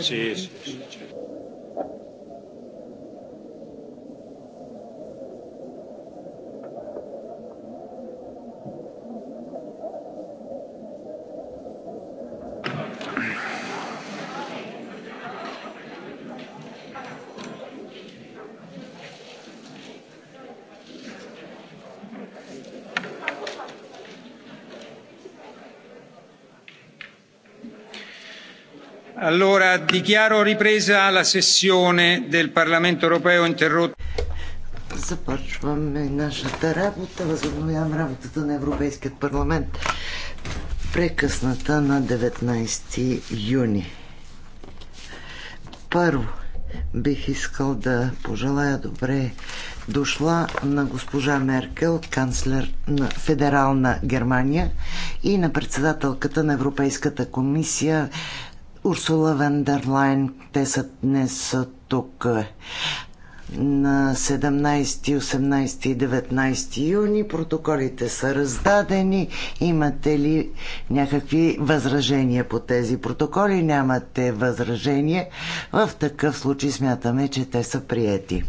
Sí, sí, sí. Allora dichiaro ripresa la sessione del Parlamento europeo interrotta. Започваме нашата работа. Възобновявам работата на Европейския парламент. Прекъсната на 19 юни. Първо, бих искал да пожелая добре дошла на госпожа Меркел, канцлер на Федерална Германия и на председателката на Европейската комисия Урсула Вендерлайн. Те са днес тук на 17, 18 и 19 юни. Протоколите са раздадени. Имате ли някакви възражения по тези протоколи? Нямате възражения. В такъв случай смятаме, че те са приети.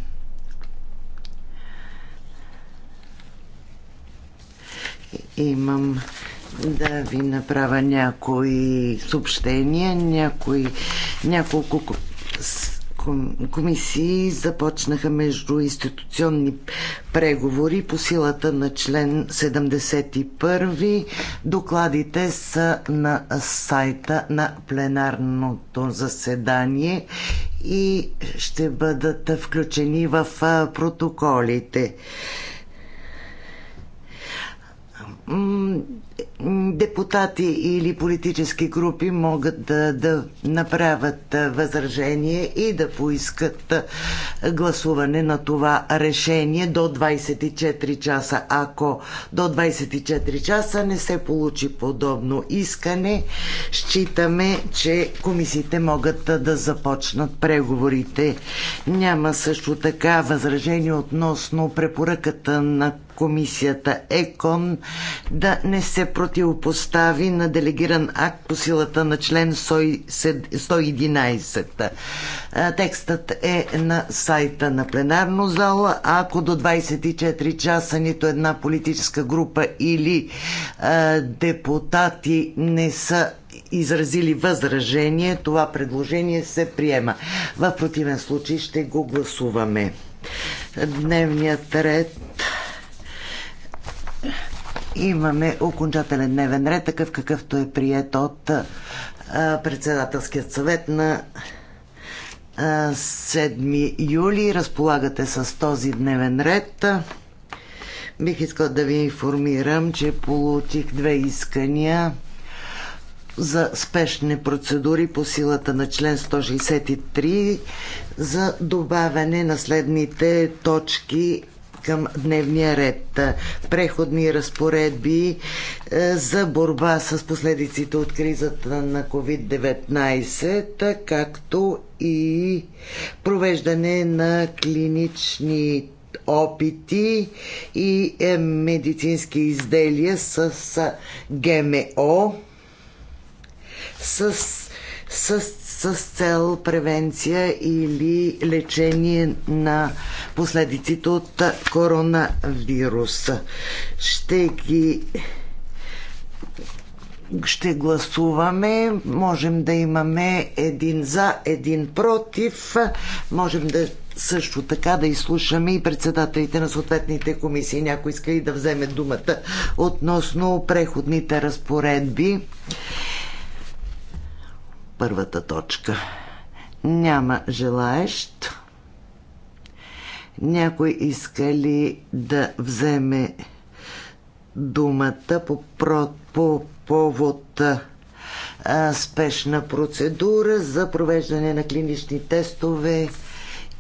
Имам да ви направя някои съобщения, някои, няколко комисии започнаха между институционни преговори по силата на член 71. Докладите са на сайта на пленарното заседание и ще бъдат включени в протоколите депутати или политически групи могат да, да направят възражение и да поискат гласуване на това решение до 24 часа. Ако до 24 часа не се получи подобно искане, считаме, че комисиите могат да започнат преговорите. Няма също така възражение относно препоръката на комисията ЕКОН да не се противопостави на делегиран акт по силата на член 111. Текстът е на сайта на пленарно зала. Ако до 24 часа нито една политическа група или депутати не са изразили възражение, това предложение се приема. В противен случай ще го гласуваме. Дневният ред имаме окончателен дневен ред, такъв какъвто е прият от председателският съвет на 7 юли. Разполагате с този дневен ред. Бих искал да ви информирам, че получих две искания за спешни процедури по силата на член 163 за добавяне на следните точки към дневния ред. Преходни разпоредби е, за борба с последиците от кризата на COVID-19, както и провеждане на клинични опити и е, медицински изделия с ГМО с, с с цел превенция или лечение на последиците от коронавирус. Ще ги ще гласуваме. Можем да имаме един за, един против. Можем да също така да изслушаме и председателите на съответните комисии. Някой иска и да вземе думата относно преходните разпоредби първата точка. Няма желаещ. Някой иска ли да вземе думата по, про, по повод а, спешна процедура за провеждане на клинични тестове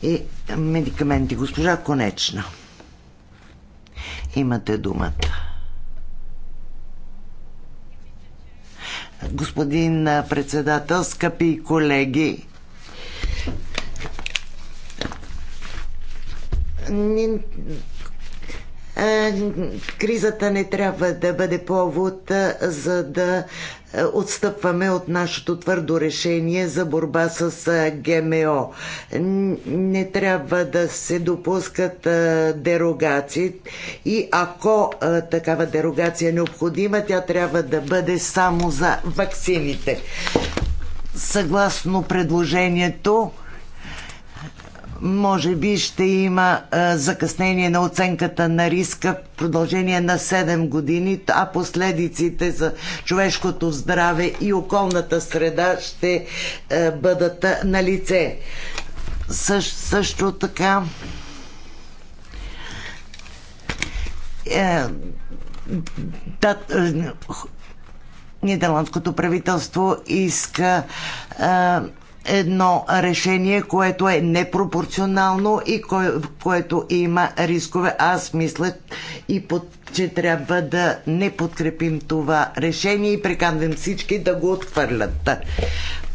и медикаменти? Госпожа Конечна. Имате думата. господин председател, скъпи колеги. Кризата не трябва да бъде повод за да отстъпваме от нашето твърдо решение за борба с ГМО. Не трябва да се допускат дерогации и ако такава дерогация е необходима, тя трябва да бъде само за ваксините. Съгласно предложението, може би ще има а, закъснение на оценката на риска в продължение на 7 години, а последиците за човешкото здраве и околната среда ще а, бъдат на лице. Също, също така е, да, е, нидерландското правителство иска е, едно решение, което е непропорционално и кое, което има рискове. Аз мисля и под, че трябва да не подкрепим това решение и приканвам всички да го отхвърлят.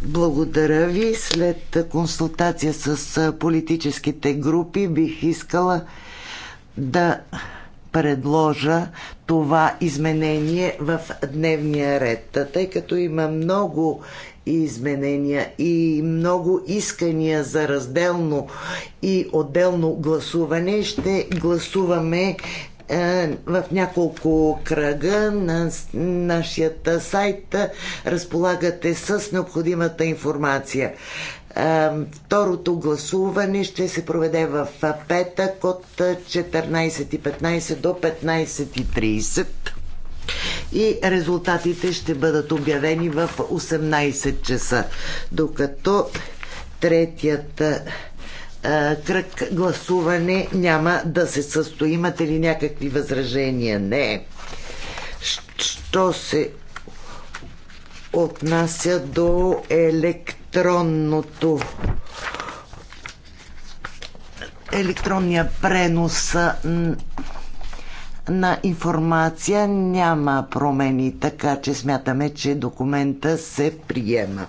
Благодаря ви. След консултация с политическите групи бих искала да предложа това изменение в дневния ред. Тъй като има много изменения и много искания за разделно и отделно гласуване. Ще гласуваме е, в няколко кръга на нашия сайт е, разполагате с необходимата информация. Е, второто гласуване ще се проведе в петък от 14.15 до 15.30 и резултатите ще бъдат обявени в 18 часа. Докато третият е, кръг гласуване няма да се състои. Имате ли някакви възражения? Не. Що се отнася до електронното електронния пренос на информация няма промени, така че смятаме, че документа се приема.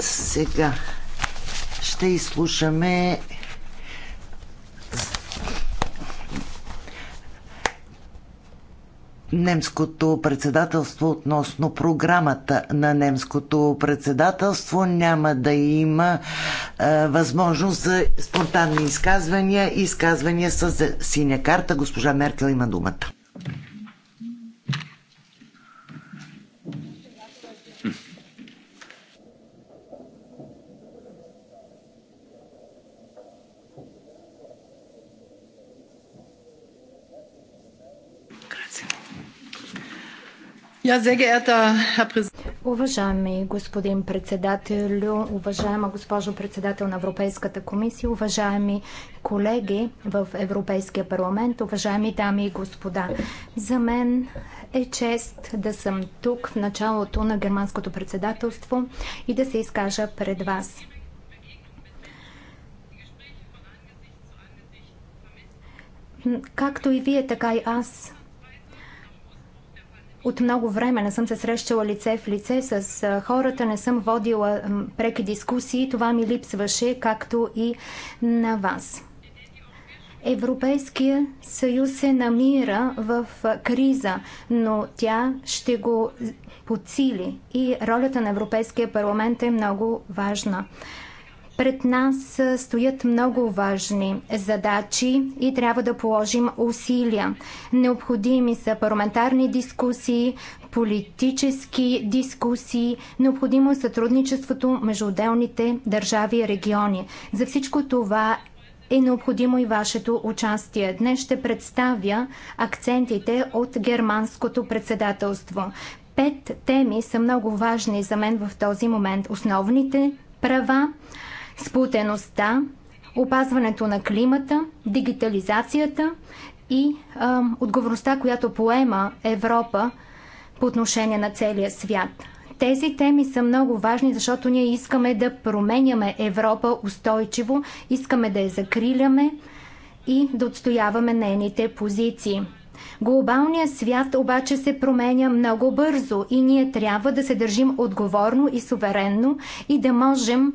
Сега ще изслушаме немското председателство относно програмата на немското председателство. Няма да има е, възможност за спонтанни изказвания и изказвания с синя карта. Госпожа Меркел има думата. Уважаеми господин председател, уважаема госпожо председател на Европейската комисия, уважаеми колеги в Европейския парламент, уважаеми дами и господа. За мен е чест да съм тук в началото на германското председателство и да се изкажа пред вас. Както и вие, така и аз от много време не съм се срещала лице в лице с хората, не съм водила преки дискусии. Това ми липсваше, както и на вас. Европейския съюз се намира в криза, но тя ще го подсили и ролята на Европейския парламент е много важна. Пред нас стоят много важни задачи и трябва да положим усилия. Необходими са парламентарни дискусии, политически дискусии, необходимо е сътрудничеството между отделните държави и региони. За всичко това е необходимо и вашето участие. Днес ще представя акцентите от германското председателство. Пет теми са много важни за мен в този момент. Основните права, сплутеността, опазването на климата, дигитализацията и а, отговорността, която поема Европа по отношение на целия свят. Тези теми са много важни, защото ние искаме да променяме Европа устойчиво, искаме да я закриляме и да отстояваме нейните позиции. Глобалният свят обаче се променя много бързо и ние трябва да се държим отговорно и суверенно и да можем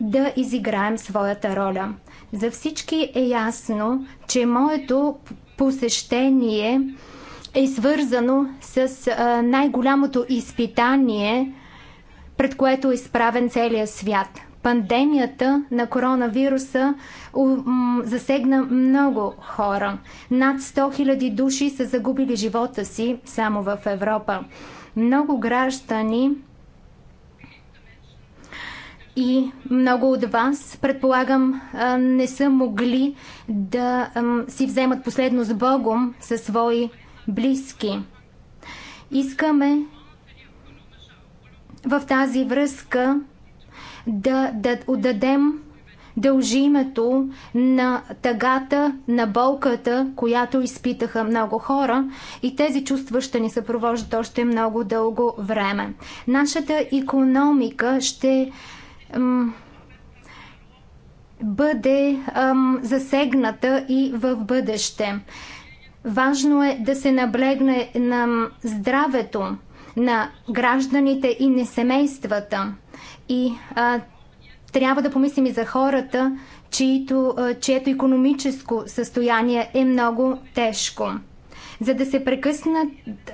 да изиграем своята роля. За всички е ясно, че моето посещение е свързано с най-голямото изпитание, пред което е изправен целият свят. Пандемията на коронавируса засегна много хора. Над 100 000 души са загубили живота си само в Европа. Много граждани и много от вас, предполагам, не са могли да си вземат последно с Богом със свои близки. Искаме в тази връзка да, да отдадем дължимето на тъгата, на болката, която изпитаха много хора и тези чувства ще ни съпровождат още много дълго време. Нашата економика ще бъде засегната и в бъдеще. Важно е да се наблегне на здравето на гражданите и на семействата. И а, трябва да помислим и за хората, чието, а, чието економическо състояние е много тежко. За да се прекъснат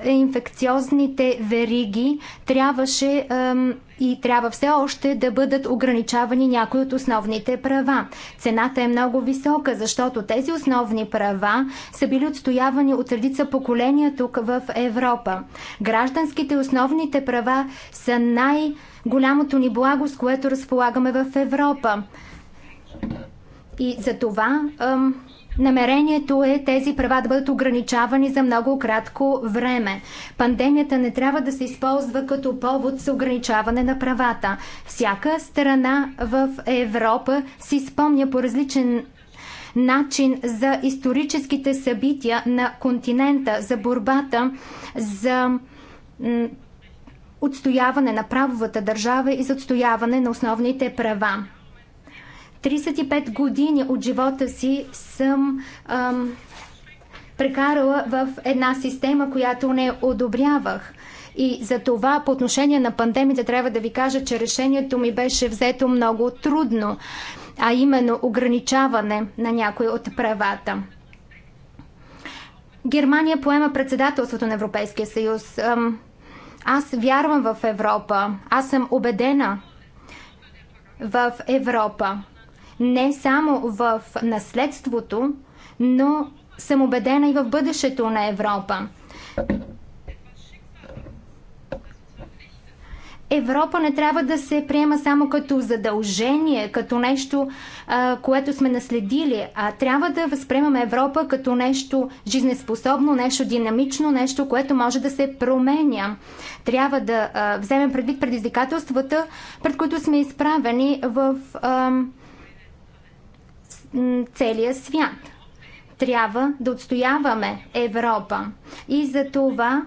инфекциозните вериги, трябваше ем, и трябва все още да бъдат ограничавани някои от основните права. Цената е много висока, защото тези основни права са били отстоявани от редица поколения тук в Европа. Гражданските основните права са най-голямото ни благо, с което разполагаме в Европа. И за това ем, Намерението е тези права да бъдат ограничавани за много кратко време. Пандемията не трябва да се използва като повод за ограничаване на правата. Всяка страна в Европа си спомня по различен начин за историческите събития на континента, за борбата, за отстояване на правовата държава и за отстояване на основните права. 35 години от живота си съм ам, прекарала в една система, която не одобрявах. И за това по отношение на пандемията трябва да ви кажа, че решението ми беше взето много трудно, а именно ограничаване на някои от правата. Германия поема председателството на Европейския съюз. Аз вярвам в Европа. Аз съм убедена в Европа не само в наследството, но съм убедена и в бъдещето на Европа. Европа не трябва да се приема само като задължение, като нещо, което сме наследили, а трябва да възприемаме Европа като нещо жизнеспособно, нещо динамично, нещо, което може да се променя. Трябва да вземем предвид предизвикателствата, пред които сме изправени в целия свят. Трябва да отстояваме Европа и за това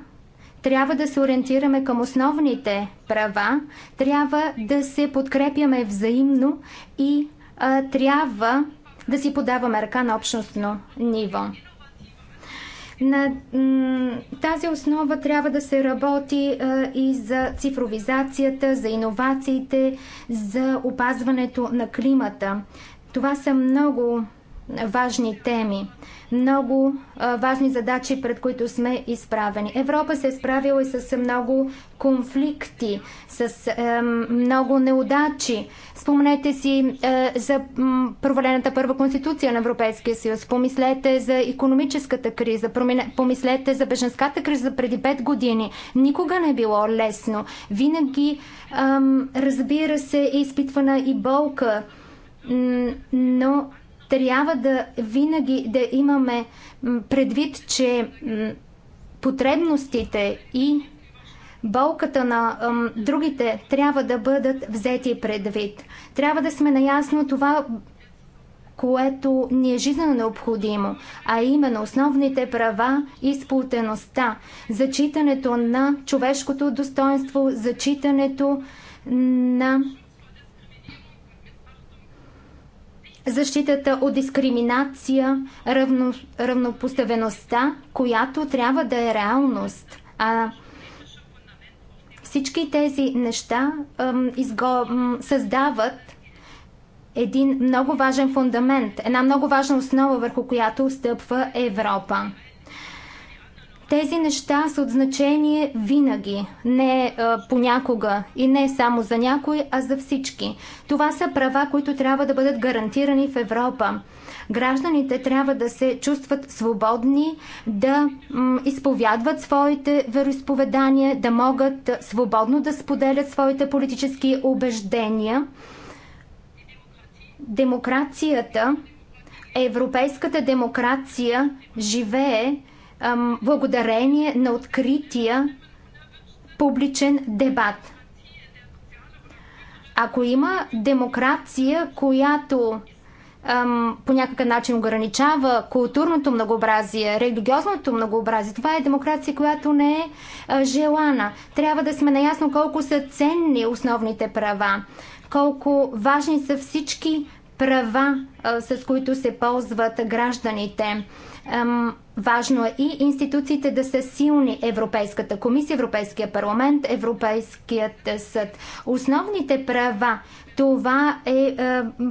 трябва да се ориентираме към основните права, трябва да се подкрепяме взаимно и а, трябва да си подаваме ръка на общностно ниво. На тази основа трябва да се работи а, и за цифровизацията, за иновациите, за опазването на климата. Това са много важни теми, много а, важни задачи, пред които сме изправени. Европа се е справила и с много конфликти, с много неудачи. Спомнете си е, за м, провалената първа конституция на Европейския съюз. Помислете за економическата криза, помислете за беженската криза преди 5 години. Никога не е било лесно. Винаги, разбира се, е изпитвана и болка но трябва да винаги да имаме предвид, че потребностите и болката на ъм, другите трябва да бъдат взети предвид. Трябва да сме наясно това, което ни е жизненно необходимо, а именно основните права и сплутеността, зачитането на човешкото достоинство, зачитането на защитата от дискриминация, равно, равнопоставеността, която трябва да е реалност. А, всички тези неща ам, изго, ам, създават един много важен фундамент, една много важна основа, върху която стъпва Европа. Тези неща са от значение винаги, не е, а, понякога и не само за някой, а за всички. Това са права, които трябва да бъдат гарантирани в Европа. Гражданите трябва да се чувстват свободни, да изповядват своите вероисповедания, да могат свободно да споделят своите политически убеждения. Демокрацията, европейската демокрация живее благодарение на открития публичен дебат. Ако има демокрация, която ам, по някакъв начин ограничава културното многообразие, религиозното многообразие. Това е демокрация, която не е а, желана. Трябва да сме наясно колко са ценни основните права, колко важни са всички права, а, с които се ползват гражданите. Ам, Важно е и институциите да са силни. Европейската комисия, Европейския парламент, Европейският съд. Основните права. Това е, е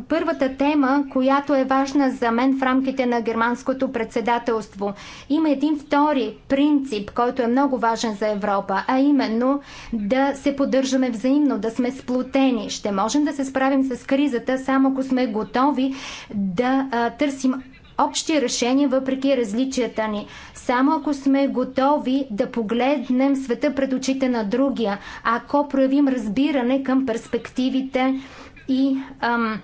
първата тема, която е важна за мен в рамките на германското председателство. Има един втори принцип, който е много важен за Европа, а именно да се поддържаме взаимно, да сме сплотени. Ще можем да се справим с кризата, само ако сме готови да е, търсим общи решения, въпреки различията ни. Само ако сме готови да погледнем света пред очите на другия, ако проявим разбиране към перспективите и ам,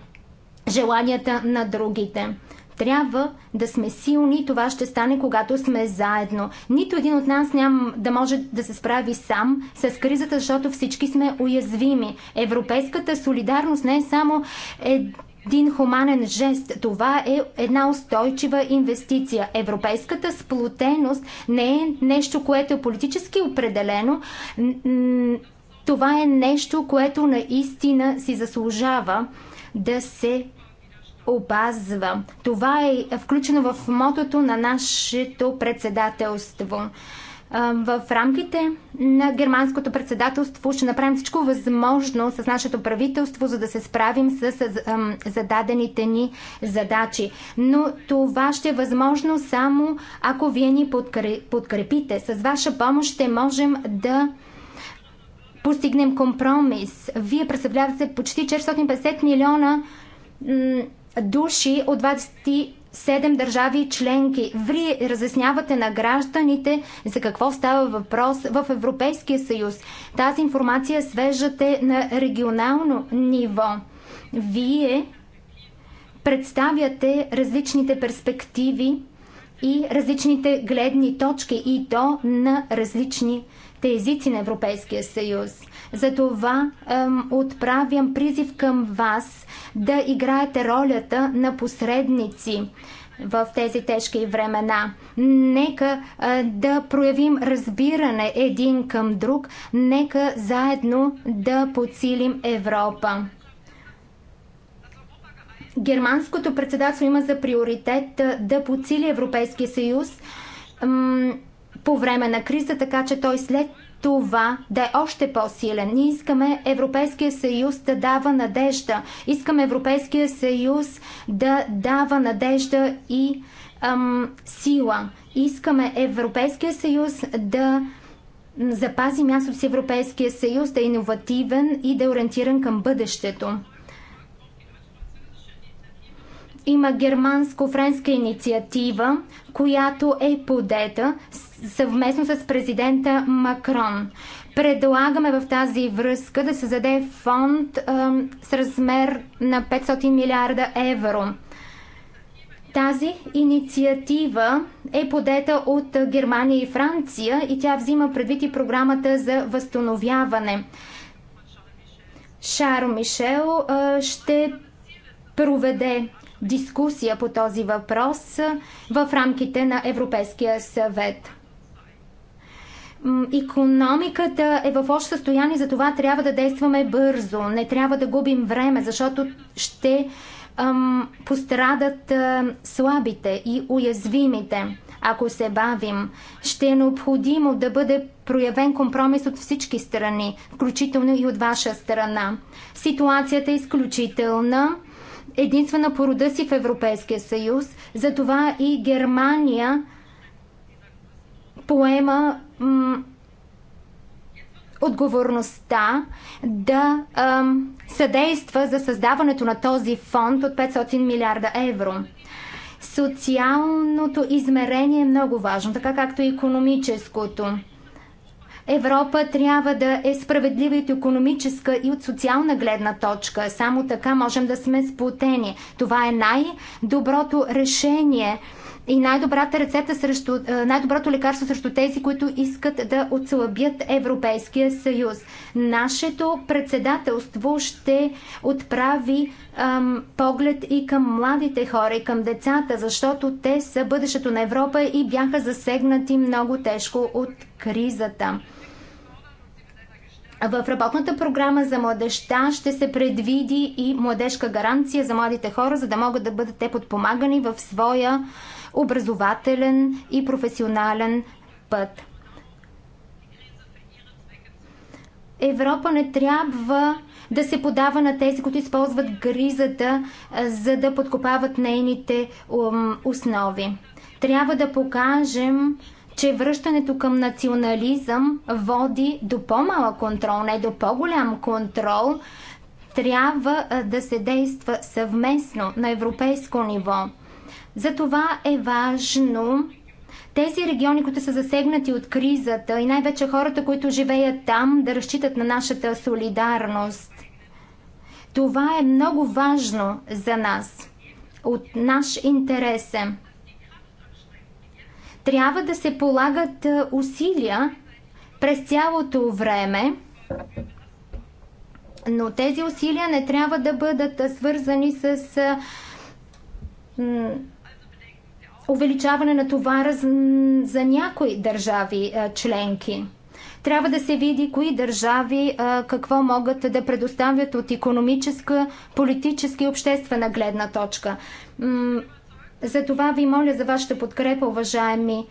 желанията на другите. Трябва да сме силни, това ще стане когато сме заедно. Нито един от нас няма да може да се справи сам с кризата, защото всички сме уязвими. Европейската солидарност не е само е един хуманен жест. Това е една устойчива инвестиция. Европейската сплотеност не е нещо, което е политически определено. Това е нещо, което наистина си заслужава да се опазва. Това е включено в мотото на нашето председателство в рамките на германското председателство ще направим всичко възможно с нашето правителство, за да се справим с зададените ни задачи. Но това ще е възможно само ако вие ни подкрепите. С ваша помощ ще можем да постигнем компромис. Вие представлявате почти 450 милиона души от 20 седем държави членки. Вие разяснявате на гражданите за какво става въпрос в Европейския съюз. Тази информация свежате на регионално ниво. Вие представяте различните перспективи и различните гледни точки и то на различните езици на Европейския съюз. Затова отправям призив към вас да играете ролята на посредници в тези тежки времена. Нека а, да проявим разбиране един към друг, нека заедно да подсилим Европа. Германското председателство има за приоритет да подсили Европейския съюз по време на криза, така че той след това да е още по-силен. Ние искаме Европейския съюз да дава надежда. Искаме Европейския съюз да дава надежда и ам, сила. Искаме Европейския съюз да запази мястото си Европейския съюз, да е иновативен и да е ориентиран към бъдещето. Има германско-френска инициатива, която е подета съвместно с президента Макрон. Предлагаме в тази връзка да се заде фонд с размер на 500 милиарда евро. Тази инициатива е подета от Германия и Франция и тя взима предвид и програмата за възстановяване. Шаро Мишел ще проведе дискусия по този въпрос в рамките на Европейския съвет. Икономиката е в лошо състояние, затова трябва да действаме бързо. Не трябва да губим време, защото ще ам, пострадат ам, слабите и уязвимите. Ако се бавим, ще е необходимо да бъде проявен компромис от всички страни, включително и от ваша страна. Ситуацията е изключителна единствена по рода си в Европейския съюз. Затова и Германия поема отговорността да ам, съдейства за създаването на този фонд от 500 милиарда евро. Социалното измерение е много важно, така както и економическото. Европа трябва да е справедлива и от економическа и от социална гледна точка. Само така можем да сме сплотени. Това е най-доброто решение и най-добрата рецепта срещу, е, най-доброто лекарство срещу тези, които искат да отслабят Европейския съюз. Нашето председателство ще отправи ам, поглед и към младите хора, и към децата, защото те са бъдещето на Европа и бяха засегнати много тежко от кризата. В работната програма за младеща ще се предвиди и младежка гаранция за младите хора, за да могат да бъдат те подпомагани в своя образователен и професионален път. Европа не трябва да се подава на тези, които използват гризата, за да подкопават нейните основи. Трябва да покажем, че връщането към национализъм води до по-малък контрол, не до по-голям контрол. Трябва да се действа съвместно на европейско ниво. Затова е важно тези региони, които са засегнати от кризата и най-вече хората, които живеят там, да разчитат на нашата солидарност. Това е много важно за нас. От наш интерес е. Трябва да се полагат е, усилия през цялото време, но тези усилия не трябва да бъдат е, свързани с увеличаване на товара за някои държави членки. Трябва да се види кои държави какво могат да предоставят от економическа, политическа и обществена гледна точка. За това ви моля за вашата подкрепа, уважаеми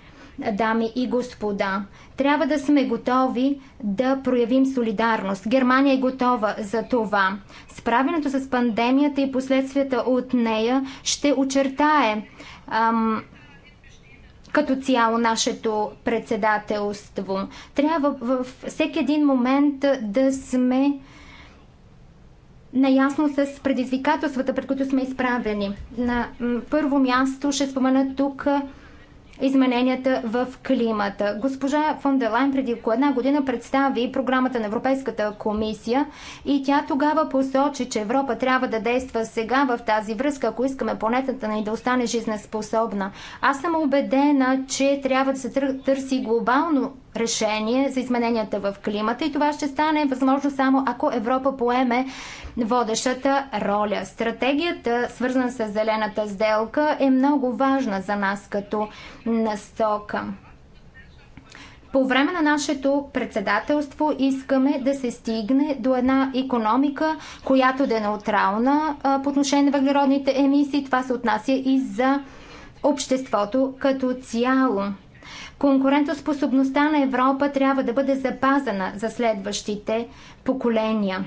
дами и господа. Трябва да сме готови да проявим солидарност. Германия е готова за това. Справенето с пандемията и последствията от нея ще очертае ам, като цяло нашето председателство. Трябва във всеки един момент да сме наясно с предизвикателствата, пред които сме изправени. На първо място ще спомена тук измененията в климата. Госпожа фон Делайн преди около една година представи програмата на Европейската комисия и тя тогава посочи, че Европа трябва да действа сега в тази връзка, ако искаме планетата ни да остане жизнеспособна. Аз съм убедена, че трябва да се търси глобално решение за измененията в климата и това ще стане възможно само ако Европа поеме водещата роля. Стратегията, свързана с зелената сделка, е много важна за нас като насока. По време на нашето председателство искаме да се стигне до една економика, която да е неутрална а, по отношение на въглеродните емисии. Това се отнася и за обществото като цяло. Конкурентоспособността на Европа трябва да бъде запазена за следващите поколения.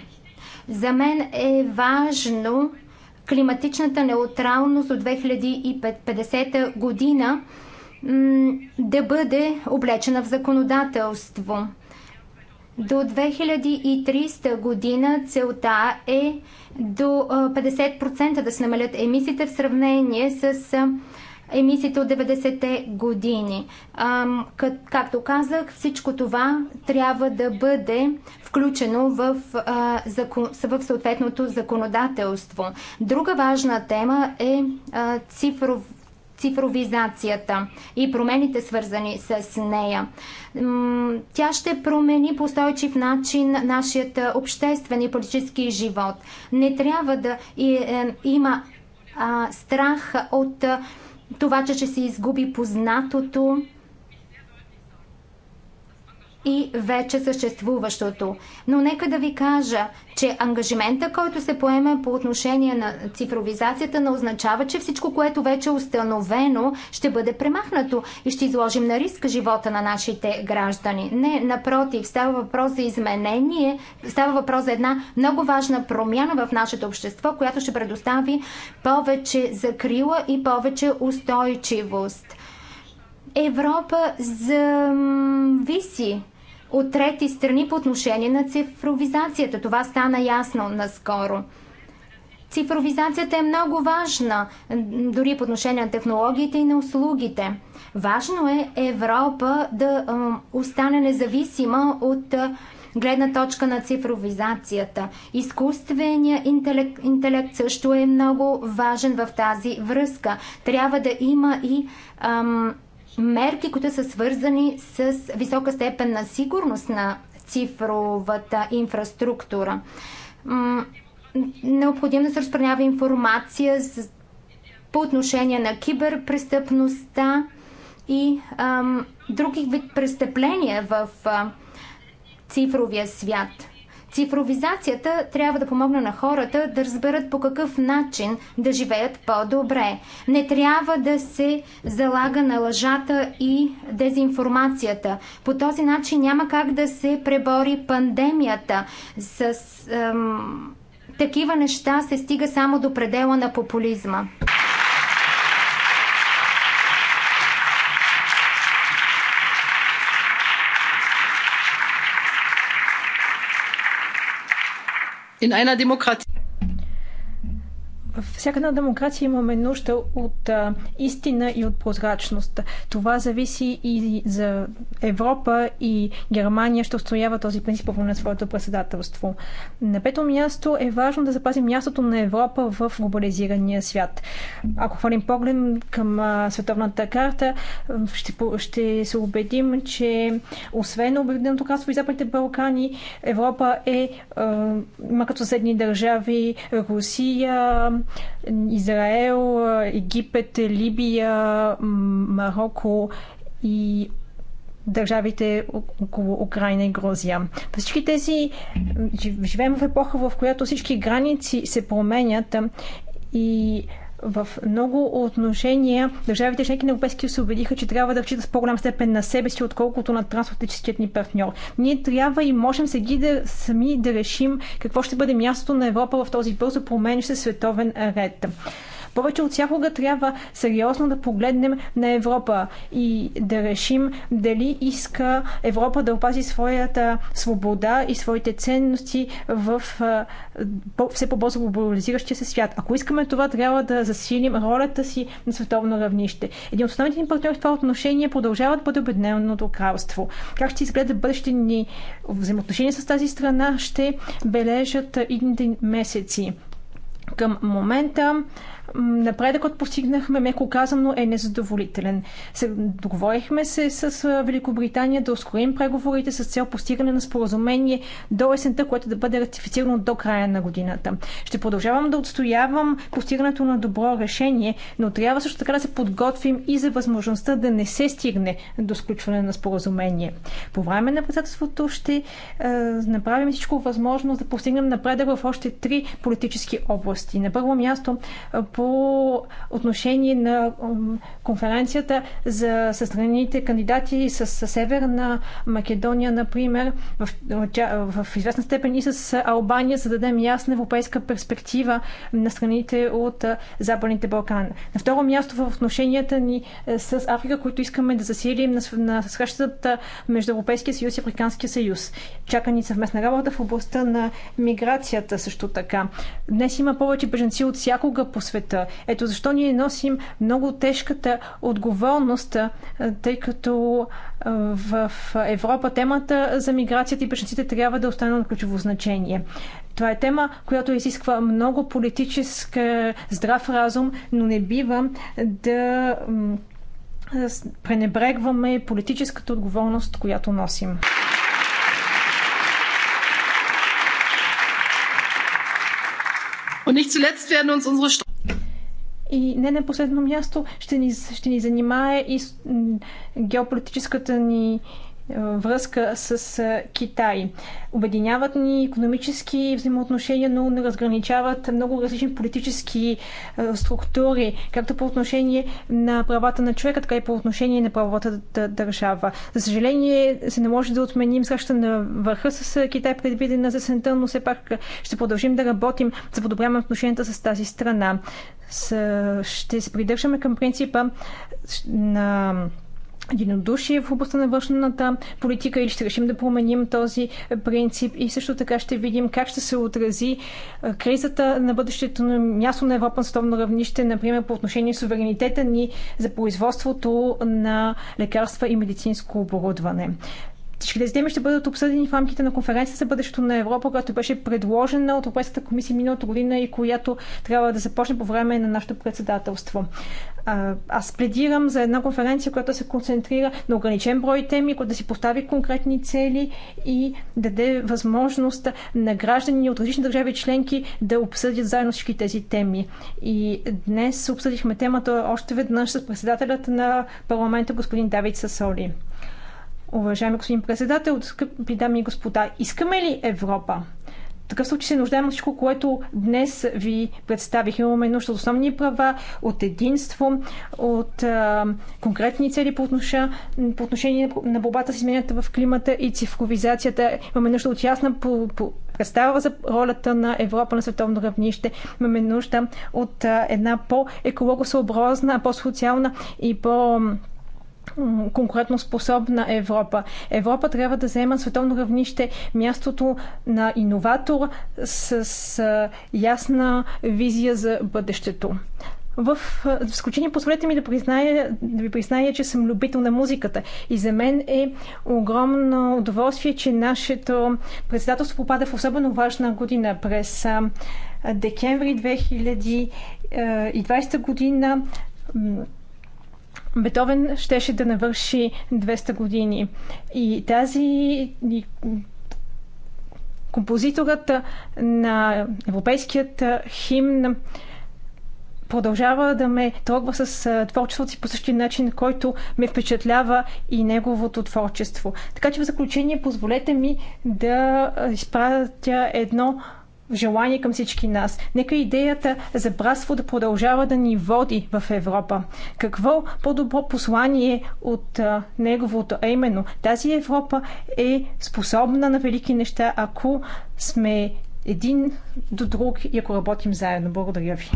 За мен е важно климатичната неутралност от 2050 година да бъде облечена в законодателство. До 2030 година целта е до 50% да се намалят емисиите в сравнение с емисиите от 90-те години. Както казах, всичко това трябва да бъде включено в, съответното законодателство. Друга важна тема е цифров, цифровизацията и промените свързани с нея. Тя ще промени по устойчив начин нашият е, обществен и политически живот. Не трябва да е, има страх от е, това, че ще се изгуби познатото, и вече съществуващото. Но нека да ви кажа, че ангажимента, който се поеме по отношение на цифровизацията, не означава, че всичко, което вече е установено, ще бъде премахнато и ще изложим на риск живота на нашите граждани. Не, напротив, става въпрос за изменение, става въпрос за една много важна промяна в нашето общество, която ще предостави повече закрила и повече устойчивост. Европа зависи от трети страни по отношение на цифровизацията. Това стана ясно наскоро. Цифровизацията е много важна, дори по отношение на технологиите и на услугите. Важно е Европа да остане независима от гледна точка на цифровизацията. Изкуственият интелект, интелект също е много важен в тази връзка. Трябва да има и ам, мерки, които са свързани с висока степен на сигурност на цифровата инфраструктура. Необходимо е да се разпространява информация по отношение на киберпрестъпността и други вид престъпления в цифровия свят. Цифровизацията трябва да помогне на хората да разберат по какъв начин да живеят по-добре. Не трябва да се залага на лъжата и дезинформацията. По този начин няма как да се пребори пандемията. С ам, такива неща се стига само до предела на популизма. in einer demokratie всяка една демокрация имаме нужда от а, истина и от прозрачност. Това зависи и за Европа и Германия ще устоява този принцип по на своето председателство. На пето място е важно да запазим мястото на Европа в глобализирания свят. Ако хвалим поглед към а, световната карта, ще, ще се убедим, че освен Обединеното кралство и Западните Балкани, Европа е, а, има като съседни държави Русия, Израел, Египет, Либия, Марокко и държавите около Украина и Грузия. всички тези живеем в епоха, в която всички граници се променят и в много отношения държавите членки на Европейския съюз убедиха, че трябва да вчитат с по-голям степен на себе си, отколкото на трансатлантическият ни партньор. Ние трябва и можем сега да, сами да решим какво ще бъде мястото на Европа в този бързо променящ се световен ред. Повече от всякога трябва сериозно да погледнем на Европа и да решим дали иска Европа да опази своята свобода и своите ценности в все по-бързо глобализиращия се свят. Ако искаме това, трябва да засилим ролята си на световно равнище. Един от основните ни партньори в това отношение продължават да бъде Обединеното кралство. Как ще изгледа бъдещите ни взаимоотношения с тази страна, ще бележат идните месеци. Към момента напредъкът постигнахме, меко казано, е незадоволителен. Договорихме се с Великобритания да ускорим преговорите с цел постигане на споразумение до есента, което да бъде ратифицирано до края на годината. Ще продължавам да отстоявам постигането на добро решение, но трябва също така да се подготвим и за възможността да не се стигне до сключване на споразумение. По време на председателството ще е, направим всичко възможно да постигнем напредък в още три политически области. На първо място по отношение на конференцията за, състраните страните кандидати с, с Северна Македония, например, в, в, в известна степен и с Албания, за да дадем ясна европейска перспектива на страните от Западните Балкани. На второ място в отношенията ни е, с Африка, които искаме да засилим на, на срещата между Европейския съюз и Африканския съюз. Чака ни съвместна работа в областта на миграцията също така. Днес има повече беженци от всякога по света света. Ето защо ние носим много тежката отговорност, тъй като в Европа темата за миграцията и бежанците трябва да остане на ключово значение. Това е тема, която изисква много политически здрав разум, но не бива да пренебрегваме политическата отговорност, която носим. Und nicht zuletzt werden uns unsere и не на последно място ще ни, ще ни занимае и геополитическата ни връзка с Китай. Обединяват ни економически взаимоотношения, но не разграничават много различни политически структури, както по отношение на правата на човека, така и по отношение на правовата държава. За съжаление, се не може да отменим срещата на върха с Китай, предвидена за сента, но все пак ще продължим да работим за подобряване отношенията с тази страна. Ще се придържаме към принципа на единодушие в областта на външната политика или ще решим да променим този принцип и също така ще видим как ще се отрази кризата на бъдещето на място на Европа на световно равнище, например по отношение суверенитета ни за производството на лекарства и медицинско оборудване. Всички тези теми ще бъдат обсъдени в рамките на конференцията за бъдещето на Европа, която беше предложена от Европейската комисия миналата година и която трябва да започне по време на нашето председателство. Аз пледирам за една конференция, която се концентрира на ограничен брой теми, която да си постави конкретни цели и даде възможност на граждани от различни държави членки да обсъдят заедно всички тези теми. И днес обсъдихме темата още веднъж с председателят на парламента господин Давид Сасоли. Уважаеми господин председател, скъпи дами и господа, искаме ли Европа? такъв случай се нуждаем от всичко, което днес ви представих. Имаме нужда от основни права, от единство, от а, конкретни цели по отношение, по отношение на борбата с измененията в климата и цифровизацията. Имаме нужда от ясна по, по, представа за ролята на Европа на световно равнище. Имаме нужда от а, една по-екологосъобразна, по-социална и по- конкурентоспособна Европа. Европа трябва да заема световно равнище мястото на иноватор с, с ясна визия за бъдещето. В заключение, позволете ми да, призная, да ви призная, че съм любител на музиката. И за мен е огромно удоволствие, че нашето председателство попада в особено важна година. През декември 2020 година Бетовен щеше да навърши 200 години. И тази композиторът на европейският химн продължава да ме трогва с творчеството си по същия начин, който ме впечатлява и неговото творчество. Така че в заключение позволете ми да изпратя едно желание към всички нас. Нека идеята за братство да продължава да ни води в Европа. Какво по-добро послание от а, неговото, а именно тази Европа е способна на велики неща, ако сме един до друг и ако работим заедно. Благодаря ви.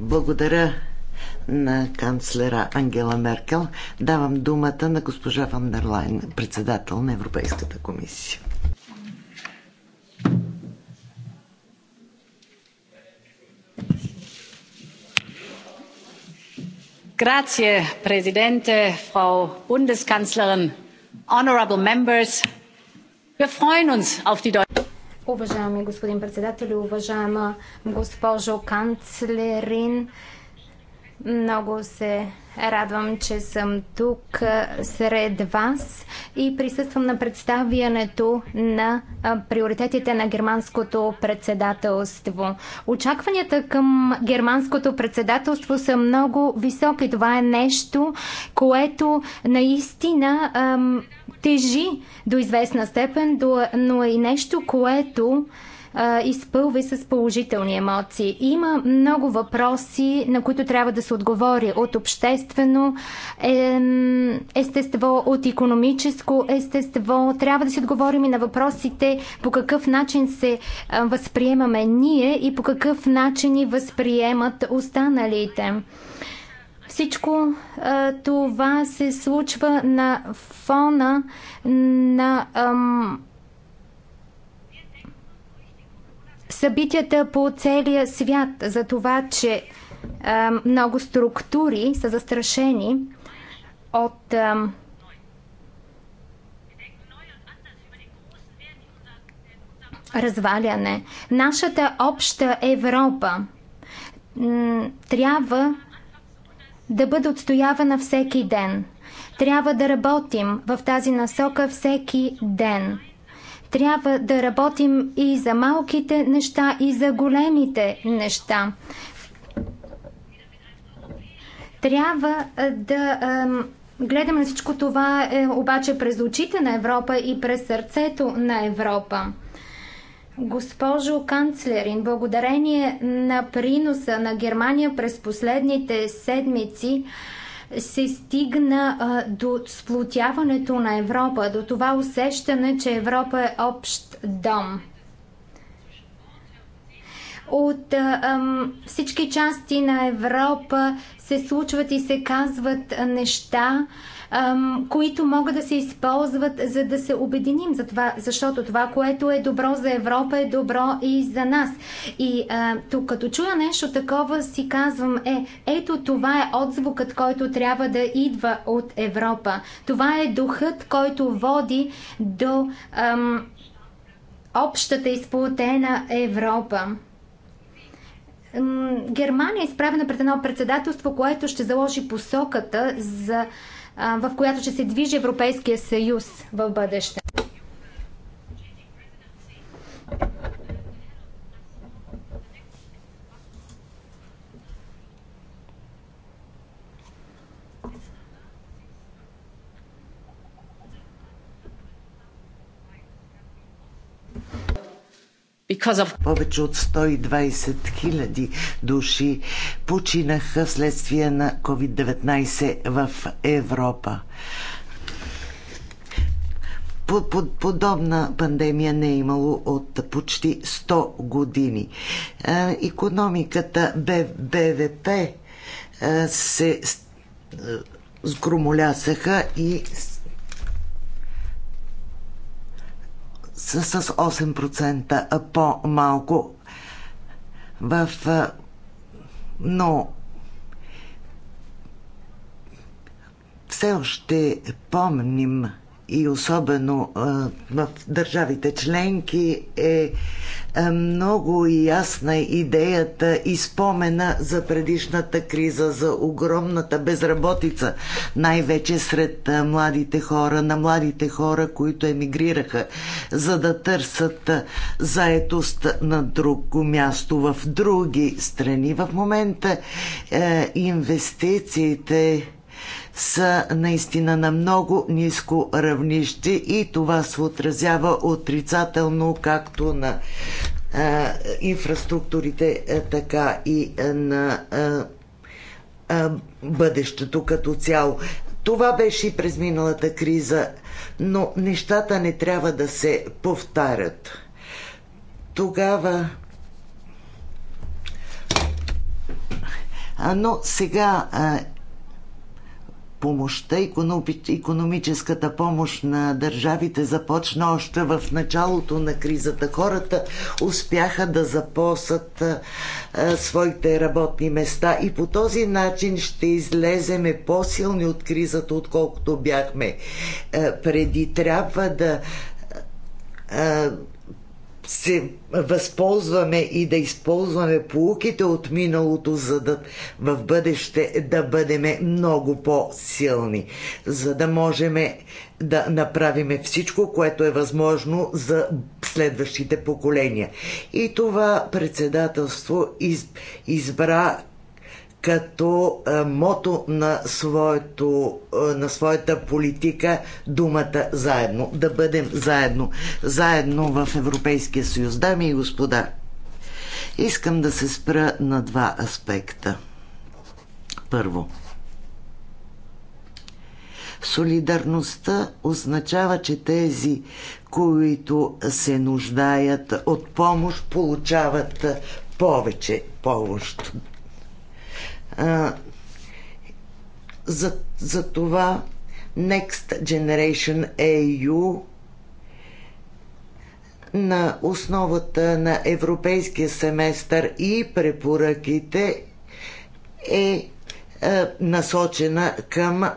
Благодаря на канцлера Ангела Меркел. Давам думата на госпожа Ван дер Лайн, председател на Европейската комисия. Grazie, Presidente, Frau Bundeskanzlerin, honorable members. Wir freuen uns auf die deutsche Уважаеми господин председател, уважаема госпожо канцлерин, много се Радвам, че съм тук сред вас и присъствам на представянето на приоритетите на германското председателство. Очакванията към германското председателство са много високи. Това е нещо, което наистина тежи до известна степен, но е и нещо, което а, изпълва и с положителни емоции. Има много въпроси, на които трябва да се отговори от обществено е, естество, от економическо естество. Трябва да си отговорим и на въпросите по какъв начин се а, възприемаме ние и по какъв начин ни възприемат останалите. Всичко а, това се случва на фона на ам, събитията по целия свят, за това, че а, много структури са застрашени от а, разваляне. Нашата обща Европа трябва да бъде отстоявана всеки ден. Трябва да работим в тази насока всеки ден. Трябва да работим и за малките неща, и за големите неща. Трябва да гледаме всичко това е, обаче през очите на Европа и през сърцето на Европа. Госпожо канцлерин, благодарение на приноса на Германия през последните седмици, се стигна а, до сплотяването на Европа, до това усещане, че Европа е общ дом. От а, ам, всички части на Европа се случват и се казват неща, а, които могат да се използват, за да се обединим за това, защото това, което е добро за Европа, е добро и за нас. И а, тук, като чуя нещо такова, си казвам, е, ето това е отзвукът, който трябва да идва от Европа. Това е духът, който води до ам, общата изплутена Европа. Германия е изправена пред едно председателство, което ще заложи посоката за в която ще се движи Европейския съюз в бъдеще. Повече от 120 хиляди души починаха вследствие на COVID-19 в Европа. Подобна пандемия не е имало от почти 100 години. Економиката БВП се сгромолясаха и с, с 8% по-малко в но все още помним и особено в държавите членки е много ясна идеята и спомена за предишната криза, за огромната безработица, най-вече сред младите хора, на младите хора, които емигрираха, за да търсят заетост на друго място в други страни. В момента инвестициите са наистина на много ниско равнище и това се отразява отрицателно както на а, инфраструктурите, а, така и а, на а, а, бъдещето като цяло. Това беше и през миналата криза, но нещата не трябва да се повтарят. Тогава но сега помощта, економическата помощ на държавите започна още в началото на кризата. Хората успяха да запосат своите работни места и по този начин ще излеземе по-силни от кризата, отколкото бяхме преди. Трябва да се възползваме и да използваме полуките от миналото, за да в бъдеще да бъдем много по-силни, за да можем да направим всичко, което е възможно за следващите поколения. И това председателство избра като а, е, мото на, своето, а, е, на своята политика думата заедно. Да бъдем заедно. Заедно в Европейския съюз. Дами и господа, искам да се спра на два аспекта. Първо, солидарността означава, че тези, които се нуждаят от помощ, получават повече помощ за, за това Next Generation EU на основата на европейския семестър и препоръките е, е насочена към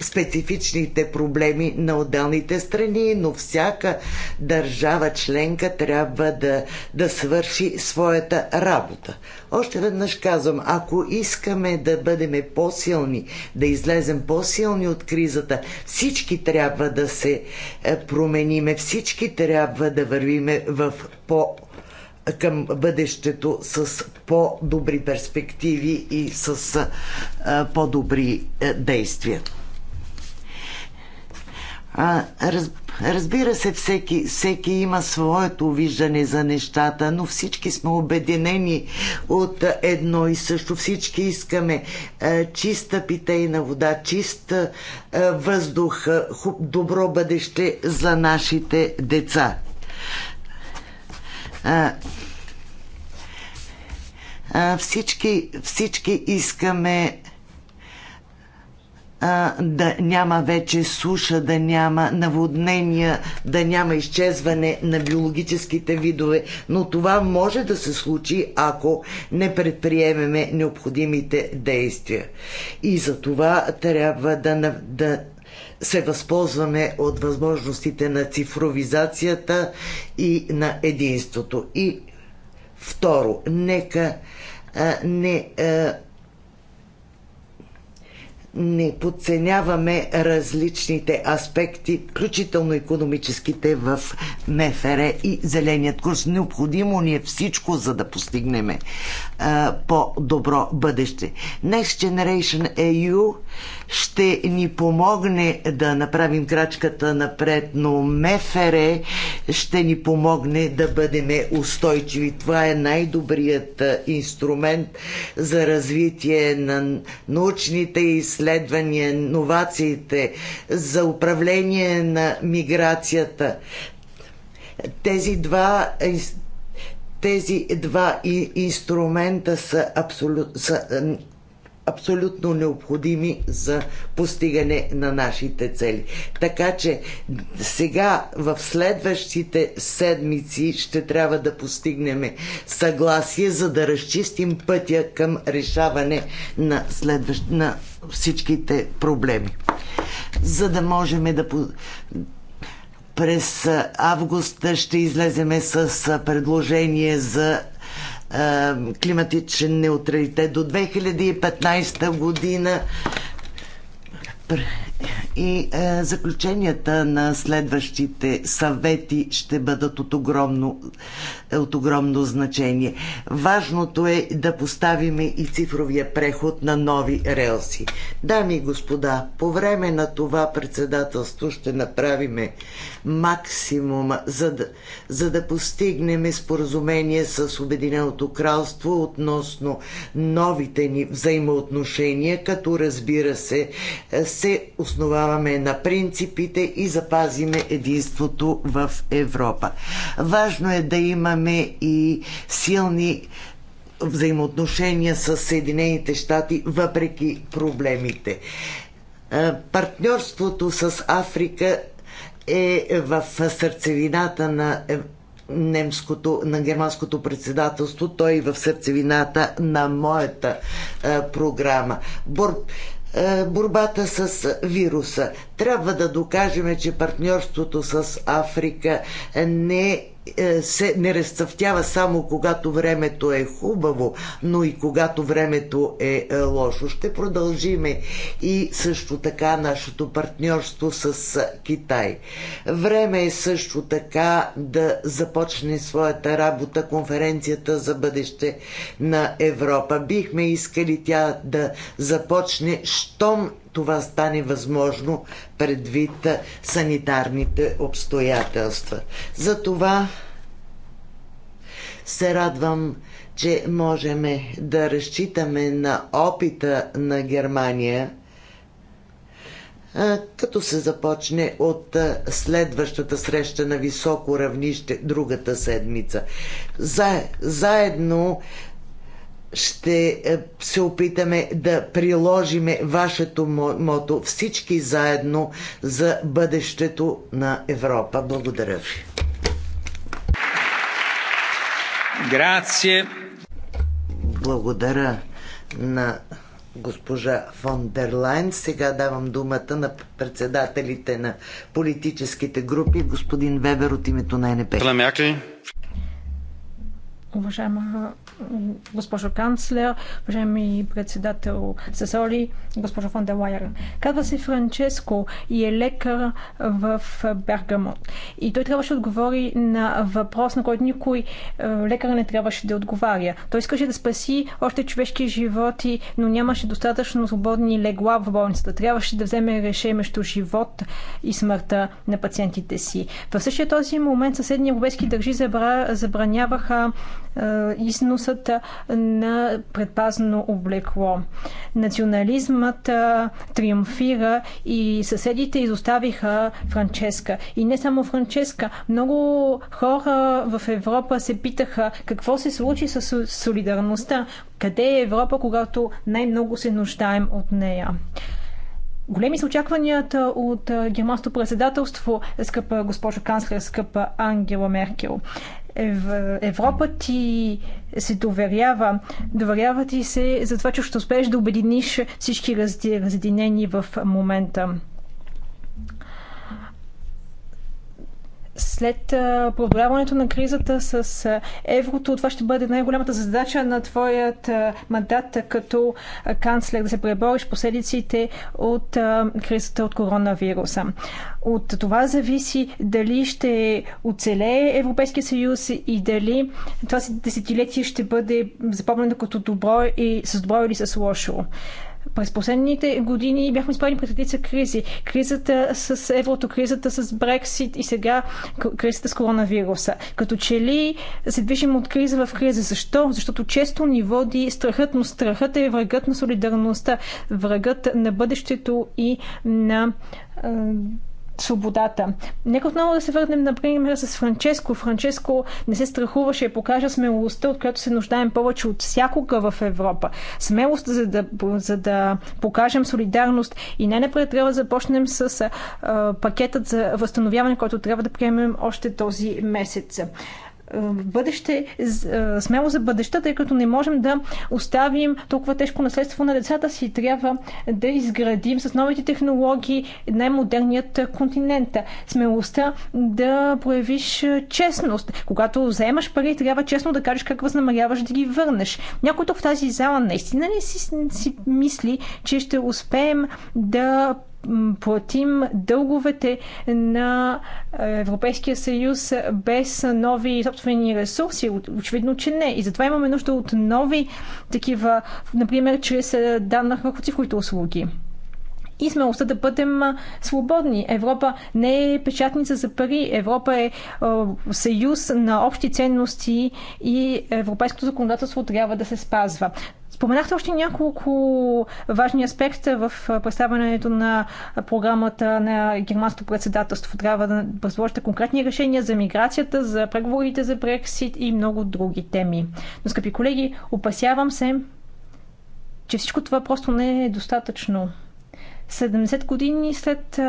специфичните проблеми на отделните страни, но всяка държава членка трябва да, да свърши своята работа. Още веднъж казвам, ако искаме да бъдем по-силни, да излезем по-силни от кризата, всички трябва да се е, промениме, всички трябва да вървиме в по- към бъдещето с по-добри перспективи и с е, по-добри е, действия. Раз, разбира се, всеки, всеки има своето виждане за нещата, но всички сме обединени от едно и също. Всички искаме а, чиста питейна вода, чист а, въздух, хуб, добро бъдеще за нашите деца. а, всички, всички искаме а, да няма вече суша, да няма наводнения, да няма изчезване на биологическите видове. Но това може да се случи, ако не предприемеме необходимите действия. И за това трябва да, да се възползваме от възможностите на цифровизацията и на единството. И второ, нека а, не. А, не подценяваме различните аспекти, включително економическите в МФР и зеленият курс. Необходимо ни е всичко, за да постигнем по-добро бъдеще. Next Generation EU ще ни помогне да направим крачката напред, но МФР ще ни помогне да бъдем устойчиви. Това е най-добрият инструмент за развитие на научните изследвания, новациите, за управление на миграцията. Тези два тези два инструмента са, абсолют, са абсолютно необходими за постигане на нашите цели. Така че сега в следващите седмици ще трябва да постигнем съгласие, за да разчистим пътя към решаване на, следващ... на всичките проблеми. За да можем да през август ще излеземе с предложение за климатичен неутралитет до 2015 година и е, заключенията на следващите съвети ще бъдат от огромно, от огромно значение. Важното е да поставиме и цифровия преход на нови релси. Дами и господа, по време на това председателство ще направиме максимума, за да, за да постигнем споразумение с Обединеното кралство относно новите ни взаимоотношения, като разбира се, се основаваме на принципите и запазиме единството в Европа. Важно е да имаме и силни взаимоотношения с Съединените щати, въпреки проблемите. Е, партньорството с Африка е в сърцевината на е, немското, на германското председателство, той е в сърцевината на моята а, е, програма. Борб, е, борбата с вируса. Трябва да докажем, че партньорството с Африка не е, се не разцъфтява само когато времето е хубаво, но и когато времето е, е лошо. Ще продължиме и също така нашето партньорство с е, Китай. Време е също така да започне своята работа конференцията за бъдеще на Европа. Бихме искали тя да започне, щом това стане възможно предвид санитарните обстоятелства. Затова се радвам, че можем да разчитаме на опита на Германия, като се започне от следващата среща на високо равнище другата седмица. Заедно ще е, се опитаме да приложиме вашето мото всички заедно за бъдещето на Европа. Благодаря ви. Грация. Благодаря на госпожа фон дер Лайн. Сега давам думата на председателите на политическите групи, господин Вебер от името на НП уважаема госпожо канцлер, уважаеми председател Сесоли, госпожо фон Делайер. Казва се Франческо и е лекар в Бергамо. И той трябваше да отговори на въпрос, на който никой е, лекар не трябваше да отговаря. Той искаше да спаси още човешки животи, но нямаше достатъчно свободни легла в болницата. Трябваше да вземе решение между живот и смъртта на пациентите си. В същия този момент съседни европейски държи забраняваха е, износът на предпазно облекло. Национализмът е, триумфира и съседите изоставиха Франческа. И не само Франческа, много хора в Европа се питаха какво се случи с солидарността, къде е Европа, когато най-много се нуждаем от нея. Големи са очакванията от е, германското председателство, скъпа госпожо канцлер, скъпа Ангела Меркел. Европа ти се доверява. Доверява ти се за това, че ще успееш да обединиш всички разди, разединени в момента. След преодоляването на кризата с еврото, това ще бъде най-голямата задача на твоят мандат като канцлер да се пребориш последиците от кризата от коронавируса. От това зависи дали ще оцелее Европейския съюз и дали това десетилетие ще бъде запомнено като добро и с добро или с лошо. През последните години бяхме изправени пред редица кризи. Кризата с еврото, кризата с Брексит и сега кризата с коронавируса. Като че ли се движим от криза в криза? Защо? Защото често ни води страхът, но страхът е врагът на солидарността, врагът на бъдещето и на свободата. Нека отново да се върнем, например, с Франческо. Франческо не се страхуваше, покажа смелостта, от която се нуждаем повече от всякога в Европа. Смелост, за да, за да покажем солидарност и най-напред трябва да започнем с а, пакетът за възстановяване, който трябва да приемем още този месец. Е, бъдеще, е, смело за бъдеща, тъй като не можем да оставим толкова тежко наследство на децата си. Трябва да изградим с новите технологии най-модерният континент. Смелостта да проявиш е, честност. Когато вземаш пари, трябва честно да кажеш как възнамеряваш да ги върнеш. Някой тук в тази зала наистина не си, си мисли, че ще успеем да платим дълговете на Европейския съюз без нови собствени ресурси? Очевидно, че не. И затова имаме нужда от нови такива, например, чрез данък върху цифровите услуги и смелостта да бъдем свободни. Европа не е печатница за пари. Европа е съюз на общи ценности и европейското законодателство трябва да се спазва. Споменахте още няколко важни аспекта в представянето на програмата на германското председателство. Трябва да възложите конкретни решения за миграцията, за преговорите за Брексит и много други теми. Но, скъпи колеги, опасявам се, че всичко това просто не е достатъчно. 70 години след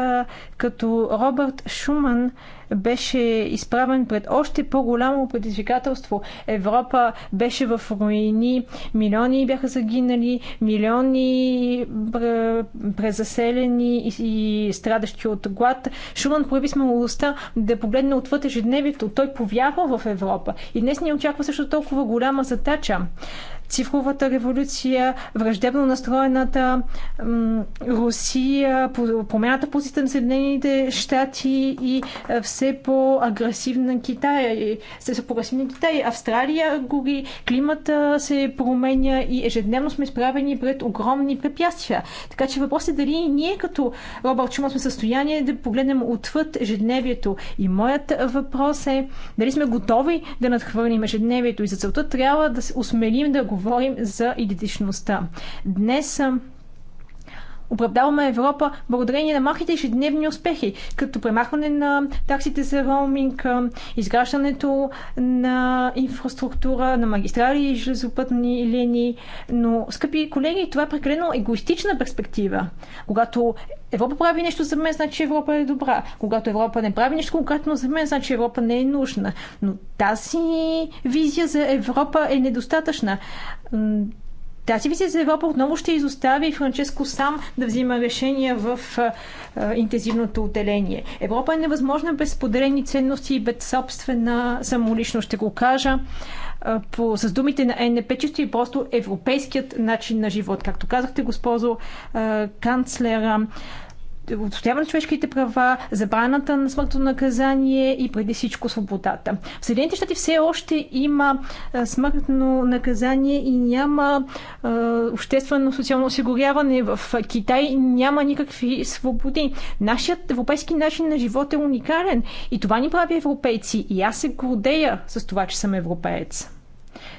като Робърт Шуман беше изправен пред още по-голямо предизвикателство. Европа беше в руини, милиони бяха загинали, милиони презаселени и страдащи от глад. Шуман прояви смелостта да погледне отвъд ежедневието. Той повярва в Европа. И днес ни очаква също толкова голяма задача цифровата революция, враждебно настроената Русия, промяната по позицията на Съединените щати и все по-агресивна Китай, все по-агресивна Китай, Австралия гори, климата се променя и ежедневно сме изправени пред огромни препятствия. Така че въпросът е дали ние като Робърт Шуман сме в състояние да погледнем отвъд ежедневието. И моят въпрос е дали сме готови да надхвърлим ежедневието и за целта трябва да се осмелим да го говорим за идентичността. Днес съм оправдаваме Европа благодарение на малките ежедневни успехи, като премахване на таксите за роуминг, изграждането на инфраструктура, на магистрали и железопътни линии. Но, скъпи колеги, това е прекалено егоистична перспектива. Когато Европа прави нещо за мен, значи Европа е добра. Когато Европа не прави нещо конкретно за мен, значи Европа не е нужна. Но тази визия за Европа е недостатъчна. Тази визия за Европа отново ще изостави Франческо сам да взима решения в интензивното отделение. Европа е невъзможна без споделени ценности и без собствена самоличност, ще го кажа по, с думите на НП, чисто и просто европейският начин на живот. Както казахте, госпожо канцлера, отстояване на човешките права, забраната на смъртно наказание и преди всичко свободата. В Съединените щати все още има смъртно наказание и няма е, обществено социално осигуряване. В Китай няма никакви свободи. Нашият европейски начин на живот е уникален и това ни прави европейци. И аз се гордея с това, че съм европеец.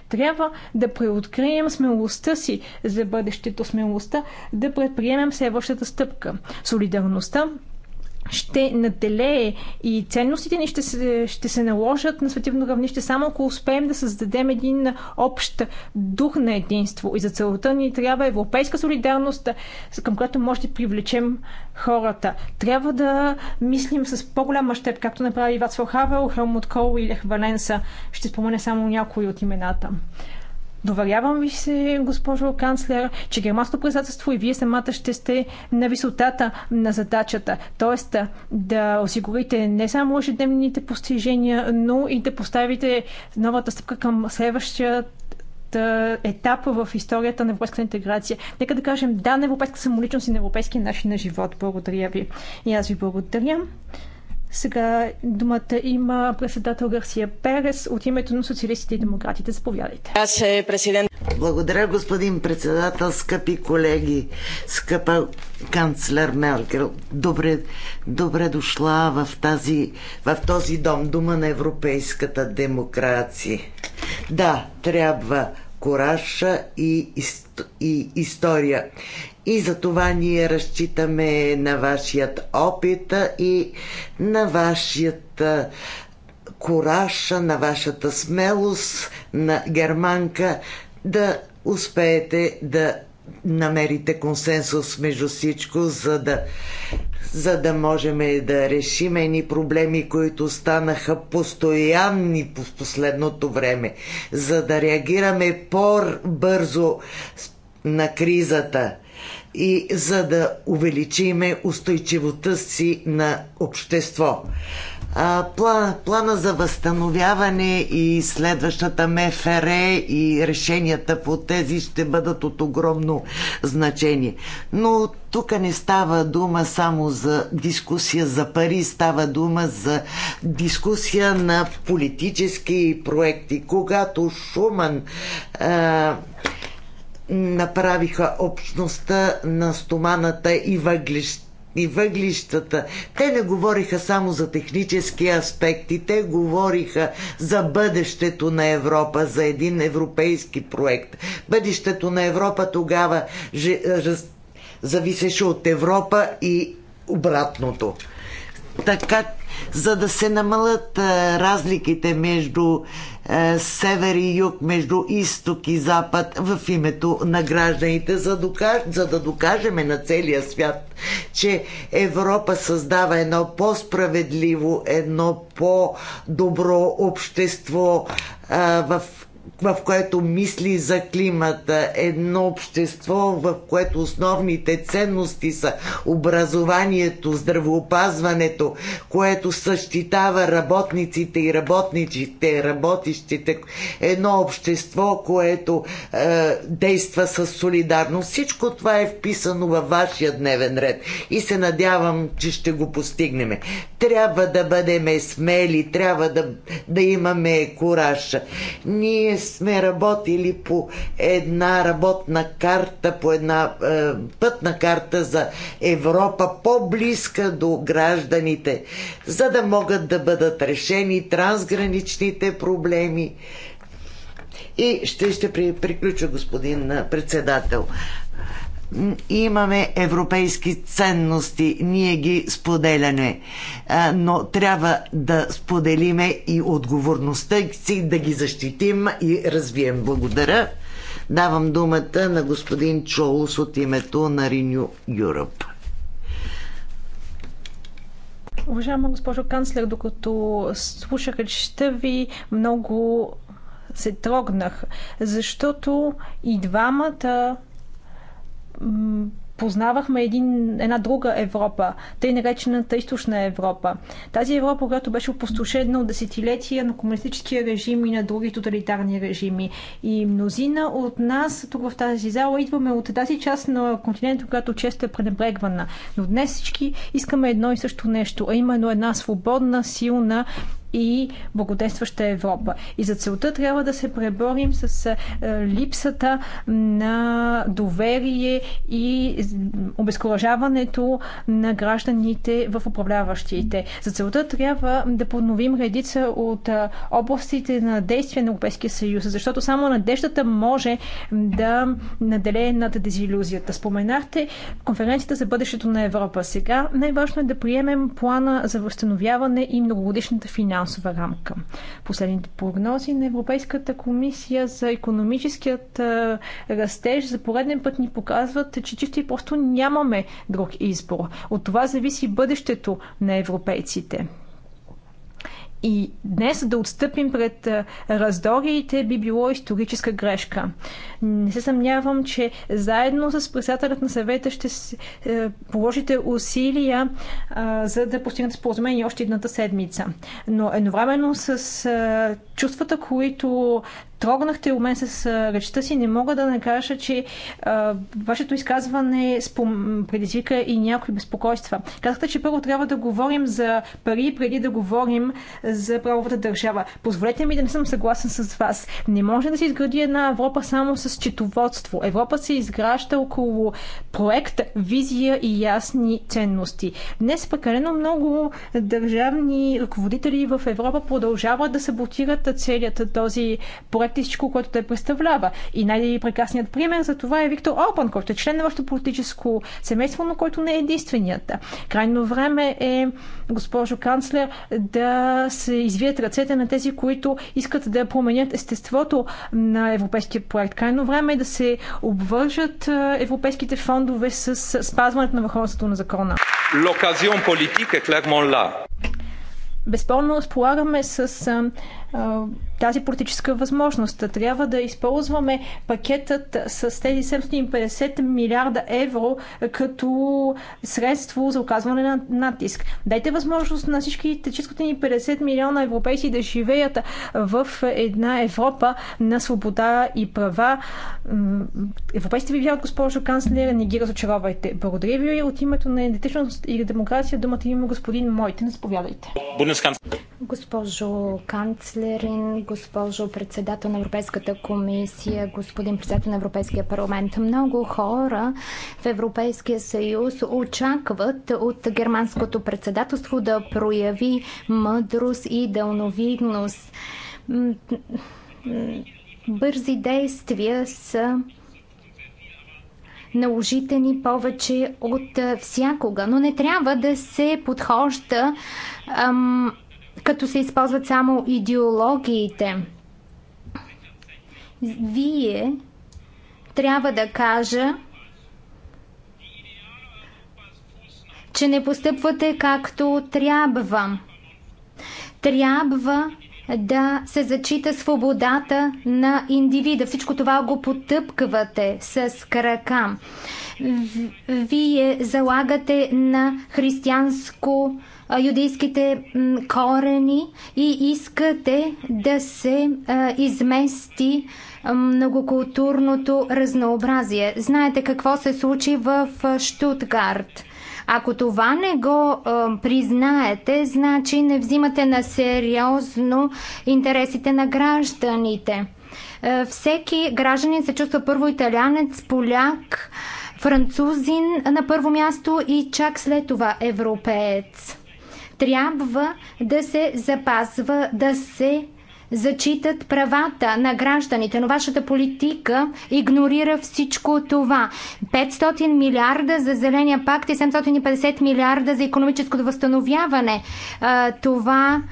Трябва да преоткрием смелостта си за бъдещето, смелостта да предприемем следващата стъпка. Солидарността ще наделее и ценностите ни ще се, ще се наложат на световно равнище само ако успеем да създадем един общ дух на единство. И за целта ни трябва европейска солидарност, към която може да привлечем хората. Трябва да мислим с по-голям мащеб, както направи Вацвал Хавел, Хелмут Кол или Лех Валенса. Ще спомена само някои от имената. Доверявам ви се, госпожо канцлер, че германското председателство и вие самата ще сте на висотата на задачата. Тоест да осигурите не само ежедневните постижения, но и да поставите новата стъпка към следващия етап в историята на европейската интеграция. Нека да кажем да на европейска самоличност и на европейския начин на живот. Благодаря ви. И аз ви благодаря. Сега думата има председател Гарсия Перес от името на социалистите и демократите. Заповядайте. Аз е президент. Благодаря, господин председател, скъпи колеги, скъпа канцлер Меркел. Добре, добре дошла в, тази, в този дом, дума на европейската демокрация. Да, трябва кораж и, и история. И за това ние разчитаме на вашият опит и на вашият кураж, на вашата смелост, на германка да успеете да намерите консенсус между всичко, за да, за да можем да решим едни проблеми, които станаха постоянни в последното време, за да реагираме по-бързо на кризата и за да увеличиме устойчивостта си на общество. А, план, плана за възстановяване и следващата МФР и решенията по тези ще бъдат от огромно значение. Но тук не става дума само за дискусия за пари, става дума за дискусия на политически проекти. Когато Шуман а, направиха общността на стоманата и въглищата и въглищата. Те не говориха само за технически аспекти, те говориха за бъдещето на Европа, за един европейски проект. Бъдещето на Европа тогава зависеше от Европа и обратното. Така за да се намалят разликите между север и юг, между изток и запад в името на гражданите, за, докаж, за да докажем на целия свят, че Европа създава едно по-справедливо, едно по-добро общество в в което мисли за климата, едно общество, в което основните ценности са образованието, здравеопазването, което същитава работниците и работничите, работещите, едно общество, което е, действа с солидарност. Всичко това е вписано във вашия дневен ред и се надявам, че ще го постигнем. Трябва да бъдем смели, трябва да, да имаме кураж. Ние сме работили по една работна карта, по една е, пътна карта за Европа, по-близка до гражданите, за да могат да бъдат решени трансграничните проблеми. И ще, ще приключа, господин председател имаме европейски ценности, ние ги споделяме, но трябва да споделиме и отговорността си, да ги защитим и развием. Благодаря. Давам думата на господин Чоус от името на Renew Europe. Уважаема госпожо канцлер, докато слушах речта ви, много се трогнах, защото и двамата познавахме един, една друга Европа, тъй наречената източна Европа. Тази Европа, която беше опустошена от десетилетия на комунистическия режим и на други тоталитарни режими. И мнозина от нас тук в тази зала идваме от тази част на континента, която често е пренебрегвана. Но днес всички искаме едно и също нещо, а именно една свободна, силна и благодействаща Европа. И за целта трябва да се преборим с е, липсата на доверие и обезкуражаването на гражданите в управляващите. За целта трябва да подновим редица от е, областите на действие на Европейския съюз, защото само надеждата може да наделее над дезилюзията. Споменахте конференцията за бъдещето на Европа. Сега най-важно е да приемем плана за възстановяване и многогодишната финал финансова рамка. Последните прогнози на Европейската комисия за економическият растеж за пореден път ни показват, че чисто и просто нямаме друг избор. От това зависи бъдещето на европейците. И днес да отстъпим пред раздорите би било историческа грешка. Не се съмнявам, че заедно с председателят на съвета ще е, положите усилия за да постигнете споразумение още едната седмица. Но едновременно с чувствата, които трогнахте у мен с речта си, не мога да не кажа, че а, вашето изказване спом... предизвика и някои безпокойства. Казахте, че първо трябва да говорим за пари, преди да говорим за правовата държава. Позволете ми да не съм съгласен с вас. Не може да се изгради една Европа само с четоводство. Европа се изгражда около проект, визия и ясни ценности. Днес прекалено много държавни ръководители в Европа продължават да саботират целият този проект проект и всичко, което те представлява. И най-прекрасният пример за това е Виктор Орбан, който е член на вашето политическо семейство, но който не е единственият. Крайно време е, госпожо канцлер, да се извият ръцете на тези, които искат да променят естеството на европейския проект. Крайно време е да се обвържат европейските фондове с спазването на върховенството на закона. Безпълно Безспорно разполагаме с тази политическа възможност. Трябва да използваме пакетът с тези 750 милиарда евро като средство за оказване на натиск. Дайте възможност на всички 450 милиона европейци да живеят в една Европа на свобода и права. Европейците ви вярват, госпожо канцлер, не ги разочаровайте. Благодаря ви от името на идентичност и демокрация. Думата има господин Мойтен. Заповядайте. Госпожо канцлер, Веслерин, госпожо председател на Европейската комисия, господин председател на Европейския парламент. Много хора в Европейския съюз очакват от германското председателство да прояви мъдрост и дълновидност. Бързи действия са наложителни повече от всякога. Но не трябва да се подхожда ам, като се използват само идеологиите. Вие трябва да кажа, че не постъпвате както трябва. Трябва да се зачита свободата на индивида. Всичко това го потъпкавате с крака. Вие залагате на християнско юдейските корени и искате да се измести многокултурното разнообразие. Знаете какво се случи в Штутгарт. Ако това не го а, признаете, значи не взимате на сериозно интересите на гражданите. А, всеки гражданин се чувства първо италянец, поляк, французин на първо място и чак след това европеец трябва да се запазва, да се зачитат правата на гражданите, но вашата политика игнорира всичко това. 500 милиарда за Зеления пакт и 750 милиарда за економическото възстановяване. Това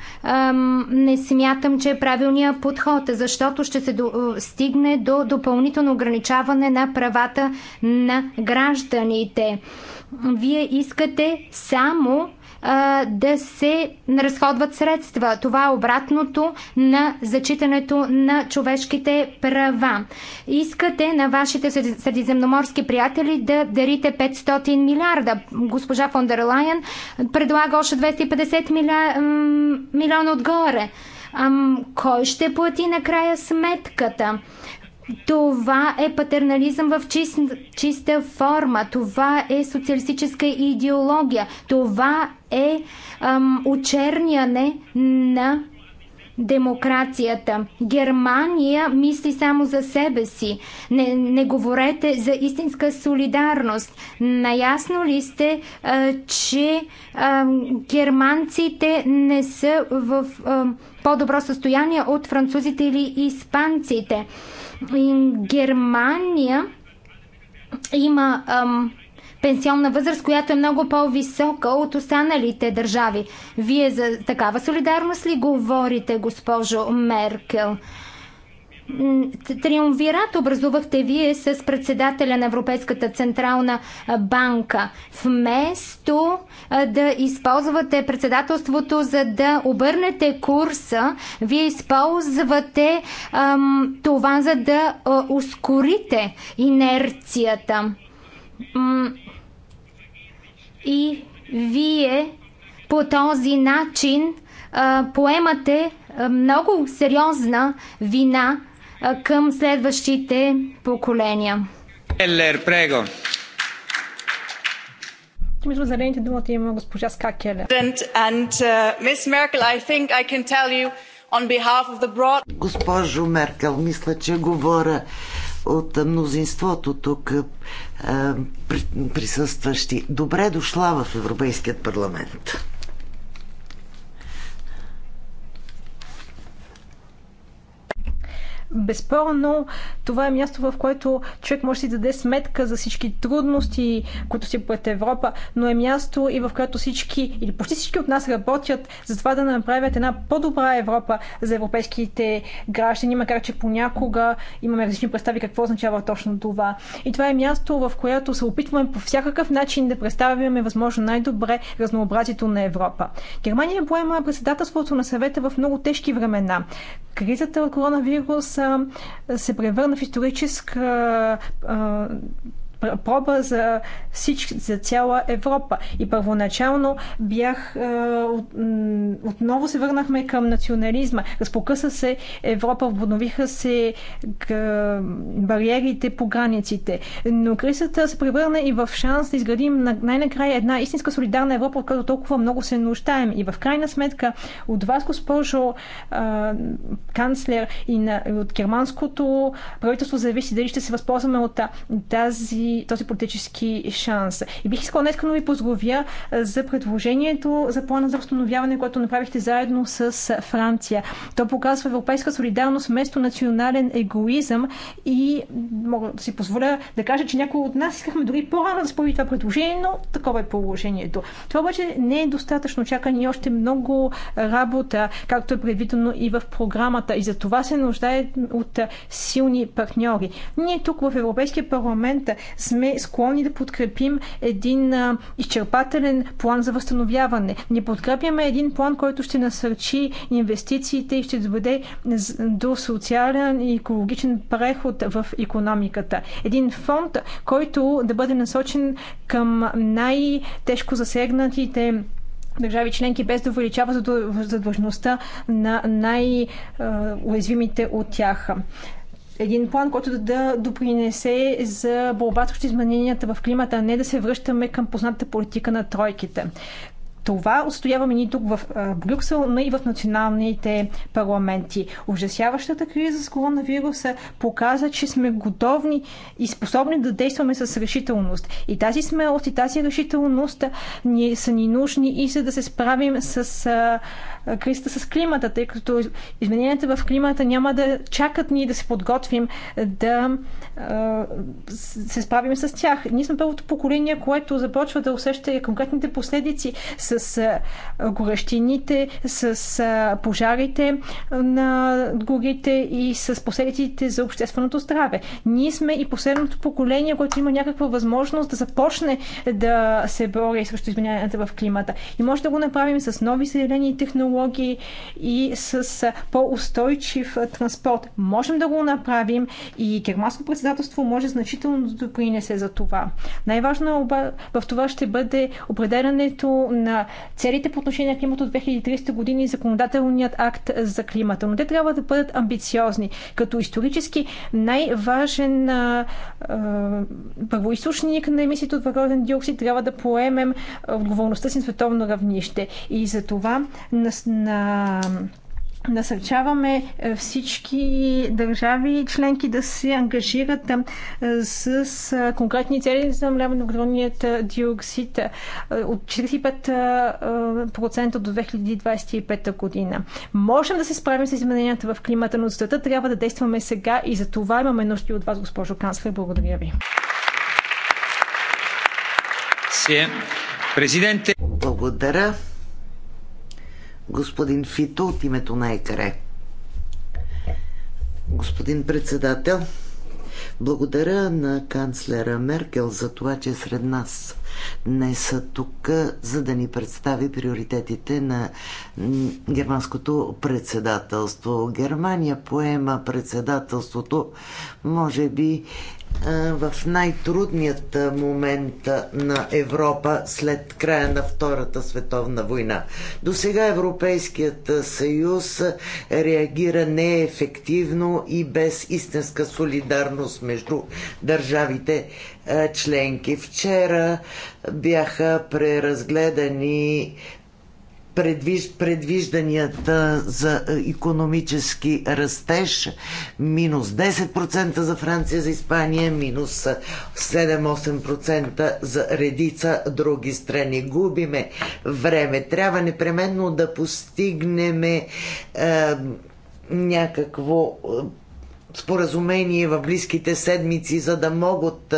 не смятам, че е правилният подход, защото ще се стигне до допълнително ограничаване на правата на гражданите. Вие искате само да се разходват средства. Това е обратното на зачитането на човешките права. Искате на вашите средиземноморски приятели да дарите 500 милиарда. Госпожа фон Лайен предлага още 250 милиона отгоре. Ам, кой ще плати накрая сметката? Това е патернализъм в чист, чиста форма. Това е социалистическа идеология. Това е ам, учерняне на демокрацията. Германия мисли само за себе си. Не, не говорете за истинска солидарност. Наясно ли сте, а, че а, германците не са в а, по-добро състояние от французите или испанците? Германия има ам, пенсионна възраст, която е много по-висока от останалите държави. Вие за такава солидарност ли говорите, госпожо Меркел? триумвират образувахте вие с председателя на Европейската централна банка. Вместо да използвате председателството за да обърнете курса, вие използвате ам, това за да а, ускорите инерцията. И вие по този начин а, поемате много сериозна вина към следващите поколения. Елер, прего. Между зелените думата има госпожа Ска Келер. Uh, Госпожо Меркел, мисля, че говоря от мнозинството тук присъстващи. Добре дошла в Европейският парламент. Безспорно, това е място, в което човек може да си даде сметка за всички трудности, които си пред Европа, но е място и в което всички, или почти всички от нас работят за това да направят една по-добра Европа за европейските граждани, макар че понякога имаме различни представи какво означава точно това. И това е място, в което се опитваме по всякакъв начин да представяме възможно най-добре разнообразието на Европа. Германия е поема председателството на съвета в много тежки времена. Кризата от коронавирус се превърна в историческа проба за, всич, за цяла Европа. И първоначално бях. Е, отново се върнахме към национализма. Разпокъса се Европа, обновиха се бариерите по границите. Но кризата се превърна и в шанс да изградим най-накрая една истинска солидарна Европа, от която толкова много се нуждаем. И в крайна сметка от вас, госпожо е, канцлер, и на, от германското правителство зависи дали ще се възползваме от тази този политически шанс. И бих искала несколько да ви поздравя за предложението за плана за възстановяване, което направихте заедно с Франция. То показва европейска солидарност вместо национален егоизъм и мога да си позволя да кажа, че някои от нас искахме дори по-рано да спори това предложение, но такова е положението. Това обаче не е достатъчно. Чака ни още много работа, както е предвидено и в програмата. И за това се нуждае от силни партньори. Ние тук в Европейския парламент сме склонни да подкрепим един а, изчерпателен план за възстановяване. Не подкрепяме един план, който ще насърчи инвестициите и ще доведе до социален и екологичен преход в економиката. Един фонд, който да бъде насочен към най-тежко засегнатите държави членки, без да увеличава задължността на най-уязвимите от тях един план, който да допринесе за борба измененията в климата, а не да се връщаме към позната политика на тройките. Това отстояваме ни тук в Брюксел, но и в националните парламенти. Ужасяващата криза с коронавируса показа, че сме готовни и способни да действаме с решителност. И тази смелост и тази решителност ни са ни нужни и за да се справим с кризата с климата, тъй като измененията в климата няма да чакат ние да се подготвим да се справим с тях. Ние сме първото поколение, което започва да усеща конкретните последици с горещините, с пожарите на горите и с последиците за общественото здраве. Ние сме и последното поколение, което има някаква възможност да започне да се бори срещу измененията в климата. И може да го направим с нови зелени технологии, технологии и с по-устойчив транспорт. Можем да го направим и германско председателство може значително да допринесе за това. Най-важно е в това ще бъде определянето на целите по отношение на климата от 2300 години и законодателният акт за климата. Но те трябва да бъдат амбициозни. Като исторически най-важен първоисточник на емисията от въглероден диоксид трябва да поемем отговорността си на световно равнище. И за това на на насърчаваме е, всички държави и членки да се ангажират е, с е, конкретни цели за намаляване на въглеродният диоксид от 45% до 2025 година. Можем да се справим с измененията в климата, но света трябва да действаме сега и за това имаме нужди от вас, госпожо канцлер. Благодаря ви. Благодаря господин Фито от името на ЕКРЕ. Господин председател, благодаря на канцлера Меркел за това, че е сред нас днес тук, за да ни представи приоритетите на германското председателство. Германия поема председателството, може би в най-трудният момент на Европа след края на Втората световна война. До сега Европейският съюз реагира неефективно и без истинска солидарност между държавите е, членки. Вчера бяха преразгледани предвижданията за економически растеж минус 10% за Франция, за Испания, минус 7-8% за редица други страни. Губиме време. Трябва непременно да постигнем е, някакво е, споразумение в близките седмици, за да могат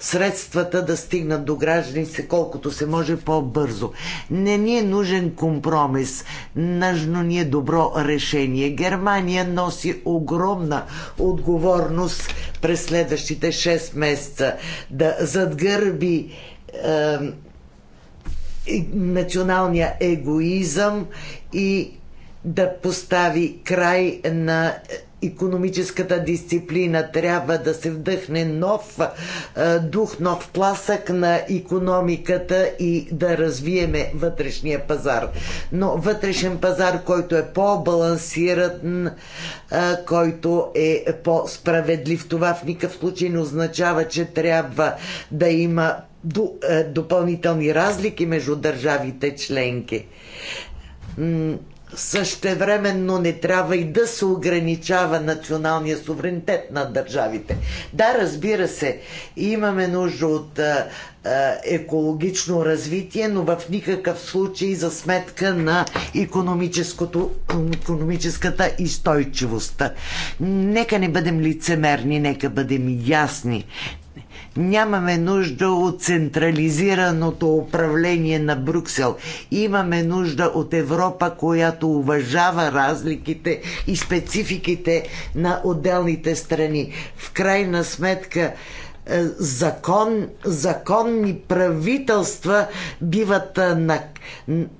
средствата да стигнат до гражданите колкото се може по-бързо. Не ни е нужен компромис, нужно ни е добро решение. Германия носи огромна отговорност през следващите 6 месеца да задгърби е, националния егоизъм и да постави край на економическата дисциплина трябва да се вдъхне нов дух, нов пласък на економиката и да развиеме вътрешния пазар. Но вътрешен пазар, който е по-балансиран, който е по-справедлив. Това в никакъв случай не означава, че трябва да има допълнителни разлики между държавите членки Същевременно не трябва и да се ограничава националния суверенитет на държавите. Да, разбира се, имаме нужда от а, а, екологично развитие, но в никакъв случай за сметка на економическата изстойчивост. Нека не бъдем лицемерни, нека бъдем ясни. Нямаме нужда от централизираното управление на Брюксел. Имаме нужда от Европа, която уважава разликите и спецификите на отделните страни. В крайна сметка, е, закон, законни правителства биват, е, на,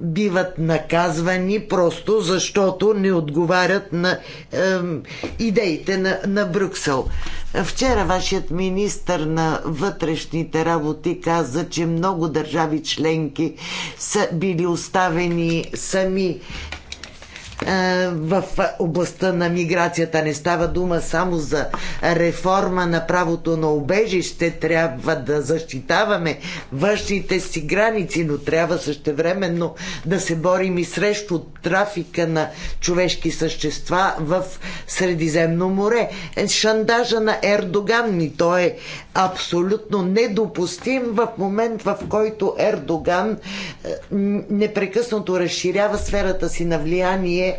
биват наказвани просто защото не отговарят на е, идеите на, на Брюксел. Вчера вашият министр на вътрешните работи каза, че много държави членки са били оставени сами е, в областта на миграцията. Не става дума само за реформа на правото на обежище. Трябва да защитаваме външните си граници, но трябва същевременно да се борим и срещу трафика на човешки същества в Средиземно море. Е, шандажа на Ердоган ми той е абсолютно недопустим в момент, в който Ердоган е, непрекъснато разширява сферата си на влияние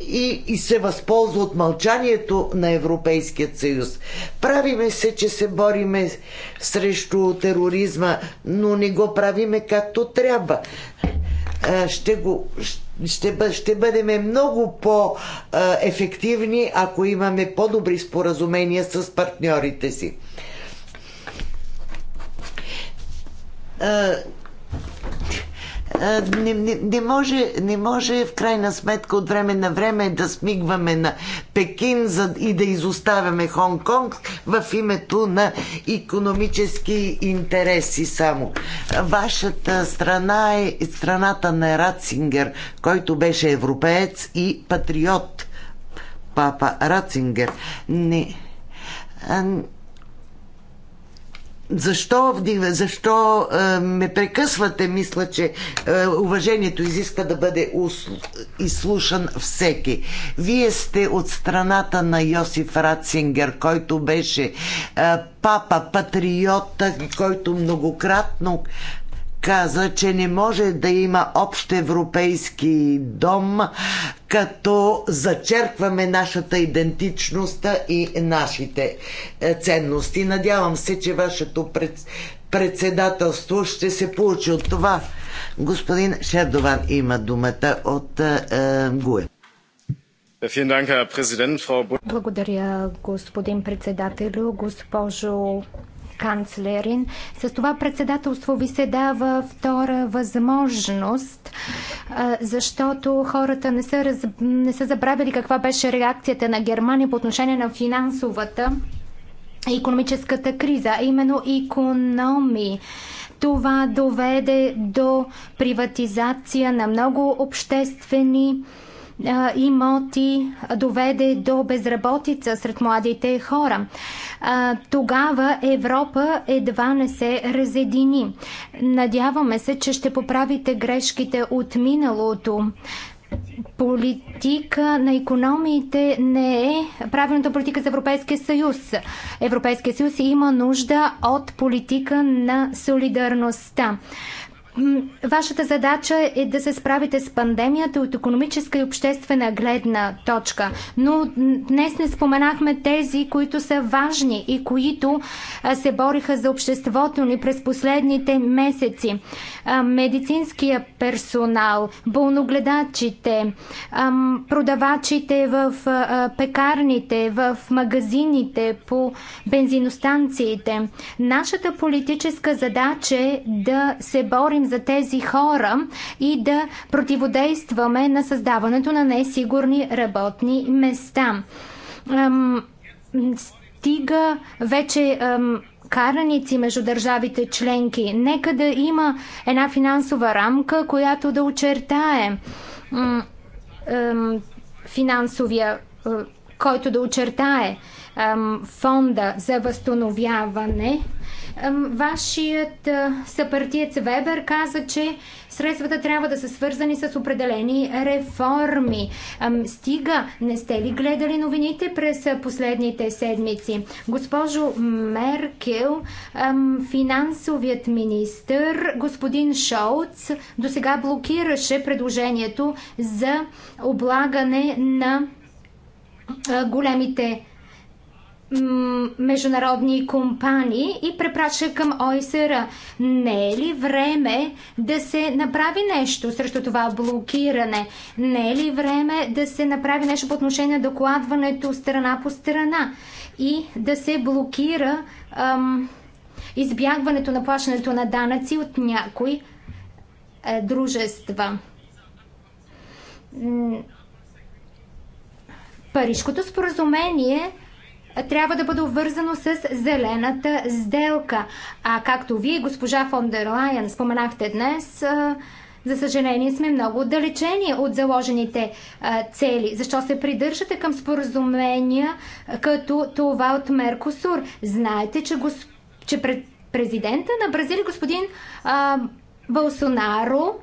и, и се възползва от мълчанието на Европейският съюз. Правиме се, че се бориме срещу тероризма, но не го правиме както трябва. Ще го ще, бъ, ще бъдем много по-ефективни, ако имаме по-добри споразумения с партньорите си не, не, не, може, не може в крайна сметка от време на време да смигваме на Пекин за, и да изоставяме Хонг-Конг в името на економически интереси само. Вашата страна е страната на Ратсингер, който беше европеец и патриот. Папа Ратсингер. Не. Защо, защо е, ме прекъсвате? Мисля, че е, уважението изиска да бъде усл... изслушан всеки. Вие сте от страната на Йосиф Ратсингер, който беше е, папа, патриот, който многократно каза, че не може да има общ европейски дом, като зачеркваме нашата идентичност и нашите е, ценности. Надявам се, че вашето председателство ще се получи от това. Господин Шердован има думата от е, е ГУЕ. Благодаря, господин председател, госпожо канцлерин. С това председателство ви се дава втора възможност, защото хората не са, раз... не са забравили каква беше реакцията на Германия по отношение на финансовата и економическата криза, а именно икономи. Това доведе до приватизация на много обществени имоти доведе до безработица сред младите хора. Тогава Европа едва не се разедини. Надяваме се, че ще поправите грешките от миналото политика на економиите не е правилната политика за Европейския съюз. Европейския съюз има нужда от политика на солидарността. Вашата задача е да се справите с пандемията от економическа и обществена гледна точка. Но днес не споменахме тези, които са важни и които се бориха за обществото ни през последните месеци. Медицинския персонал, болногледачите, продавачите в пекарните, в магазините, по бензиностанциите. Нашата политическа задача е да се борим говорим за тези хора и да противодействаме на създаването на несигурни работни места. Ам, стига вече ам, караници между държавите членки. Нека да има една финансова рамка, която да очертае ам, ам, финансовия, който да очертае фонда за възстановяване Вашият съпартиец Вебер каза, че средствата трябва да са свързани с определени реформи. Стига, не сте ли гледали новините през последните седмици? Госпожо Меркел, финансовият министр, господин Шолц, до сега блокираше предложението за облагане на големите международни компании и препраща към ОИСР. Не е ли време да се направи нещо срещу това блокиране? Не е ли време да се направи нещо по отношение на докладването страна по страна и да се блокира ам, избягването на плащането на данъци от някои е, дружества? Парижкото споразумение – трябва да бъде обвързано с зелената сделка. А както вие, госпожа фон дер Лайен, споменахте днес, за съжаление сме много отдалечени от заложените цели. Защо се придържате към споразумения като това от Меркосур? Знаете, че, госп... че пред... президента на Бразилия, господин а, Болсонаро,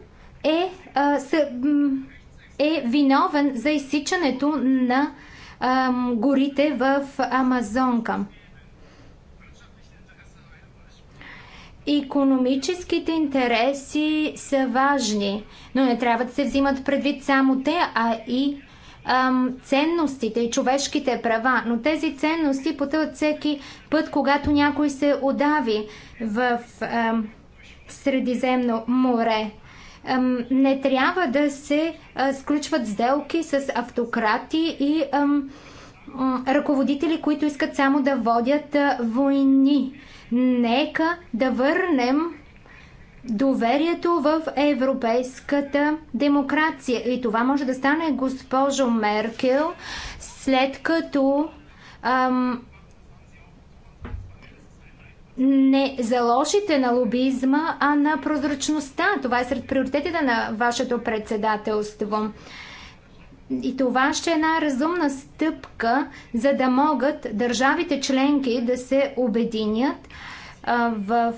е, а, с... е виновен за изсичането на ам, горите в Амазонка. Икономическите интереси са важни, но не трябва да се взимат предвид само те, а и ам, ценностите и човешките права. Но тези ценности потъват всеки път, когато някой се удави в ам, Средиземно море не трябва да се сключват сделки с автократи и ръководители, които искат само да водят войни. Нека да върнем доверието в европейската демокрация. И това може да стане, госпожо Меркел, след като ам, не заложите на лобизма, а на прозрачността. Това е сред приоритетите на вашето председателство. И това ще е една разумна стъпка, за да могат държавите членки да се обединят в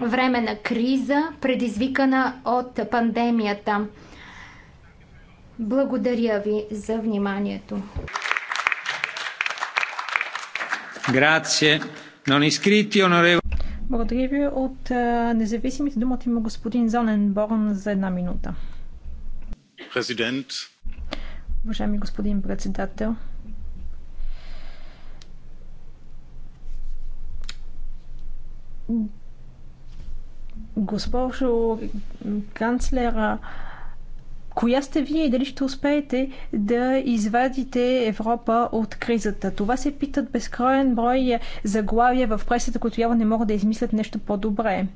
време на криза, предизвикана от пандемията. Благодаря ви за вниманието. Grazie. Благодаря ви. От независимите думата има господин Зонен Борн за една минута. Президент. Уважаеми господин председател. Госпожо канцлера, Коя сте вие и дали ще успеете да извадите Европа от кризата? Това се питат безкроен брой заглавия в пресата, които явно не могат да измислят нещо по-добре.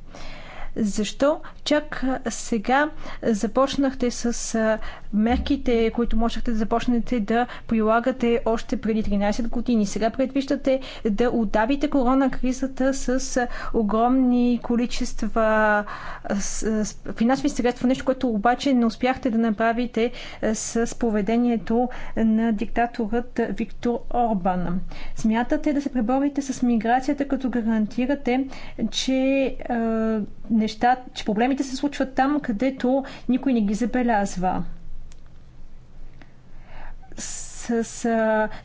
Защо чак сега започнахте с мерките, които можехте да започнете да прилагате още преди 13 години? Сега предвиждате да удавите корона кризата с огромни количества финансови средства, нещо, което обаче не успяхте да направите с поведението на диктаторът Виктор Орбан. Смятате да се преборите с миграцията, като гарантирате, че неща, че проблемите се случват там, където никой не ги забелязва. С, с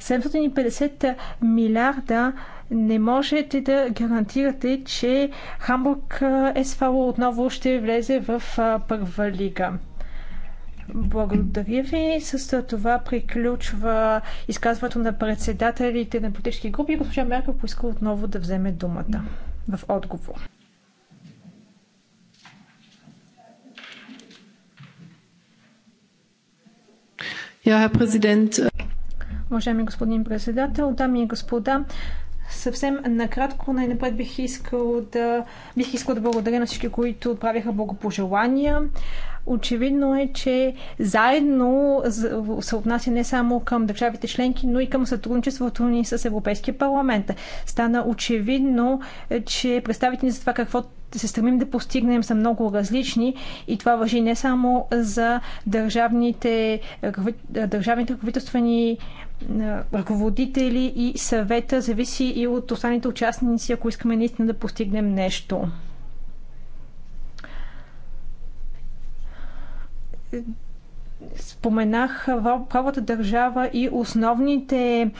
750 милиарда не можете да гарантирате, че Хамбург СФАО отново ще влезе в първа лига. Благодаря ви. С това приключва изказването на председателите на политически групи. Госпожа Мерка поиска отново да вземе думата в отговор. Präsident. Äh, Уважаеми господин председател, дами и господа, съвсем накратко, най-напред бих искал да, бих искал да благодаря на всички, които отправиха благопожелания. Очевидно е, че заедно се отнася не само към държавите членки, но и към сътрудничеството ни с Европейския парламент. Стана очевидно, че представите ни за това какво се стремим да постигнем са много различни и това въжи не само за държавните, държавните ръководствени ръководители и съвета, зависи и от останалите участници, ако искаме наистина да постигнем нещо. споменах правата държава и основните е,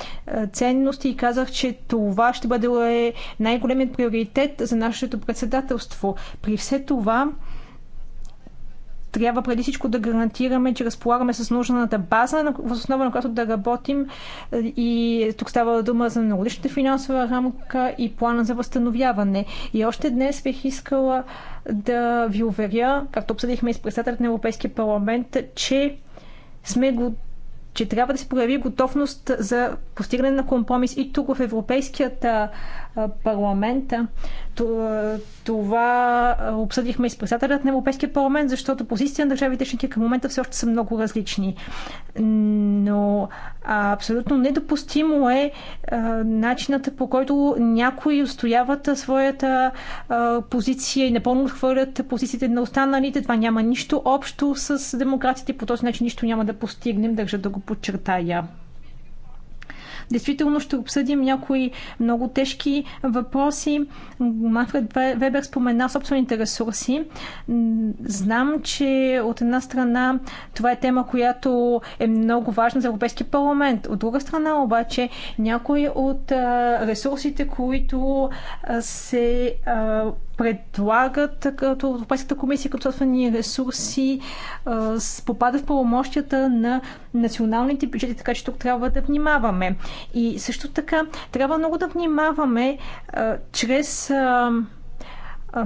ценности и казах, че това ще бъде е, най-големият приоритет за нашето председателство. При все това трябва преди всичко да гарантираме, че разполагаме с нужната база, в основа на която да работим. И тук става дума за многодишната финансова рамка и плана за възстановяване. И още днес бих искала да ви уверя, както обсъдихме и с председателят на Европейския парламент, че сме го че трябва да се прояви готовност за постигане на компромис и тук в Европейският парламента. Това обсъдихме и с председателят на Европейския парламент, защото позиция на държавите членки към момента все още са много различни. Но абсолютно недопустимо е начинът по който някои устояват своята позиция и напълно отхвърлят позициите на останалите. Това няма нищо общо с демокрацията и по този начин нищо няма да постигнем, държа да го подчертая. Действително ще обсъдим някои много тежки въпроси. Манфред Вебер спомена собствените ресурси. Знам, че от една страна това е тема, която е много важна за Европейския парламент. От друга страна обаче някои от ресурсите, които се предлагат като Европейската комисия като собствени ресурси попада в правомощията на националните бюджети, така че тук трябва да внимаваме. И също така трябва много да внимаваме чрез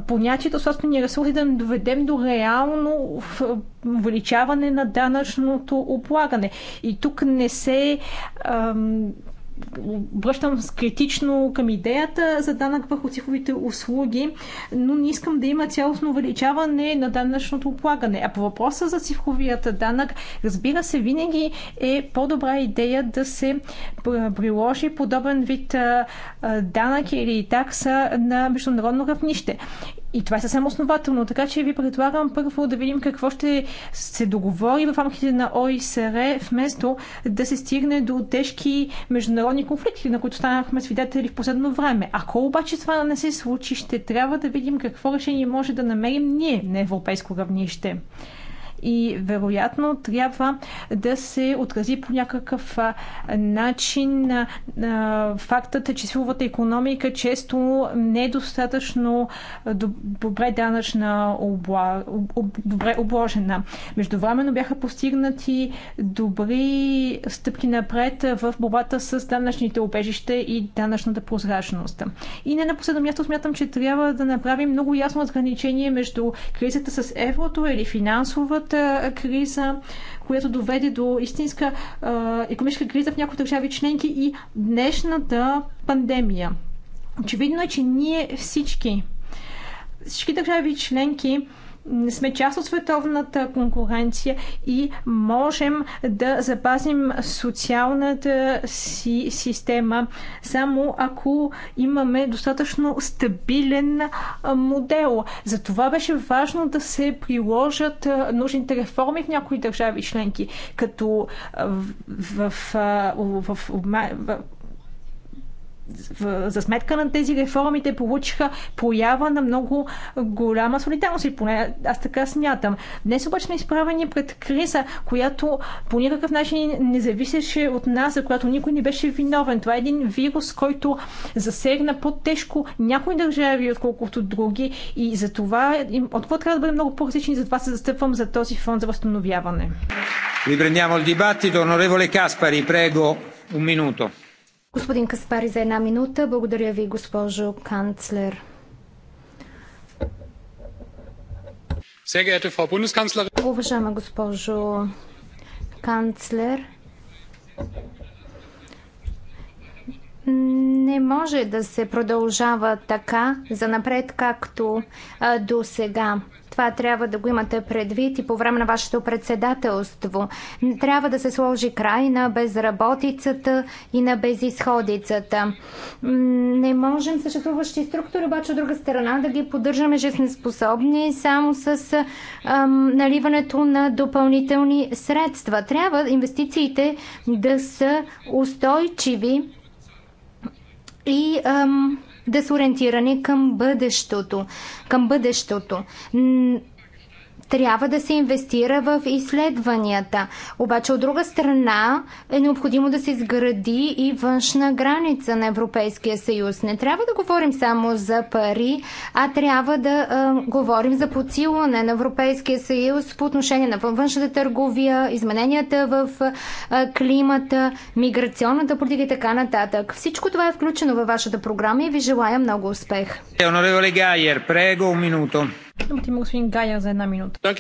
понятието собствени ресурси да доведем до реално увеличаване на данъчното облагане. И тук не се обръщам с критично към идеята за данък върху цифровите услуги, но не искам да има цялостно увеличаване на данъчното облагане. А по въпроса за цифровият данък, разбира се, винаги е по-добра идея да се приложи подобен вид данък или такса на международно равнище. И това е съвсем основателно, така че ви предлагам първо да видим какво ще се договори в рамките на ОИСР, вместо да се стигне до тежки международни конфликти, на които станахме свидетели в последно време. Ако обаче това не се случи, ще трябва да видим какво решение може да намерим ние на европейско равнище и вероятно трябва да се отрази по някакъв начин фактът, че силовата економика често не е достатъчно добре данъчна добре обложена. Междувременно бяха постигнати добри стъпки напред в борбата с данъчните обежища и данъчната прозрачност. И не на последно място смятам, че трябва да направим много ясно разграничение между кризата с еврото или финансовата економическата криза, която доведе до истинска економическа криза в някои държави членки и днешната пандемия. Очевидно е, че ние всички, всички държави членки, не сме част от световната конкуренция и можем да запазим социалната си система само ако имаме достатъчно стабилен модел. това беше важно да се приложат нужните реформи в някои държави членки, като в, в, в, в, в за сметка на тези реформи те получиха проява на много голяма солидарност и поне аз така смятам. Днес обаче сме изправени пред криза, която по никакъв начин не зависеше от нас, за която никой не беше виновен. Това е един вирус, който засегна по-тежко някои държави, отколкото други и за това от какво трябва да бъде много по-различни, затова се застъпвам за този фонд за възстановяване. Riprendiamo il dibattito. Onorevole Caspari, prego, un minuto. Господин Каспари за една минута. Благодаря ви, госпожо канцлер. Уважаема госпожо канцлер, не може да се продължава така за напред, както до сега. Това трябва да го имате предвид и по време на вашето председателство. Трябва да се сложи край на безработицата и на безисходицата. Не можем съществуващи структури, обаче от друга страна да ги поддържаме жизнеспособни само с ам, наливането на допълнителни средства. Трябва инвестициите да са устойчиви и ам, да са ориентирани към бъдещето. Към бъдещето. Трябва да се инвестира в изследванията. Обаче от друга страна е необходимо да се изгради и външна граница на Европейския съюз. Не трябва да говорим само за пари, а трябва да а, говорим за подсилване на Европейския съюз по отношение на външната търговия, измененията в а, климата, миграционната политика и така нататък. Всичко това е включено във вашата програма и ви желая много успех. Onorevole Гайер, prego un Думата има господин Гая за една минута.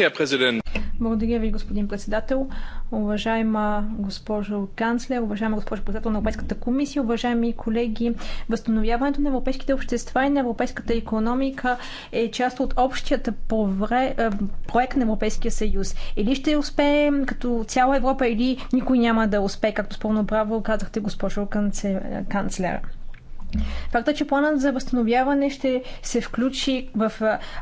Благодаря ви, господин председател. Уважаема госпожо канцлер, уважаема госпожо председател на Европейската комисия, уважаеми колеги, възстановяването на европейските общества и на европейската економика е част от общият е, проект на Европейския съюз. Или ще успеем като цяла Европа, или никой няма да успее, както с пълно право казахте, госпожо канцлер. Факта, че планът за възстановяване ще се включи в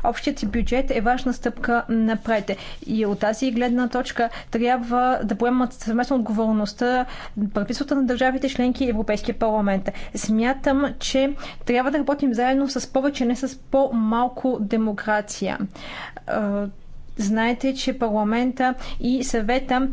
общият бюджет е важна стъпка напред. И от тази гледна точка трябва да поемат съвместно отговорността правителството на държавите членки и Европейския парламент. Смятам, че трябва да работим заедно с повече, не с по-малко демокрация Знаете, че парламента и съвета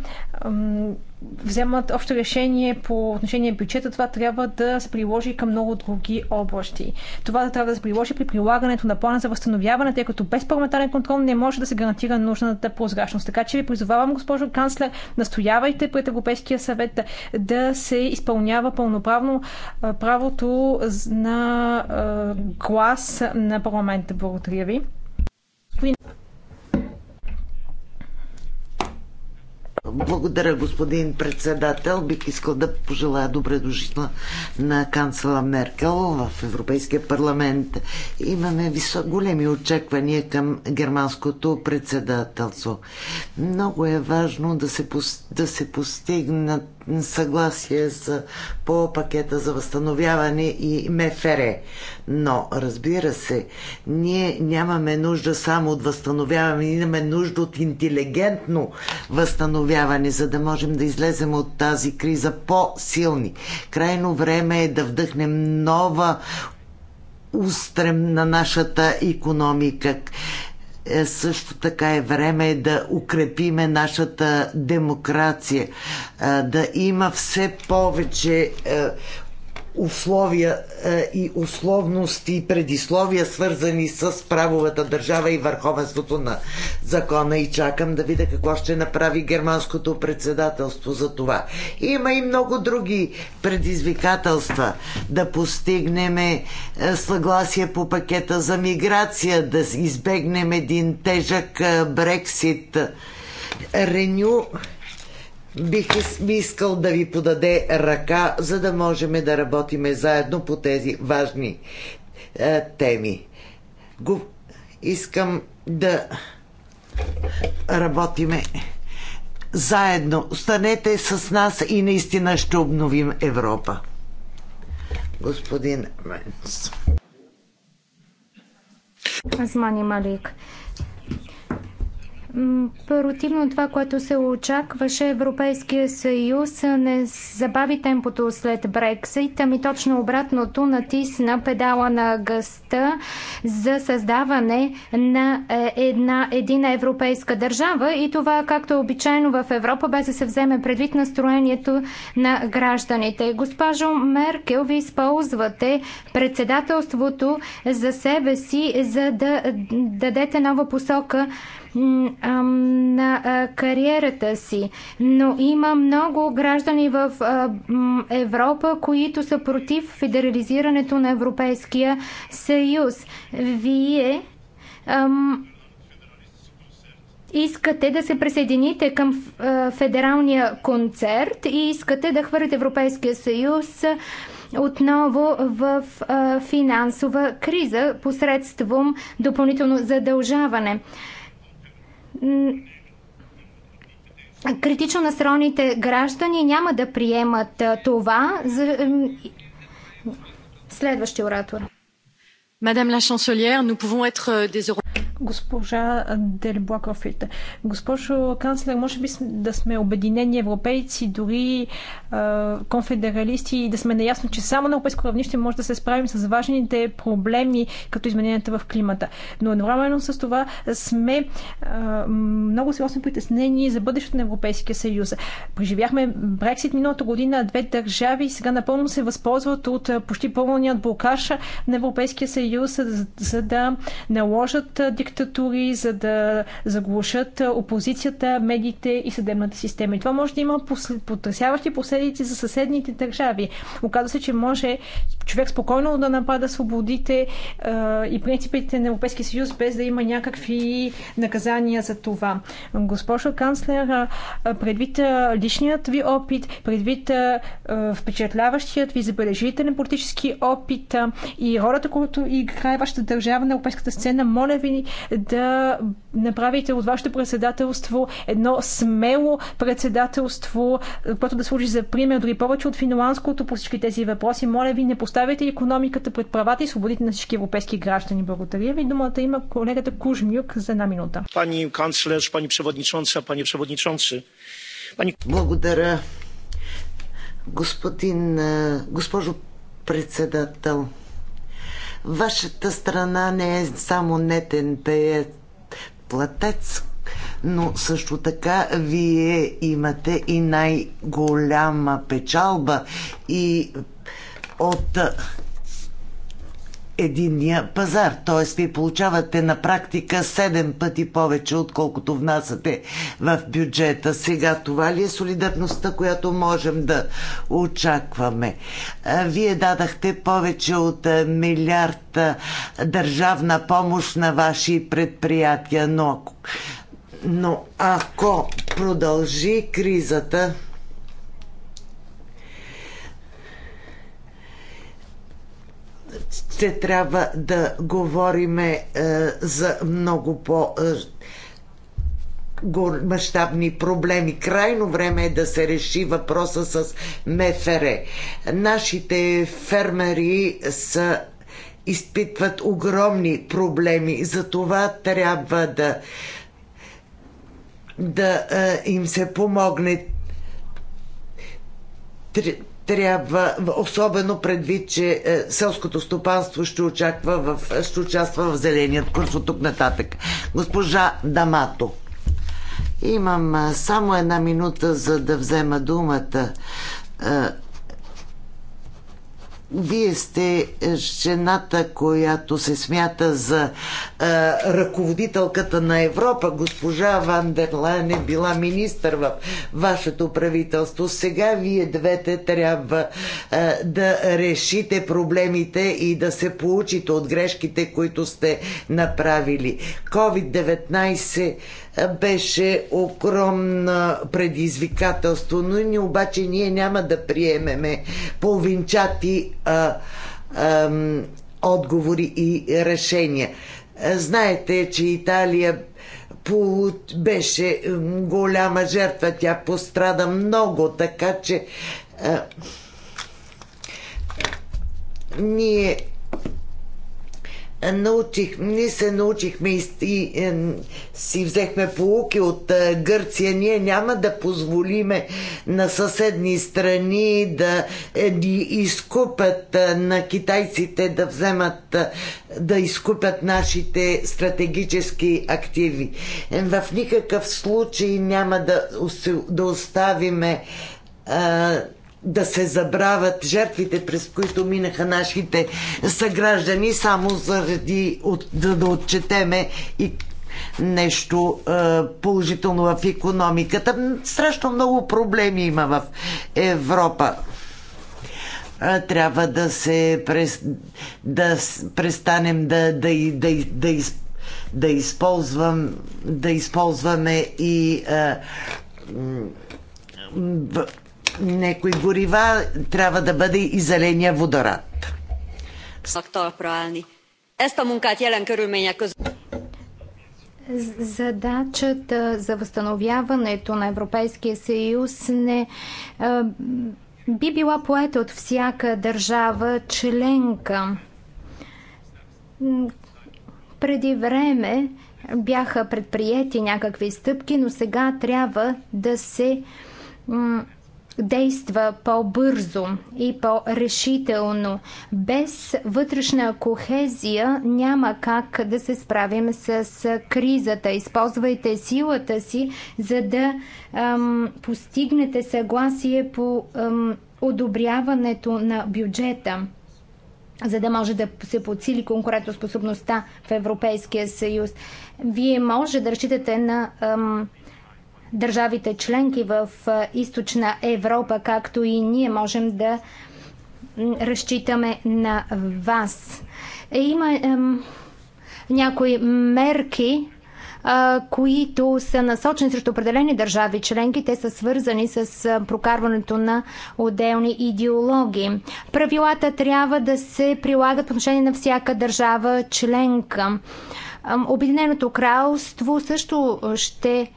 вземат общо решение по отношение на бюджета, това трябва да се приложи към много други области. Това трябва да се приложи при прилагането на плана за възстановяване, тъй като без парламентарен контрол не може да се гарантира нужната прозрачност. Така че ви призовавам, госпожо канцлер, настоявайте пред Европейския съвет да се изпълнява пълноправно правото на глас на парламента. Благодаря ви. Благодаря, господин председател. Бих искал да пожелая добре дошла на канцлера Меркел в Европейския парламент. Имаме висок, големи очаквания към германското председателство. Много е важно да се, да се постигнат съгласие за, по пакета за възстановяване и МФР. Но, разбира се, ние нямаме нужда само от възстановяване, ние имаме нужда от интелигентно възстановяване, за да можем да излезем от тази криза по-силни. Крайно време е да вдъхнем нова устрем на нашата економика. Е, също така е време да укрепиме нашата демокрация, е, да има все повече е, условия е, и условности и предисловия, свързани с правовата държава и върховенството на закона. И чакам да видя какво ще направи германското председателство за това. Има и много други предизвикателства да постигнем е, съгласие по пакета за миграция, да избегнем един тежък е, Брексит. Реню. Renew бих искал да ви подаде ръка, за да можем да работиме заедно по тези важни е, теми. Го... Искам да работиме заедно. Останете с нас и наистина ще обновим Европа. Господин Менс. Аз Малик. Противно това, което се очакваше, Европейския съюз не забави темпото след Брексит, ами точно обратното натисна педала на гъста за създаване на е, една едина европейска държава и това, както е обичайно в Европа, без да се вземе предвид настроението на гражданите. Госпожо Меркел, ви използвате председателството за себе си, за да дадете нова посока на кариерата си. Но има много граждани в Европа, които са против федерализирането на Европейския съюз. Вие искате да се присъедините към федералния концерт и искате да хвърлите Европейския съюз отново в финансова криза посредством допълнително задължаване критично настроените граждани няма да приемат това. Следващия оратор. Мадам ла шансолиер, nous pouvons être euh, des госпожа Кофрита. Госпожо канцлер, може би да сме обединени европейци, дори е, конфедералисти и да сме наясно, че само на европейско равнище може да се справим с важните проблеми, като измененията в климата. Но едновременно с това сме е, много сериозно притеснени за бъдещето на Европейския съюз. Преживяхме Брексит миналата година, две държави сега напълно се възползват от почти пълният блокаж на Европейския съюз, за, за да наложат диктатури, за да заглушат опозицията, медиите и съдебната система. И това може да има потрясяващи последици за съседните държави. Оказва се, че може човек спокойно да напада свободите и принципите на Европейския съюз, без да има някакви наказания за това. Госпожо канцлер, предвид личният ви опит, предвид впечатляващият ви забележителен политически опит и ролята, която играе вашата държава на европейската сцена, моля ви, да направите от вашето председателство едно смело председателство, което да служи за пример дори повече от финландското по всички тези въпроси. Моля ви, не поставяйте економиката пред правата и свободите на всички европейски граждани. Благодаря ви. Думата има колегата Кужмюк за една минута. Пани канцлер, пани преводничонца, пани преводничонци. Пани... Благодаря, господин, госпожо председател. Вашата страна не е само нетен пеец, платец, но също така вие имате и най-голяма печалба и от единния пазар. Т.е. вие получавате на практика 7 пъти повече, отколкото внасяте в бюджета. Сега това ли е солидарността, която можем да очакваме? Вие дадахте повече от милиард държавна помощ на ваши предприятия, но, но ако продължи кризата, ще трябва да говориме е, за много по- е, мащабни проблеми. Крайно време е да се реши въпроса с МФР. Нашите фермери са изпитват огромни проблеми. За това трябва да да е, им се помогне трябва, особено предвид, че е, селското стопанство ще, очаква в, ще участва в зеленият курс от тук нататък. Госпожа Дамато. Имам е, само една минута, за да взема думата. Е, вие сте е, жената, която се смята за а, е, ръководителката на Европа. Госпожа Ван дер Лайн е била министър в вашето правителство. Сега вие двете трябва а, е, да решите проблемите и да се получите от грешките, които сте направили. COVID-19 беше огромно предизвикателство, но ни обаче ние няма да приемеме половинчати а, а, отговори и решения. Знаете, че Италия беше голяма жертва, тя пострада много, така че а, ние научих, ние се научихме и, и и си взехме полуки от а, е, Гърция. Ние няма да позволиме на съседни страни да е, ни изкупят а, е, на китайците да вземат, а, е, да изкупят нашите стратегически активи. Е, в никакъв случай няма да, да оставиме е, да се забравят жертвите, през които минаха нашите съграждани, само заради от, да, да отчетеме и нещо е, положително в економиката. Страшно много проблеми има в Европа. Е, трябва да се прес, да престанем да, да, да, да, да, из, да, използвам, да използваме и е, някои горива трябва да бъде и зеления водород. Задачата за възстановяването на Европейския съюз не е, би била поета от всяка държава членка. Преди време бяха предприяти някакви стъпки, но сега трябва да се действа по-бързо и по-решително. Без вътрешна кохезия няма как да се справим с кризата. Използвайте силата си, за да ам, постигнете съгласие по ам, одобряването на бюджета за да може да се подсили конкурентоспособността в Европейския съюз. Вие може да разчитате на ам, държавите членки в източна Европа, както и ние можем да разчитаме на вас. Е, има ем, някои мерки, които са насочени срещу определени държави членки. Те са свързани с прокарването на отделни идеологии. Правилата трябва да се прилагат по отношение на всяка държава членка. Обединеното кралство също ще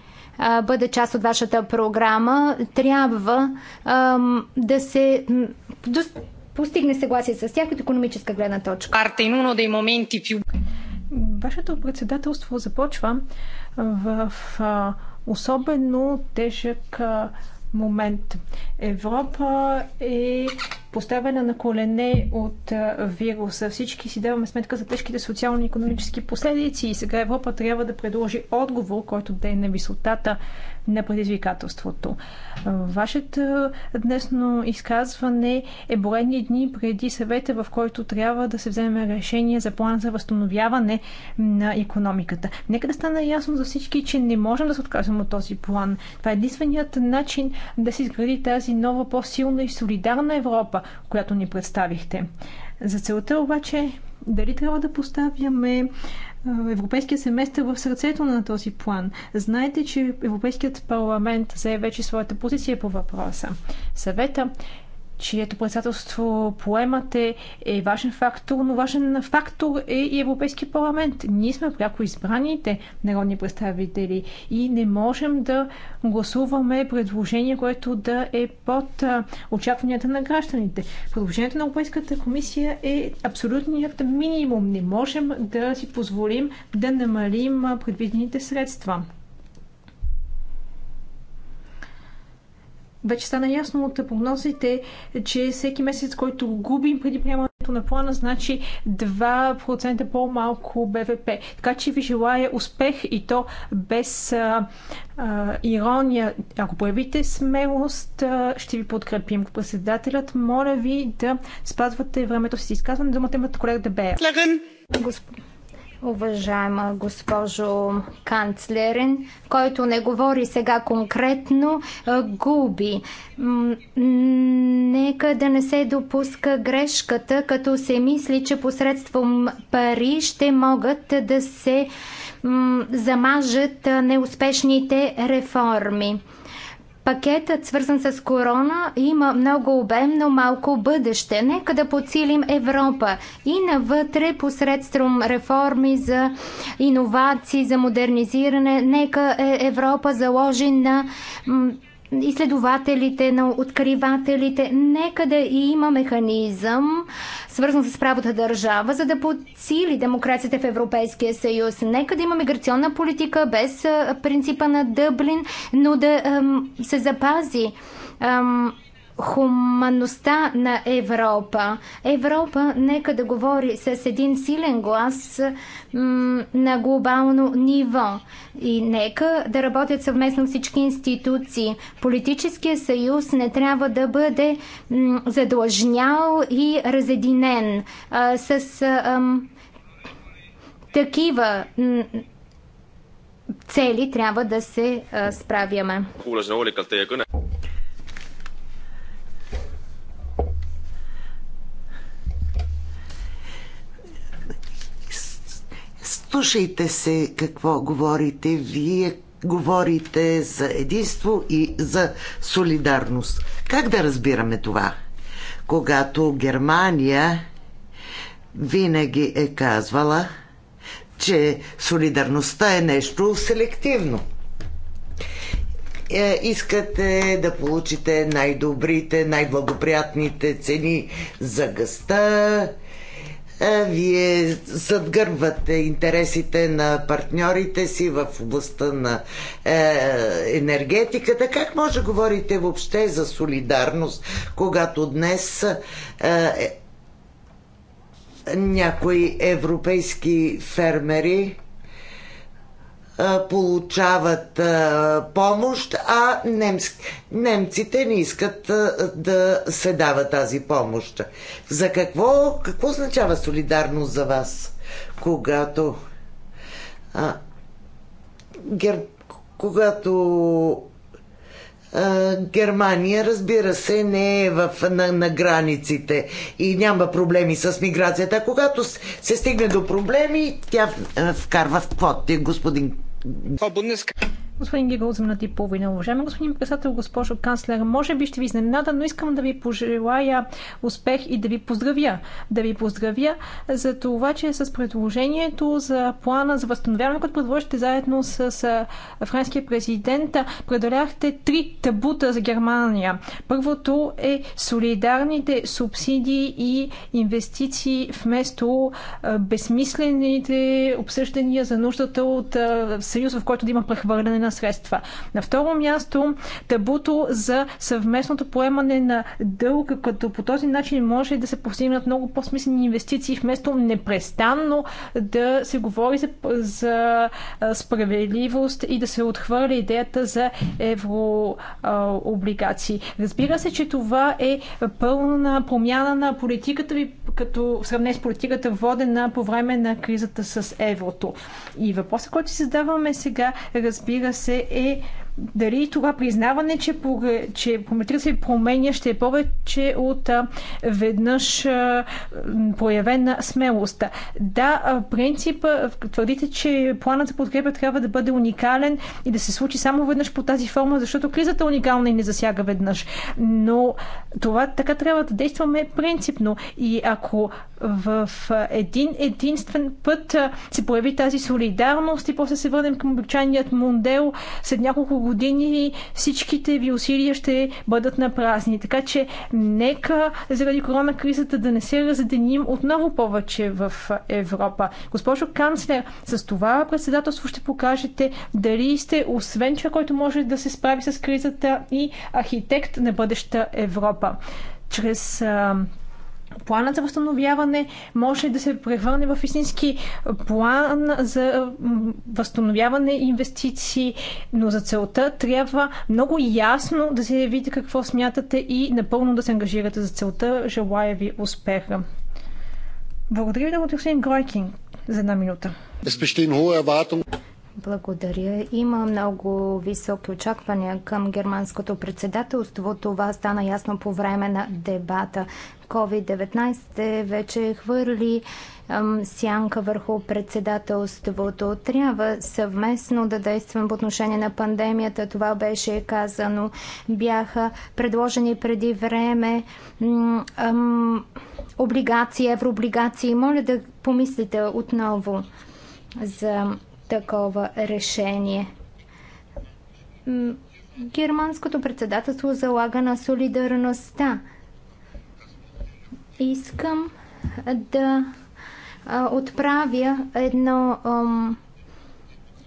бъде част от вашата програма, трябва да се постигне съгласие с тях от економическа гледна точка. Карта in uno и моменти пю. Вашето председателство започва в особено тежък момент. Европа е поставена на колене от вируса. Всички си даваме сметка за тежките социални и економически последици и сега Европа трябва да предложи отговор, който да е на висотата на предизвикателството. Вашето днесно изказване е борени дни преди съвета, в който трябва да се вземе решение за план за възстановяване на економиката. Нека да стане ясно за всички, че не можем да се отказваме от този план. Това е единственият начин да се изгради тази нова, по-силна и солидарна Европа която ни представихте. За целта обаче, дали трябва да поставяме Европейския семестър в сърцето на този план. Знаете, че Европейският парламент зае вече своята позиция по въпроса. Съвета чието председателство поемате, е важен фактор, но важен фактор е и Европейски парламент. Ние сме пряко избраните народни представители и не можем да гласуваме предложение, което да е под очакванията на гражданите. Предложението на Европейската комисия е абсолютният минимум. Не можем да си позволим да намалим предвидените средства. Вече стана ясно от прогнозите, че всеки месец, който губим преди приемането на плана, значи 2% по-малко БВП. Така че ви желая успех и то без а, а, ирония. Ако проявите смелост, а, ще ви подкрепим. Председателят, моля ви да спазвате времето си изказване. Думата имате да Бея. Господин уважаема госпожо канцлерен, който не говори сега конкретно, губи. Нека да не се допуска грешката, като се мисли, че посредством пари ще могат да се замажат неуспешните реформи. Пакетът, свързан с корона, има много обем, но малко бъдеще. Нека да подсилим Европа и навътре посредством реформи за иновации, за модернизиране. Нека е Европа заложи на изследователите, на откривателите. Нека да има механизъм, свързан с правата държава, за да подсили демокрацията в Европейския съюз. Нека да има миграционна политика без принципа на Дъблин, но да се запази хуманността на Европа. Европа нека да говори с един силен глас на глобално ниво. И нека да работят съвместно всички институции. Политическия съюз не трябва да бъде задлъжнял и разединен а, с а, такива цели трябва да се а, справяме. Слушайте се какво говорите. Вие говорите за единство и за солидарност. Как да разбираме това? Когато Германия винаги е казвала, че солидарността е нещо селективно. Е, искате да получите най-добрите, най-благоприятните цени за гъста, вие задгърбвате интересите на партньорите си в областта на е, енергетиката. Как може говорите въобще за солидарност, когато днес е, е, някои европейски фермери получават помощ, а немц... немците не искат да се дава тази помощ. За какво, какво означава солидарност за вас, когато а, гер... когато Германия, разбира се, не е в, на, на границите и няма проблеми с миграцията. А когато се стигне до проблеми, тя вкарва в квоти, господин. Господин Гигъл, за минути и половина. Уважаеми господин председател, госпожо канцлер, може би ще ви изненада, но искам да ви пожелая успех и да ви поздравя. Да ви поздравя за това, че с предложението за плана за възстановяване, което предложите заедно с френския президент, преодоляхте три табута за Германия. Първото е солидарните субсидии и инвестиции вместо безсмислените обсъждания за нуждата от съюз, в който да има прехвърляне на на средства. На второ място табуто за съвместното поемане на дълг, като по този начин може да се постигнат много по-смислени инвестиции, вместо непрестанно да се говори за, за справедливост и да се отхвърля идеята за еврооблигации. Разбира се, че това е пълна промяна на политиката ви, като в сравнение с политиката водена по време на кризата с еврото. И въпросът, който си задаваме сега, разбира се е дали това признаване, че, че Прометрия се променя, ще е повече от веднъж проявена смелост. Да, принцип, твърдите, че планът за подкрепа трябва да бъде уникален и да се случи само веднъж по тази форма, защото кризата е уникална и не засяга веднъж. Но това така трябва да действаме принципно. И ако в един единствен път се появи тази солидарност и после се върнем към обичайният модел. След няколко години всичките ви усилия ще бъдат на празни. Така че нека заради корона кризата да не се разденим отново повече в Европа. Госпожо канцлер, с това председателство ще покажете дали сте освен човек, който може да се справи с кризата и архитект на бъдеща Европа чрез планът за възстановяване може да се превърне в истински план за възстановяване и инвестиции, но за целта трябва много ясно да се явите какво смятате и напълно да се ангажирате за целта. Желая ви успеха. Благодаря ви много, господин Гройкин, за една минута. Благодаря. Има много високи очаквания към германското председателство. Това стана ясно по време на дебата. COVID-19 е вече хвърли сянка върху председателството. Трябва съвместно да действаме по отношение на пандемията. Това беше казано. Бяха предложени преди време облигации, еврооблигации. Моля да помислите отново за такова решение. Германското председателство залага на солидарността. Искам да отправя едно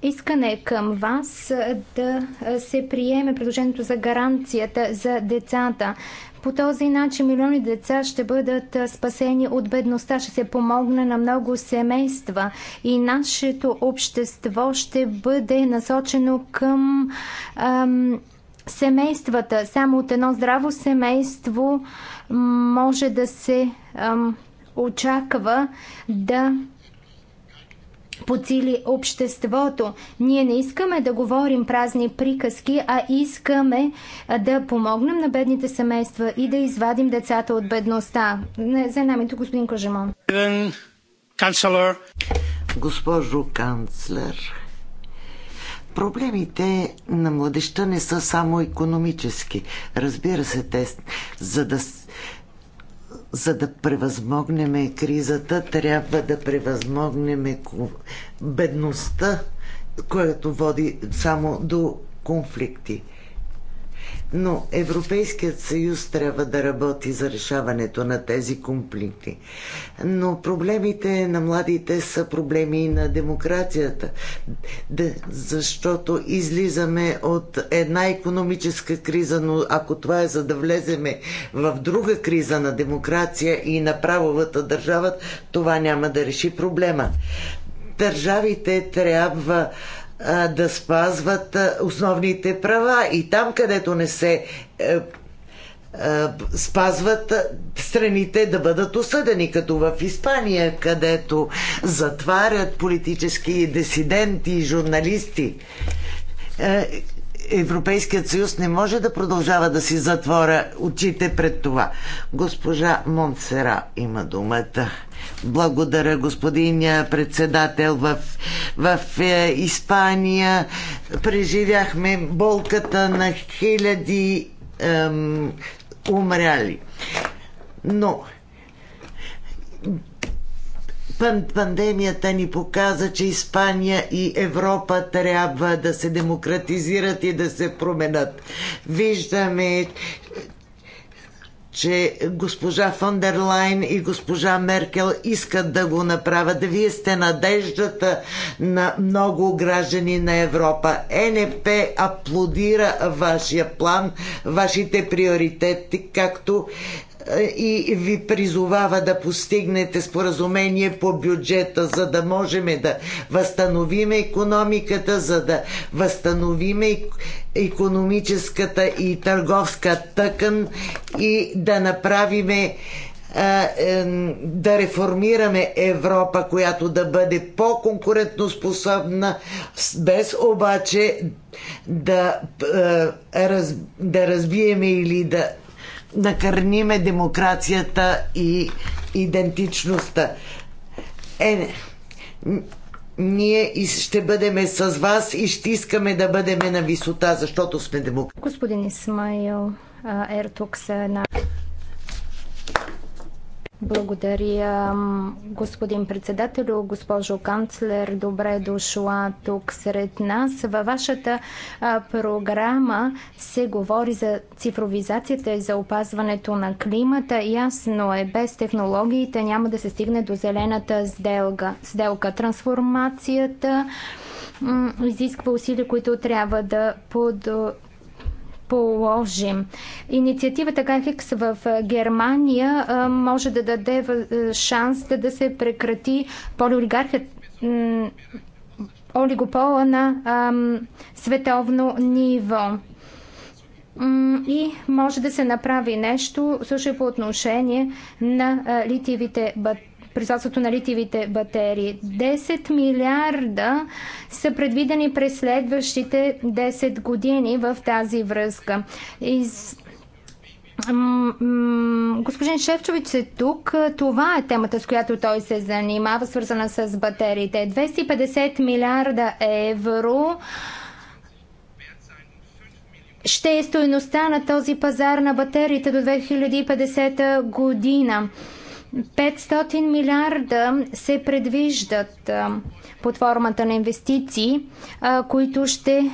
искане към вас да се приеме предложението за гаранцията за децата. По този начин милиони деца ще бъдат спасени от бедността, ще се помогне на много семейства и нашето общество ще бъде насочено към ам, семействата. Само от едно здраво семейство може да се ам, очаква да подсили обществото. Ние не искаме да говорим празни приказки, а искаме да помогнем на бедните семейства и да извадим децата от бедността. За нами тук господин Кожемон. Госпожо канцлер, проблемите на младеща не са само економически. Разбира се, те за да за да превъзмогнем кризата, трябва да превъзмогнем бедността, която води само до конфликти но Европейският съюз трябва да работи за решаването на тези конфликти. Но проблемите на младите са проблеми и на демокрацията, да, защото излизаме от една економическа криза, но ако това е за да влеземе в друга криза на демокрация и на правовата държава, това няма да реши проблема. Държавите трябва да спазват основните права. И там, където не се е, е, спазват страните да бъдат осъдени, като в Испания, където затварят политически дисиденти и журналисти. Е, Европейският съюз не може да продължава да си затворя очите пред това. Госпожа Монсера има думата. Благодаря, господин е, председател. В, в е, Испания преживяхме болката на хиляди е, умряли. Но Пандемията ни показа, че Испания и Европа трябва да се демократизират и да се променят. Виждаме, че госпожа Фондерлайн и госпожа Меркел искат да го направят. Вие сте надеждата на много граждани на Европа. Е НП аплодира вашия план, вашите приоритети, както и ви призовава да постигнете споразумение по бюджета, за да можем да възстановим економиката, за да възстановим економическата и търговска тъкан и да направиме е, да реформираме Европа, която да бъде по-конкурентоспособна, без обаче да, е, да разбиеме или да накърниме демокрацията и идентичността. Е, ние ще бъдеме с вас и ще искаме да бъдеме на висота, защото сме демократи. Господин Исмаил Ертук се на... Благодаря, господин председател, госпожо канцлер. Добре дошла тук сред нас. Във вашата програма се говори за цифровизацията и за опазването на климата. Ясно е, без технологиите няма да се стигне до зелената сделка. сделка. Трансформацията изисква усилия, които трябва да под положим. Инициативата Гайфикс в Германия може да даде шанс да, да се прекрати полиолигархията олигопола на ам, световно ниво. И може да се направи нещо също по отношение на литивите батареи производството на литивите батерии. 10 милиарда са предвидени през следващите 10 години в тази връзка. Из... Господин Шевчович е тук. Това е темата, с която той се занимава, свързана с батериите. 250 милиарда евро ще е стоеността на този пазар на батериите до 2050 година. 500 милиарда се предвиждат под формата на инвестиции, които ще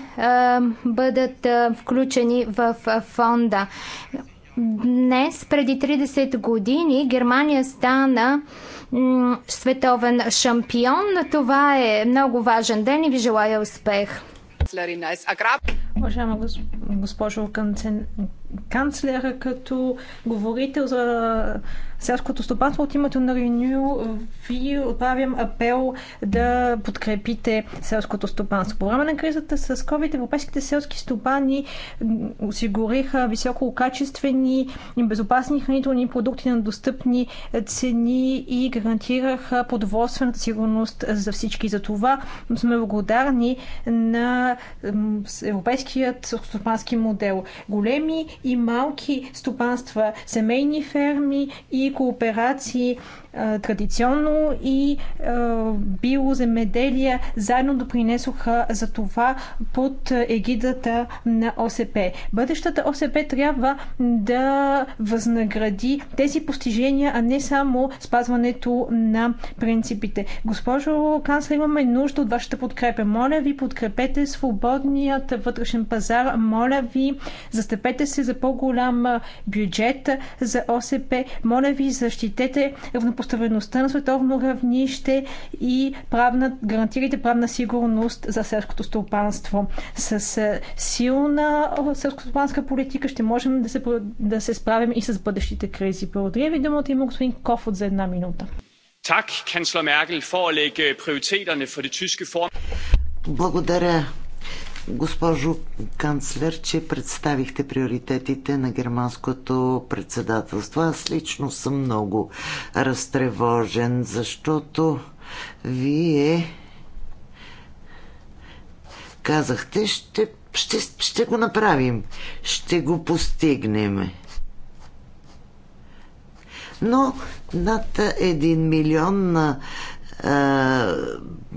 бъдат включени в фонда. Днес, преди 30 години, Германия стана световен шампион. Това е много важен ден и ви желая успех. Уважаема госпожо канцлера, като говорител за селското стопанство. От името на Реню ви отправям апел да подкрепите селското стопанство. По време на кризата с COVID европейските селски стопани осигуриха висококачествени и безопасни хранителни продукти на достъпни цени и гарантираха продоволствената сигурност за всички. За това сме благодарни на европейският селскостопански модел. Големи и малки стопанства, семейни ферми и кооперации традиционно и биоземеделие заедно допринесоха за това под егидата на ОСП. Бъдещата ОСП трябва да възнагради тези постижения, а не само спазването на принципите. Госпожо канцлер, имаме нужда от вашата подкрепа. Моля ви, подкрепете свободният вътрешен пазар. Моля ви, застъпете се за по-голям бюджет за ОСП. Моля ви, защитете равноправието равнопоставеността на световно равнище и правна, гарантирайте правна сигурност за селското стопанство. С е, силна селскостопанска политика ще можем да се, да се справим и с бъдещите кризи. Благодаря ви думата има господин Кофот за една минута. Tak, канцлер Меркел, for at lægge prioriteterne for det tyske form. Благодаря, Госпожо канцлер, че представихте приоритетите на германското председателство. Аз лично съм много разтревожен, защото вие казахте, ще, ще, ще го направим, ще го постигнем. Но над 1 милион на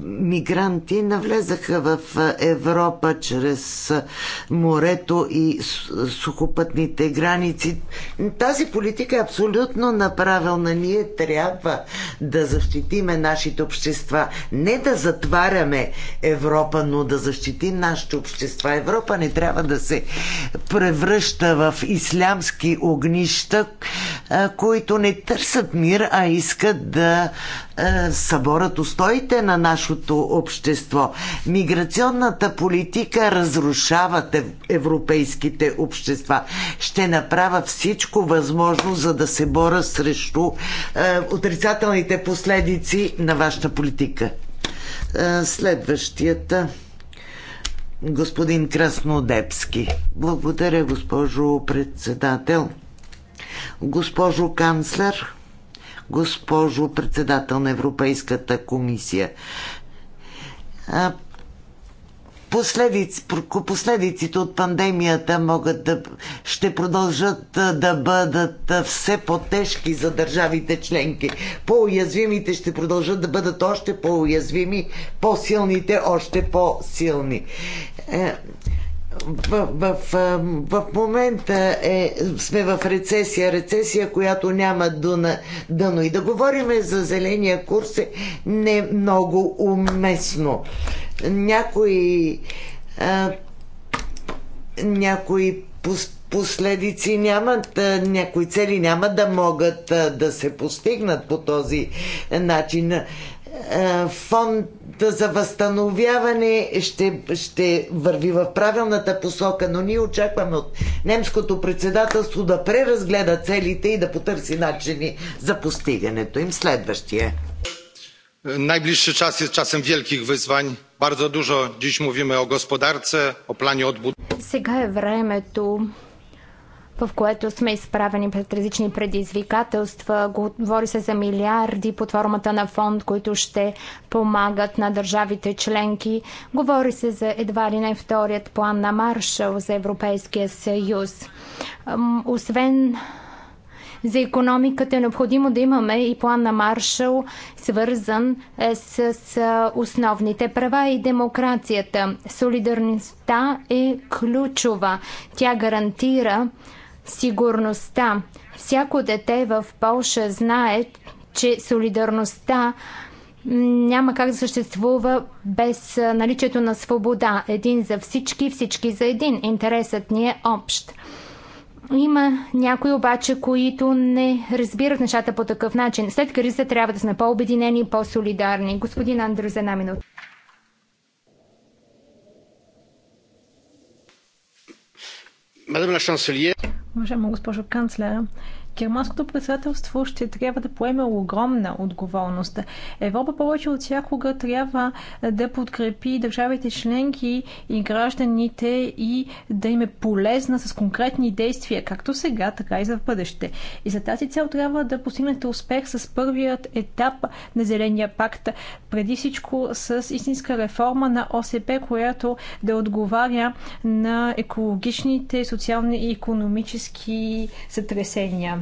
мигранти навлезаха в Европа чрез морето и сухопътните граници. Тази политика е абсолютно направилна. Ние трябва да защитиме нашите общества. Не да затваряме Европа, но да защитим нашите общества. Европа не трябва да се превръща в ислямски огнища, които не търсят мир, а искат да съборят съборат устоите на нашето общество. Миграционната политика разрушава европейските общества. Ще направя всичко възможно, за да се боря срещу е, отрицателните последици на вашата политика. Е, следващията господин Краснодепски. Благодаря, госпожо председател. Госпожо канцлер, госпожо председател на Европейската комисия. Последици, последиците от пандемията могат да ще продължат да бъдат все по-тежки за държавите членки. По-уязвимите ще продължат да бъдат още по-уязвими, по-силните още по-силни. Е, в, в, в момента е, сме в рецесия, рецесия, която няма дъно. И да говорим за зеления курс е не много уместно. Някои, а, някои пос, последици нямат, някои цели няма да могат да се постигнат по този начин. Фонд за възстановяване ще, ще върви в правилната посока, но ние очакваме от немското председателство да преразгледа целите и да потърси начини за постигането им. Следващия. Najbliższy czas jest czasem wielkich wyzwań. Bardzo dużo dziś mówimy o gospodarce, o planie odbudowy. Сега е времето в което сме изправени пред различни предизвикателства. Говори се за милиарди под формата на фонд, които ще помагат на държавите членки. Говори се за едва ли не вторият план на Маршал за Европейския съюз. Освен за економиката е необходимо да имаме и план на Маршал, свързан е, с, с основните права и демокрацията. Солидарността е ключова. Тя гарантира Сигурността. Всяко дете в Полша знае, че солидарността няма как да съществува без наличието на свобода. Един за всички, всички за един. Интересът ни е общ. Има някои обаче, които не разбират нещата по такъв начин. След криза трябва да сме по-обединени и по-солидарни. Господин Андрю, за една минута. Мадам ла Уважаема госпожо канцлера, Германското председателство ще трябва да поеме огромна отговорност. Европа повече от всякога трябва да подкрепи държавите членки и гражданите и да им е полезна с конкретни действия, както сега, така и за бъдеще. И за тази цел трябва да постигнете успех с първият етап на Зеления пакт, преди всичко с истинска реформа на ОСП, която да отговаря на екологичните, социални и економически сътресения.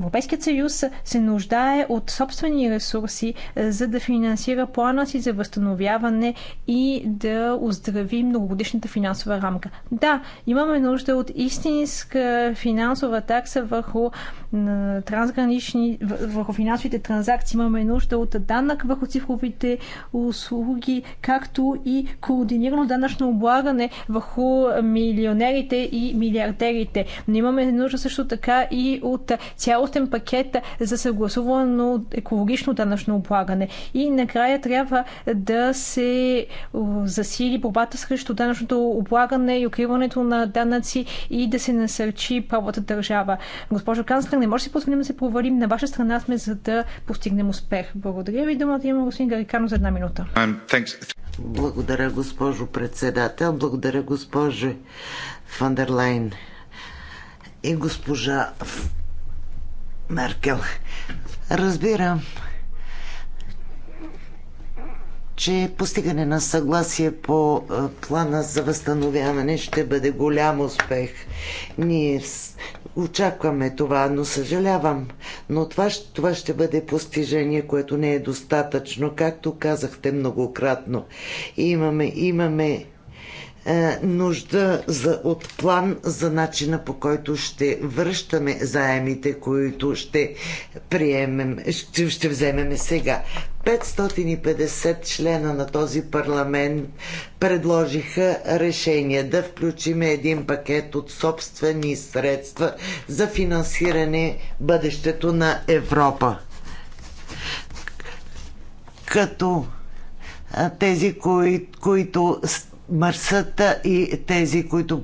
Европейският съюз се нуждае от собствени ресурси, е, за да финансира плана си за възстановяване и да оздрави многогодишната финансова рамка. Да, имаме нужда от истинска финансова такса върху трансгранични, върху финансовите транзакции. Имаме нужда от данък върху цифровите услуги, както и координирано данъчно облагане върху милионерите и милиардерите. Но имаме нужда също така и от цяло цялостен пакет за съгласувано екологично данъчно облагане. И накрая трябва да се засили борбата срещу данъчното облагане и укриването на данъци и да се насърчи правата държава. Госпожо канцлер, не може да си позволим да се провалим. На ваша страна сме, за да постигнем успех. Благодаря ви. Думата има господин Гарикано за една минута. Um, Благодаря, госпожо председател. Благодаря, госпожо Фандерлайн и госпожа Меркел. Разбирам, че постигане на съгласие по плана за възстановяване ще бъде голям успех. Ние очакваме това, но съжалявам. Но това, това ще бъде постижение, което не е достатъчно, както казахте многократно. Имаме, имаме е, нужда за, от план за начина по който ще връщаме заемите, които ще приемем, ще, ще вземем сега. 550 члена на този парламент предложиха решение да включим един пакет от собствени средства за финансиране бъдещето на Европа. Като тези, кои, които мърсата и тези, които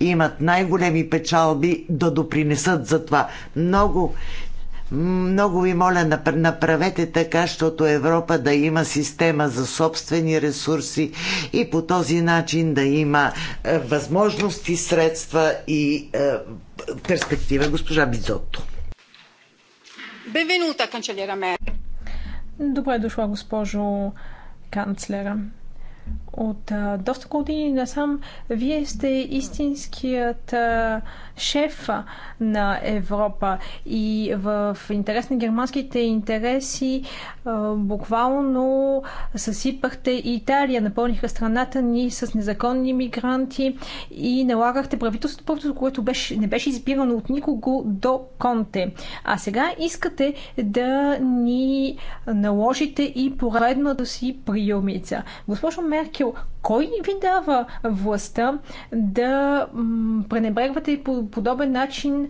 имат най-големи печалби, да допринесат за това. Много, много ви моля, направете така, защото Европа да има система за собствени ресурси и по този начин да има е, възможности, средства и е, перспектива. Госпожа Бизотто. Бенвенута, канцелера Мер. Добре дошла, госпожо канцлера. От а, доста години насам вие сте истинският а, шеф на Европа и в интерес на германските интереси а, буквално съсипахте Италия, напълниха страната ни с незаконни мигранти и налагахте правителството, правителството което беше, не беше избирано от никого до Конте. А сега искате да ни наложите и поредната си приемица. Госпожо Меркел, председател, кой ви дава властта да пренебрегвате по подобен начин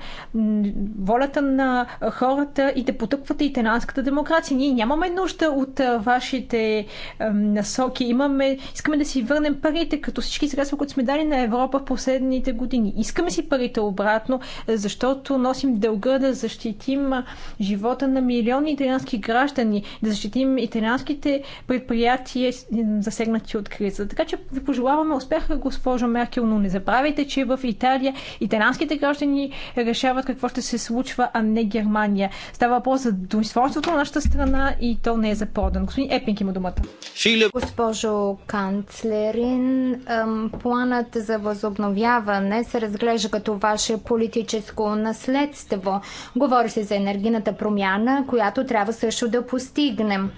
волята на хората и да потъпвате италианската демокрация? Ние нямаме нужда от вашите насоки. Имаме, искаме да си върнем парите, като всички средства, които сме дали на Европа в последните години. Искаме си парите обратно, защото носим дълга да защитим живота на милиони италиански граждани, да защитим италианските предприятия, засегнати от криза криза. Така че ви пожелаваме успеха, госпожо Меркел, но не забравяйте, че в Италия италианските граждани решават какво ще се случва, а не Германия. Става въпрос за достоинството на нашата страна и то не е за Господин Епинг има думата. Госпожо канцлерин, планът за възобновяване се разглежда като ваше политическо наследство. Говори се за енергийната промяна, която трябва също да постигнем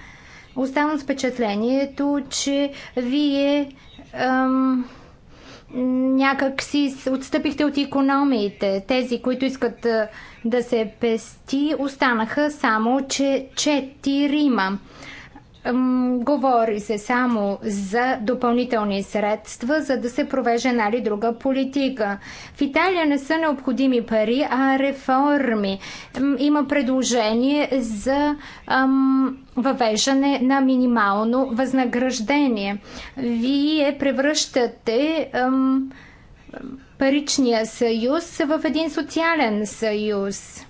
оставам с впечатлението, че вие ам, някак си отстъпихте от економиите. Тези, които искат да се пести, останаха само че четирима говори се само за допълнителни средства, за да се провежда една или друга политика. В Италия не са необходими пари, а реформи. Има предложение за ам, въвеждане на минимално възнаграждение. Вие превръщате ам, паричния съюз в един социален съюз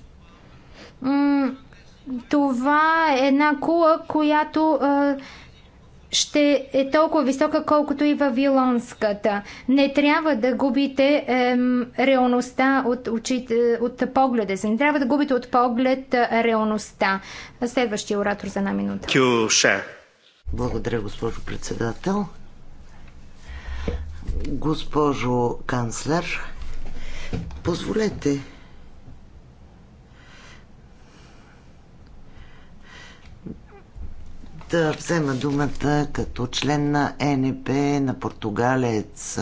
това е една кула, която е, ще е толкова висока, колкото и вавилонската. Не трябва да губите е, реалността от, очите, от погледа си. Не трябва да губите от поглед е, реалността. Следващия оратор за една минута. Благодаря, госпожо председател. Госпожо канцлер, позволете да взема думата като член на е НП, на португалец,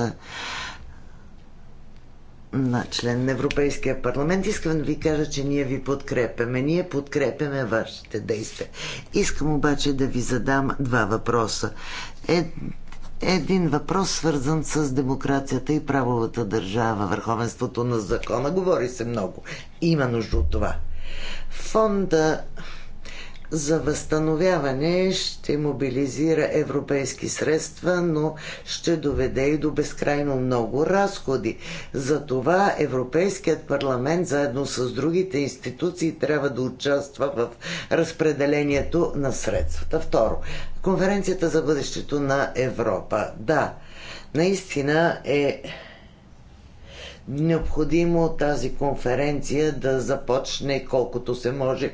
на член на Европейския парламент. Искам да ви кажа, че ние ви подкрепяме. Ние подкрепяме вашите действия. Искам обаче да ви задам два въпроса. Е, един въпрос, свързан с демокрацията и правовата държава, върховенството на закона. Говори се много. Има нужда от това. Фонда за възстановяване ще мобилизира европейски средства, но ще доведе и до безкрайно много разходи. Затова Европейският парламент заедно с другите институции трябва да участва в разпределението на средствата. Второ, конференцията за бъдещето на Европа. Да, наистина е необходимо тази конференция да започне колкото се може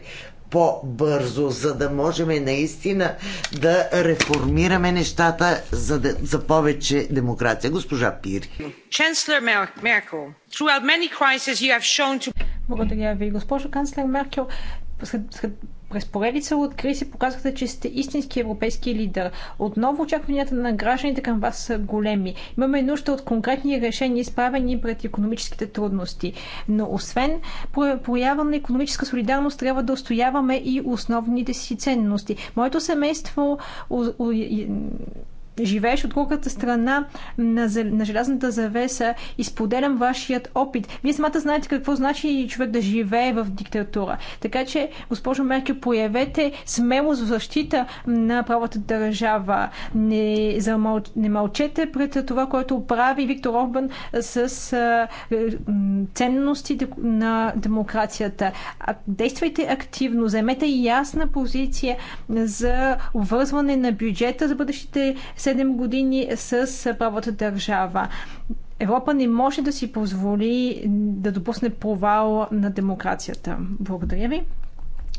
по-бързо, за да можем наистина да реформираме нещата за, да, за повече демокрация. Госпожа Пири. Благодаря ви, госпожо канцлер Меркел. След, след през поредица от кризи показахте, че сте истински европейски лидер. Отново очакванията на гражданите към вас са големи. Имаме нужда от конкретни решения, изправени пред економическите трудности. Но освен проява на економическа солидарност, трябва да устояваме и основните си ценности. Моето семейство живееш от другата страна на, на желязната завеса и споделям вашият опит. Вие самата знаете какво значи човек да живее в диктатура. Така че, госпожо Меркел, появете смелост в защита на правата държава. Не, замъл... не мълчете пред това, което прави Виктор Орбан с а, е, ценностите на демокрацията. А, действайте активно, вземете ясна позиция за обвързване на бюджета за бъдещите 7 години с правата държава. Европа не може да си позволи да допусне провал на демокрацията. Благодаря ви.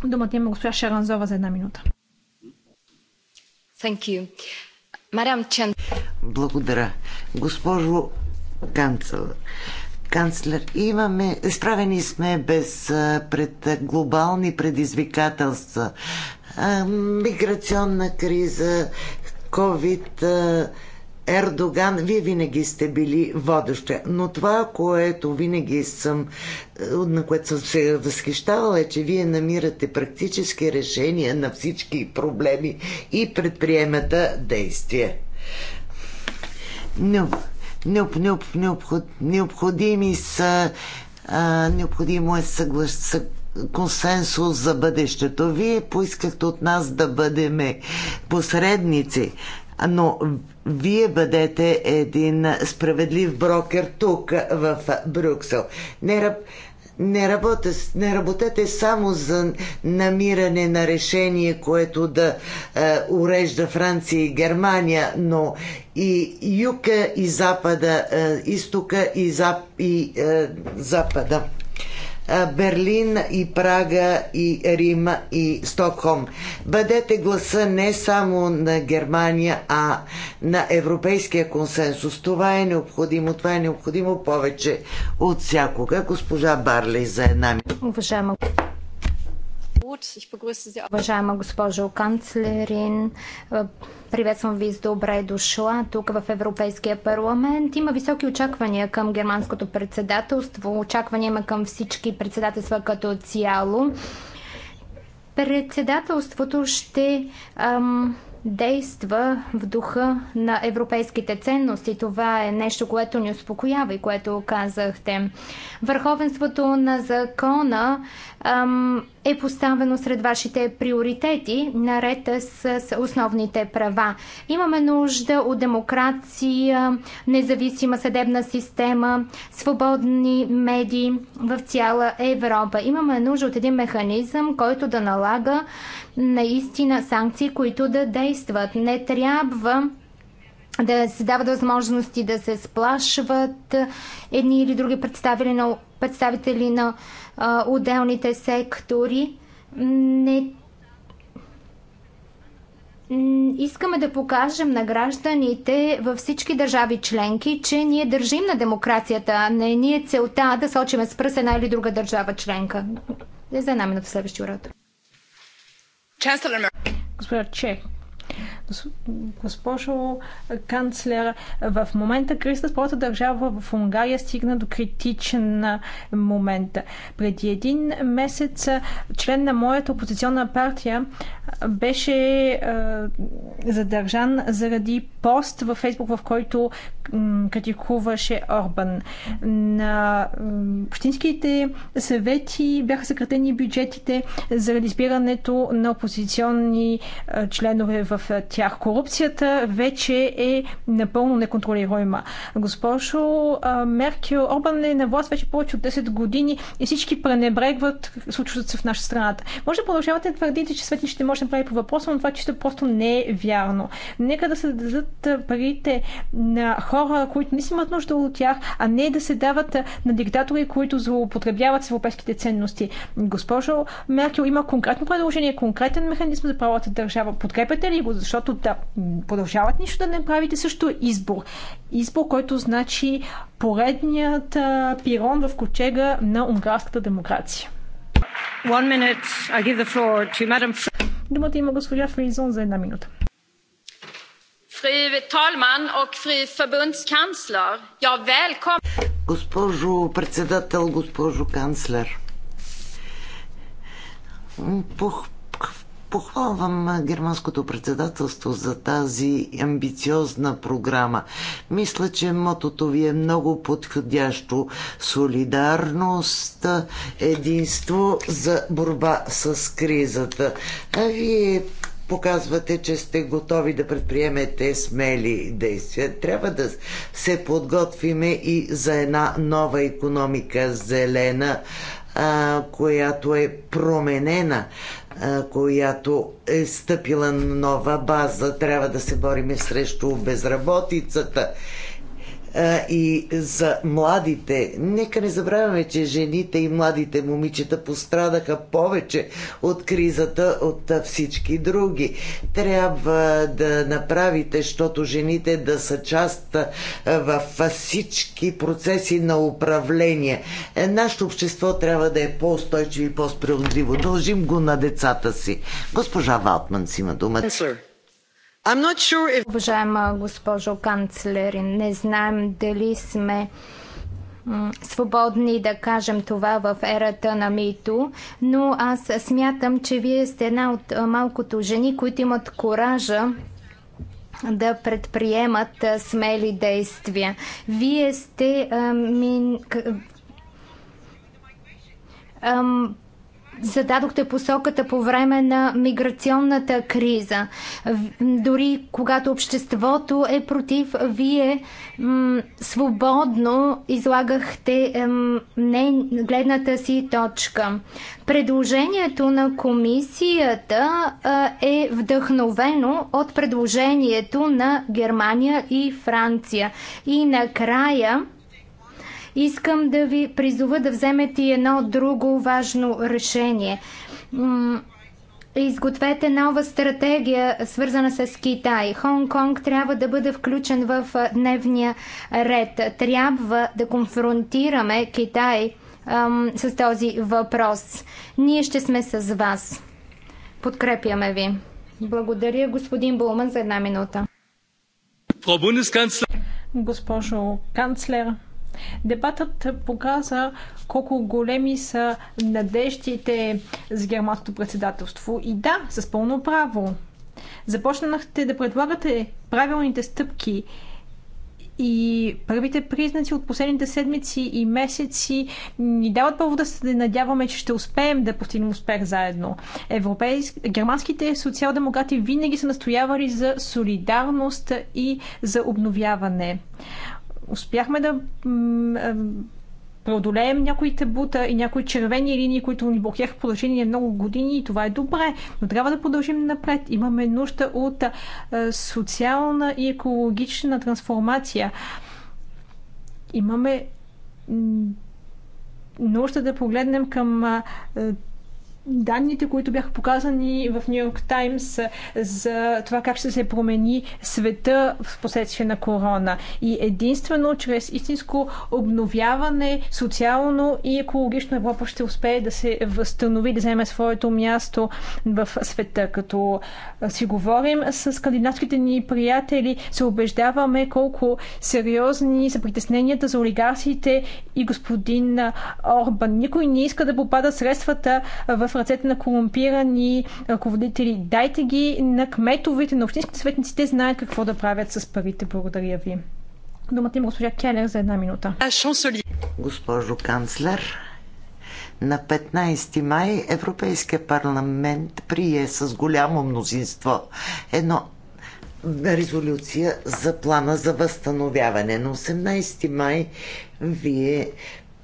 Думата има госпожа Шаранзова за една минута. Thank you. Чен. Благодаря. Госпожо канцлер, канцлер, имаме, Справени сме без пред глобални предизвикателства. Миграционна криза, COVID, Ердоган, вие винаги сте били водеща. Но това, което винаги съм, е, на което съм се възхищавала, е, че вие намирате практически решения на всички проблеми и предприемата действия. Необ, необ, необ, необходими са а, необходимо е съглас, съ, консенсус за бъдещето. Вие поискахте от нас да бъдем посредници, но вие бъдете един справедлив брокер тук в Брюксел. Не, не, работе, не работете само за намиране на решение, което да е, урежда Франция и Германия, но и юга и запада, е, изтока и, зап, и е, запада. Берлин и Прага и Рим и Стокхолм. Бъдете гласа не само на Германия, а на европейския консенсус. Това е необходимо, това е необходимо повече от всякога. Госпожа Барли за една минута. Уважаема Уважаема госпожо канцлерин, приветствам ви с добре дошла тук в Европейския парламент. Има високи очаквания към германското председателство, очаквания има към всички председателства като цяло. Председателството ще ам, действа в духа на европейските ценности. Това е нещо, което ни успокоява и което казахте. Върховенството на закона ам, е поставено сред вашите приоритети, наред с, основните права. Имаме нужда от демокрация, независима съдебна система, свободни медии в цяла Европа. Имаме нужда от един механизъм, който да налага наистина санкции, които да действат. Не трябва да се дават възможности да се сплашват едни или други представители на, представители на а, отделните сектори. Не искаме да покажем на гражданите във всички държави членки, че ние държим на демокрацията, а не ние е целта да сочиме с пръст една или друга държава членка. Е за на следващия урод. Госпожа Че, госпожо канцлер, в момента кризата с първата държава в Унгария стигна до критичен момент. Преди един месец член на моята опозиционна партия беше е, задържан заради пост във Фейсбук, в който критикуваше Орбан. На общинските съвети бяха съкратени бюджетите заради избирането на опозиционни членове в тях тях. Корупцията вече е напълно неконтролируема. Госпожо Меркел, Орбан е на власт вече повече от 10 години и всички пренебрегват случващото се в наша страна. Може да продължавате да твърдите, че Светли ще може да прави по въпроса, но това чисто просто не е вярно. Нека да се дадат парите на хора, които не си имат нужда от тях, а не да се дават на диктатори, които злоупотребяват с европейските ценности. Госпожо Меркел, има конкретно предложение, конкретен механизъм за правата държава. Подкрепяте ли го? Защото когато да продължават нищо да не правите, също е избор. Избор, който значи поредният пирон в кочега на унгарската демокрация. One minute. I give the floor to Madam... Думата има госпожа Фризон за една минута. Фри Талман och Фри förbundskansler, я велком... Госпожо председател, госпожо канцлер, Похвалвам германското председателство за тази амбициозна програма. Мисля, че мотото ви е много подходящо. Солидарност, единство за борба с кризата. А вие показвате, че сте готови да предприемете смели действия. Трябва да се подготвиме и за една нова економика, зелена, а, която е променена която е стъпила на нова база. Трябва да се бориме срещу безработицата и за младите. Нека не забравяме, че жените и младите момичета пострадаха повече от кризата от всички други. Трябва да направите, защото жените да са част в всички процеси на управление. Е, нашето общество трябва да е по-устойчиво и по-справедливо. Дължим го на децата си. Госпожа Валтман си има думата. Уважаема госпожо канцлерин, не знаем дали сме свободни да кажем това в ерата на Мито, но аз смятам, че вие сте една от малкото жени, които имат коража да предприемат смели действия. Вие сте зададохте посоката по време на миграционната криза. Дори когато обществото е против, вие свободно излагахте не гледната си точка. Предложението на комисията е вдъхновено от предложението на Германия и Франция. И накрая Искам да ви призова да вземете едно друго важно решение. Изгответе нова стратегия, свързана с Китай. Хонг-Конг трябва да бъде включен в дневния ред. Трябва да конфронтираме Китай ам, с този въпрос. Ние ще сме с вас. Подкрепяме ви. Благодаря, господин Булман, за една минута. Госпожо канцлер, Дебатът показа колко големи са надеждите за германското председателство. И да, с пълно право. Започнахте да предлагате правилните стъпки и първите признаци от последните седмици и месеци ни дават повод да се надяваме, че ще успеем да постигнем успех заедно. Европейск... Германските социал-демократи винаги са настоявали за солидарност и за обновяване успяхме да преодолеем някои табута и някои червени линии, които ни блокираха продължение много години и това е добре, но трябва да продължим напред. Имаме нужда от социална и екологична трансформация. Имаме нужда да погледнем към данните, които бяха показани в Нью Йорк Таймс за това как ще се промени света в последствие на корона. И единствено чрез истинско обновяване, социално и екологично Европа ще успее да се възстанови, да вземе своето място в света. Като си говорим с скандинавските ни приятели, се убеждаваме колко сериозни са притесненията за олигарсите и господин Орбан. Никой не иска да попада средствата в в ръцете на корумпирани ръководители. Дайте ги на кметовете, на общинските съветници. Те знаят какво да правят с парите. Благодаря ви. Думата има госпожа Келер за една минута. Госпожо канцлер, на 15 май Европейския парламент прие с голямо мнозинство едно резолюция за плана за възстановяване. На 18 май вие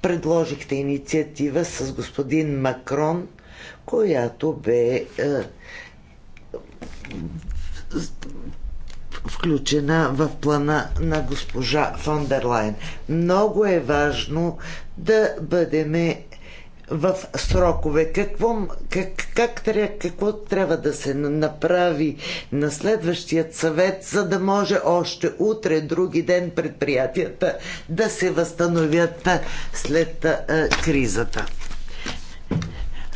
предложихте инициатива с господин Макрон която бе е, включена в плана на госпожа фон дер Лайн. Много е важно да бъдеме в срокове. Какво, как, как, какво трябва да се направи на следващият съвет, за да може още утре, други ден предприятията да се възстановят след а, кризата?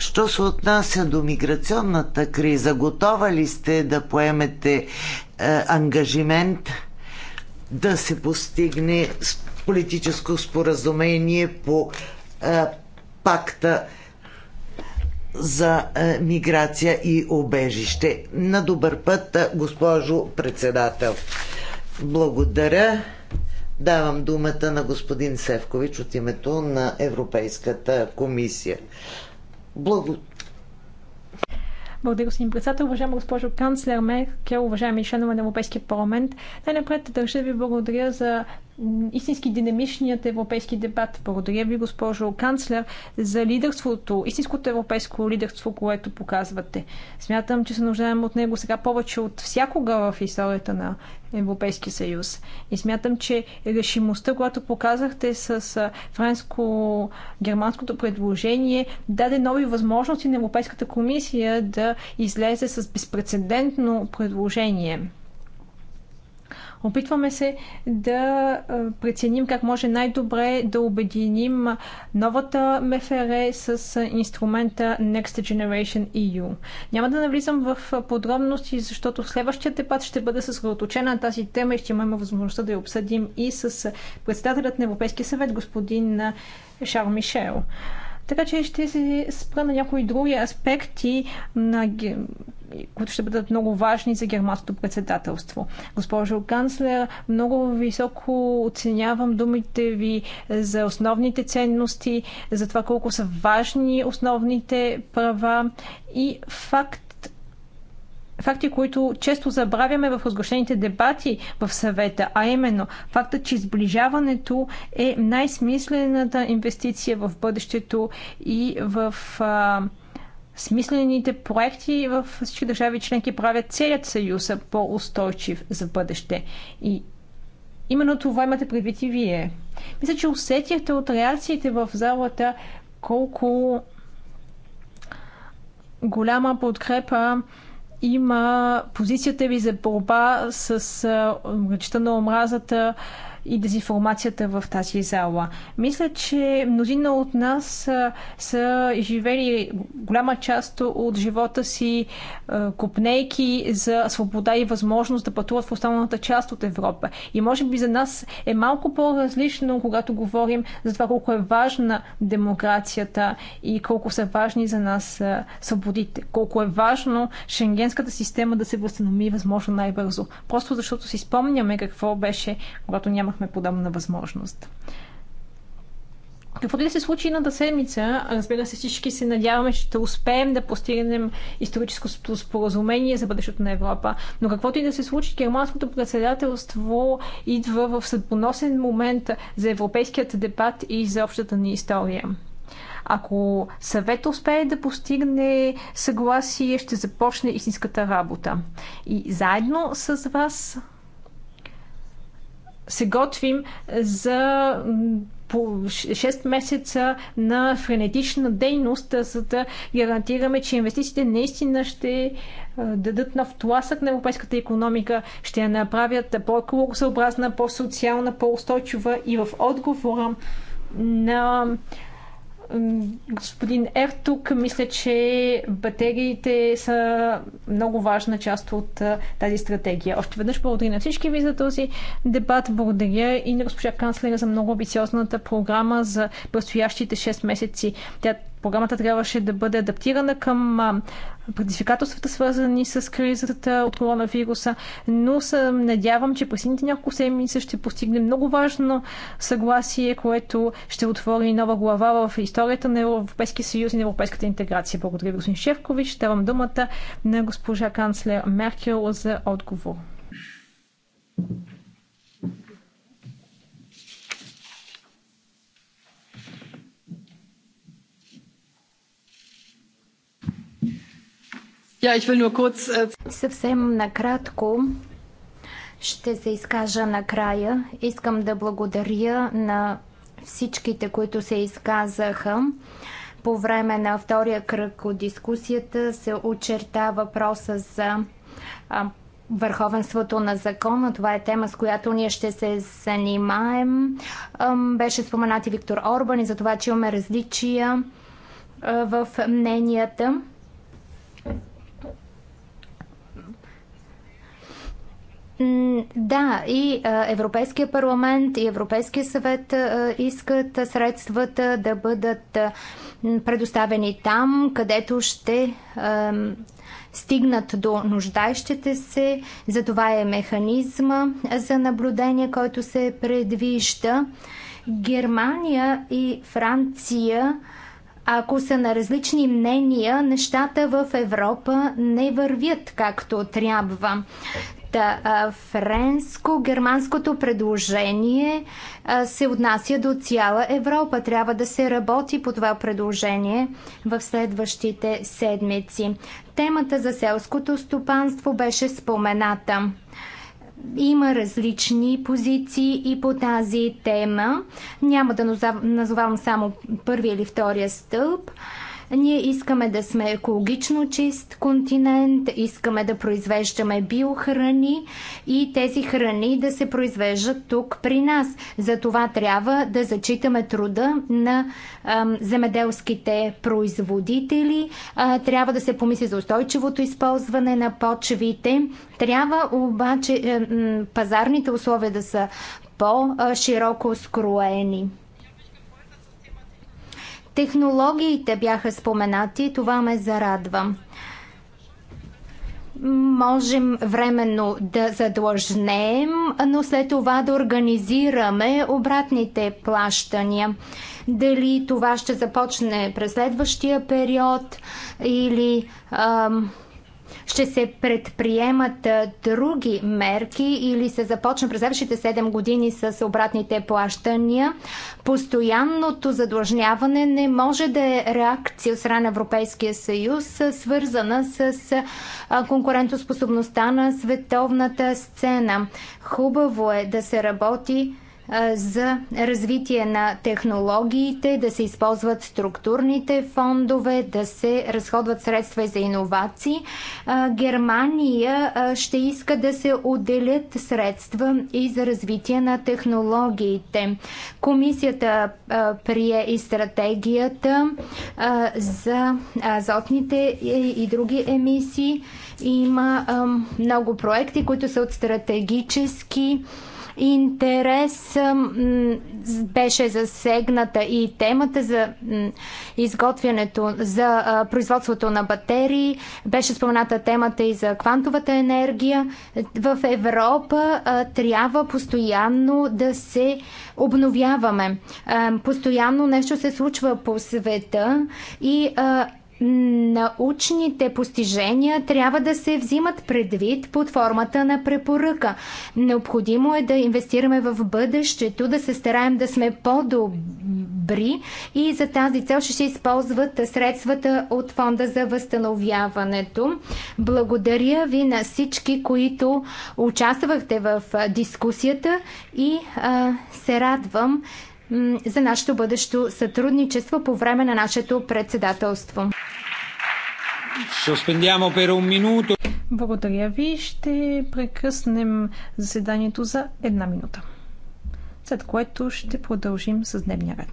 Що се отнася до миграционната криза, готова ли сте да поемете е, ангажимент да се постигне политическо споразумение по е, пакта за е, миграция и обежище? На добър път, е, госпожо председател. Благодаря. Давам думата на господин Севкович от името на Европейската комисия. Благо... Благодаря, господин председател. Уважаема госпожо канцлер Меркел, уважаеми членове на Европейския парламент, най-напред държа ви благодаря за истински динамичният европейски дебат. Благодаря ви, госпожо канцлер, за лидерството, истинското европейско лидерство, което показвате. Смятам, че се нуждаем от него сега повече от всякога в историята на Европейския съюз. И смятам, че решимостта, която показахте с френско-германското предложение, даде нови възможности на Европейската комисия да излезе с безпредседентно предложение Опитваме се да преценим как може най-добре да обединим новата МФР с инструмента Next Generation EU. Няма да навлизам в подробности, защото в следващия дебат ще бъде съсредоточена на тази тема и ще имаме възможността да я обсъдим и с председателят на Европейския съвет, господин Шар Мишел. Така че ще се спра на някои други аспекти на които ще бъдат много важни за германското председателство. Госпожо канцлер, много високо оценявам думите ви за основните ценности, за това колко са важни основните права и факт, факти, които често забравяме в разгощените дебати в съвета, а именно факта, че сближаването е най-смислената инвестиция в бъдещето и в а, смислените проекти в всички държави членки правят целият съюз по-устойчив за бъдеще. И именно това имате предвид и вие. Мисля, че усетихте от реакциите в залата колко голяма подкрепа има позицията ви за борба с речта на омразата, и дезинформацията в тази зала. Мисля, че мнозина от нас са, живели голяма част от живота си купнейки за свобода и възможност да пътуват в останалата част от Европа. И може би за нас е малко по-различно, когато говорим за това колко е важна демокрацията и колко са важни за нас свободите. Колко е важно шенгенската система да се възстанови възможно най-бързо. Просто защото си спомняме какво беше, когато няма имахме подобна възможност. Каквото и да се случи на седмица, разбира се, всички се надяваме, че ще успеем да постигнем историческото споразумение за бъдещето на Европа. Но каквото и да се случи, германското председателство идва в съдпоносен момент за европейският дебат и за общата ни история. Ако съвет успее да постигне съгласие, ще започне истинската работа. И заедно с вас се готвим за по 6 месеца на френетична дейност, за да гарантираме, че инвестициите наистина ще дадат нов тласък на европейската економика, ще я направят по-екологосъобразна, по-социална, по-устойчива и в отговора на господин Ертук, мисля, че батериите са много важна част от тази стратегия. Още веднъж благодаря на всички ви за този дебат. Благодаря и на госпожа канцлера за много амбициозната програма за предстоящите 6 месеци. Тя Програмата трябваше да бъде адаптирана към предизвикателствата, свързани с кризата от коронавируса, но съм надявам, че през следните няколко седмица ще постигне много важно съгласие, което ще отвори нова глава в историята на Европейския съюз и на европейската интеграция. Благодаря ви, господин Шевкович. Давам думата на госпожа канцлер Меркел за отговор. Äh, Съвсем накратко ще се изкажа накрая. Искам да благодаря на всичките, които се изказаха. По време на втория кръг от дискусията се очерта въпроса за върховенството на закона. Това е тема, с която ние ще се занимаем. беше споменат и Виктор Орбан и за това, че имаме различия в мненията. Да, и Европейския парламент, и Европейския съвет искат средствата да бъдат предоставени там, където ще стигнат до нуждаещите се. Затова е механизма за наблюдение, който се предвижда. Германия и Франция, ако са на различни мнения, нещата в Европа не вървят както трябва френско-германското предложение се отнася до цяла Европа. Трябва да се работи по това предложение в следващите седмици. Темата за селското стопанство беше спомената. Има различни позиции и по тази тема. Няма да назовавам само първия или втория стълб. Ние искаме да сме екологично чист континент, искаме да произвеждаме биохрани и тези храни да се произвеждат тук при нас. За това трябва да зачитаме труда на ам, земеделските производители, а, трябва да се помисли за устойчивото използване на почвите. Трябва обаче е, пазарните условия да са по-широко скроени. Технологиите бяха споменати, това ме зарадва. Можем временно да задлъжнеем, но след това да организираме обратните плащания. Дали това ще започне през следващия период или ам, ще се предприемат други мерки или се започне през следващите 7 години с обратните плащания. Постоянното задлъжняване не може да е реакция от страна на Европейския съюз, свързана с конкурентоспособността на световната сцена. Хубаво е да се работи за развитие на технологиите, да се използват структурните фондове, да се разходват средства и за иновации. Германия ще иска да се отделят средства и за развитие на технологиите. Комисията прие и стратегията за азотните и други емисии. Има много проекти, които са от стратегически интерес беше засегната и темата за изготвянето, за производството на батерии, беше спомената темата и за квантовата енергия. В Европа трябва постоянно да се обновяваме. Постоянно нещо се случва по света и научните постижения трябва да се взимат предвид под формата на препоръка. Необходимо е да инвестираме в бъдещето, да се стараем да сме по-добри и за тази цел ще се използват средствата от Фонда за възстановяването. Благодаря ви на всички, които участвахте в дискусията и а, се радвам, за нашето бъдещо сътрудничество по време на нашето председателство. Благодаря ви. Ще прекъснем заседанието за една минута, след което ще продължим с дневния ред.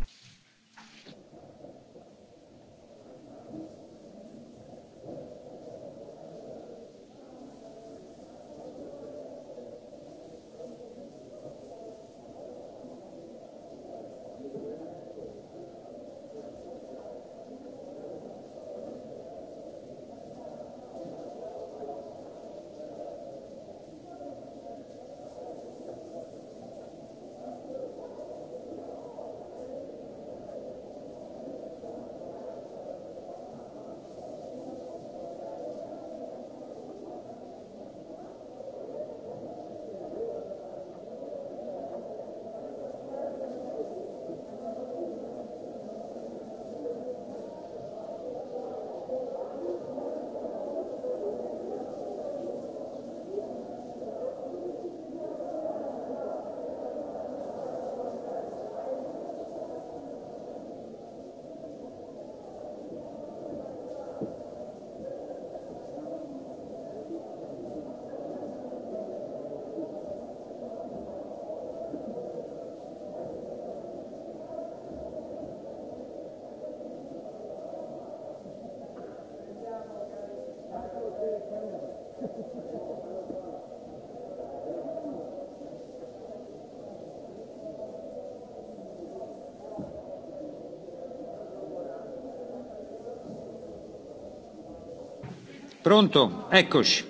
Пронто, екош.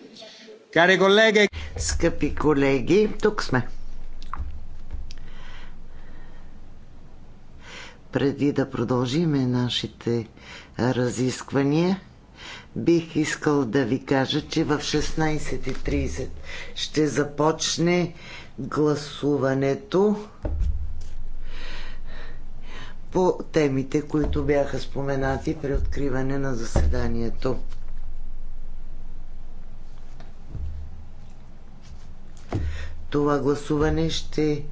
Каре колега. Скъпи колеги, тук сме. Преди да продължим нашите разисквания, бих искал да ви кажа, че в 16.30 ще започне гласуването по темите, които бяха споменати при откриване на заседанието. това гласуване ще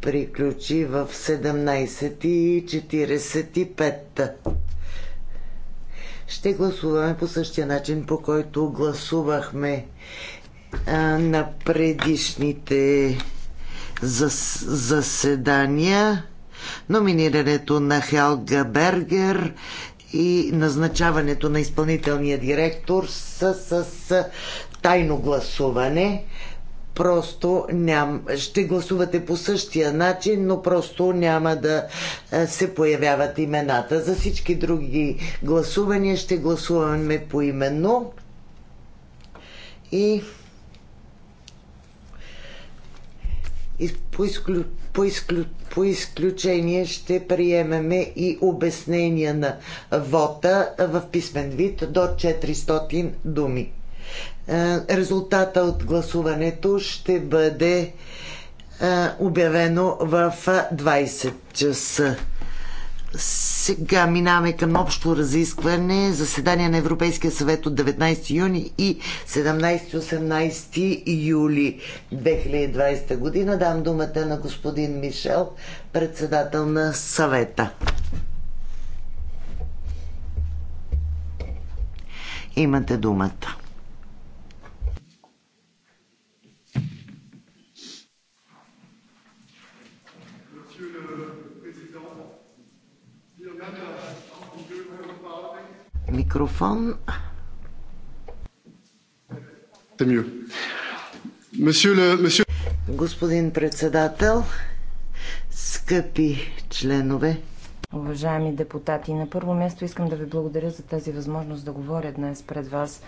приключи в 17.45. Ще гласуваме по същия начин, по който гласувахме а, на предишните зас, заседания. Номинирането на Хелга Бергер и назначаването на изпълнителния директор с, с, с тайно гласуване просто ням, ще гласувате по същия начин, но просто няма да е, се появяват имената. За всички други гласувания ще гласуваме поименно. И и по, изклю... По, изклю... по изключение ще приемеме и обяснения на вота в писмен вид до 400 думи. Е, резултата от гласуването ще бъде е, обявено в 20 е, часа. Сега минаваме към общо разискване заседание на Европейския съвет от 19 юни и 17-18 юли 2020 година. Дам думата на господин Мишел, председател на съвета. Имате думата. микрофон. Господин председател, скъпи членове. Уважаеми депутати, на първо място искам да ви благодаря за тази възможност да говоря днес пред вас.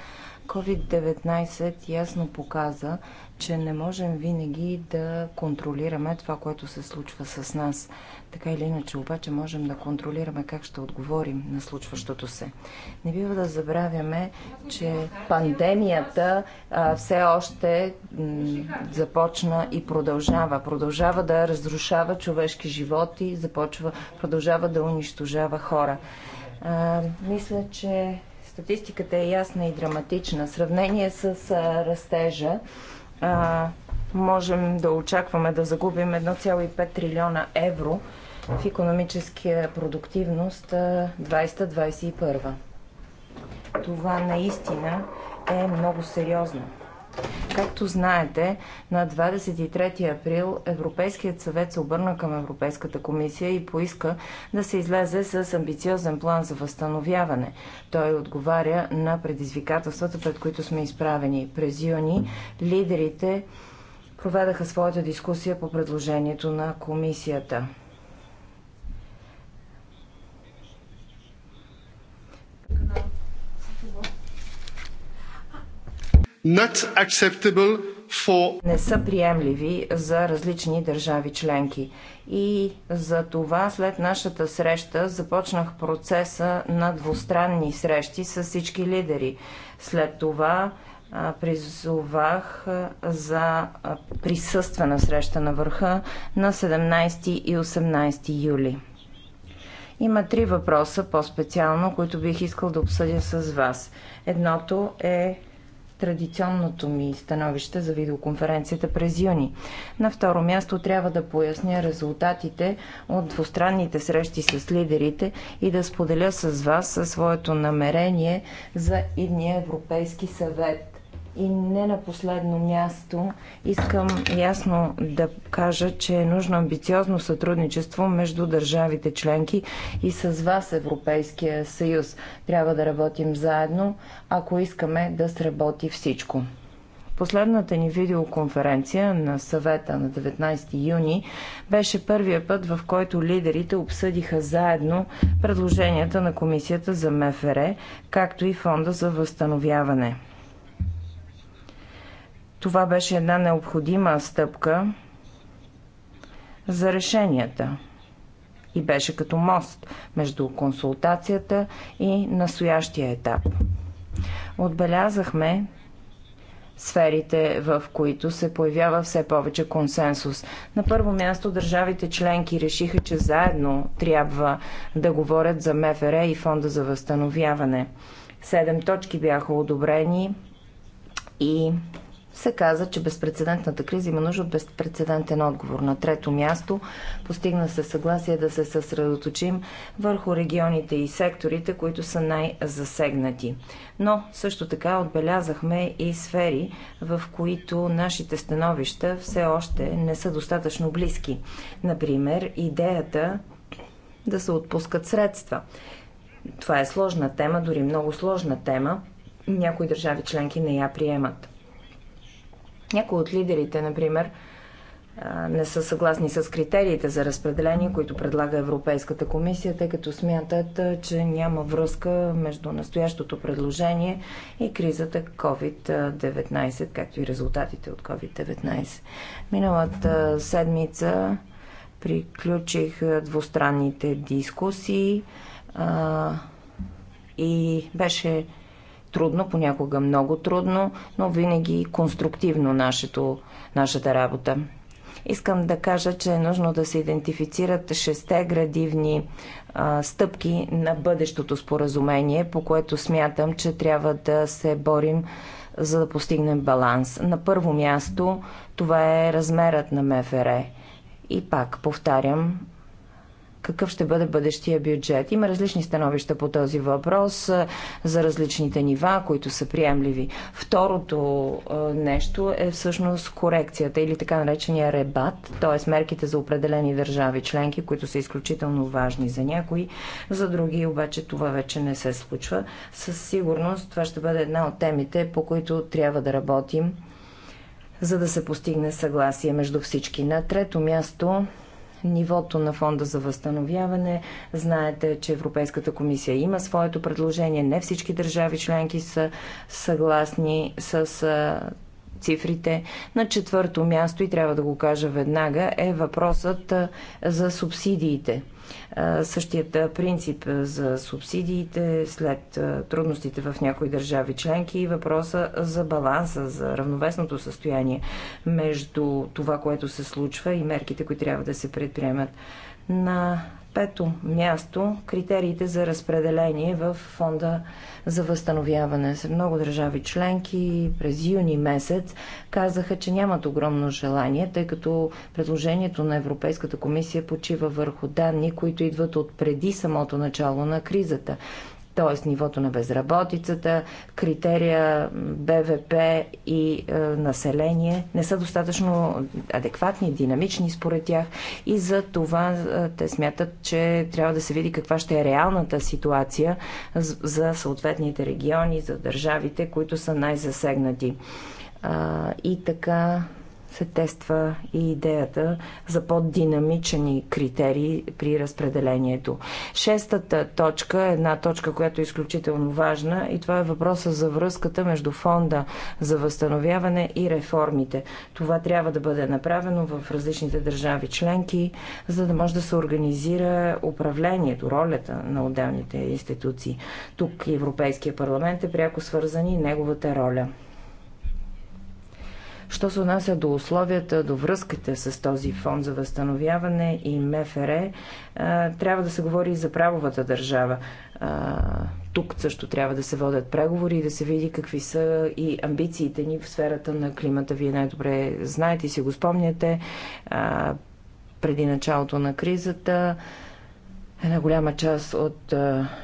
COVID-19 ясно показа, че не можем винаги да контролираме това, което се случва с нас. Така или иначе, обаче, можем да контролираме как ще отговорим на случващото се. Не бива да забравяме, че пандемията а, все още започна и продължава. Продължава да разрушава човешки животи, започва, продължава да унищожава хора. А, мисля, че статистиката е ясна и драматична. В сравнение с а, растежа, а, можем да очакваме да загубим 1,5 трилиона евро в економическия продуктивност 2021. Това наистина е много сериозно. Както знаете, на 23 април Европейският съвет се обърна към Европейската комисия и поиска да се излезе с амбициозен план за възстановяване. Той отговаря на предизвикателствата, пред които сме изправени. През юни лидерите проведаха своята дискусия по предложението на комисията. не са приемливи за различни държави членки. И за това след нашата среща започнах процеса на двустранни срещи с всички лидери. След това призовах за присъствена среща на върха на 17 и 18 юли. Има три въпроса по-специално, които бих искал да обсъдя с вас. Едното е традиционното ми становище за видеоконференцията през юни. На второ място трябва да поясня резултатите от двустранните срещи с лидерите и да споделя с вас своето намерение за идния Европейски съвет и не на последно място искам ясно да кажа, че е нужно амбициозно сътрудничество между държавите членки и с вас, Европейския съюз. Трябва да работим заедно, ако искаме да сработи всичко. Последната ни видеоконференция на съвета на 19 юни беше първия път, в който лидерите обсъдиха заедно предложенията на Комисията за МФР, както и Фонда за възстановяване. Това беше една необходима стъпка за решенията и беше като мост между консултацията и настоящия етап. Отбелязахме сферите, в които се появява все повече консенсус. На първо място държавите членки решиха, че заедно трябва да говорят за МФР и Фонда за възстановяване. Седем точки бяха одобрени и се каза, че безпредседентната криза има нужда от безпредседентен отговор. На трето място постигна се съгласие да се съсредоточим върху регионите и секторите, които са най-засегнати. Но също така отбелязахме и сфери, в които нашите становища все още не са достатъчно близки. Например, идеята да се отпускат средства. Това е сложна тема, дори много сложна тема. Някои държави членки не я приемат. Някои от лидерите, например, не са съгласни с критериите за разпределение, които предлага Европейската комисия, тъй като смятат, че няма връзка между настоящото предложение и кризата COVID-19, както и резултатите от COVID-19. Миналата седмица приключих двустранните дискусии и беше трудно, понякога много трудно, но винаги конструктивно нашето, нашата работа. Искам да кажа, че е нужно да се идентифицират шесте градивни а, стъпки на бъдещото споразумение, по което смятам, че трябва да се борим за да постигнем баланс. На първо място това е размерът на МФР. И пак повтарям, какъв ще бъде бъдещия бюджет. Има различни становища по този въпрос за различните нива, които са приемливи. Второто нещо е всъщност корекцията или така наречения ребат, т.е. мерките за определени държави членки, които са изключително важни за някои, за други обаче това вече не се случва. Със сигурност това ще бъде една от темите, по които трябва да работим за да се постигне съгласие между всички. На трето място нивото на фонда за възстановяване. Знаете, че Европейската комисия има своето предложение. Не всички държави членки са съгласни с цифрите. На четвърто място, и трябва да го кажа веднага, е въпросът за субсидиите – Същият принцип за субсидиите след трудностите в някои държави членки и въпроса за баланса, за равновесното състояние между това, което се случва и мерките, които трябва да се предприемат. На пето място критериите за разпределение в фонда за възстановяване. С много държави членки през юни месец казаха, че нямат огромно желание, тъй като предложението на Европейската комисия почива върху данни, които идват от преди самото начало на кризата т.е. нивото на безработицата, критерия БВП и е, население не са достатъчно адекватни, динамични според тях и за това е, те смятат, че трябва да се види каква ще е реалната ситуация за съответните региони, за държавите, които са най-засегнати. и така се тества и идеята за по-динамични критерии при разпределението. Шестата точка е една точка, която е изключително важна и това е въпроса за връзката между фонда за възстановяване и реформите. Това трябва да бъде направено в различните държави членки, за да може да се организира управлението, ролята на отделните институции. Тук Европейския парламент е пряко свързан и неговата роля. Що се отнася до условията, до връзките с този фонд за възстановяване и МФР, е, трябва да се говори и за правовата държава. Е, тук също трябва да се водят преговори и да се види какви са и амбициите ни в сферата на климата. Вие най-добре знаете и си го спомняте. Е, преди началото на кризата Една голяма част от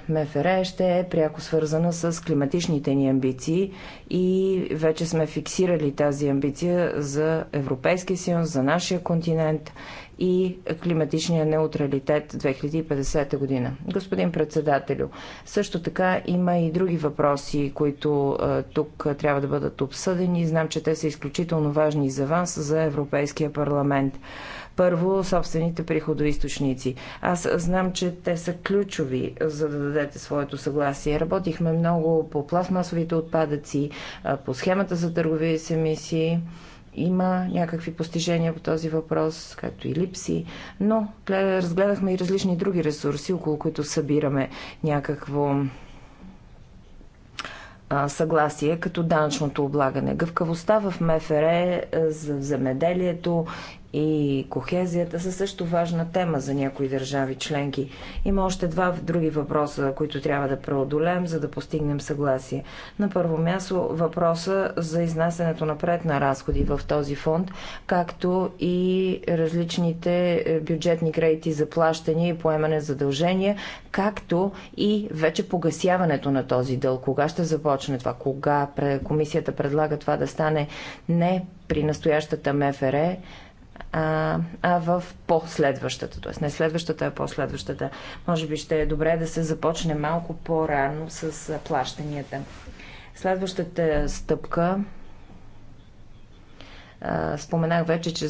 МФР ще е пряко свързана с климатичните ни амбиции и вече сме фиксирали тази амбиция за Европейския съюз, за нашия континент и климатичния неутралитет 2050 година. Господин председателю, също така има и други въпроси, които тук трябва да бъдат обсъдени. Знам, че те са изключително важни и за вас, за Европейския парламент първо собствените приходоисточници. Аз знам, че те са ключови, за да дадете своето съгласие. Работихме много по пластмасовите отпадъци, по схемата за търговия с емисии има някакви постижения по този въпрос, както и липси, но разгледахме и различни други ресурси, около които събираме някакво съгласие, като данъчното облагане. Гъвкавостта в МФР за земеделието и кохезията са също важна тема за някои държави членки. Има още два други въпроса, които трябва да преодолеем, за да постигнем съгласие. На първо място въпроса за изнасянето напред на разходи в този фонд, както и различните е, бюджетни кредити за плащане и поемане задължения, както и вече погасяването на този дълг. Кога ще започне това? Кога комисията предлага това да стане не при настоящата МФР, а, а в последващата, т.е. не следващата, а последващата. Може би ще е добре да се започне малко по-рано с плащанията. Следващата стъпка Споменах вече, че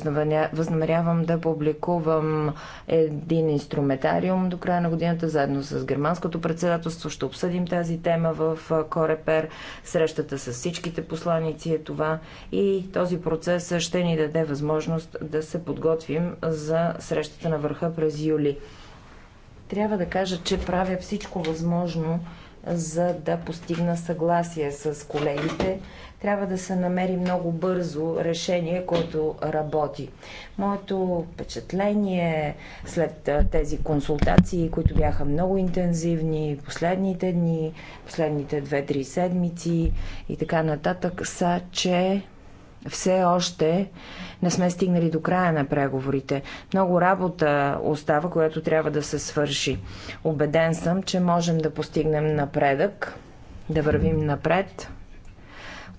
възнамерявам да публикувам един инструментариум до края на годината, заедно с германското председателство. Ще обсъдим тази тема в Корепер. Срещата с всичките посланици е това. И този процес ще ни даде възможност да се подготвим за срещата на върха през юли. Трябва да кажа, че правя всичко възможно, за да постигна съгласие с колегите трябва да се намери много бързо решение, което работи. Моето впечатление след тези консултации, които бяха много интензивни последните дни, последните 2-3 седмици и така нататък, са, че все още не сме стигнали до края на преговорите. Много работа остава, която трябва да се свърши. Обеден съм, че можем да постигнем напредък, да вървим напред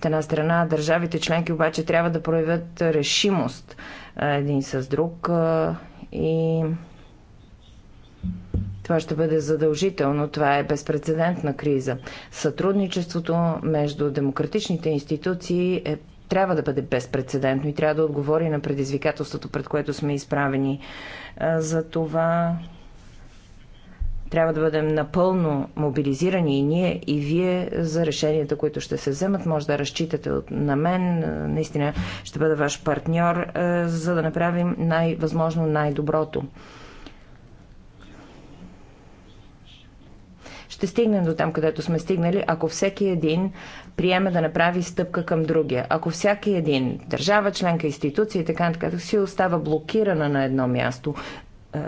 от една страна държавите членки обаче трябва да проявят решимост един с друг и това ще бъде задължително. Това е безпредседентна криза. Сътрудничеството между демократичните институции е трябва да бъде безпредседентно и трябва да отговори на предизвикателството, пред което сме изправени. За това трябва да бъдем напълно мобилизирани и ние, и вие за решенията, които ще се вземат. Може да разчитате на мен. Наистина ще бъда ваш партньор, е, за да направим най-възможно най-доброто. ще стигнем до там, където сме стигнали, ако всеки един приеме да направи стъпка към другия. Ако всеки един държава, членка, институция и така нататък си остава блокирана на едно място, е,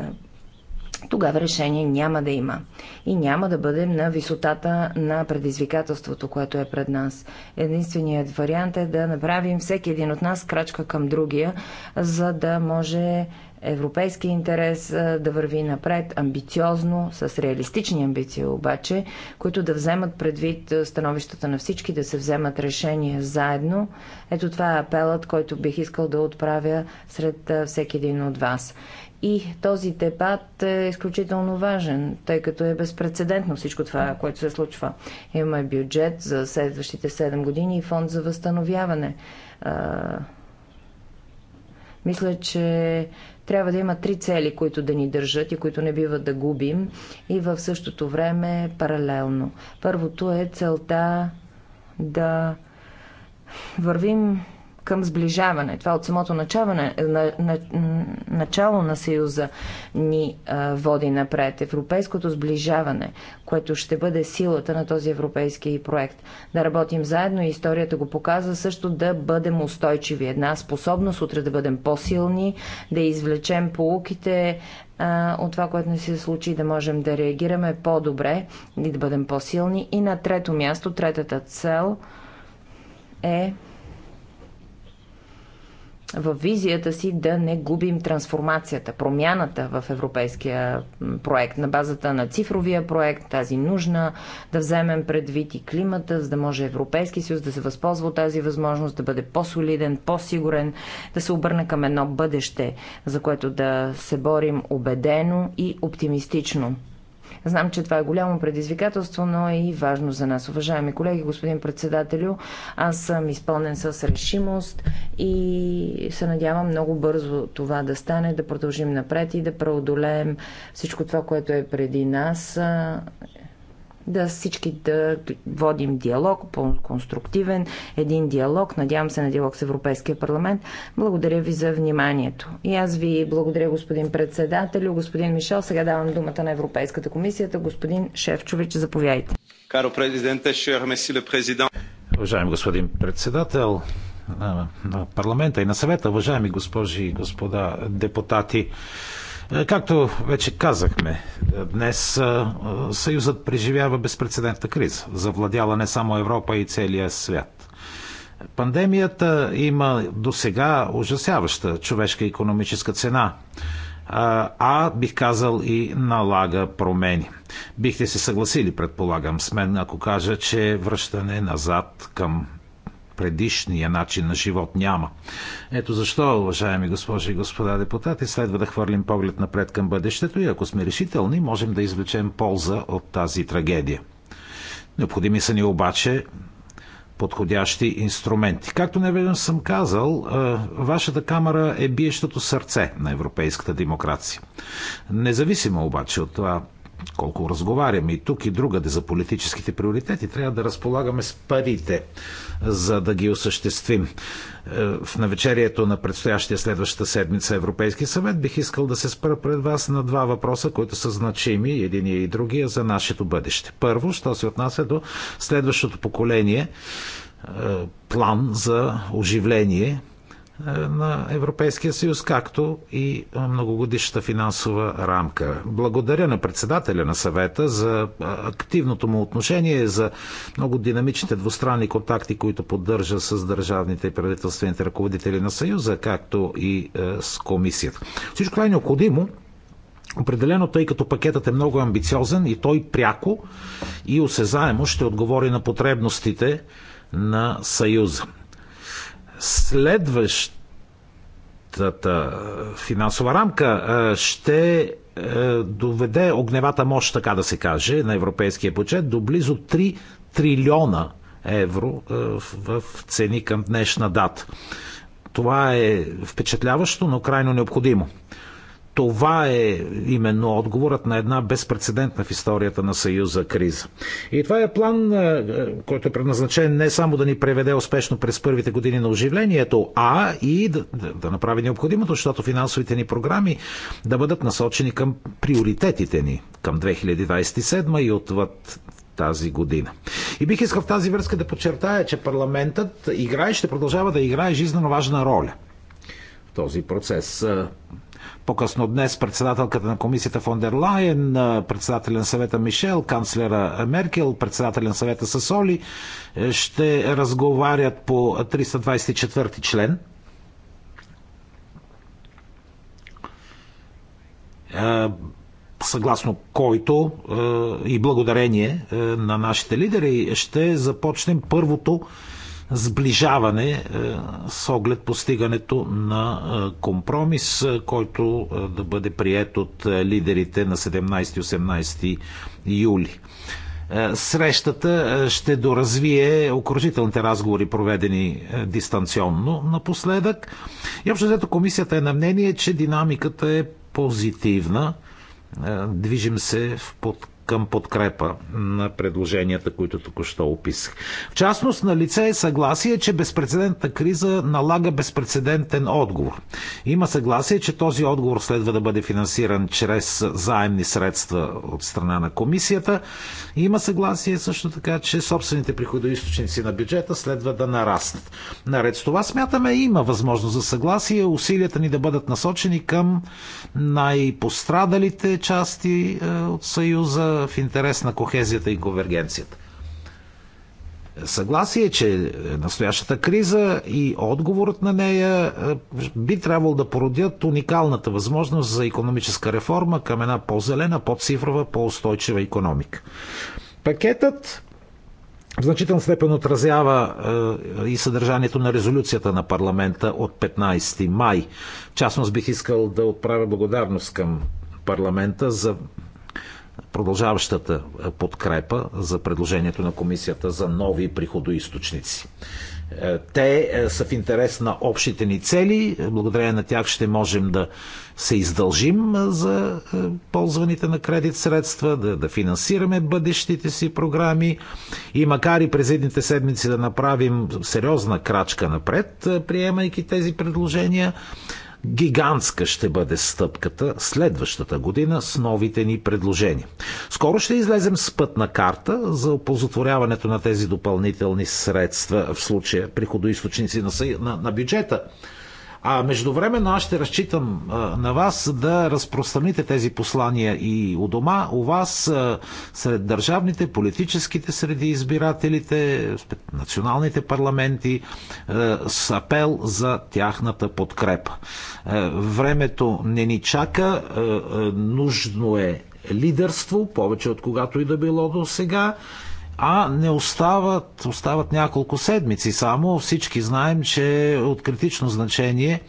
тогава решение няма да има. И няма да бъдем на висотата на предизвикателството, което е пред нас. Единственият вариант е да направим всеки един от нас крачка към другия, за да може европейски интерес да върви напред амбициозно, с реалистични амбиции обаче, които да вземат предвид становищата на всички, да се вземат решения заедно. Ето това е апелът, който бих искал да отправя сред всеки един от вас. И този дебат е изключително важен, тъй като е безпредседентно всичко това, което се случва. Имаме бюджет за следващите 7 години и фонд за възстановяване. Мисля, че трябва да има три цели, които да ни държат и които не бива да губим и в същото време паралелно. Първото е целта да вървим към сближаване. Това от самото начало на, на, начало на Съюза ни а, води напред. Европейското сближаване, което ще бъде силата на този европейски проект. Да работим заедно и историята го показва също да бъдем устойчиви. Една способност утре да бъдем по-силни, да извлечем полуките а, от това, което не се случи, да можем да реагираме по-добре и да бъдем по-силни. И на трето място, третата цел е в визията си да не губим трансформацията, промяната в европейския проект на базата на цифровия проект, тази нужна да вземем предвид и климата, за да може Европейски съюз да се възползва от тази възможност, да бъде по-солиден, по-сигурен, да се обърне към едно бъдеще, за което да се борим убедено и оптимистично. Знам, че това е голямо предизвикателство, но е и важно за нас. Уважаеми колеги, господин председателю, аз съм изпълнен с решимост и се надявам много бързо това да стане, да продължим напред и да преодолеем всичко това, което е преди нас да всички да водим диалог, по-конструктивен, един диалог, надявам се на диалог с Европейския парламент. Благодаря ви за вниманието. И аз ви благодаря, господин председател, господин Мишел. Сега давам думата на Европейската комисията. Господин Шефчович, заповядайте. Каро президенте, шер меси президент. Уважаем господин председател, на парламента и на съвета, уважаеми госпожи и господа депутати. Е, както вече казахме, днес е, Съюзът преживява безпредседентна криза, завладяла не само Европа и целия свят. Пандемията има до сега ужасяваща човешка и економическа цена, е, а бих казал и налага промени. Бихте се съгласили, предполагам, с мен, ако кажа, че връщане назад към предишния начин на живот няма. Ето защо, уважаеми госпожи и господа депутати, следва да хвърлим поглед напред към бъдещето и ако сме решителни, можем да извлечем полза от тази трагедия. Необходими са ни обаче подходящи инструменти. Както не веднъж съм казал, вашата камера е биещото сърце на европейската демокрация. Независимо обаче от това колко разговаряме и тук и другаде за политическите приоритети, трябва да разполагаме с парите, за да ги осъществим. Е, в навечерието на предстоящия следващата седмица Европейски съвет бих искал да се спра пред вас на два въпроса, които са значими, единия и другия, за нашето бъдеще. Първо, що се отнася до следващото поколение е, план за оживление на Европейския съюз, както и многогодишната финансова рамка. Благодаря на председателя на съвета за активното му отношение, за много динамичните двустранни контакти, които поддържа с държавните и правителствените ръководители на Съюза, както и е, с комисията. Всичко това е необходимо, Определено, тъй като пакетът е много амбициозен и той пряко и осезаемо ще отговори на потребностите на Съюза следващата е, финансова рамка е, ще е, доведе огневата мощ, така да се каже, на европейския бюджет до близо 3 трилиона евро в цени към днешна дата. Това е впечатляващо, но крайно необходимо това е именно отговорът на една безпредседентна в историята на Съюза криза. И това е план, който е предназначен не само да ни преведе успешно през първите години на оживлението, а и да, да направи необходимото, защото финансовите ни програми да бъдат насочени към приоритетите ни към 2027 и отвъд тази година. И бих искал в тази връзка да подчертая, че парламентът играе и ще продължава да играе жизненно важна роля в този процес по-късно днес председателката на комисията Фон дер Лайен, председателя на съвета Мишел, канцлера Меркел, председателя на съвета Сасоли е, ще разговарят по 324 член е, съгласно който е, и благодарение на нашите лидери ще започнем първото сближаване е, с оглед постигането на е, компромис, е, който да бъде прият от лидерите на 17-18 юли. Срещата ще доразвие окружителните разговори, проведени дистанционно напоследък. И общо взето комисията е на мнение, че динамиката е позитивна. Движим се в подкрепа към подкрепа на предложенията, които току-що описах. В частност, на лице е съгласие, че безпредседентна криза налага безпредседентен отговор. Има съгласие, че този отговор следва да бъде финансиран чрез заемни средства от страна на комисията. Има съгласие също така, че собствените приходоисточници на бюджета следва да нараснат. Наред с това смятаме има възможност за съгласие усилията ни да бъдат насочени към най-пострадалите части е, от Съюза, в интерес на кохезията и конвергенцията. Съгласие, че е настоящата криза и отговорът на нея е, би трябвало да породят уникалната възможност за економическа реформа към една по-зелена, по-цифрова, по-устойчива економика. Пакетът в значителна степен отразява е, и съдържанието на резолюцията на парламента от 15 май. частност бих искал да отправя благодарност към парламента за продължаващата е, подкрепа за предложението на комисията за нови приходоисточници. Е, те е, са в интерес на общите ни цели. Благодарение на тях ще можем да се издължим за ползваните на кредит средства, да, да финансираме бъдещите си програми. И макар и през едните седмици да направим сериозна крачка напред, приемайки тези предложения, Гигантска ще бъде стъпката следващата година с новите ни предложения. Скоро ще излезем с пътна карта за опозотворяването на тези допълнителни средства, в случая приходоисточници на, на, на бюджета. А междувременно аз ще разчитам на вас да разпространите тези послания и у дома, у вас, сред държавните, политическите среди избирателите, националните парламенти, с апел за тяхната подкрепа. Времето не ни чака, нужно е лидерство, повече от когато и да било до сега а не остават, остават няколко седмици само. Всички знаем, че е от критично значение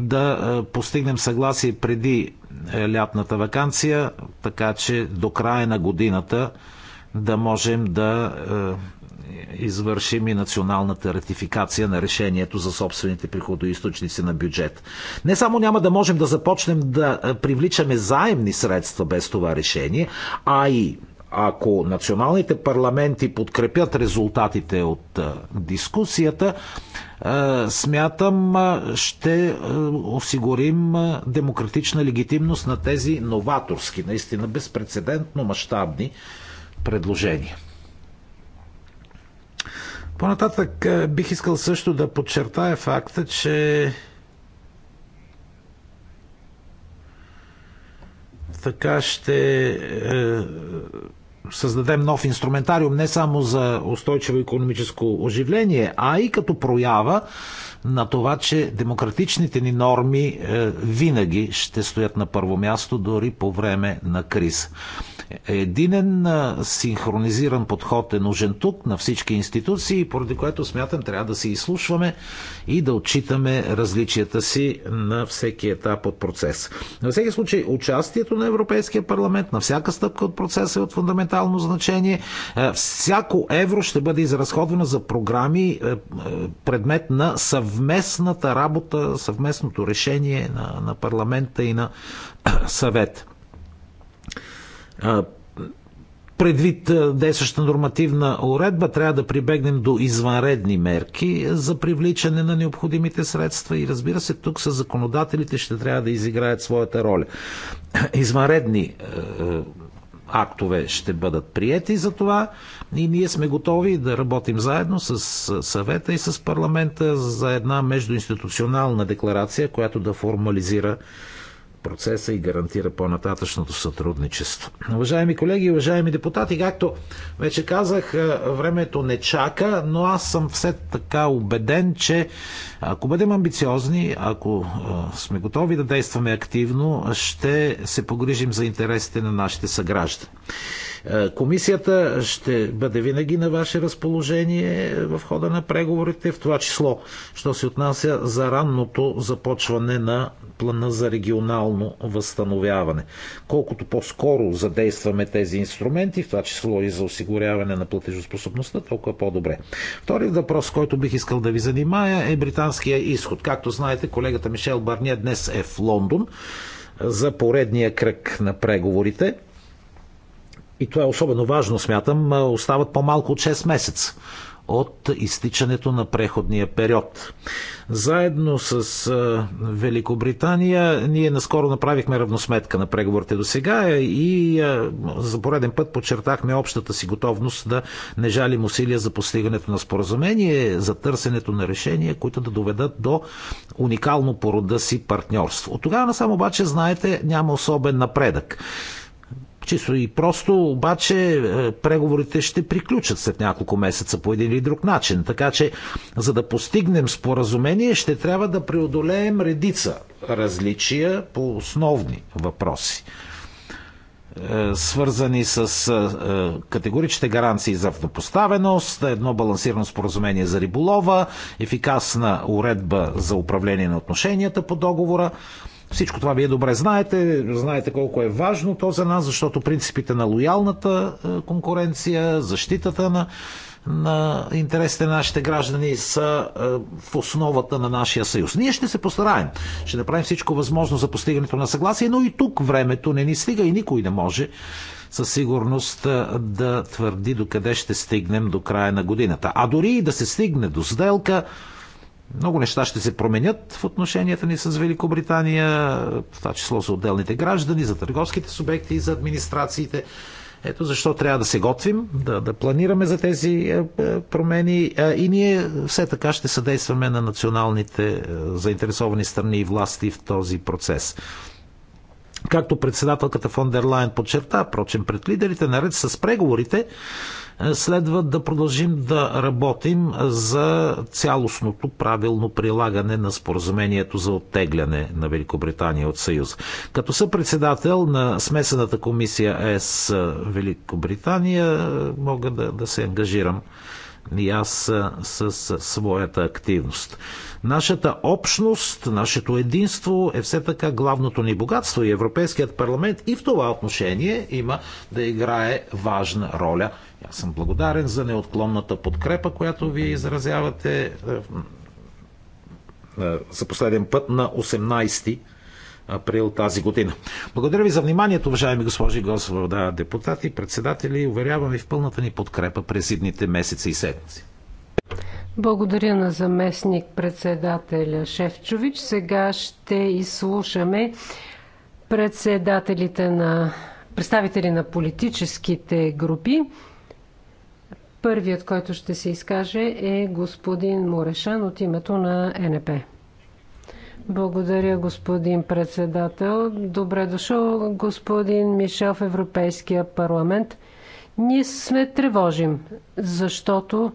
да е, постигнем съгласие преди е, лятната вакансия, така че до края на годината да можем да е, извършим и националната ратификация на решението за собствените приходоисточници на бюджет. Не само няма да можем да започнем да привличаме заемни средства без това решение, а и ако националните парламенти подкрепят резултатите от дискусията, смятам, ще осигурим демократична легитимност на тези новаторски, наистина безпредседентно мащабни предложения. Понататък бих искал също да подчертая факта, че така ще е, създадем нов инструментариум не само за устойчиво економическо оживление, а и като проява на това, че демократичните ни норми е, винаги ще стоят на първо място, дори по време на криза. Единен е, синхронизиран подход е нужен тук на всички институции, поради което смятам трябва да се изслушваме и да отчитаме различията си на всеки етап от процес. На всеки случай, участието на Европейския парламент на всяка стъпка от процеса е от фундаментално значение. Е, всяко евро ще бъде изразходвано за програми предмет на съвместно съвместната работа, съвместното решение на, на парламента и на съвет. Предвид действаща нормативна уредба, трябва да прибегнем до извънредни мерки за привличане на необходимите средства и разбира се, тук са законодателите ще трябва да изиграят своята роля. Извънредни актове ще бъдат приети за това и ние сме готови да работим заедно с съвета и с парламента за една междуинституционална декларация, която да формализира процеса и гарантира по-нататъчното сътрудничество. Уважаеми колеги, уважаеми депутати, както вече казах, е, времето не чака, но аз съм все така убеден, че ако бъдем амбициозни, ако е, сме готови да действаме активно, ще се погрижим за интересите на нашите съграждани. Е, комисията ще бъде винаги на ваше разположение в хода на преговорите, в това число, що се отнася за ранното започване на плана за регионално възстановяване. Колкото по-скоро задействаме тези инструменти, в това число и за осигуряване на платежоспособността, толкова по-добре. Втори въпрос, който бих искал да ви занимая е британския изход. Както знаете, колегата Мишел Барния днес е в Лондон за поредния кръг на преговорите и това е особено важно, смятам, остават по-малко от 6 месеца от изтичането на преходния период. Заедно с Великобритания ние наскоро направихме равносметка на преговорите до сега и за пореден път подчертахме общата си готовност да не жалим усилия за постигането на споразумение, за търсенето на решения, които да доведат до уникално по рода си партньорство. От тогава насам обаче, знаете, няма особен напредък. Чисто и просто, обаче е, преговорите ще приключат след няколко месеца по един или друг начин. Така че, за да постигнем споразумение, ще трябва да преодолеем редица различия по основни въпроси е, свързани с е, категоричните гаранции за автопоставеност, едно балансирано споразумение за риболова, ефикасна уредба за управление на отношенията по договора. Всичко това вие добре знаете, знаете колко е важно то за нас, защото принципите на лоялната е, конкуренция, защитата на, на интересите на нашите граждани са е, в основата на нашия съюз. Ние ще се постараем, ще направим всичко възможно за постигането на съгласие, но и тук времето не ни стига и никой не може със сигурност е, да твърди докъде ще стигнем до края на годината. А дори и да се стигне до сделка, много неща ще се променят в отношенията ни с Великобритания, в това число за отделните граждани, за търговските субекти и за администрациите. Ето защо трябва да се готвим, да, да планираме за тези е, е, промени е, и ние все така ще съдействаме на националните заинтересовани страни и власти в този процес. Както председателката фон дер Лайн подчерта, прочим, пред лидерите, наред с преговорите, е, следва да продължим да работим за цялостното правилно прилагане на споразумението за оттегляне на Великобритания от Съюз. Като съпредседател на смесената комисия ЕС е, Великобритания е, мога да, да се ангажирам и аз с, с своята активност. Нашата общност, нашето единство е все така главното ни богатство и Европейският парламент и в това отношение има да играе важна роля. Аз съм благодарен за неотклонната подкрепа, която вие изразявате е, е, за последен път на 18 април тази година. Благодаря ви за вниманието, уважаеми госпожи и господа депутати, председатели. Уверявам ви в пълната ни подкрепа през идните месеци и седмици. Благодаря на заместник председателя Шефчович. Сега ще изслушаме председателите на представители на политическите групи. Първият, който ще се изкаже е господин Морешан от името на НП. Благодаря, господин председател. Добре дошъл, господин Мишел в Европейския парламент. Ние сме тревожим, защото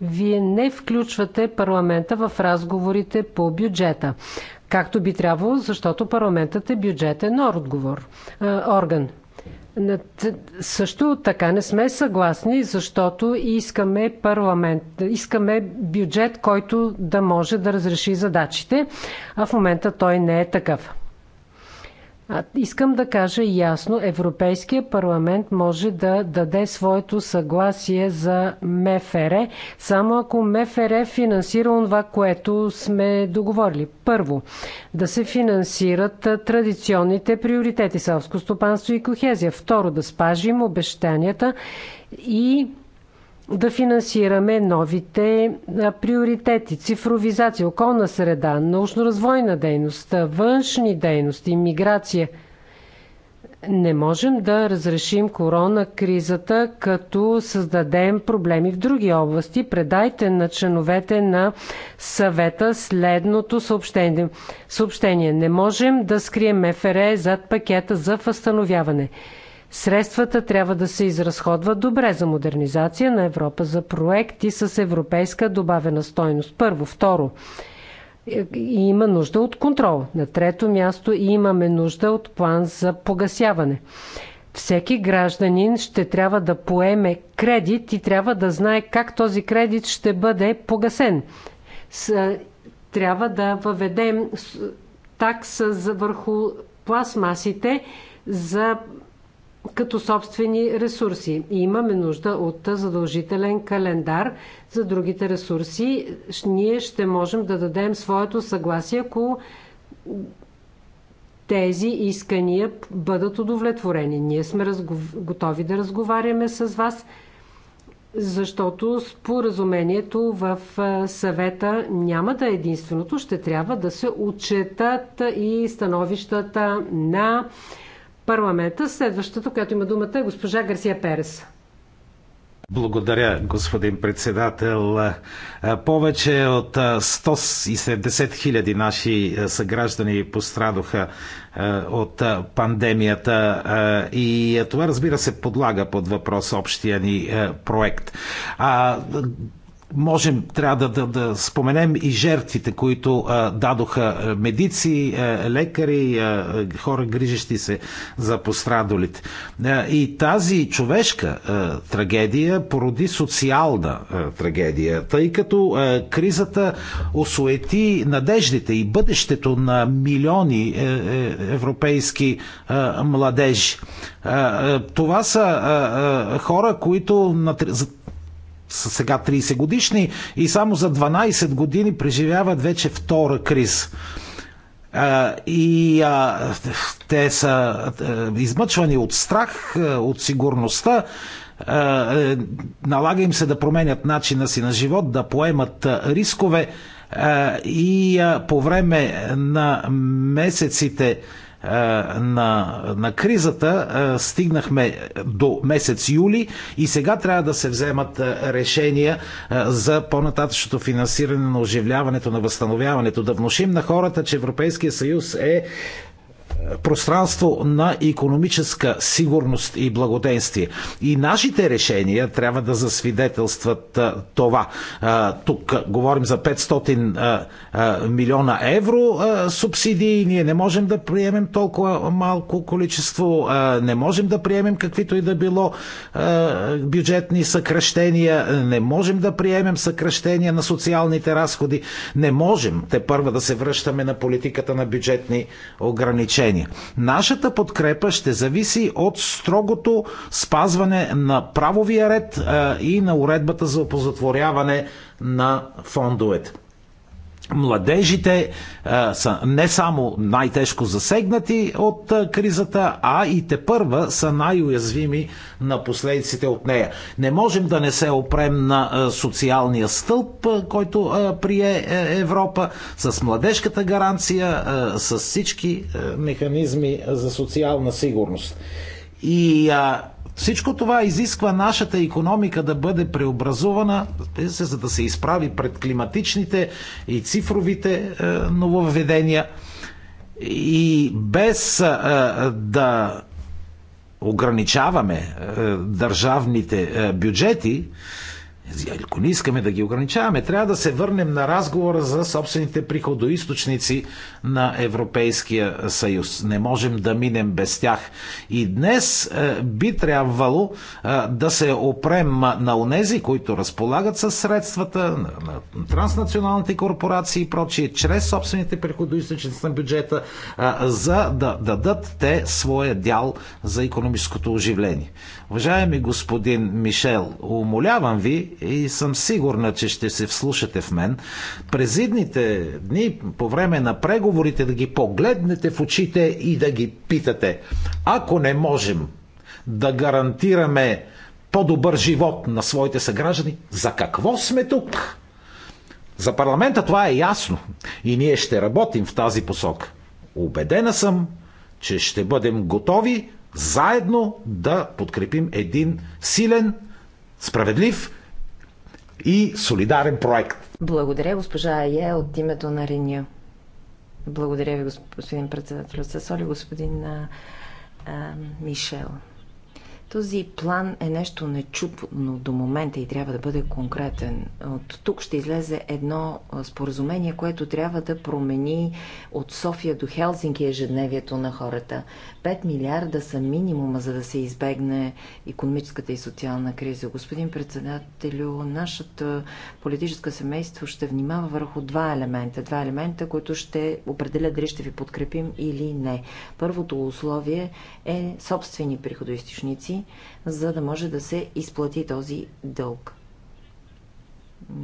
вие не включвате парламента в разговорите по бюджета. Както би трябвало, защото парламентът е бюджетен отговор, орган. Също така не сме съгласни, защото искаме парламент, искаме бюджет, който да може да разреши задачите, а в момента той не е такъв. А, искам да кажа ясно, Европейския парламент може да даде своето съгласие за МФР, само ако МФР финансира това, което сме договорили. Първо, да се финансират традиционните приоритети селско стопанство и кохезия. Второ, да спажим обещанията и да финансираме новите приоритети цифровизация, околна среда, научно-развойна дейност, външни дейности, иммиграция. Не можем да разрешим корона кризата, като създадем проблеми в други области. Предайте на членовете на съвета следното съобщение. съобщение. Не можем да скрием ФРЕ зад пакета за възстановяване. Средствата трябва да се изразходват добре за модернизация на Европа, за проекти с европейска добавена стойност. Първо. Второ. Има нужда от контрол. На трето място имаме нужда от план за погасяване. Всеки гражданин ще трябва да поеме кредит и трябва да знае как този кредит ще бъде погасен. Трябва да въведем такса върху пластмасите за като собствени ресурси. И имаме нужда от задължителен календар за другите ресурси. Ние ще можем да дадем своето съгласие, ако тези искания бъдат удовлетворени. Ние сме разгов... готови да разговаряме с вас, защото споразумението в съвета няма да е единственото. Ще трябва да се отчетат и становищата на парламента. Следващата, която има думата е госпожа Гарсия Перес. Благодаря, господин председател. Повече от 170 хиляди наши съграждани пострадоха от пандемията и това разбира се подлага под въпрос общия ни проект. А можем, трябва да, да, да споменем и жертвите, които а, дадоха медици, а, лекари, а, хора, грижещи се за пострадалите. А, и тази човешка а, трагедия породи социална а, трагедия, тъй като а, кризата осуети надеждите и бъдещето на милиони а, е, е, европейски а, младежи. А, а, това са а, а, хора, които на, са сега 30 годишни и само за 12 години преживяват вече втора криза. И а, те са измъчвани от страх, от сигурността. Е, налага им се да променят начина си на живот, да поемат рискове. И по време на месеците е, на, на кризата е, стигнахме до месец юли и сега трябва да се вземат е, решения за по-нататъчното финансиране на оживляването, на възстановяването. Да внушим на хората, че Европейския съюз е пространство на економическа сигурност и благоденствие. И нашите решения трябва да засвидетелстват това. Тук говорим за 500 милиона евро субсидии. Ние не можем да приемем толкова малко количество, не можем да приемем каквито и да било бюджетни съкръщения, не можем да приемем съкръщения на социалните разходи, не можем те първа да се връщаме на политиката на бюджетни ограничения решение. Нашата подкрепа ще зависи от строгото спазване на правовия ред и на уредбата за опозатворяване на фондовете. Младежите а, са не само най-тежко засегнати от а, кризата, а и те първа са най-уязвими на последиците от нея. Не можем да не се опрем на а, социалния стълб, а, който а, прие е, Европа, с младежката гаранция, а, с всички а, механизми за социална сигурност. И а, всичко това изисква нашата економика да бъде преобразувана, за да се изправи пред климатичните и цифровите е, нововведения. И без е, да ограничаваме е, държавните бюджети, ако не искаме да ги ограничаваме, трябва да се върнем на разговора за собствените приходоисточници на Европейския съюз. Не можем да минем без тях. И днес е, би трябвало е, да се опрем на онези, които разполагат с средствата, на транснационалните корпорации и прочие, чрез собствените приходоисточници на бюджета, е, за да дадат те своя дял за економическото оживление. Уважаеми господин Мишел, умолявам ви и съм сигурна, че ще се вслушате в мен, през идните дни, по време на преговорите, да ги погледнете в очите и да ги питате. Ако не можем да гарантираме по-добър живот на своите съграждани, за какво сме тук? За парламента това е ясно и ние ще работим в тази посока. Убедена съм, че ще бъдем готови заедно да подкрепим един силен, справедлив и солидарен проект. Благодаря, госпожа е от името на Реня. Благодаря ви, господин председател. С господин а, а, Мишел. Този план е нещо нечупно до момента и трябва да бъде конкретен. От тук ще излезе едно споразумение, което трябва да промени от София до Хелсинки ежедневието на хората. 5 милиарда са минимума, за да се избегне економическата и социална криза. Господин председателю, нашата политическа семейство ще внимава върху два елемента. Два елемента, които ще определят дали ще ви подкрепим или не. Първото условие е собствени приходоисточници за да може да се изплати този дълг.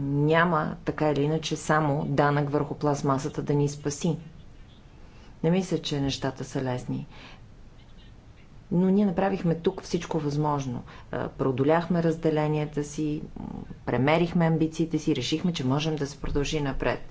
Няма така или иначе само данък върху пластмасата да ни спаси. Не мисля, че нещата са лесни. Но ние направихме тук всичко възможно. Продоляхме разделенията си, премерихме амбициите си, решихме, че можем да се продължи напред.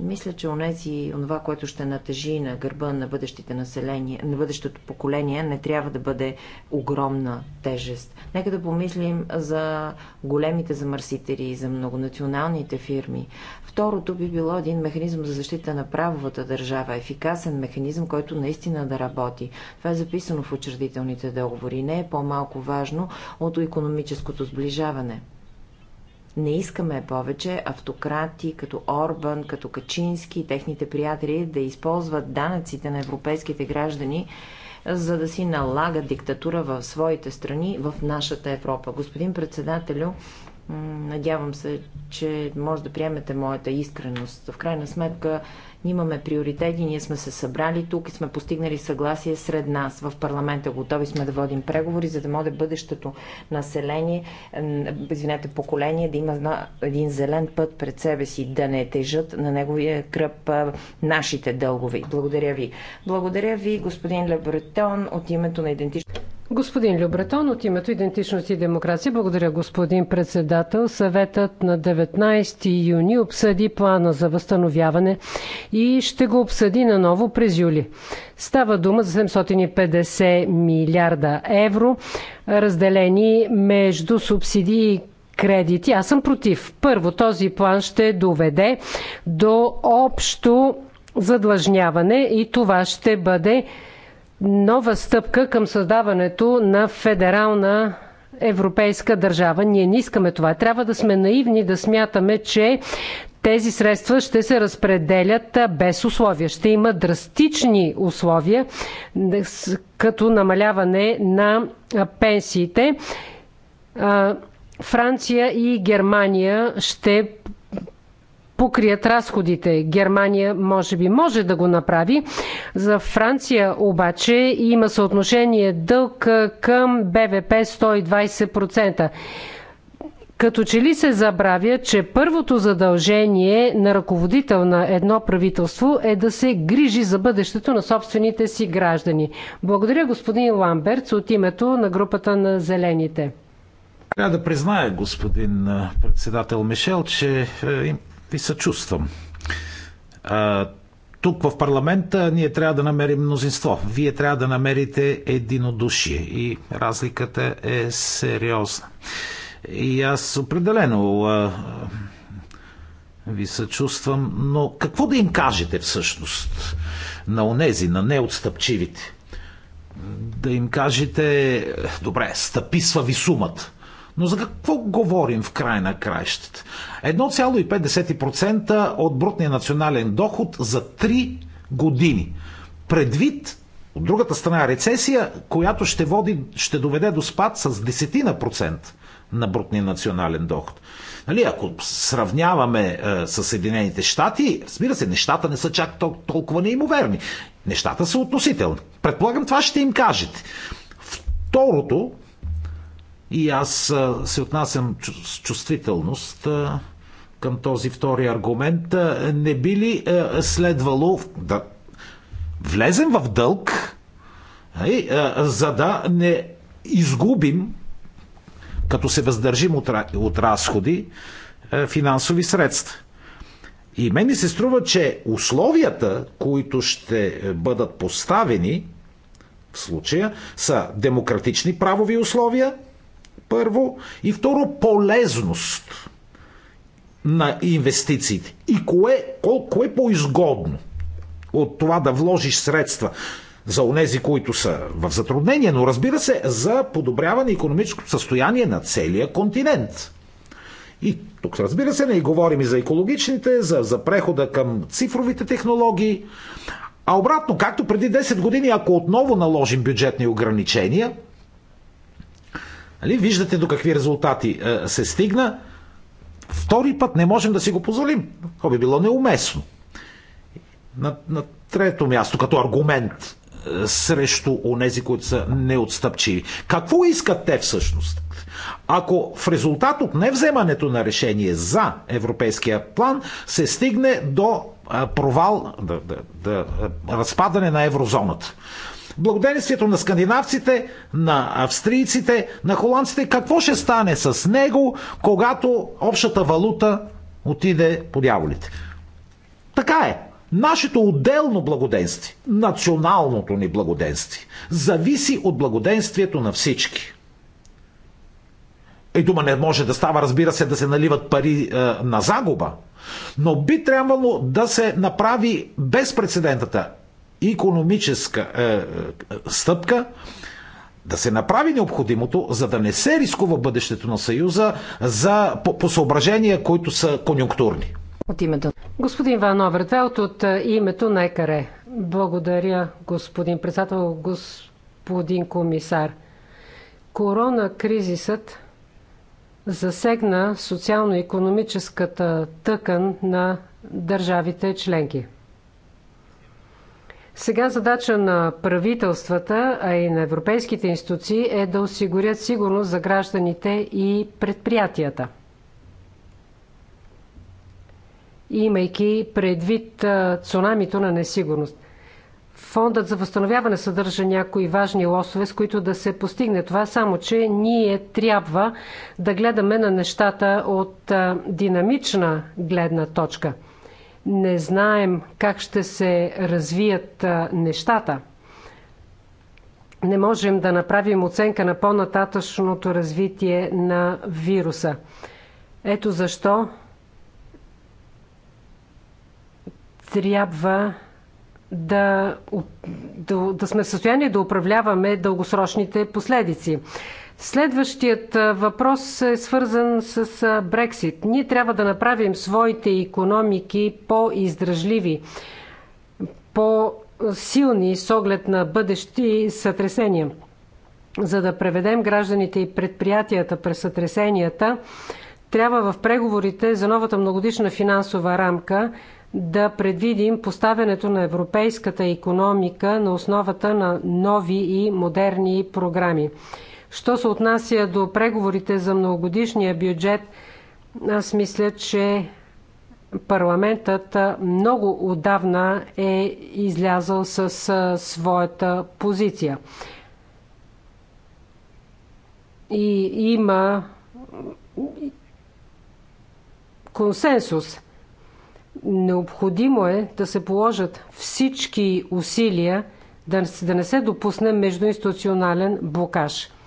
Мисля, че онези, онова, което ще натежи на гърба на, бъдещите населения, на бъдещото поколение, не трябва да бъде огромна тежест. Нека да помислим за големите замърсители, за многонационалните фирми. Второто би било един механизъм за защита на правовата държава, ефикасен механизъм, който наистина да работи. Това е записано в учредителните договори. Не е по-малко важно от економическото сближаване. Не искаме повече автократи като Орбан, като Качински и техните приятели да използват данъците на европейските граждани, за да си налага диктатура в своите страни, в нашата Европа. Господин председателю, надявам се, че може да приемете моята искреност. В крайна сметка имаме приоритети, ние сме се събрали тук и сме постигнали съгласие сред нас в парламента. Готови сме да водим преговори, за да може бъдещето население, извинете, поколение да има един зелен път пред себе си, да не тежат на неговия кръп нашите дългови. Благодаря ви. Благодаря ви, господин Лебретон, от името на идентичност. Господин Любретон от името Идентичност и демокрация. Благодаря, господин председател. Съветът на 19 юни обсъди плана за възстановяване и ще го обсъди наново през юли. Става дума за 750 милиарда евро, разделени между субсидии и кредити. Аз съм против. Първо, този план ще доведе до общо задлъжняване и това ще бъде нова стъпка към създаването на федерална европейска държава. Ние не искаме това. Трябва да сме наивни да смятаме, че тези средства ще се разпределят без условия. Ще има драстични условия, като намаляване на пенсиите. Франция и Германия ще покрият разходите. Германия може би може да го направи. За Франция обаче има съотношение дълг към БВП 120% като че ли се забравя, че първото задължение на ръководител на едно правителство е да се грижи за бъдещето на собствените си граждани. Благодаря господин Ламберц от името на групата на Зелените. Трябва да призная, господин председател Мишел, че е, ви съчувствам. А, тук в парламента ние трябва да намерим мнозинство. Вие трябва да намерите единодушие и разликата е сериозна. И аз определено а, ви съчувствам, но какво да им кажете всъщност на онези, на неотстъпчивите? Да им кажете, добре, стъписва ви сумата но за какво говорим в край на краищата? 1,5% от брутния национален доход за 3 години. Предвид от другата страна рецесия, която ще, води, ще доведе до спад с 10% на брутния национален доход. Нали, ако сравняваме е, с Съединените щати, разбира се, нещата не са чак тол- толкова неимоверни. Нещата са относителни. Предполагам, това ще им кажете. Второто, и аз се отнасям с чувствителност към този втори аргумент. Не би ли следвало да влезем в дълг, за да не изгубим, като се въздържим от разходи, финансови средства? И мен ми се струва, че условията, които ще бъдат поставени в случая, са демократични правови условия – първо. И второ, полезност на инвестициите. И кое, кое, кое по-изгодно от това да вложиш средства за онези, които са в затруднение, но разбира се, за подобряване на економическото състояние на целия континент. И тук, разбира се, не говорим и за екологичните, за, за прехода към цифровите технологии. А обратно, както преди 10 години, ако отново наложим бюджетни ограничения – Нали? Виждате до какви резултати е, се стигна. Втори път не можем да си го позволим. То би било неуместно. На, на трето място, като аргумент е, срещу онези, които са неотстъпчиви. Какво искат те всъщност? Ако в резултат от невземането на решение за европейския план се стигне до е, провал, да, да, да, е, разпадане на еврозоната. Благоденствието на скандинавците, на австрийците, на холандците. Какво ще стане с него, когато общата валута отиде по дяволите? Така е. Нашето отделно благоденствие, националното ни благоденствие, зависи от благоденствието на всички. И е, дума не може да става, разбира се, да се наливат пари е, на загуба, но би трябвало да се направи безпредседентната економическа е, е, стъпка, да се направи необходимото, за да не се рискува бъдещето на Съюза за, по, по съображения, които са конюнктурни. От името. Господин Ван Овертвелт от е, името на ЕКАРЕ. Благодаря, господин председател, господин комисар. Корона кризисът засегна социално-економическата тъкан на държавите членки. Сега задача на правителствата, а и на европейските институции е да осигурят сигурност за гражданите и предприятията. Имайки предвид цунамито на несигурност. Фондът за възстановяване съдържа някои важни лосове, с които да се постигне това, само че ние трябва да гледаме на нещата от динамична гледна точка – не знаем как ще се развият нещата. Не можем да направим оценка на по-нататъчното развитие на вируса. Ето защо трябва да, да, да сме в състояние да управляваме дългосрочните последици. Следващият въпрос е свързан с Брексит. Ние трябва да направим своите економики по-издръжливи, по-силни с оглед на бъдещи сътресения. За да преведем гражданите и предприятията през сътресенията, трябва в преговорите за новата многодишна финансова рамка да предвидим поставянето на европейската економика на основата на нови и модерни програми. Що се отнася до преговорите за многогодишния бюджет, аз мисля, че парламентът много отдавна е излязъл с своята позиция. И има консенсус. Необходимо е да се положат всички усилия да, да не се допусне междуинституционален блокаж –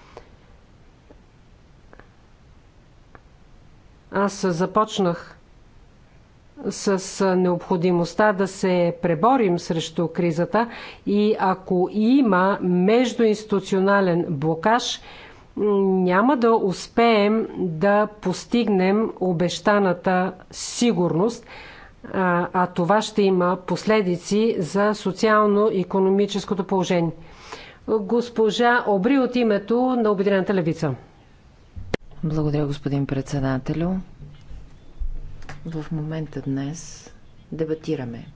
Аз започнах с необходимостта да се преборим срещу кризата и ако има междуинституционален блокаж, няма да успеем да постигнем обещаната сигурност, а, а това ще има последици за социално-економическото положение. Госпожа Обри от името на Обединената левица. Благодаря, господин председателю. В момента днес дебатираме.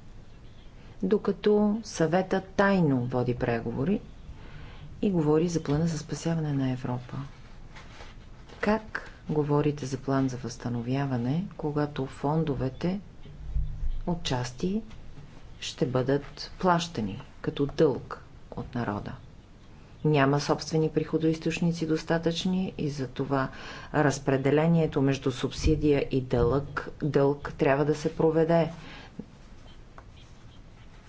Докато съвета тайно води преговори и говори за плана за спасяване на Европа. Как говорите за план за възстановяване, когато фондовете отчасти ще бъдат плащани като дълг от народа? няма собствени приходоисточници достатъчни и за това разпределението между субсидия и дълъг, дълг трябва да се проведе.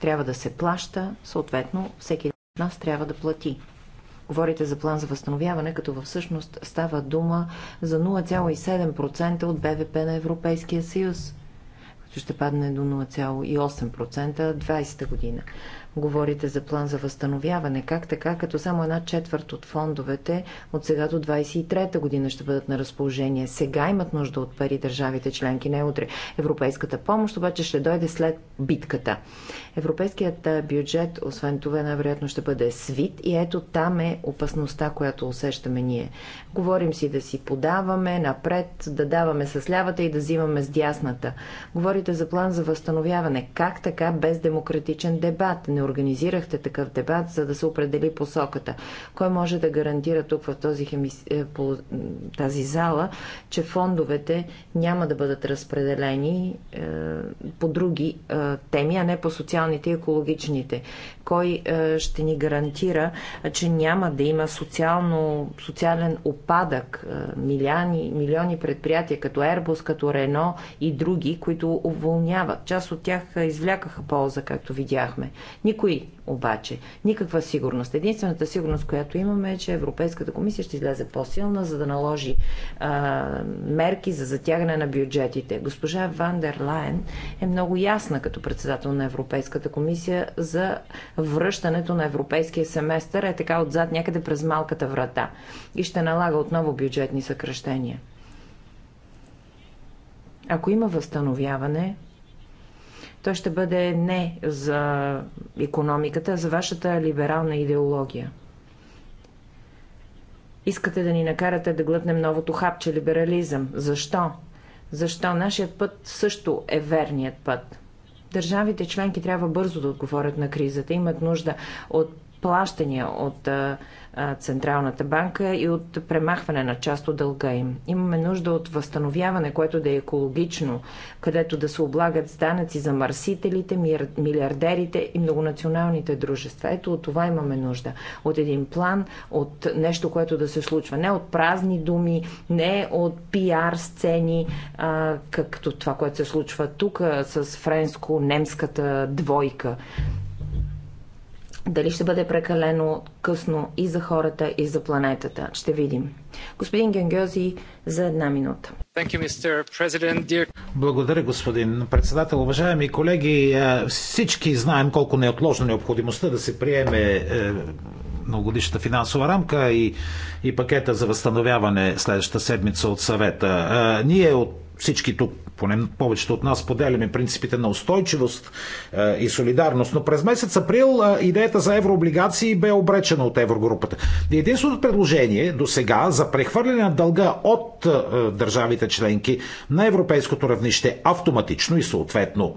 Трябва да се плаща, съответно всеки от нас трябва да плати. Говорите за план за възстановяване, като във всъщност става дума за 0,7% от БВП на Европейския съюз, като ще падне до 0,8% 20-та година. Говорите за план за възстановяване. Как така, като само една четвърт от фондовете от сега до 23-та година ще бъдат на разположение? Сега имат нужда от пари държавите членки, не утре. Европейската помощ обаче ще дойде след битката. Европейският бюджет, освен това, най-вероятно ще бъде свит и ето там е опасността, която усещаме ние. Говорим си да си подаваме напред, да даваме с лявата и да взимаме с дясната. Говорите за план за възстановяване. Как така без демократичен дебат? не организирахте такъв дебат, за да се определи посоката. Кой може да гарантира тук в този хемис... Е, тази зала, че фондовете няма да бъдат разпределени е, по други е, теми, а не по социалните и екологичните? Кой е, ще ни гарантира, че няма да има социално, социален опадък, е, милиони, милиони предприятия като Airbus, като Рено и други, които уволняват. Част от тях е, извлякаха полза, както видяхме. Никой обаче. Никаква сигурност. Единствената сигурност, която имаме е, че Европейската комисия ще излезе по-силна, за да наложи а, мерки за затягане на бюджетите. Госпожа Ван дер Лайен е много ясна като председател на Европейската комисия за връщането на европейския семестър е така отзад някъде през малката врата и ще налага отново бюджетни съкръщения. Ако има възстановяване, той ще бъде не за економиката, а за вашата либерална идеология. Искате да ни накарате да глътнем новото хапче либерализъм. Защо? Защо нашият път също е верният път? Държавите членки трябва бързо да отговорят на кризата. Имат нужда от плащания от Централната банка и от премахване на част от дълга им. Имаме нужда от възстановяване, което да е екологично, където да се облагат с данъци за марсителите, милиардерите и многонационалните дружества. Ето от това имаме нужда. От един план, от нещо, което да се случва. Не от празни думи, не от пиар сцени, а, както това, което се случва тук с френско-немската двойка. Дали ще бъде прекалено късно и за хората, и за планетата? Ще видим. Господин Генгьози, за една минута. Благодаря, господин председател. Уважаеми колеги, е, всички знаем колко неотложно необходимостта да се приеме е, многогодишната финансова рамка и, и пакета за възстановяване следващата седмица от съвета. А, ние от всички тук, поне повечето от нас, поделяме принципите на устойчивост а, и солидарност, но през месец април а, идеята за еврооблигации бе обречена от еврогрупата. Единственото предложение до сега за прехвърляне на дълга от а, държавите членки на европейското равнище автоматично и съответно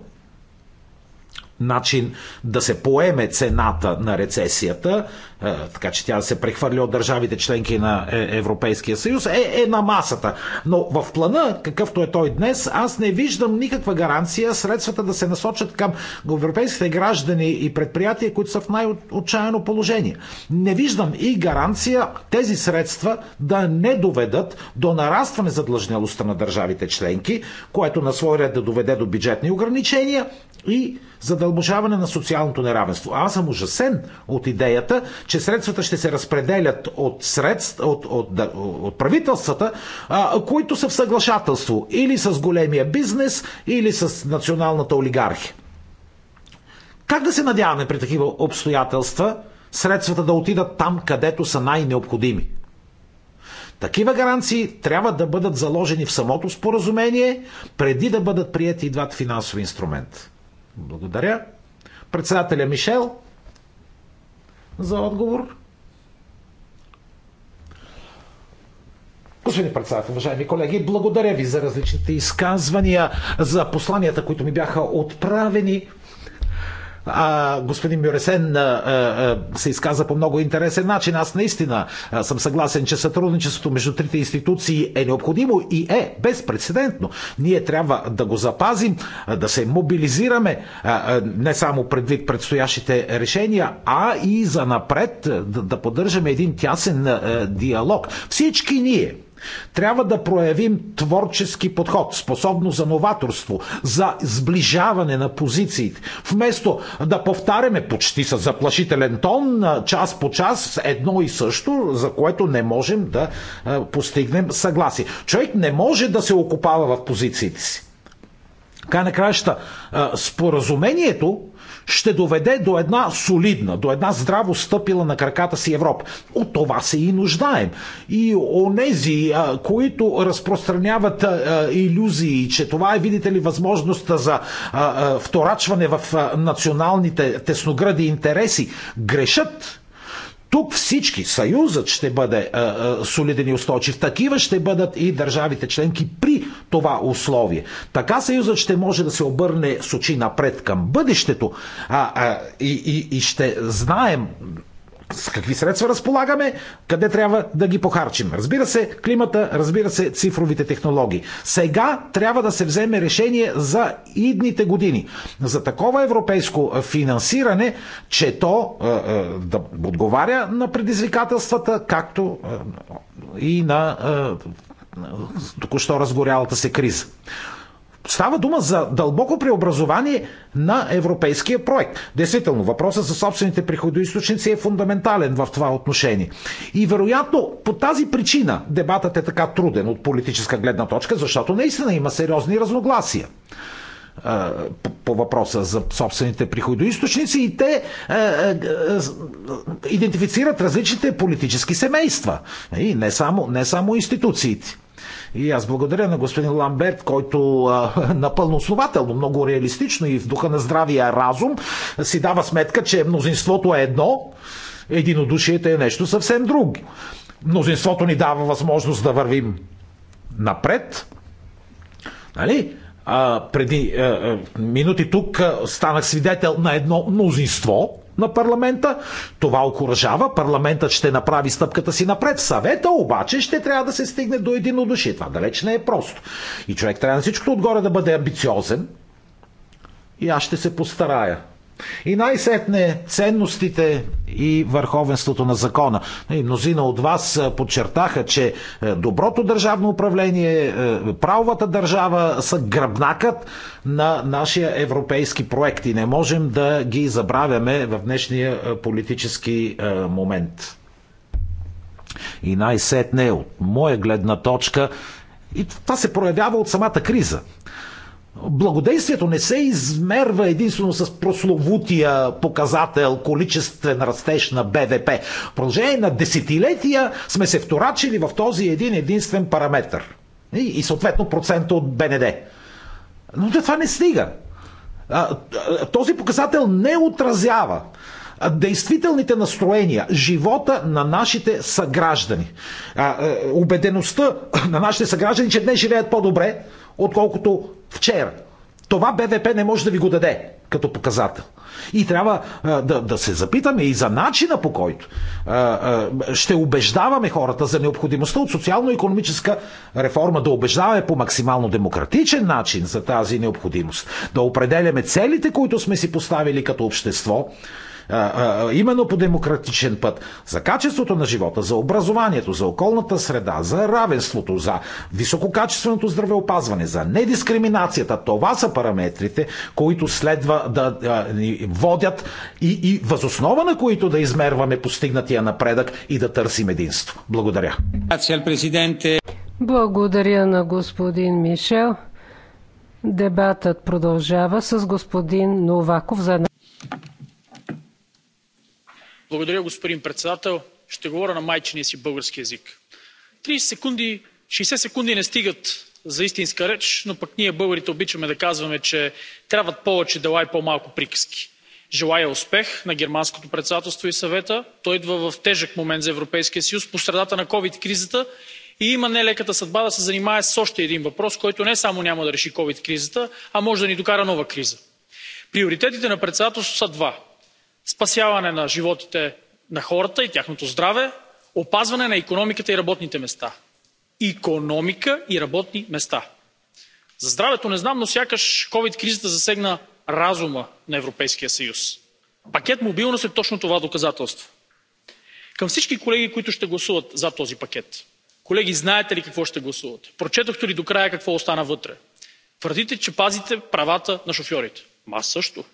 начин да се поеме цената на рецесията, е, така че тя да се прехвърли от държавите членки на е, Европейския съюз, е, е на масата. Но в плана, какъвто е той днес, аз не виждам никаква гаранция средствата да се насочат към европейските граждани и предприятия, които са в най-отчаяно положение. Не виждам и гаранция тези средства да не доведат до нарастване задлъжнялостта на държавите членки, което на свой ред да доведе до бюджетни ограничения и задълбочаване на социалното неравенство. Аз съм ужасен от идеята, че средствата ще се разпределят от, средств, от, от, от, от правителствата, а, които са в съглашателство или с големия бизнес, или с националната олигархия. Как да се надяваме при такива обстоятелства средствата да отидат там, където са най-необходими? Такива гаранции трябва да бъдат заложени в самото споразумение, преди да бъдат прияти и двата финансови инструмента. Благодаря. Председателя Мишел за отговор. Господин председател, уважаеми колеги, благодаря ви за различните изказвания, за посланията, които ми бяха отправени. А господин Мюресен а, а, се изказа по много интересен начин. Аз наистина а, съм съгласен, че сътрудничеството между трите институции е необходимо и е безпредседентно. Ние трябва да го запазим, а, да се мобилизираме а, а, не само предвид предстоящите решения, а и за напред да, да поддържаме един тясен а, диалог. Всички ние, трябва да проявим творчески подход, способно за новаторство, за сближаване на позициите. Вместо да повтаряме почти с заплашителен тон, час по час, едно и също, за което не можем да постигнем съгласие. Човек не може да се окупава в позициите си. Край на краища, споразумението ще доведе до една солидна, до една здраво стъпила на краката си Европа. От това се и нуждаем. И онези, които разпространяват иллюзии, че това е, видите ли, възможността за вторачване в националните тесногради интереси, грешат тук всички, съюзът ще бъде е, е, солиден и устойчив. Такива ще бъдат и държавите членки при това условие. Така съюзът ще може да се обърне с очи напред към бъдещето а, а, и, и, и ще знаем с какви средства разполагаме, къде трябва да ги похарчим. Разбира се, климата, разбира се, цифровите технологии. Сега трябва да се вземе решение за идните години. За такова европейско финансиране, че то е, е да отговаря на предизвикателствата, както е, и на е, току-що разгорялата се криза. Става дума за дълбоко преобразование на европейския проект. Действително, въпросът за собствените приходоисточници е фундаментален в това отношение. И вероятно по тази причина дебатът е така труден от политическа гледна точка, защото наистина има сериозни разногласия по въпроса за собствените приходоисточници и те е, е, е, идентифицират различните политически семейства. И не само, не само институциите. И аз благодаря на господин Ламберт, който а, напълно основателно, много реалистично и в духа на здравия разум си дава сметка, че мнозинството е едно, единодушието е нещо съвсем друго. Мнозинството ни дава възможност да вървим напред. Нали? А, преди а, минути тук станах свидетел на едно мнозинство, на парламента. Това окоръжава, парламентът ще направи стъпката си напред. Съвета обаче ще трябва да се стигне до единодушие. Това далеч не е просто. И човек трябва на всичкото отгоре да бъде амбициозен. И аз ще се постарая и най-сетне ценностите и върховенството на закона. И мнозина от вас подчертаха, че доброто държавно управление, правовата държава са гръбнакът на нашия европейски проект и не можем да ги забравяме в днешния политически момент. И най-сетне от моя гледна точка и това се проявява от самата криза. Благодействието не се измерва единствено с прословутия показател количествен растеж на БВП. В продължение на десетилетия сме се вторачили в този един единствен параметр. И съответно процента от БНД. Но това не стига. Този показател не отразява действителните настроения, живота на нашите съграждани. Убедеността на нашите съграждани, че днес живеят по-добре, отколкото вчера. Това БВП не може да ви го даде като показател. И трябва а, да, да се запитаме и за начина по който а, а, ще убеждаваме хората за необходимостта от социално-економическа реформа, да убеждаваме по максимално демократичен начин за тази необходимост, да определяме целите, които сме си поставили като общество, именно по демократичен път, за качеството на живота, за образованието, за околната среда, за равенството, за висококачественото здравеопазване, за недискриминацията. Това са параметрите, които следва да ни водят и, и възоснова на които да измерваме постигнатия напредък и да търсим единство. Благодаря. Благодаря на господин Мишел. Дебатът продължава с господин Новаков за една благодаря, господин председател. Ще говоря на майчиния си български език. 30 секунди, 60 секунди не стигат за истинска реч, но пък ние българите обичаме да казваме, че трябват повече дела и по-малко приказки. Желая успех на германското председателство и съвета. Той идва в тежък момент за Европейския съюз по средата на COVID кризата и има нелеката съдба да се занимае с още един въпрос, който не само няма да реши COVID кризата, а може да ни докара нова криза. Приоритетите на председателството са два спасяване на животите на хората и тяхното здраве опазване на икономиката и работните места. Икономика и работни места! За здравето не знам, но сякаш ковид кризата засегна разума на Европейския съюз. Пакет мобилност е точно това доказателство. Към всички колеги, които ще гласуват за този пакет. Колеги, знаете ли какво ще гласувате? Прочетохте ли до края какво остана вътре? Твърдите, че пазите правата на шофьорите. Ма аз също.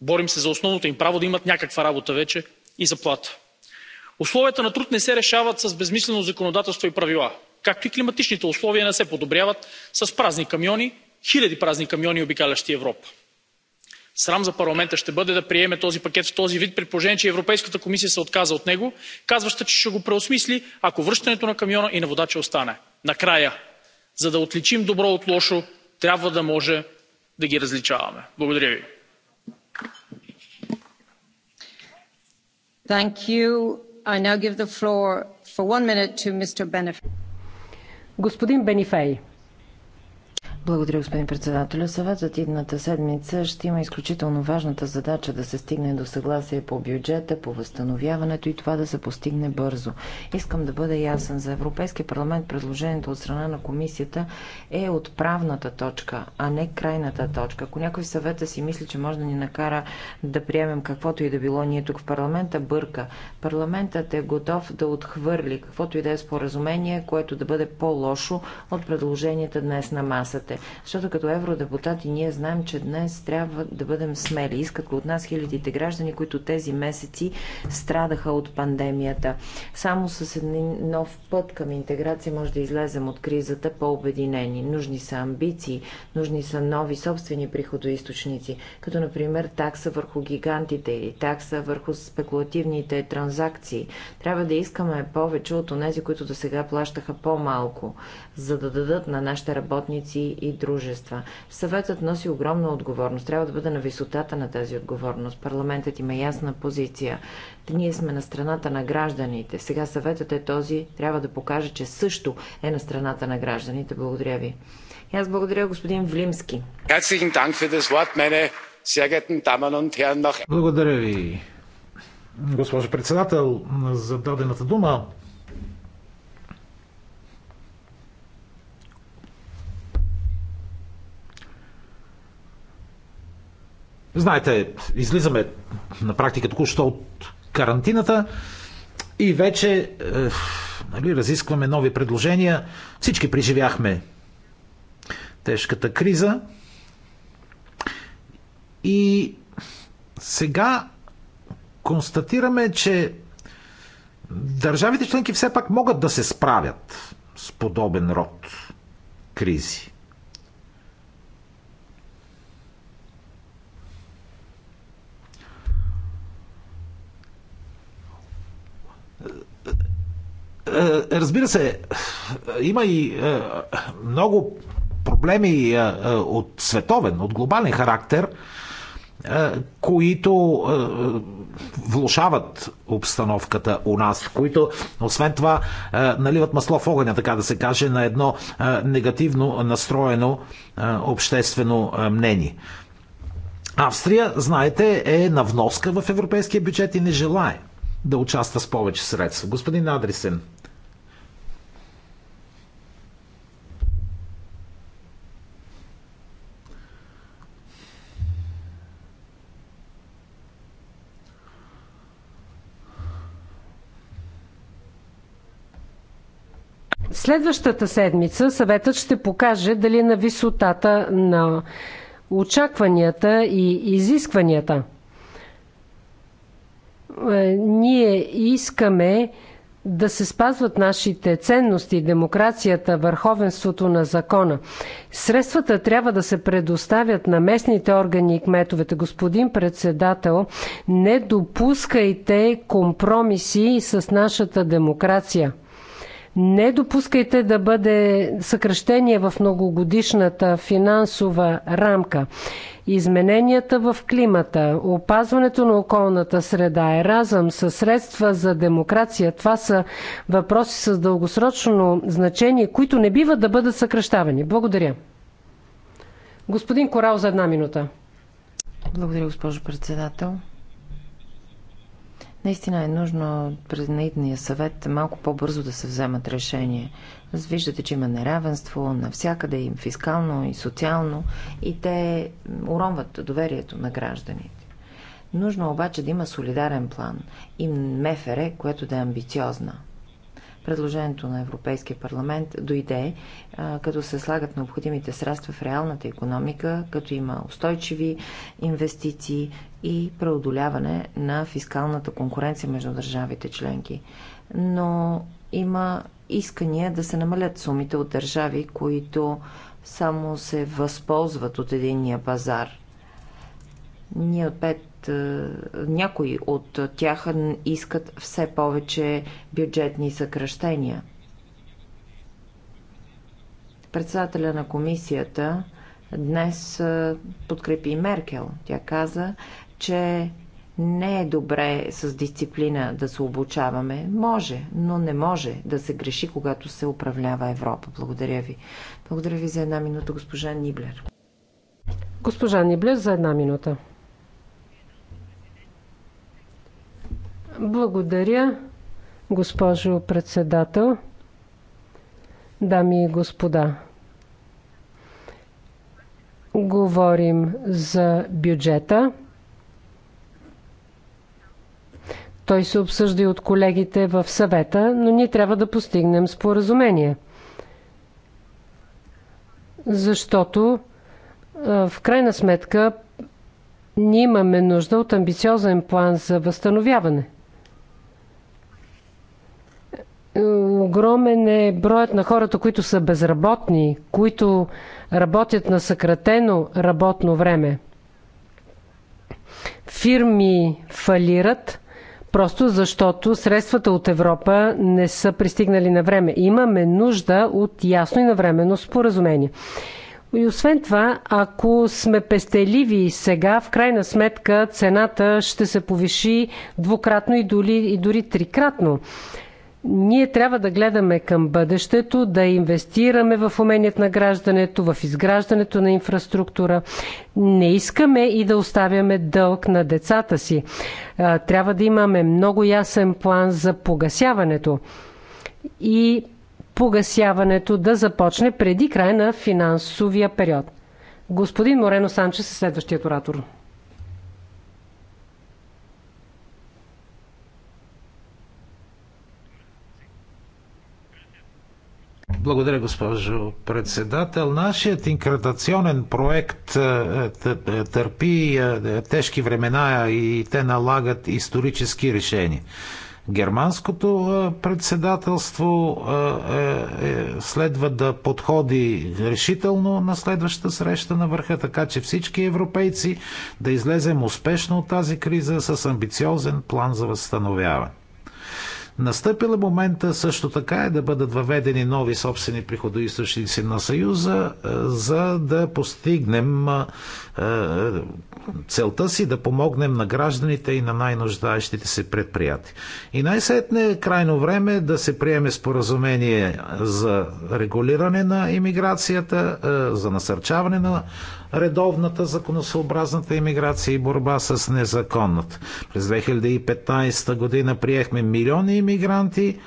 Борим се за основното им право да имат някаква работа вече и заплата. Условията на труд не се решават с безмислено законодателство и правила, както и климатичните условия не се подобряват с празни камиони, хиляди празни камиони, обикалящи Европа. Срам за парламента ще бъде да приеме този пакет в този вид, при положение че Европейската комисия се отказа от него, казваща, че ще го преосмисли, ако връщането на камиона и на водача остане. Накрая, за да отличим добро от лошо, трябва да може да ги различаваме. Благодаря ви. Thank you. I now give the floor for one minute to Mr. Benefit. Господин Бенифей. Благодаря, господин председател. Съвет за тидната седмица ще има изключително важната задача да се стигне до съгласие по бюджета, по възстановяването и това да се постигне бързо. Искам да бъда ясен. За Европейския парламент предложението от страна на комисията е отправната точка, а не крайната точка. Ако някой съвета си мисли, че може да ни накара да приемем каквото и да било ние тук в парламента, бърка. Парламентът е готов да отхвърли каквото и да е споразумение, което да бъде по-лошо от предложенията днес на масата бъдеще. Защото като евродепутати ние знаем, че днес трябва да бъдем смели. Искат от нас хилядите граждани, които тези месеци страдаха от пандемията. Само с един нов път към интеграция може да излезем от кризата по-обединени. Нужни са амбиции, нужни са нови собствени приходоисточници, като например такса върху гигантите или такса върху спекулативните транзакции. Трябва да искаме повече от онези, които до сега плащаха по-малко, за да дадат на нашите работници и дружества. Съветът носи огромна отговорност. Трябва да бъде на висотата на тази отговорност. Парламентът има ясна позиция. Ние сме на страната на гражданите. Сега съветът е този. Трябва да покаже, че също е на страната на гражданите. Благодаря ви. И аз благодаря господин Влимски. Благодаря ви, госпожо председател, за дадената дума. Знаете, излизаме на практика току-що от карантината и вече е, нали, разискваме нови предложения. Всички преживяхме тежката криза и сега констатираме, че държавите членки все пак могат да се справят с подобен род кризи. Е, разбира се, има и е, много проблеми е, от световен, от глобален характер, които влушават обстановката у нас, които освен това наливат масло в огъня, така да се каже, на едно негативно настроено обществено мнение. Австрия, знаете, е на вноска в европейския бюджет и не желае да участва с повече средства. Господин Адресен, Следващата седмица съветът ще покаже дали на висотата на очакванията и изискванията. Е, ние искаме да се спазват нашите ценности, демокрацията, върховенството на закона. Средствата трябва да се предоставят на местните органи и кметовете. Господин председател, не допускайте компромиси с нашата демокрация. Не допускайте да бъде съкръщение в многогодишната финансова рамка. Измененията в климата, опазването на околната среда, разъм със средства за демокрация, това са въпроси с дългосрочно значение, които не бива да бъдат съкръщавани. Благодаря. Господин Корал за една минута. Благодаря, госпожо председател. Наистина е нужно през наидния съвет малко по-бързо да се вземат решение. Виждате, че има неравенство навсякъде, и фискално, и социално, и те уронват доверието на гражданите. Нужно е обаче да има солидарен план и мефере, което да е амбициозна предложението на Европейския парламент дойде, като се слагат необходимите средства в реалната економика, като има устойчиви инвестиции, и преодоляване на фискалната конкуренция между държавите членки. Но има искания да се намалят сумите от държави, които само се възползват от единния пазар. Ние от пет е, някои от тях искат все повече бюджетни съкръщения. Председателя на комисията днес е, подкрепи Меркел. Тя каза, че не е добре с дисциплина да се обучаваме. Може, но не може да се греши, когато се управлява Европа. Благодаря ви. Благодаря ви за една минута, госпожа Ниблер. Госпожа Ниблер, за една минута. Благодаря, госпожо председател, дами и господа. Говорим за бюджета – Той се обсъжда и от колегите в съвета, но ние трябва да постигнем споразумение. Защото в крайна сметка ние имаме нужда от амбициозен план за възстановяване. Огромен е броят на хората, които са безработни, които работят на съкратено работно време. Фирми фалират – просто защото средствата от Европа не са пристигнали на време. Имаме нужда от ясно и навременно споразумение. И освен това, ако сме пестеливи сега, в крайна сметка цената ще се повиши двукратно и дори, и дори трикратно. Ние трябва да гледаме към бъдещето, да инвестираме в уменията на граждането, в изграждането на инфраструктура. Не искаме и да оставяме дълг на децата си. Трябва да имаме много ясен план за погасяването. И погасяването да започне преди края на финансовия период. Господин Морено Санчес е следващият оратор. Благодаря, госпожо председател. Нашият инкредационен проект е, е, е, търпи тежки времена и те налагат исторически решения. Германското председателство следва да подходи решително на следващата среща на върха, така че всички европейци да излезем успешно от тази криза с амбициозен план за възстановяване. Настъпил е момента също така е да бъдат въведени нови собствени приходоисточници на Съюза, е, за да постигнем е, целта си да помогнем на гражданите и на най-нуждаещите се предприятия. И най-сетне е крайно време да се приеме споразумение за регулиране на иммиграцията, е, за насърчаване на редовната законосъобразната иммиграция и борба с незаконната. През 2015 година приехме милиони иммигранти.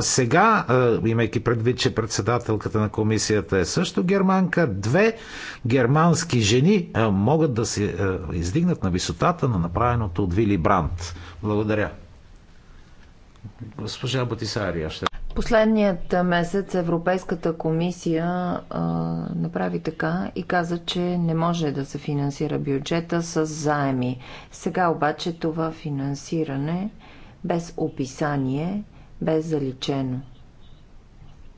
Сега, имайки предвид, че председателката на комисията е също германка, две германски жени могат да се издигнат на висотата на направеното от Вили Бранд. Благодаря. Госпожа Ботисария ще Последният месец Европейската комисия а, направи така и каза, че не може да се финансира бюджета с заеми. Сега обаче това финансиране без описание, без заличено.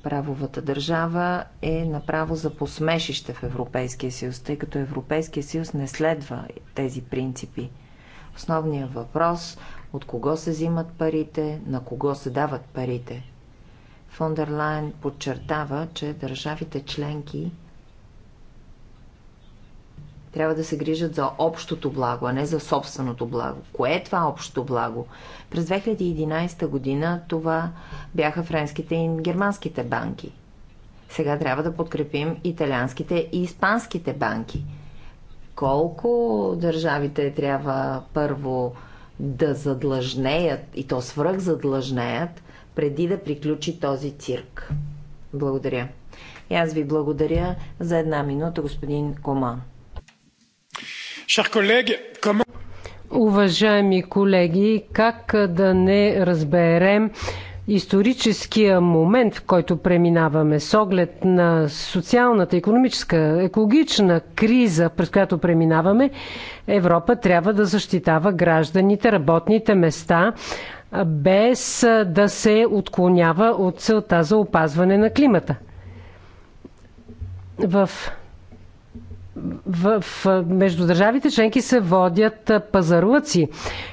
Правовата държава е направо за посмешище в Европейския съюз, тъй като Европейския съюз не следва тези принципи. Основният въпрос от кого се взимат парите, на кого се дават парите – Фондерлайн подчертава, че държавите членки трябва да се грижат за общото благо, а не за собственото благо. Кое е това общото благо? През 2011 година това бяха френските и германските банки. Сега трябва да подкрепим италианските и испанските банки. Колко държавите трябва първо да задлъжнеят, и то свръх задлъжнеят, преди да приключи този цирк. Благодаря. И аз ви благодаря за една минута, господин Коман. Уважаеми колеги, как да не разберем историческия момент, в който преминаваме, с оглед на социалната, економическа, екологична криза, през която преминаваме, Европа трябва да защитава гражданите, работните места, без да се отклонява от целта за опазване на климата. В в, в, между държавите членки се водят пазарлъци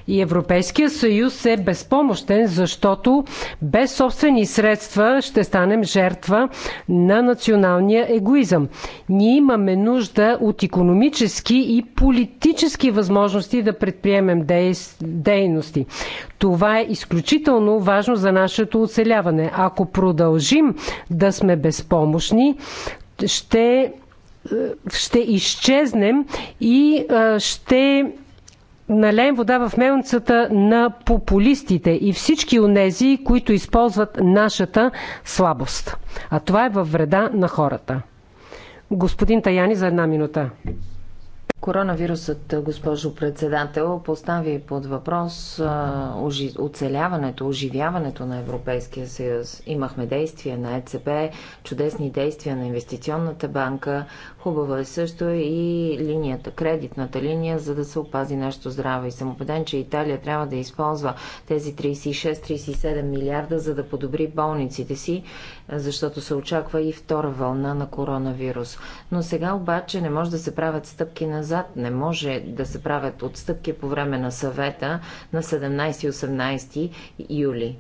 и Европейския съюз е безпомощен, защото без собствени средства ще станем жертва на националния егоизъм. Ние имаме нужда от економически и политически възможности да предприемем дей, дейности. Това е изключително важно за нашето оцеляване. Ако продължим да сме безпомощни, ще ще изчезнем и ще налеем вода в мелницата на популистите и всички онези, които използват нашата слабост. А това е във вреда на хората. Господин Таяни за една минута. Коронавирусът, госпожо председател, постави под въпрос ожи... оцеляването, оживяването на Европейския съюз. Имахме действия на ЕЦБ, чудесни действия на Инвестиционната банка. Хубава е също и линията, кредитната линия, за да се опази нашето здраве. И съм убеден, че Италия трябва да използва тези 36-37 милиарда, за да подобри болниците си защото се очаква и втора вълна на коронавирус. Но сега обаче не може да се правят стъпки назад, не може да се правят отстъпки по време на съвета на 17 18 юли.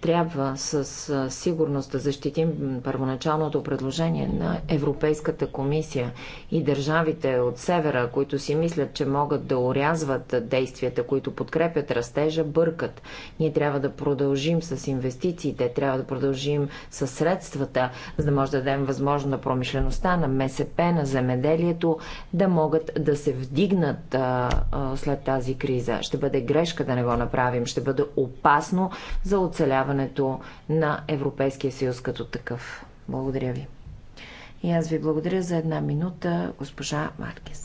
Трябва с сигурност да защитим първоначалното предложение на Европейската комисия и държавите от севера, които си мислят, че могат да урязват действията, които подкрепят растежа, бъркат. Ние трябва да продължим с инвестициите, трябва да продължим с средствата, за да може да дадем възможно на промишлеността, на МСП, на земеделието да могат да се вдигнат а, а, след тази криза. Ще бъде грешка да не го направим, ще бъде опасно за оцеляване разширяването на Европейския съюз като такъв. Благодаря ви. И аз ви благодаря за една минута, госпожа Маркес.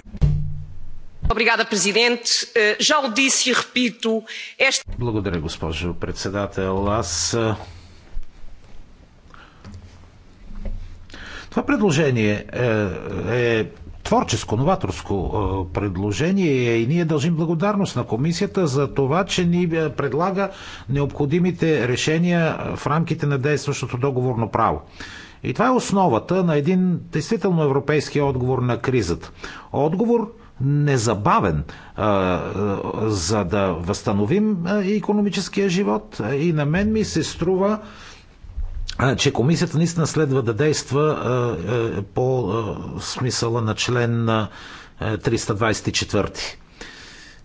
Eh, e благодаря, госпожо председател. Аз э, това предложение э, е, е творческо, новаторско предложение е и ние дължим благодарност на комисията за това, че ни предлага необходимите решения в рамките на действащото договорно право. И това е основата на един действително европейски отговор на кризата. Отговор незабавен, за да възстановим економическия живот. И на мен ми се струва, че комисията наистина следва да действа по смисъла на член 324.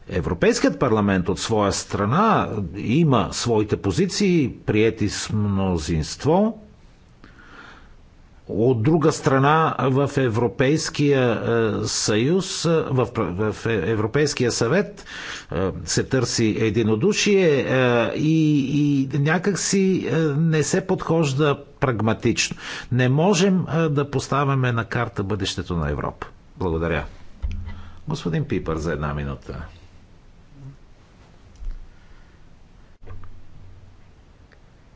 Европейският парламент от своя страна има своите позиции, приети с мнозинство, от друга страна, в Европейския е, съюз, е, в, Европейския съвет е, се търси единодушие и, и някакси не се подхожда прагматично. Не можем да поставяме на карта бъдещето на Европа. Благодаря. Господин Пипър за една минута.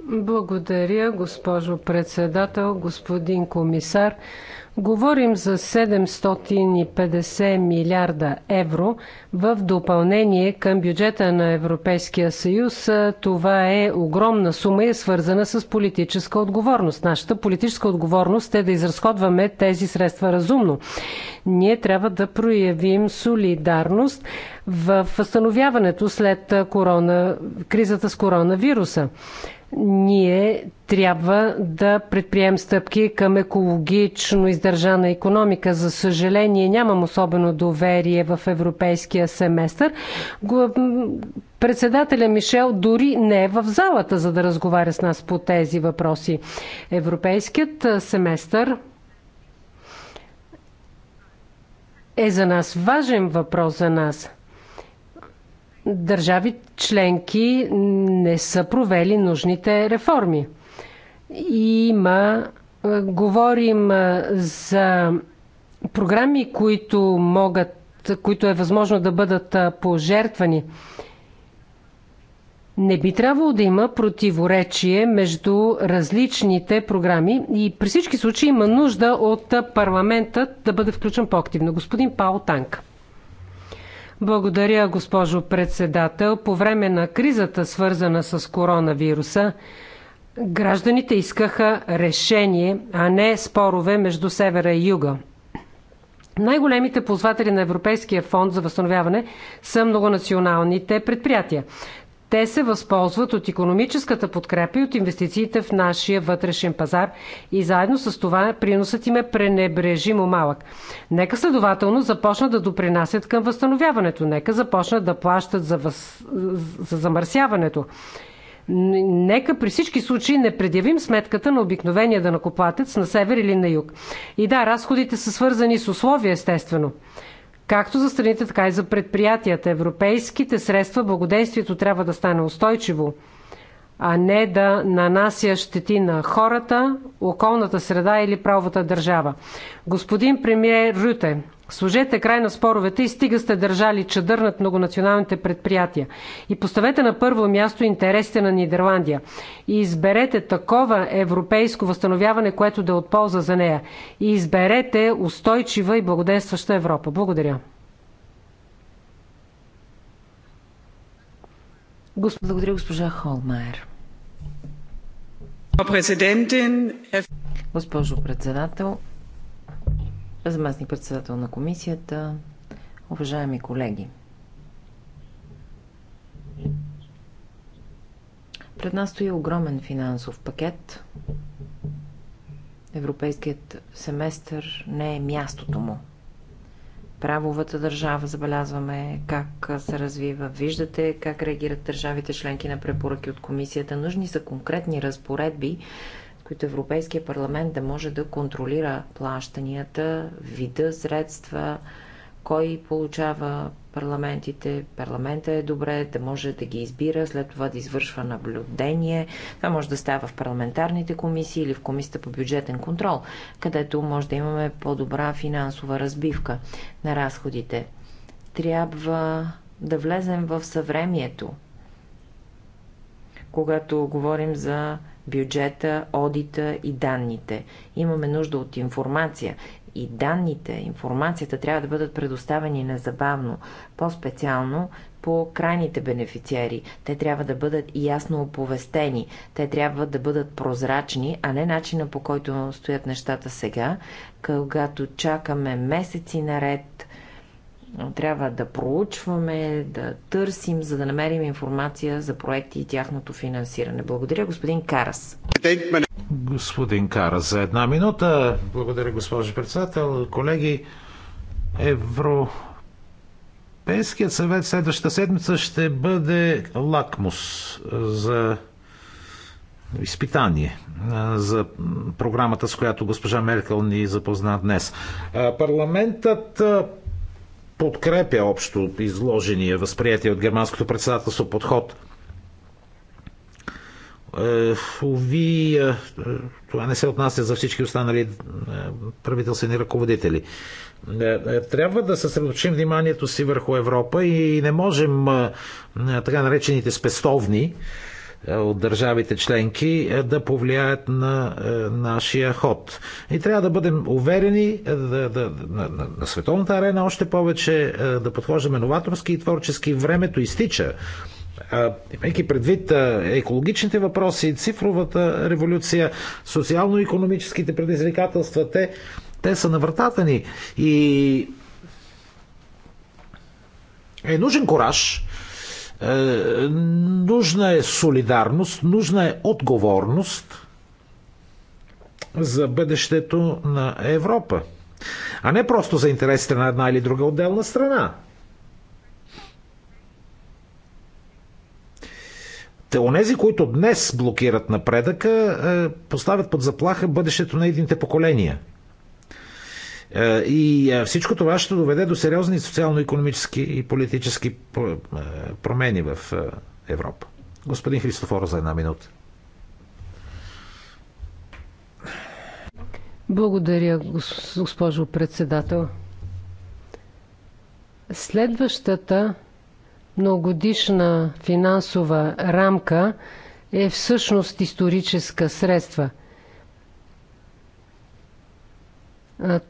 Благодаря, госпожо председател, господин комисар. Говорим за 750 милиарда евро в допълнение към бюджета на Европейския съюз. Това е огромна сума и е свързана с политическа отговорност. Нашата политическа отговорност е да изразходваме тези средства разумно. Ние трябва да проявим солидарност в възстановяването след корона, кризата с коронавируса ние трябва да предприем стъпки към екологично издържана економика. За съжаление, нямам особено доверие в европейския семестър. Председателя Мишел дори не е в залата, за да разговаря с нас по тези въпроси. Европейският семестър е за нас важен въпрос за нас – държави членки не са провели нужните реформи. Има, е, говорим е, за програми, които могат, които е възможно да бъдат е, пожертвани. Не би трябвало да има противоречие между различните програми и при всички случаи има нужда от парламентът да бъде включен по-активно. Господин Пао Танк. Благодаря, госпожо председател. По време на кризата, свързана с коронавируса, гражданите искаха решение, а не спорове между севера и юга. Най-големите ползватели на Европейския фонд за възстановяване са многонационалните предприятия. Те се възползват от економическата подкрепа и от инвестициите в нашия вътрешен пазар и заедно с това приносът им е пренебрежимо малък. Нека следователно започнат да допринасят към възстановяването. Нека започнат да плащат за, въз... за замърсяването. Нека при всички случаи не предявим сметката на обикновения да накоплатец на север или на юг. И да, разходите са свързани с условия, естествено както за страните, така и за предприятията. Европейските средства, благодействието трябва да стане устойчиво, а не да нанася щети на хората, околната среда или правовата държава. Господин премьер Рюте, Сложете край на споровете и стига сте държали чадър над многонационалните предприятия. И поставете на първо място интересите на Нидерландия. И изберете такова европейско възстановяване, което да е от полза за нея. И изберете устойчива и благоденстваща Европа. Благодаря. Благодаря, госпожа Холмайер. Госпожо председател, заместник председател на комисията, уважаеми колеги. Пред нас стои огромен финансов пакет. Европейският семестър не е мястото му. Правовата държава забелязваме как се развива. Виждате как реагират държавите членки на препоръки от комисията. Нужни са конкретни разпоредби, които Европейския парламент да може да контролира плащанията, вида средства, кой получава парламентите, парламента е добре да може да ги избира, след това да извършва наблюдение. Това може да става в парламентарните комисии или в комисията по бюджетен контрол, където може да имаме по-добра финансова разбивка на разходите. Трябва да влезем в съвремието, когато говорим за бюджета, одита и данните. Имаме нужда от информация. И данните, информацията трябва да бъдат предоставени незабавно, по-специално по крайните бенефициери. Те трябва да бъдат ясно оповестени, те трябва да бъдат прозрачни, а не начина по който стоят нещата сега, когато чакаме месеци наред трябва да проучваме, да търсим, за да намерим информация за проекти и тяхното финансиране. Благодаря, господин Карас. Господин Карас, за една минута. Благодаря, госпожо председател. Колеги, Европейският съвет следващата седмица ще бъде лакмус за изпитание за програмата, с която госпожа Меркел ни запозна днес. Парламентът подкрепя общо изложения, възприятия от германското председателство подход. Ови, е, е, това не се отнася за всички останали е, правителствени ръководители. Трябва да съсредоточим вниманието си върху Европа и не можем така наречените спестовни е, от държавите членки е, да повлияят на е, нашия ход. И трябва да бъдем уверени да, да, на, на, на световната арена още повече да подхождаме новаторски и творчески. Времето изтича. Имайки предвид екологичните въпроси, цифровата революция, социално-економическите предизвикателства, те, те са на ни. И е нужен кораж, е, нужна е солидарност, нужна е отговорност за бъдещето на Европа. А не просто за интересите на една или друга отделна страна. Те, онези, които днес блокират напредъка, е, поставят под заплаха бъдещето на едните поколения – е, и е, всичко това ще доведе до сериозни социално-економически и политически е, промени в Европа. Господин Христофор, за една минута. Благодаря, госпожо председател. Следващата многодишна финансова рамка е всъщност историческа средства.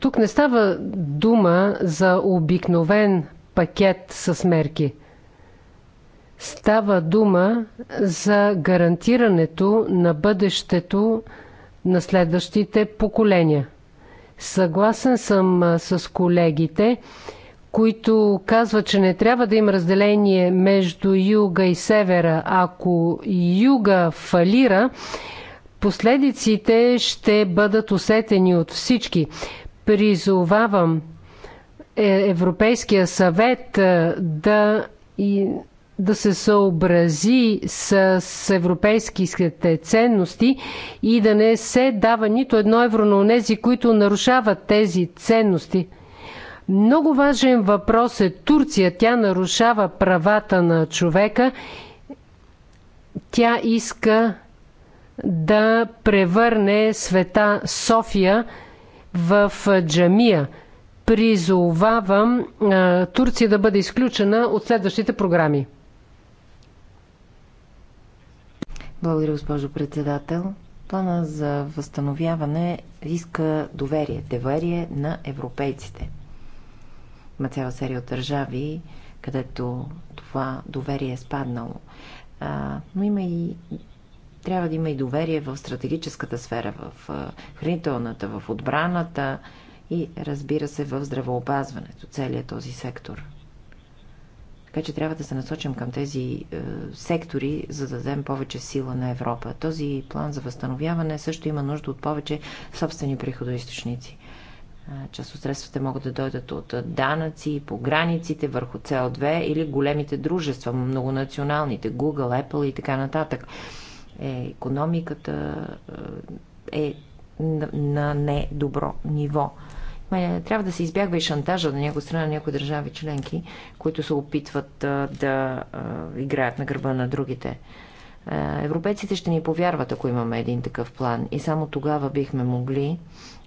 Тук не става дума за обикновен пакет с мерки. Става дума за гарантирането на бъдещето на следващите поколения. Съгласен съм с колегите, които казват, че не трябва да има разделение между юга и севера. Ако юга фалира, Последиците ще бъдат усетени от всички. Призовавам е, Европейския съвет е, да, да се съобрази с, европейските ценности и да не се дава нито едно евро на онези, които нарушават тези ценности. Много важен въпрос е Турция. Тя нарушава правата на човека. Тя иска да превърне света София в джамия. Призовавам Турция да бъде изключена от следващите програми. Благодаря, госпожо председател. Плана за възстановяване иска доверие, доверие на европейците. Има цяла серия от държави, където това доверие е спаднало. А, но има и трябва да има и доверие в стратегическата сфера, в хранителната, в отбраната и разбира се в здравеопазването, целият този сектор. Така че трябва да се насочим към тези е, сектори, за да дадем повече сила на Европа. Този план за възстановяване също има нужда от повече собствени приходоисточници. Част от средствата могат да дойдат от данъци, по границите, върху CO2 или големите дружества, многонационалните, Google, Apple и така нататък е економиката е, е на, на недобро ниво. Е, трябва да се избягва и шантажа на някоя страна, на някои държави членки, които се опитват да играят на гърба на другите. Европейците ще ни повярват, ако имаме един такъв план. И само тогава бихме могли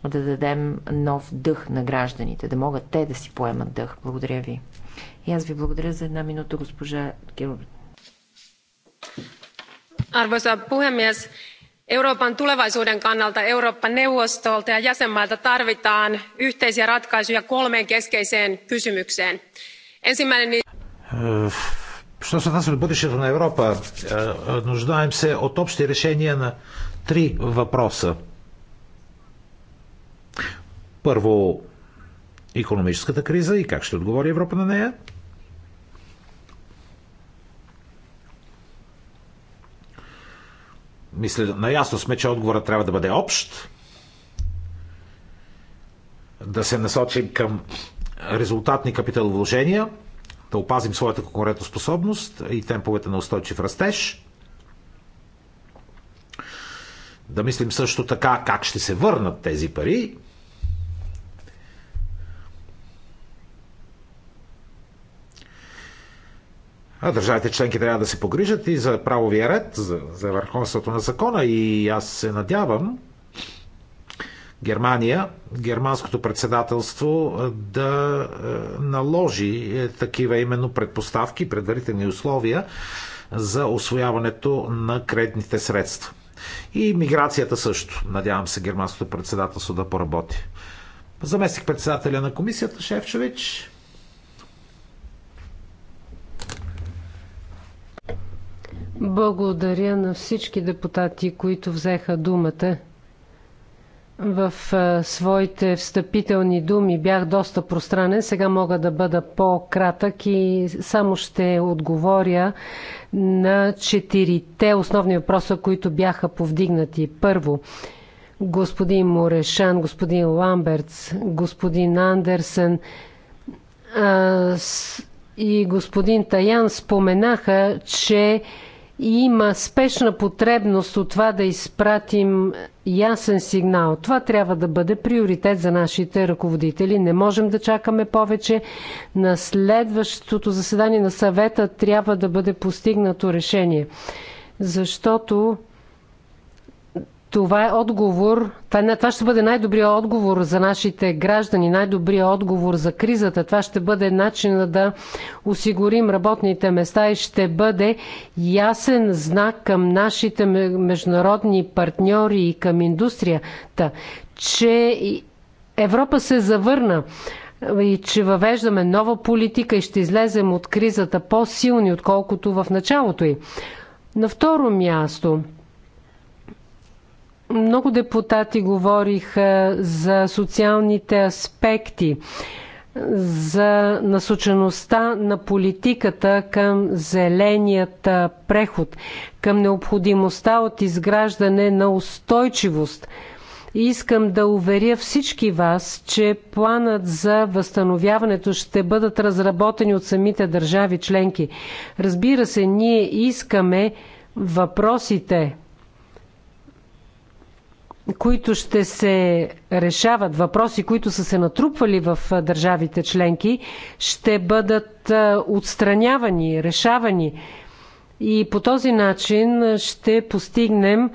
да дадем нов дъх на гражданите, да могат те да си поемат дъх. Благодаря ви. И аз ви благодаря за една минута, госпожа Гилберт arvoisa puhemies euroopan tulevaisuuden kannalta eurooppa neuvostolta ja jäsenmailta tarvitaan yhteisiä ratkaisuja kolmeen keskeiseen kysymykseen. Ensimmäinen... Що се отнася до на Европа, нуждаем от общи решения на три въпроса. Първо, економическата криза и как ще отговори Европа на нея. Мисля, наясно сме, че отговорът трябва да бъде общ, да се насочим към резултатни капиталовложения, да опазим своята конкурентоспособност и темповете на устойчив растеж. Да мислим също така как ще се върнат тези пари А държавите членки трябва да се погрижат и за правовия ред, за, за върховството на закона и аз се надявам Германия, германското председателство да е, наложи е, такива именно предпоставки, предварителни условия за освояването на кредитните средства. И миграцията също. Надявам се германското председателство да поработи. Заместих председателя на комисията Шефчович Благодаря на всички депутати, които взеха думата. В своите встъпителни думи бях доста пространен. Сега мога да бъда по-кратък и само ще отговоря на четирите основни въпроса, които бяха повдигнати. Първо, господин Морешан, господин Ламбертс, господин Андерсен и господин Таян споменаха, че има спешна потребност от това да изпратим ясен сигнал. Това трябва да бъде приоритет за нашите ръководители. Не можем да чакаме повече. На следващото заседание на съвета трябва да бъде постигнато решение. Защото това е отговор, това, е това ще бъде най-добрият отговор за нашите граждани, най-добрият отговор за кризата. Това ще бъде начин да осигурим работните места и ще бъде ясен знак към нашите международни партньори и към индустрията, че Европа се завърна и че въвеждаме нова политика и ще излезем от кризата по-силни, отколкото в началото й. На второ място – много депутати говориха за социалните аспекти, за насочеността на политиката към зеленият преход, към необходимостта от изграждане на устойчивост. И искам да уверя всички вас, че планът за възстановяването ще бъдат разработени от самите държави членки. Разбира се, ние искаме въпросите, които ще се решават, въпроси, които са се натрупвали в държавите членки, ще бъдат отстранявани, решавани. И по този начин ще постигнем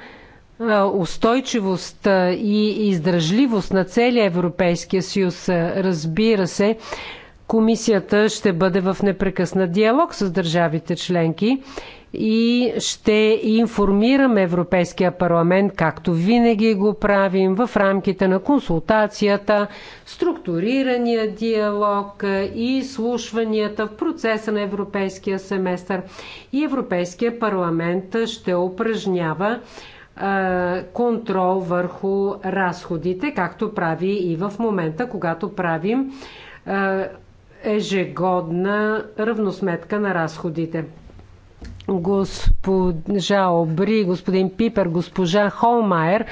устойчивост и издръжливост на целия Европейския съюз. Разбира се, Комисията ще бъде в непрекъснат диалог с държавите членки и ще информираме Европейския парламент, както винаги го правим, в рамките на консултацията, структурирания диалог и слушванията в процеса на Европейския семестър. И Европейския парламент ще упражнява контрол върху разходите, както прави и в момента, когато правим ежегодна равносметка на разходите. Госпожа Обри, господин Пипер, госпожа Холмайер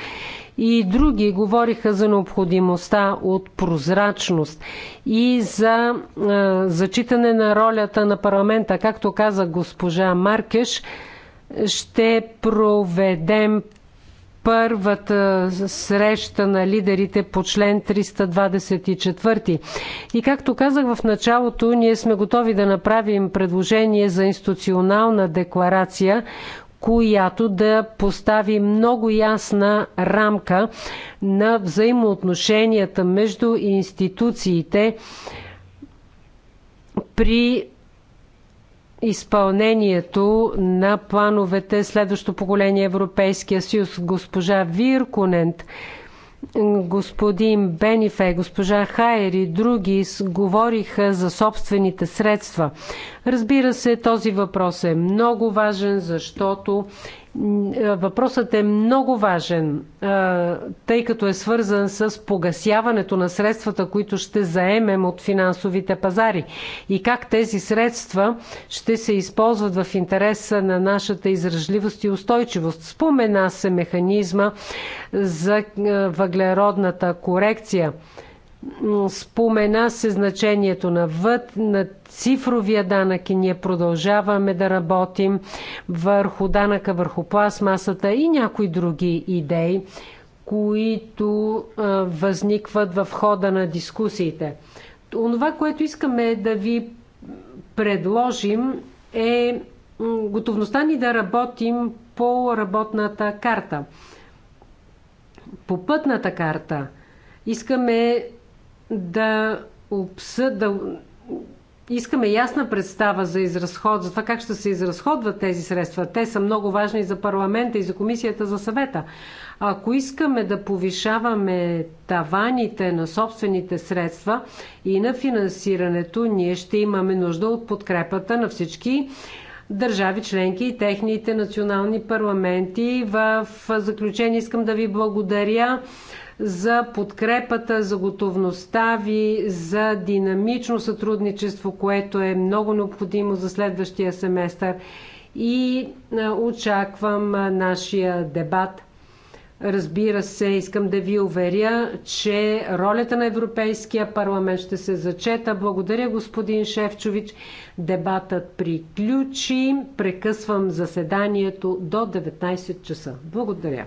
и други говориха за необходимостта от прозрачност и за е, зачитане на ролята на парламента. Както каза госпожа Маркеш, ще проведем първата среща на лидерите по член 324. И както казах в началото, ние сме готови да направим предложение за институционална декларация, която да постави много ясна рамка на взаимоотношенията между институциите при изпълнението на плановете следващо поколение Европейския съюз. Госпожа Вирконент, господин Бенифе, госпожа Хайер и други говориха за собствените средства. Разбира се, този въпрос е много важен, защото Въпросът е много важен, тъй като е свързан с погасяването на средствата, които ще заемем от финансовите пазари и как тези средства ще се използват в интереса на нашата изражливост и устойчивост. Спомена се механизма за въглеродната корекция. Спомена се значението на, въд, на цифровия данък и ние продължаваме да работим върху данъка, върху пластмасата и някои други идеи, които възникват в хода на дискусиите. Онова, което искаме да ви предложим е готовността ни да работим по работната карта. По пътната карта искаме да обсъда, искаме ясна представа за изразход, за това как ще се изразходват тези средства. Те са много важни за парламента и за комисията за съвета. Ако искаме да повишаваме таваните на собствените средства и на финансирането, ние ще имаме нужда от подкрепата на всички държави членки и техните национални парламенти. В заключение искам да ви благодаря за подкрепата, за готовността ви, за динамично сътрудничество, което е много необходимо за следващия семестър. И очаквам нашия дебат. Разбира се, искам да ви уверя, че ролята на Европейския парламент ще се зачета. Благодаря, господин Шевчович. Дебатът приключи. Прекъсвам заседанието до 19 часа. Благодаря.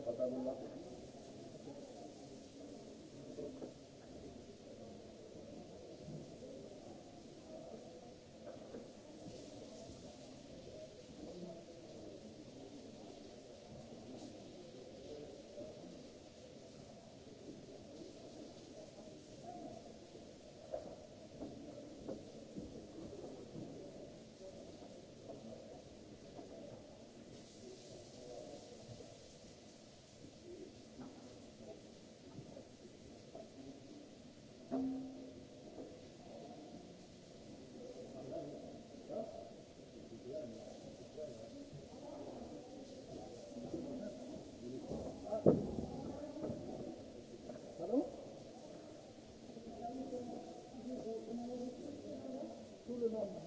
का पता मिलना चाहिए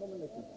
Thank you.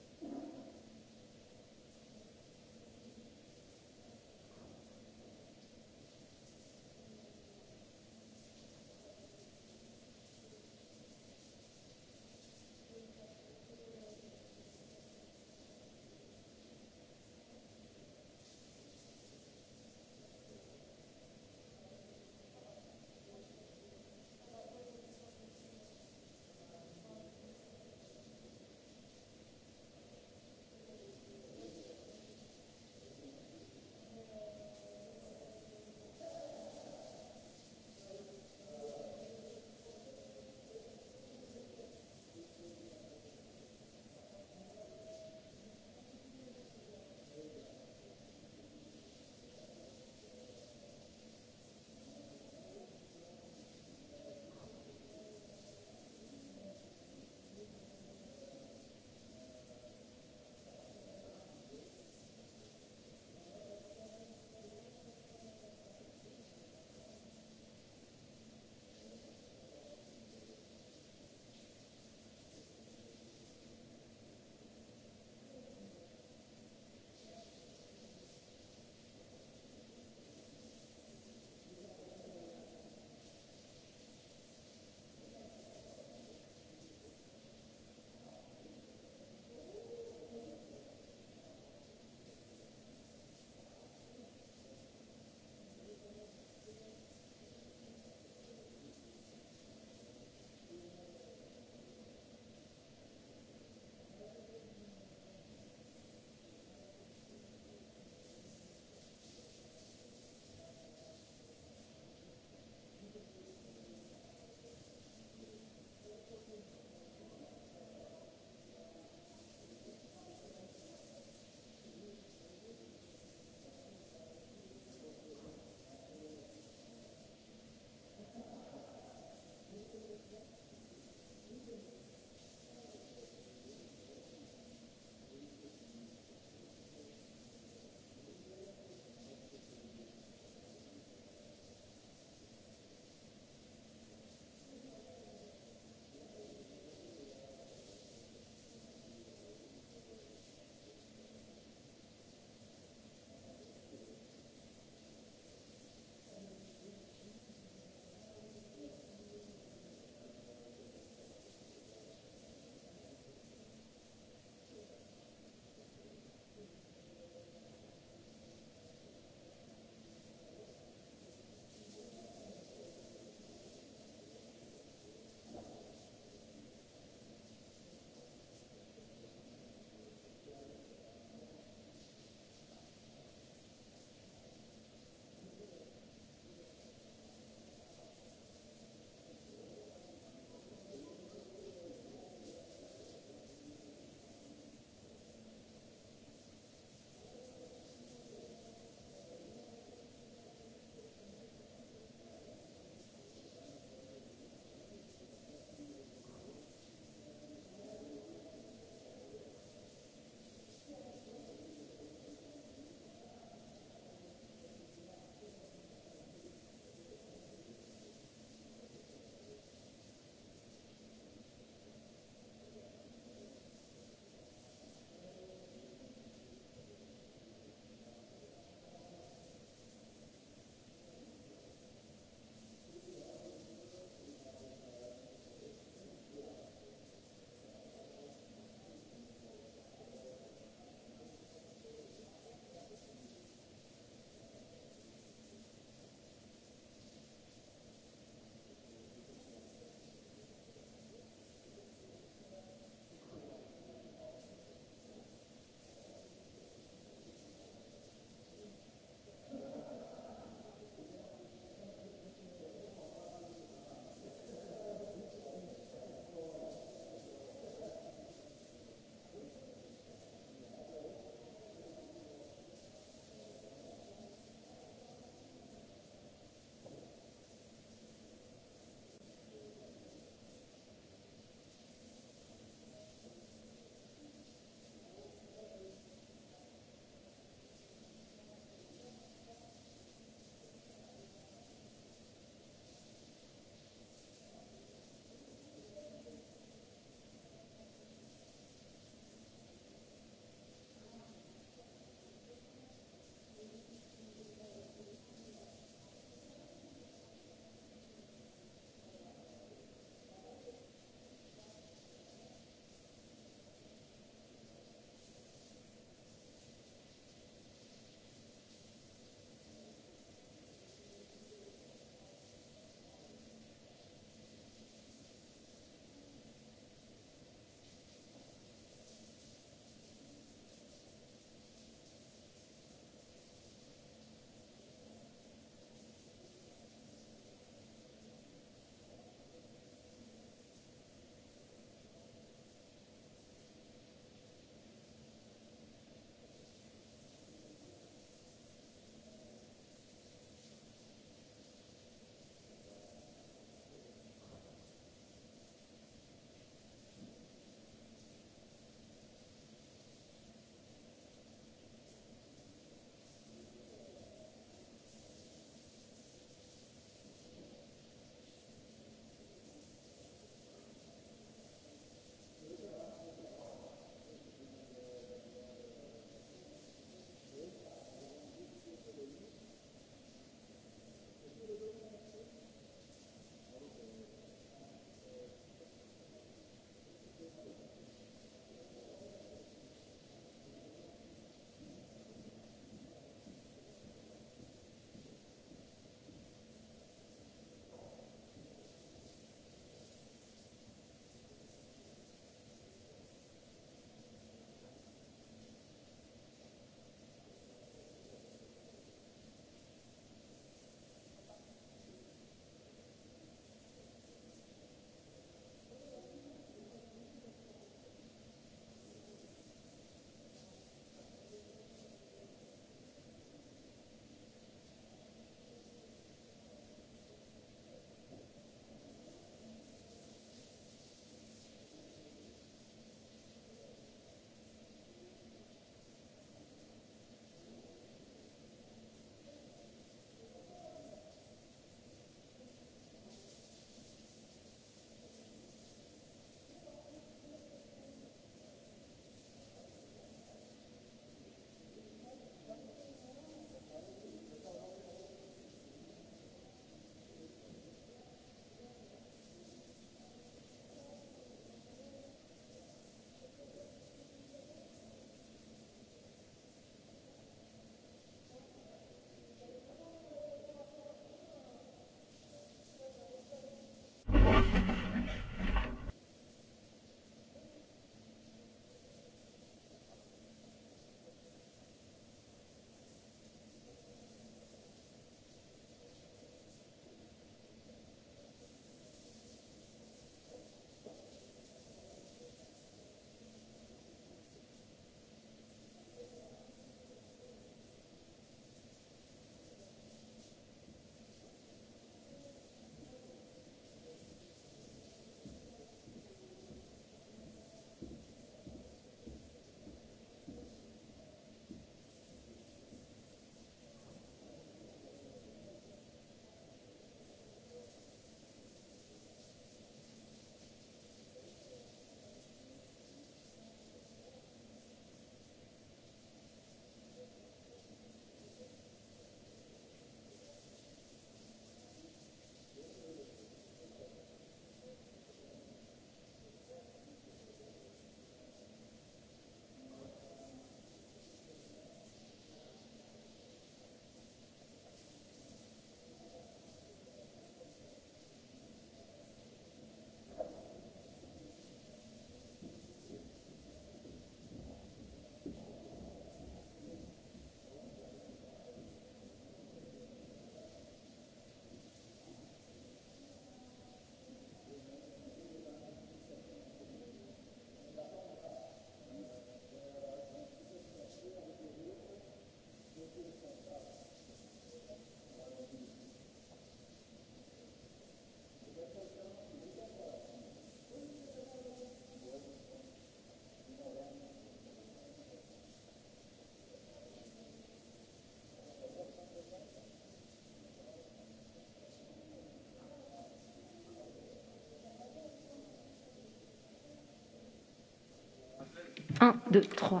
1, 2, 3.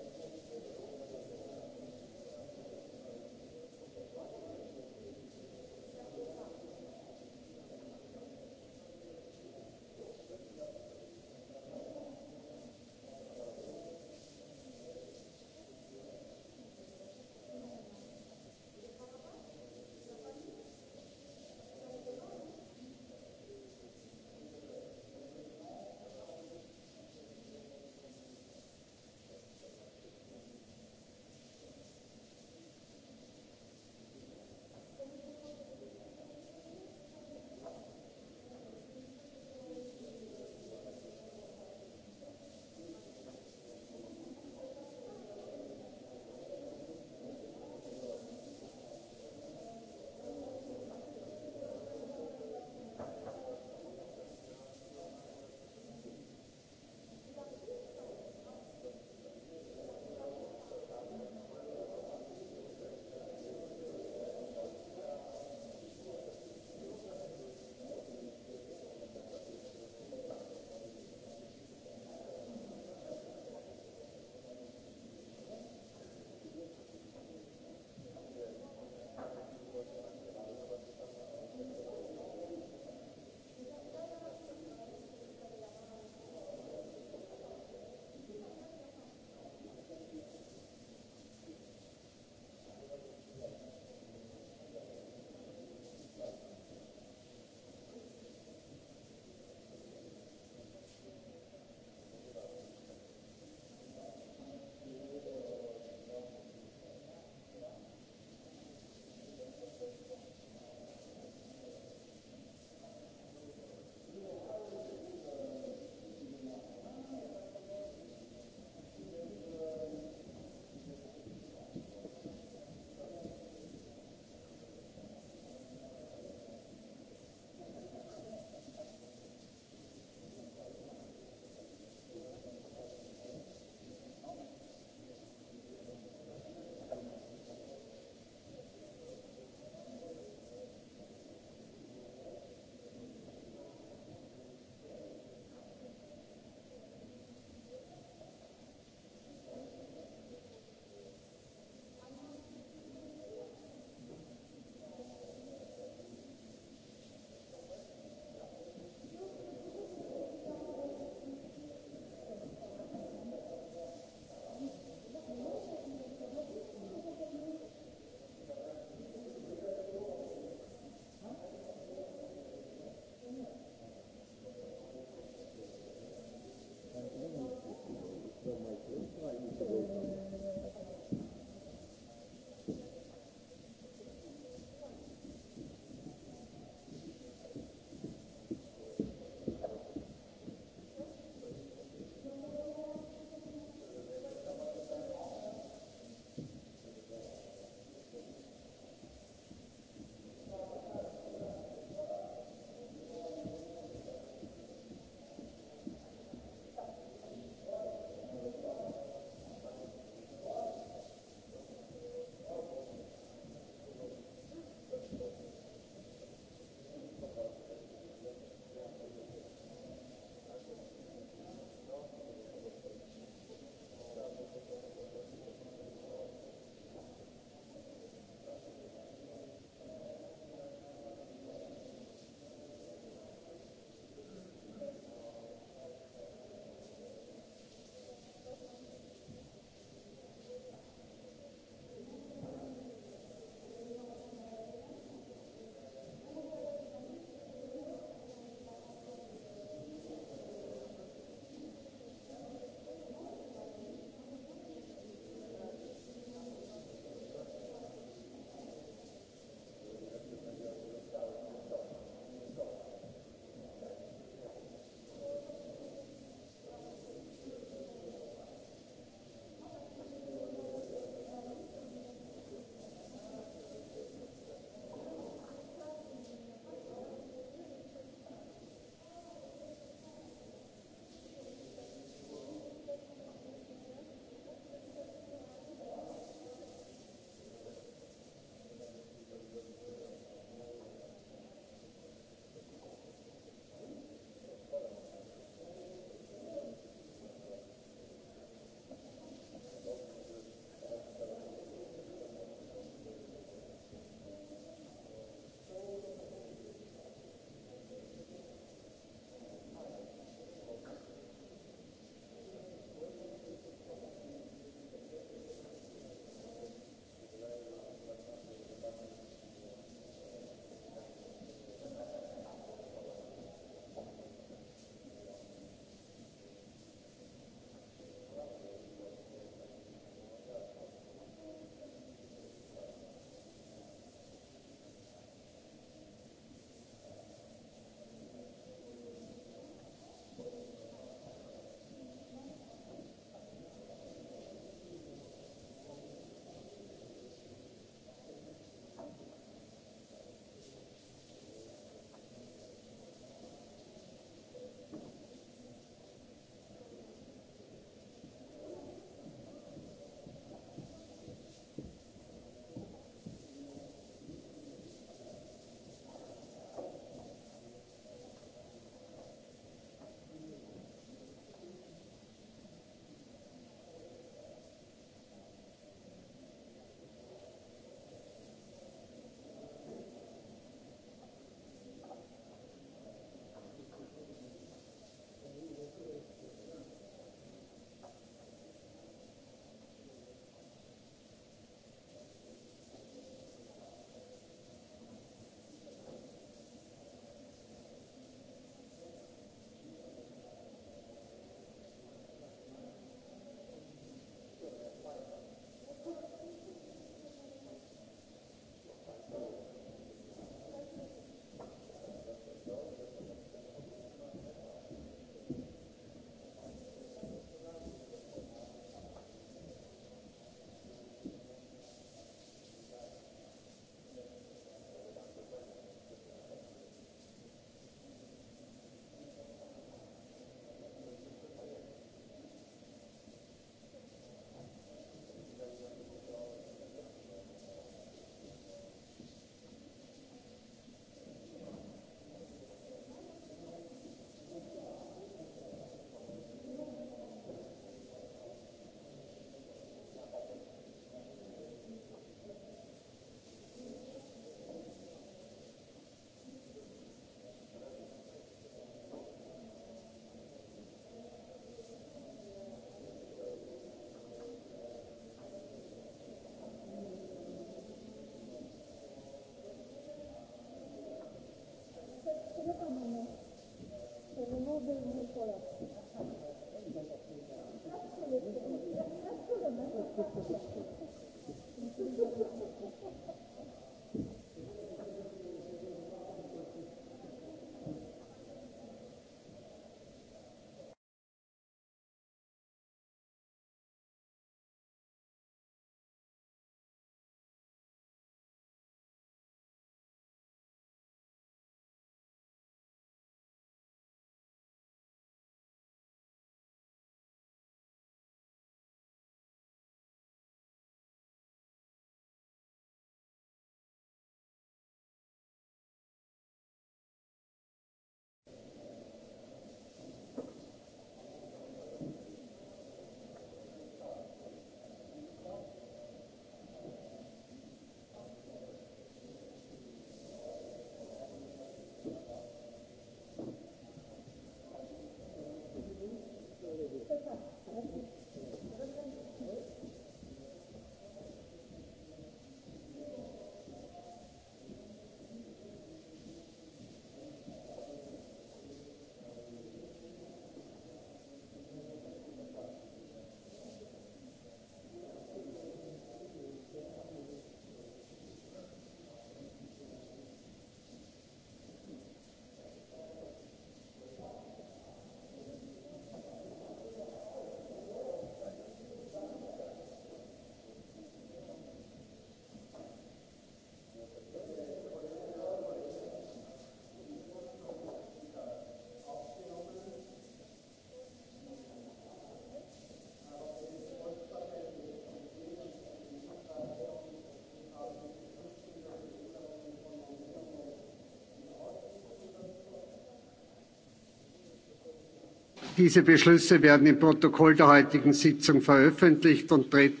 Diese Beschlüsse werden im Protokoll der heutigen Sitzung veröffentlicht und treten.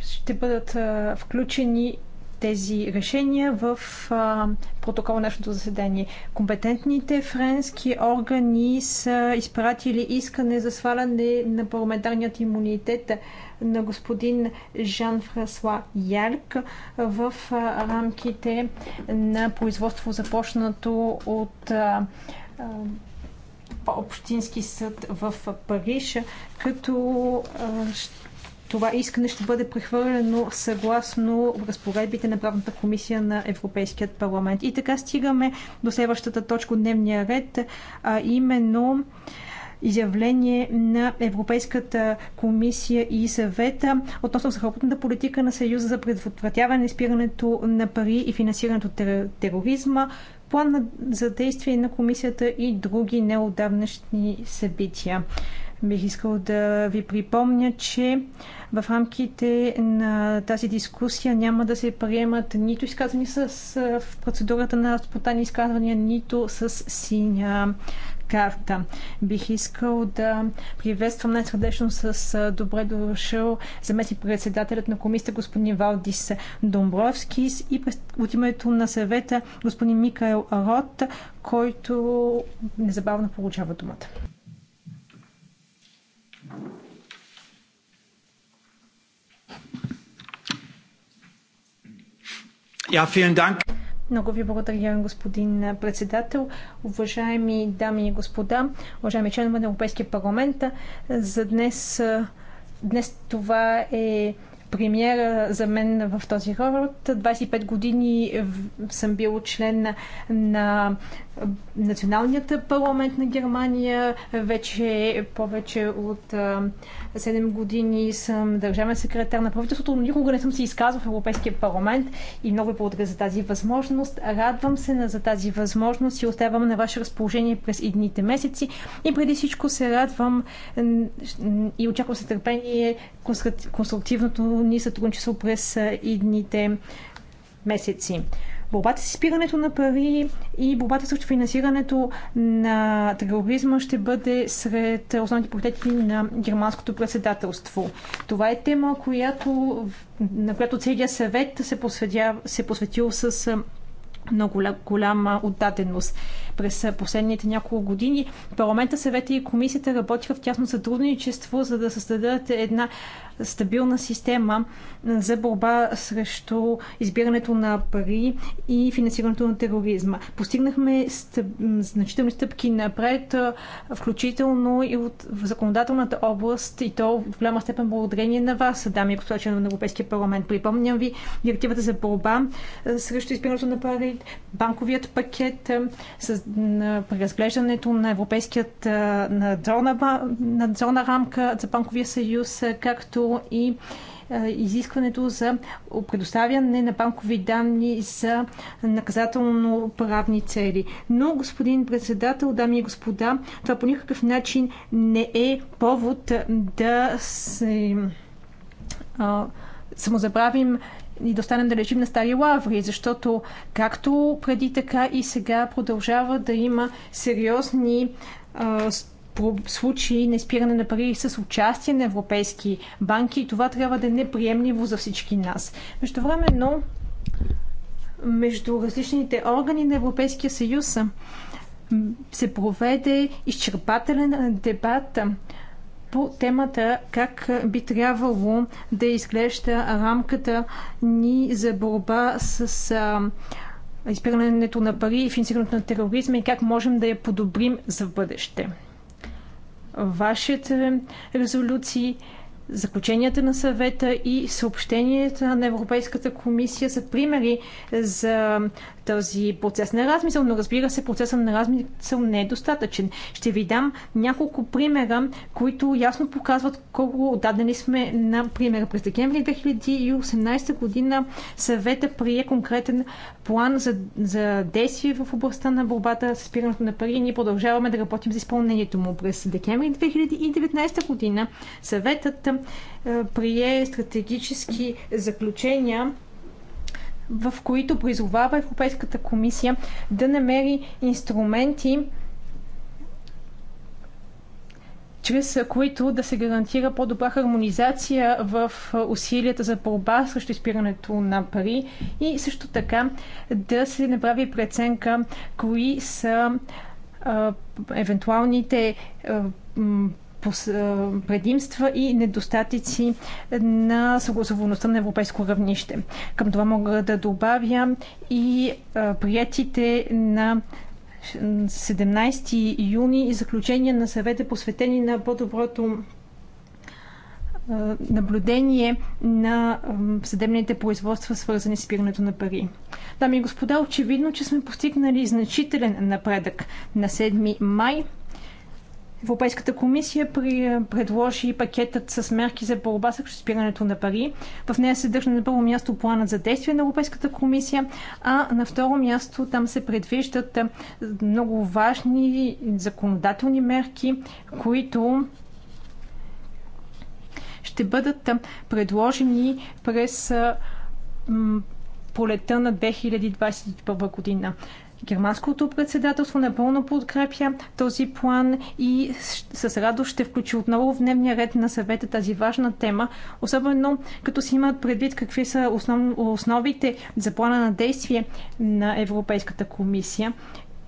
Ще бъдат включени тези решения в протокол на нашето заседание. Компетентните френски органи са изпратили искане за сваляне на парламентарният имунитет на господин Жан-Франсуа Ярк в рамките на производство започнато от общински съд в Париж, като това искане ще бъде прехвърлено съгласно разпоредбите на правната комисия на Европейският парламент. И така стигаме до следващата точка от дневния ред, а именно изявление на Европейската комисия и съвета относно всеобхватната политика на Съюза за предотвратяване на изпирането на пари и финансирането тер- тероризма план за действие на комисията и други неодавнашни събития. Бих искал да ви припомня, че в рамките на тази дискусия няма да се приемат нито изказвани с, в процедурата на спонтанни изказвания, нито с синя карта. Бих искал да приветствам най-сърдечно с добре дошъл заместник председателят на комисията господин Валдис Домбровски и от името на съвета господин Микаел Рот, който незабавно получава думата. Ja, vielen Dank. Много ви благодаря, господин председател. Уважаеми дами и господа, уважаеми членове на Европейския парламент, за днес, днес това е премиера за мен в този род. 25 години съм бил член на Националният парламент на Германия вече е повече от 7 години съм държавен секретар на правителството, но никога не съм се изказвал в Европейския парламент и много благодаря за тази възможност. Радвам се за тази възможност и оставам на ваше разположение през идните месеци и преди всичко се радвам и очаквам с търпение конструктивното ни сътрудничество през идните месеци борбата с изпирането на пари и борбата срещу финансирането на тероризма ще бъде сред основните приоритети на германското председателство. Това е тема, която, на която целият съвет се, посветя, се посветил с много голяма отдаденост през последните няколко години. Парламента, съвета и комисията работиха в тясно сътрудничество, за да създадат една стабилна система за борба срещу избирането на пари и финансирането на тероризма. Постигнахме стъп... значителни стъпки напред, включително и от в законодателната област и то в голяма степен благодарение на вас, дами и господа на Европейския парламент. Припомням ви директивата за борба срещу избирането на пари, банковият пакет, с на преразглеждането на европейският надзорна, рамка за банковия съюз, както и изискването за предоставяне на банкови данни за наказателно-правни цели. Но, господин председател, дами и господа, това по никакъв начин не е повод да се самозабравим и да останем да лежим на стари лаври, защото както преди, така и сега продължава да има сериозни случаи на изпиране на пари с участие на европейски банки и това трябва да е неприемливо за всички нас. Между времено, между различните органи на Европейския съюз се проведе изчерпателен дебат по темата как би трябвало да изглежда рамката ни за борба с изпирането на пари и финансирането на тероризма и как можем да я подобрим за бъдеще. Вашите резолюции, заключенията на съвета и съобщенията на Европейската комисия са примери за този процес на размисъл, но разбира се, процесът на размисъл не е достатъчен. Ще ви дам няколко примера, които ясно показват колко отдадени сме на примера. През декември 2018 година съвета прие конкретен план за, за действие в областта на борбата с спирането на пари и ние продължаваме да работим за изпълнението му. През декември 2019 година съветът е, прие стратегически заключения в които призовава Европейската комисия да намери инструменти, чрез които да се гарантира по-добра хармонизация в усилията за борба срещу изпирането на пари и също така да се направи преценка кои са евентуалните а, предимства и недостатъци на съгласуваността на европейско равнище. Към това мога да добавя и приятите на 17 юни и заключения на съвета, посветени на по-доброто наблюдение на съдебните производства, свързани с пирането на пари. Дами и господа, очевидно, че сме постигнали значителен напредък. На 7 май Европейската комисия при, е, предложи пакетът с мерки за борба срещу спирането на пари. В нея се държа на първо място планът за действие на Европейската комисия, а на второ място там се предвиждат е, много важни законодателни мерки, които ще бъдат е, предложени през полета на 2021 година. Германското председателство напълно подкрепя този план и с радост ще включи отново в дневния ред на съвета тази важна тема, особено като си имат предвид какви са основ... основите за плана на действие на Европейската комисия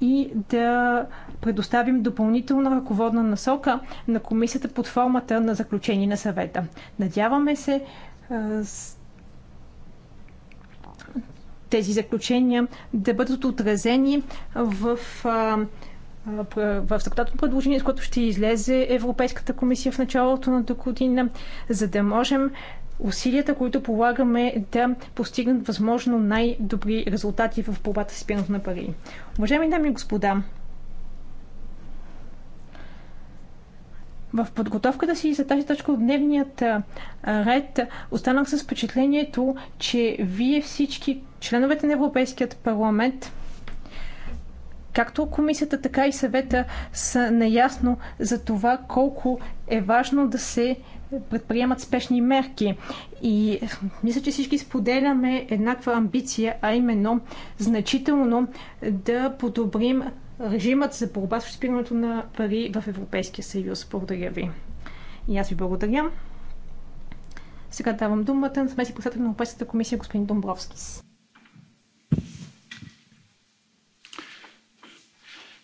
и да предоставим допълнителна ръководна насока на комисията под формата на заключение на съвета. Надяваме се тези заключения да бъдат отразени в в съкратното предложение, с което ще излезе Европейската комисия в началото на до година, за да можем усилията, които полагаме да постигнат възможно най-добри резултати в борбата с пирането на пари. Уважаеми дами и господа, В подготовката си за тази точка от дневният ред останах с впечатлението, че вие всички, членовете на Европейският парламент, както комисията, така и съвета са наясно за това колко е важно да се предприемат спешни мерки. И мисля, че всички споделяме еднаква амбиция, а именно значително да подобрим режимът за борба с изпирането на пари в Европейския съюз. Благодаря ви. И аз ви благодаря. Сега давам думата на смеси председател на Европейската комисия господин Домбровски.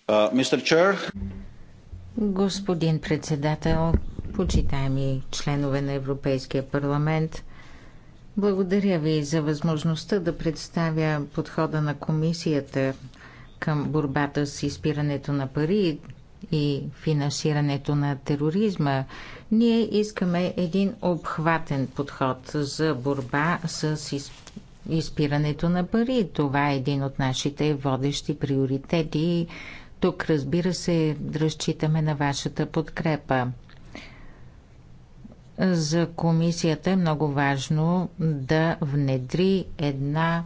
Uh, господин председател, почитаеми членове на Европейския парламент, благодаря ви за възможността да представя подхода на комисията към борбата с изпирането на пари и финансирането на тероризма, ние искаме един обхватен подход за борба с изпирането на пари. Това е един от нашите водещи приоритети. Тук, разбира се, разчитаме на вашата подкрепа. За комисията е много важно да внедри една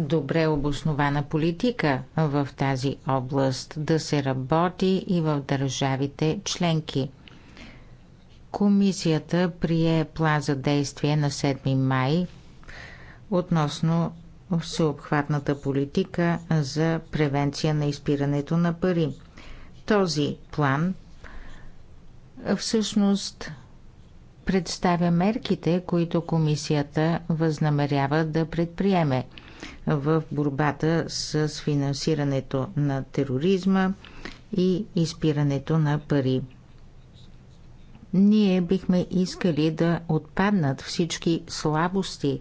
добре обоснована политика в тази област, да се работи и в държавите членки. Комисията прие план за действие на 7 май относно всеобхватната политика за превенция на изпирането на пари. Този план всъщност представя мерките, които комисията възнамерява да предприеме – в борбата с финансирането на тероризма и изпирането на пари. Ние бихме искали да отпаднат всички слабости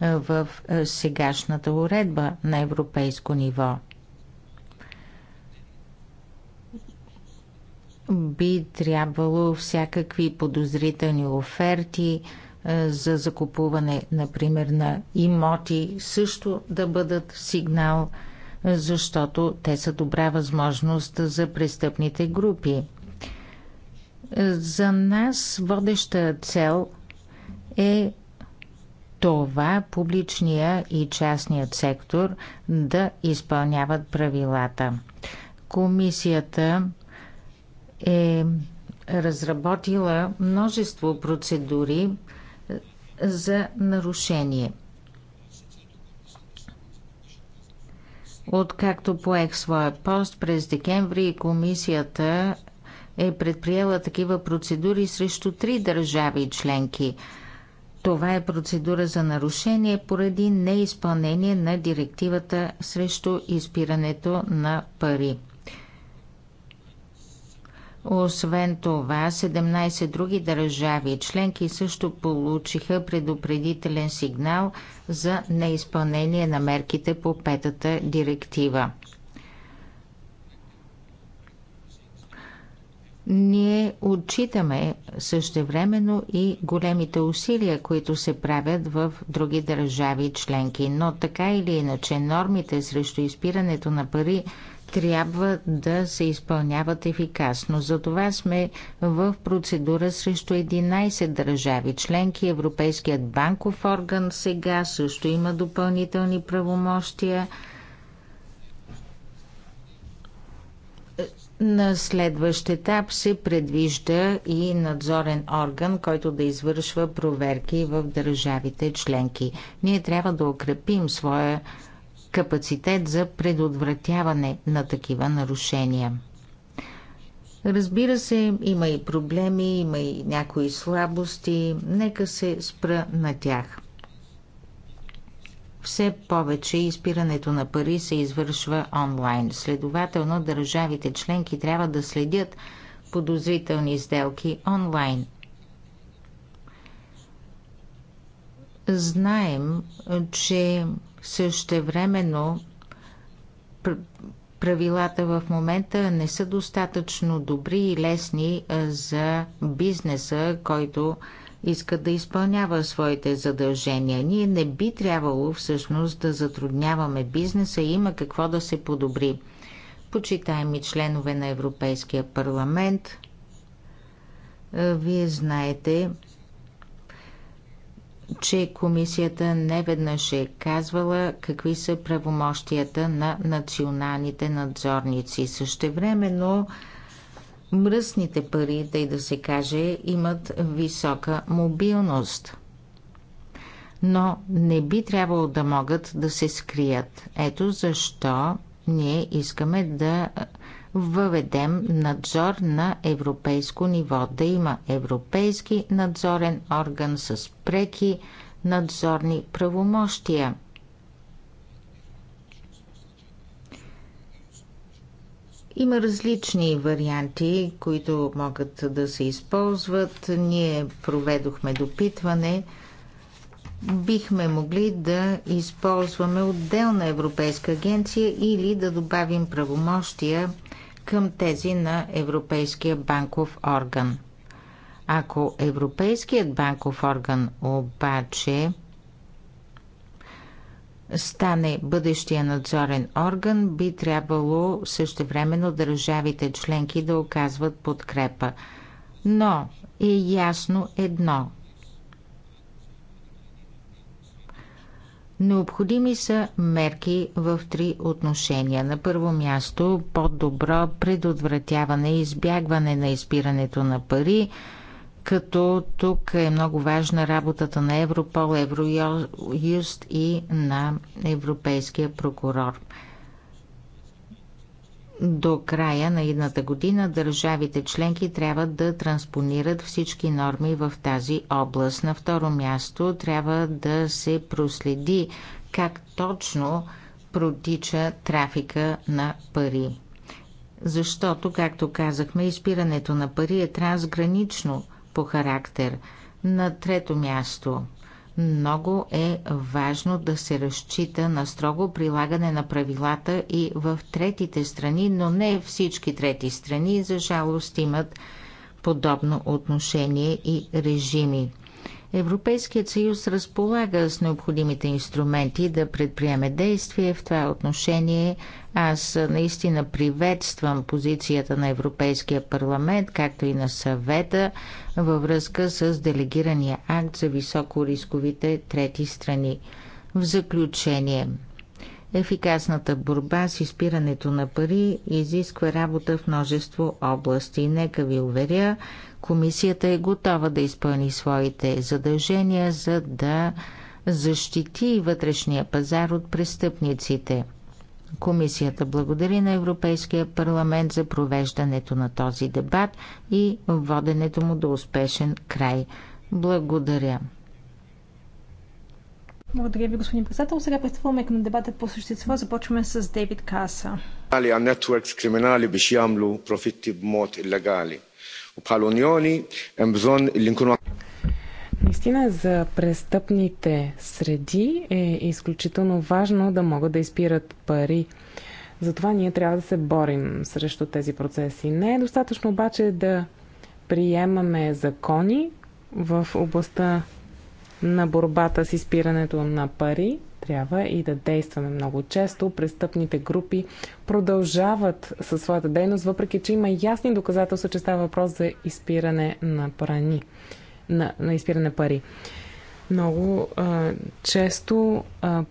в сегашната уредба на европейско ниво. Би трябвало всякакви подозрителни оферти, е, за закупуване, например, на имоти, също да бъдат сигнал, е, защото те са добра възможност за престъпните групи. Е, за нас водеща цел е това публичния и частният сектор да изпълняват правилата. Комисията е разработила множество процедури за нарушение. Откакто поех своя пост през декември, комисията е предприела такива процедури срещу три държави членки. Това е процедура за нарушение поради неизпълнение на директивата срещу изпирането на пари. Освен това, 17 други държави членки също получиха предупредителен сигнал за неизпълнение на мерките по петата директива. Ние отчитаме същевременно и големите усилия, които се правят в други държави членки, но така или иначе нормите срещу изпирането на пари – трябва да се изпълняват ефикасно. Затова сме в процедура срещу 11 държави членки. Европейският банков орган сега също има допълнителни правомощия. На следващ етап се предвижда и надзорен орган, който да извършва проверки в държавите членки. Ние трябва да укрепим своя капацитет за предотвратяване на такива нарушения. Разбира се, има и проблеми, има и някои слабости. Нека се спра на тях. Все повече изпирането на пари се извършва онлайн. Следователно, държавите членки трябва да следят подозрителни сделки онлайн. Знаем, че Същевременно правилата в момента не са достатъчно добри и лесни за бизнеса, който иска да изпълнява своите задължения. Ние не би трябвало всъщност да затрудняваме бизнеса и има какво да се подобри. Почитаеми членове на Европейския парламент, вие знаете, че комисията не веднъж е казвала какви са правомощията на националните надзорници. но мръсните пари, тъй да се каже, имат висока мобилност. Но не би трябвало да могат да се скрият. Ето защо ние искаме да въведем надзор на европейско ниво, да има европейски надзорен орган с преки надзорни правомощия. Има различни варианти, които могат да се използват. Ние проведохме допитване. Бихме могли да използваме отделна Европейска агенция или да добавим правомощия към тези на Европейския банков орган. Ако Европейският банков орган обаче стане бъдещия надзорен орган, би трябвало същевременно държавите членки да оказват подкрепа. Но е ясно едно Необходими са мерки в три отношения. На първо място по-добро предотвратяване и избягване на изпирането на пари, като тук е много важна работата на Европол, Евроюст и на Европейския прокурор – до края на едната година държавите членки трябва да транспонират всички норми в тази област. На второ място трябва да се проследи как точно протича трафика на пари. Защото, както казахме, изпирането на пари е трансгранично по характер. На трето място – много е важно да се разчита на строго прилагане на правилата и в третите страни, но не всички трети страни, за жалост, имат подобно отношение и режими. Европейският съюз разполага с необходимите инструменти да предприеме действие в това отношение. Аз наистина приветствам позицията на Европейския парламент, както и на съвета във връзка с делегирания акт за високорисковите трети страни. В заключение – Ефикасната борба с изпирането на пари изисква работа в множество области. Нека ви уверя, комисията е готова да изпълни своите задължения, за да защити вътрешния пазар от престъпниците. Комисията благодари на Европейския парламент за провеждането на този дебат и воденето му до успешен край. Благодаря. Благодаря ви, господин председател. Сега пристъпваме към дебата по същество. Започваме с Дейвид Каса. Għali għan networks kriminali biex jagħmlu profitti b'mod illegali. U Наистина за престъпните среди е изключително важно да могат да изпират пари. Затова ние трябва да се борим срещу тези процеси. Не е достатъчно обаче да приемаме закони в областта на борбата с изпирането на пари, трябва и да действаме много често. Престъпните групи продължават със своята дейност, въпреки че има ясни доказателства, че става въпрос за изпиране на, парани, на, на изпиране пари. Много а, често а,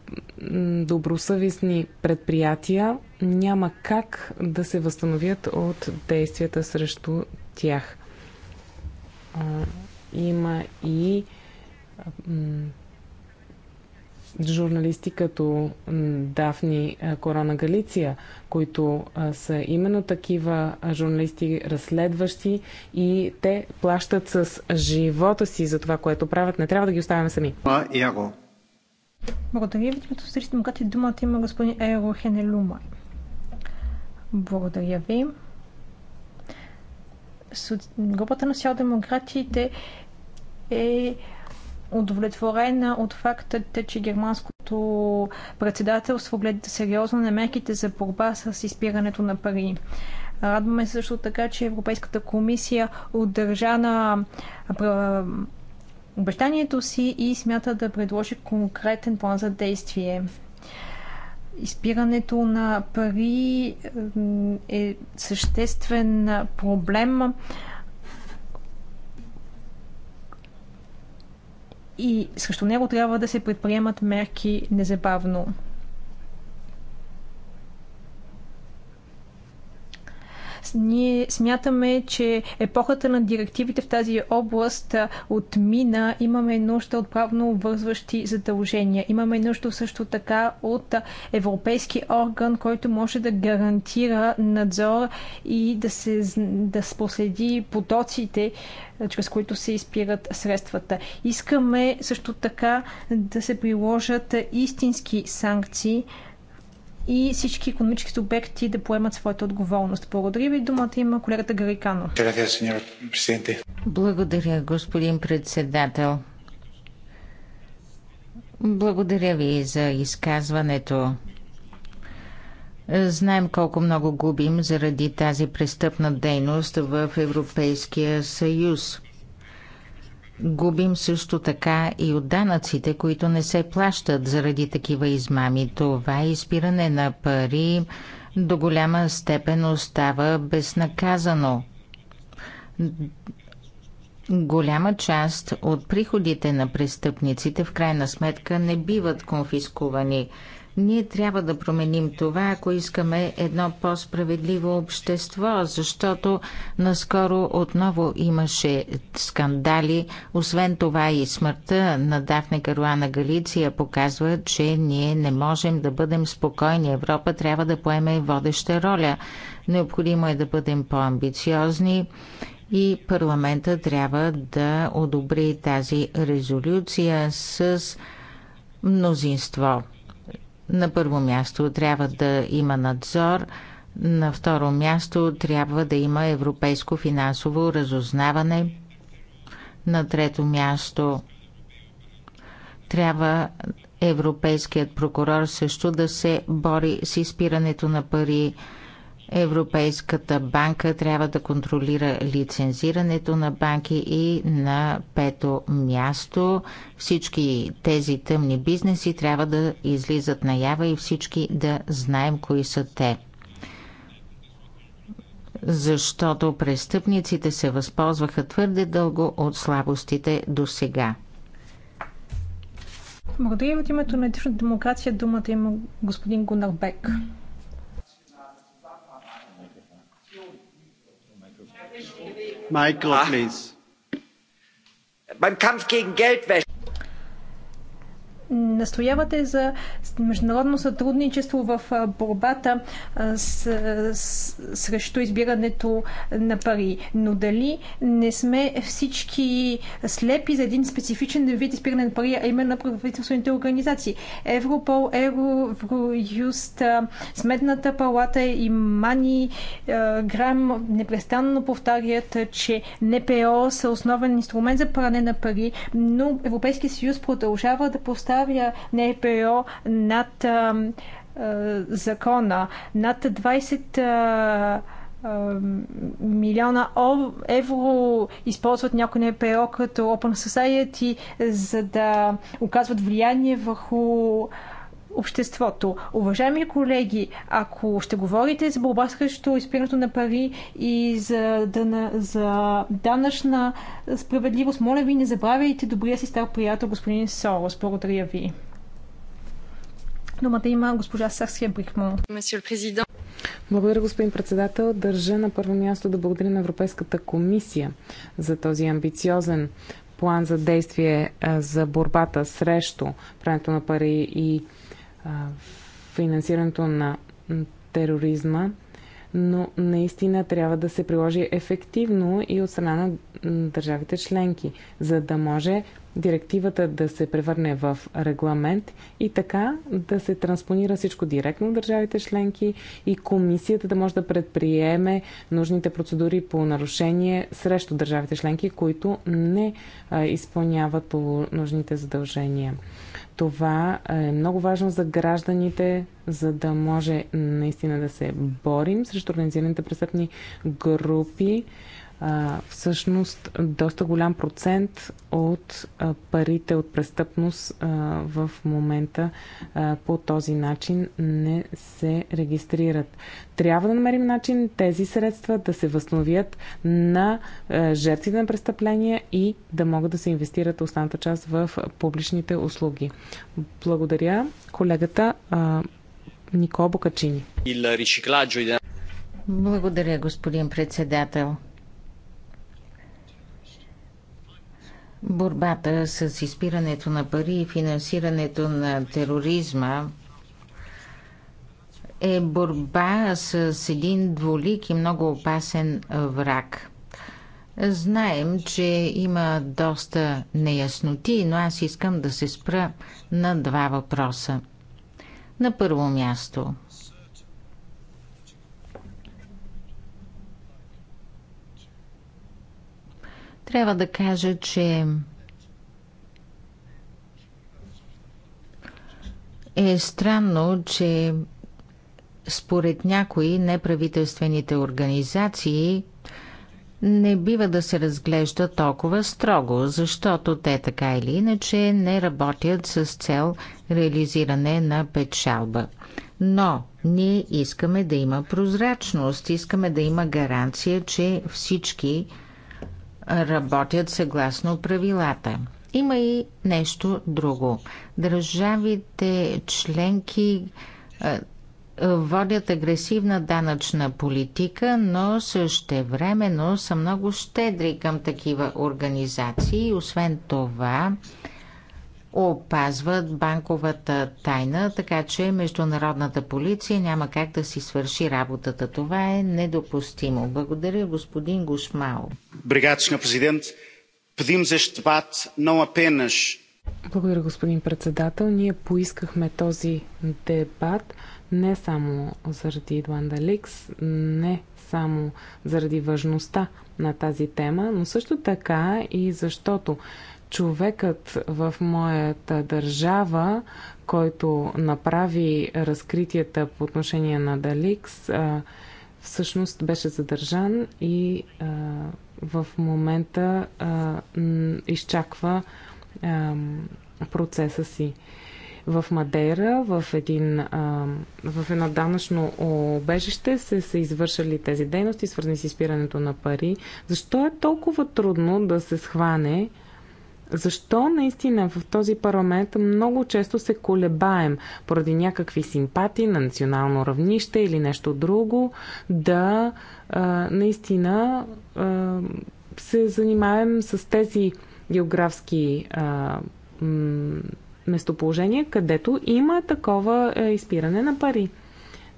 добросъвестни предприятия няма как да се възстановят от действията срещу тях. А, има и а, журналисти като Дафни Корона Галиция, които са именно такива журналисти, разследващи и те плащат с живота си за това, което правят. Не трябва да ги оставяме сами. Благодаря ви, като срещу демократи думата има господин Еро Хенелума. Благодаря ви. Групата на социал-демократите е удовлетворена от факта, че германското председателство гледа сериозно на мерките за борба с изпирането на пари. Радваме се също така, че Европейската комисия отдържа на обещанието си и смята да предложи конкретен план за действие. Изпирането на пари е съществен проблем и срещу него трябва да се предприемат мерки незабавно. Ние смятаме, че епохата на директивите в тази област отмина. Имаме нужда от правно обвързващи задължения. Имаме нужда също така от европейски орган, който може да гарантира надзор и да се да проследи потоците, чрез които се изпират средствата. Искаме също така да се приложат истински санкции, и всички економически субекти да поемат своята отговорност. Благодаря ви. Думата има колегата Гарикано. Благодаря, господин председател. Благодаря ви за изказването. Знаем колко много губим заради тази престъпна дейност в Европейския съюз. Губим също така и от данъците, които не се плащат заради такива измами. Това изпиране на пари до голяма степен остава безнаказано. Голяма част от приходите на престъпниците в крайна сметка не биват конфискувани. Ние трябва да променим това, ако искаме едно по-справедливо общество, защото наскоро отново имаше скандали. Освен това и смъртта на Дафне Каруана Галиция показва, че ние не можем да бъдем спокойни. Европа трябва да поеме водеща роля. Необходимо е да бъдем по-амбициозни и парламента трябва да одобри тази резолюция с мнозинство. На първо място трябва да има надзор, на второ място трябва да има европейско финансово разузнаване, на трето място трябва европейският прокурор също да се бори с изпирането на пари, Европейската банка трябва да контролира лицензирането на банки и на пето място всички тези тъмни бизнеси трябва да излизат наява и всички да знаем кои са те. Защото престъпниците се възползваха твърде дълго от слабостите до сега. Благодаря от името на етична демокрация думата има господин Гунарбек. Бек. beim kampf gegen geldwäsche настоявате за международно сътрудничество в борбата с, срещу избирането на пари. Но дали не сме всички слепи за един специфичен вид избиране на пари, а именно правителствените организации? Европол, Евроюст, Сметната палата и Мани Грам непрестанно повтарят, че НПО са основен инструмент за пране на пари, но Европейския съюз продължава да поставя поставя НПО над а, а, закона, над 20 а, милиона евро използват някои НПО като Open Society, за да оказват влияние върху обществото. Уважаеми колеги, ако ще говорите за борба срещу изпирането на пари и за, дъна, за данъчна справедливост, моля ви, не забравяйте добрия си стар приятел господин Сорос. Благодаря ви. Думата има госпожа Сарсия Брикмо. Благодаря, господин председател. Държа на първо място да благодаря на Европейската комисия за този амбициозен план за действие за борбата срещу прането на пари и финансирането на тероризма, но наистина трябва да се приложи ефективно и от страна на държавите членки, за да може директивата да се превърне в регламент и така да се транспонира всичко директно в държавите членки и комисията да може да предприеме нужните процедури по нарушение срещу държавите членки, които не изпълняват нужните задължения. Това е много важно за гражданите, за да може наистина да се борим срещу организираните престъпни групи а, всъщност доста голям процент от а, парите от престъпност а, в момента а, по този начин не се регистрират. Трябва да намерим начин тези средства да се възстановят на а, жертвите на престъпления и да могат да се инвестират останата част в публичните услуги. Благодаря колегата Никол Бокачини. Благодаря, господин председател. Борбата с изпирането на пари и финансирането на тероризма е борба с един дволик и много опасен враг. Знаем, че има доста неясноти, но аз искам да се спра на два въпроса. На първо място – Трябва да кажа, че е странно, че според някои неправителствените организации не бива да се разглежда толкова строго, защото те така или иначе не работят с цел реализиране на печалба. Но ние искаме да има прозрачност, искаме да има гаранция, че всички работят съгласно правилата. Има и нещо друго. Държавите членки водят агресивна данъчна политика, но също времено са много щедри към такива организации. Освен това, опазват банковата тайна, така че международната полиция няма как да си свърши работата. Това е недопустимо. Благодаря, господин Гушмао. Бригад, президент. Pedimos за debate но apenas благодаря, господин председател. Ние поискахме този дебат не само заради Идланда Ликс, не само заради важността на тази тема, но също така и защото човекът в моята държава, който направи разкритията по отношение на Даликс, всъщност беше задържан и в момента изчаква процеса си в Мадейра, в, един, а, в едно данъчно обежище се са извършили тези дейности, свързани с изпирането на пари. Защо е толкова трудно да се схване защо наистина в този парламент много често се колебаем поради някакви симпатии на национално равнище или нещо друго, да а, наистина а, се занимаем с тези географски а, местоположения, където има такова а, изпиране на пари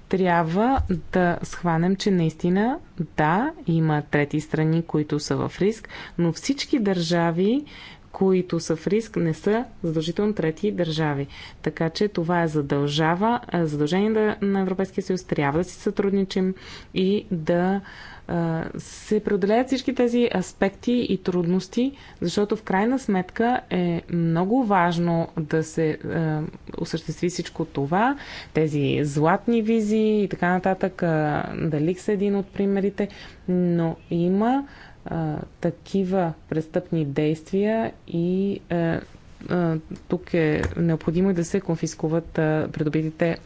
трябва да схванем, че наистина да, има трети страни, които са в риск, но всички държави които са в риск, не са задължително трети държави. Така че това е задължава, е, задължение на Европейския съюз. Трябва да си сътрудничим и да е, се преодолеят всички тези аспекти и трудности, защото в крайна сметка е много важно да се е, осъществи всичко това, тези златни визии и така нататък. Е, Далик са един от примерите, но има а, такива престъпни действия и а, а, тук е необходимо да се конфискуват а, придобитите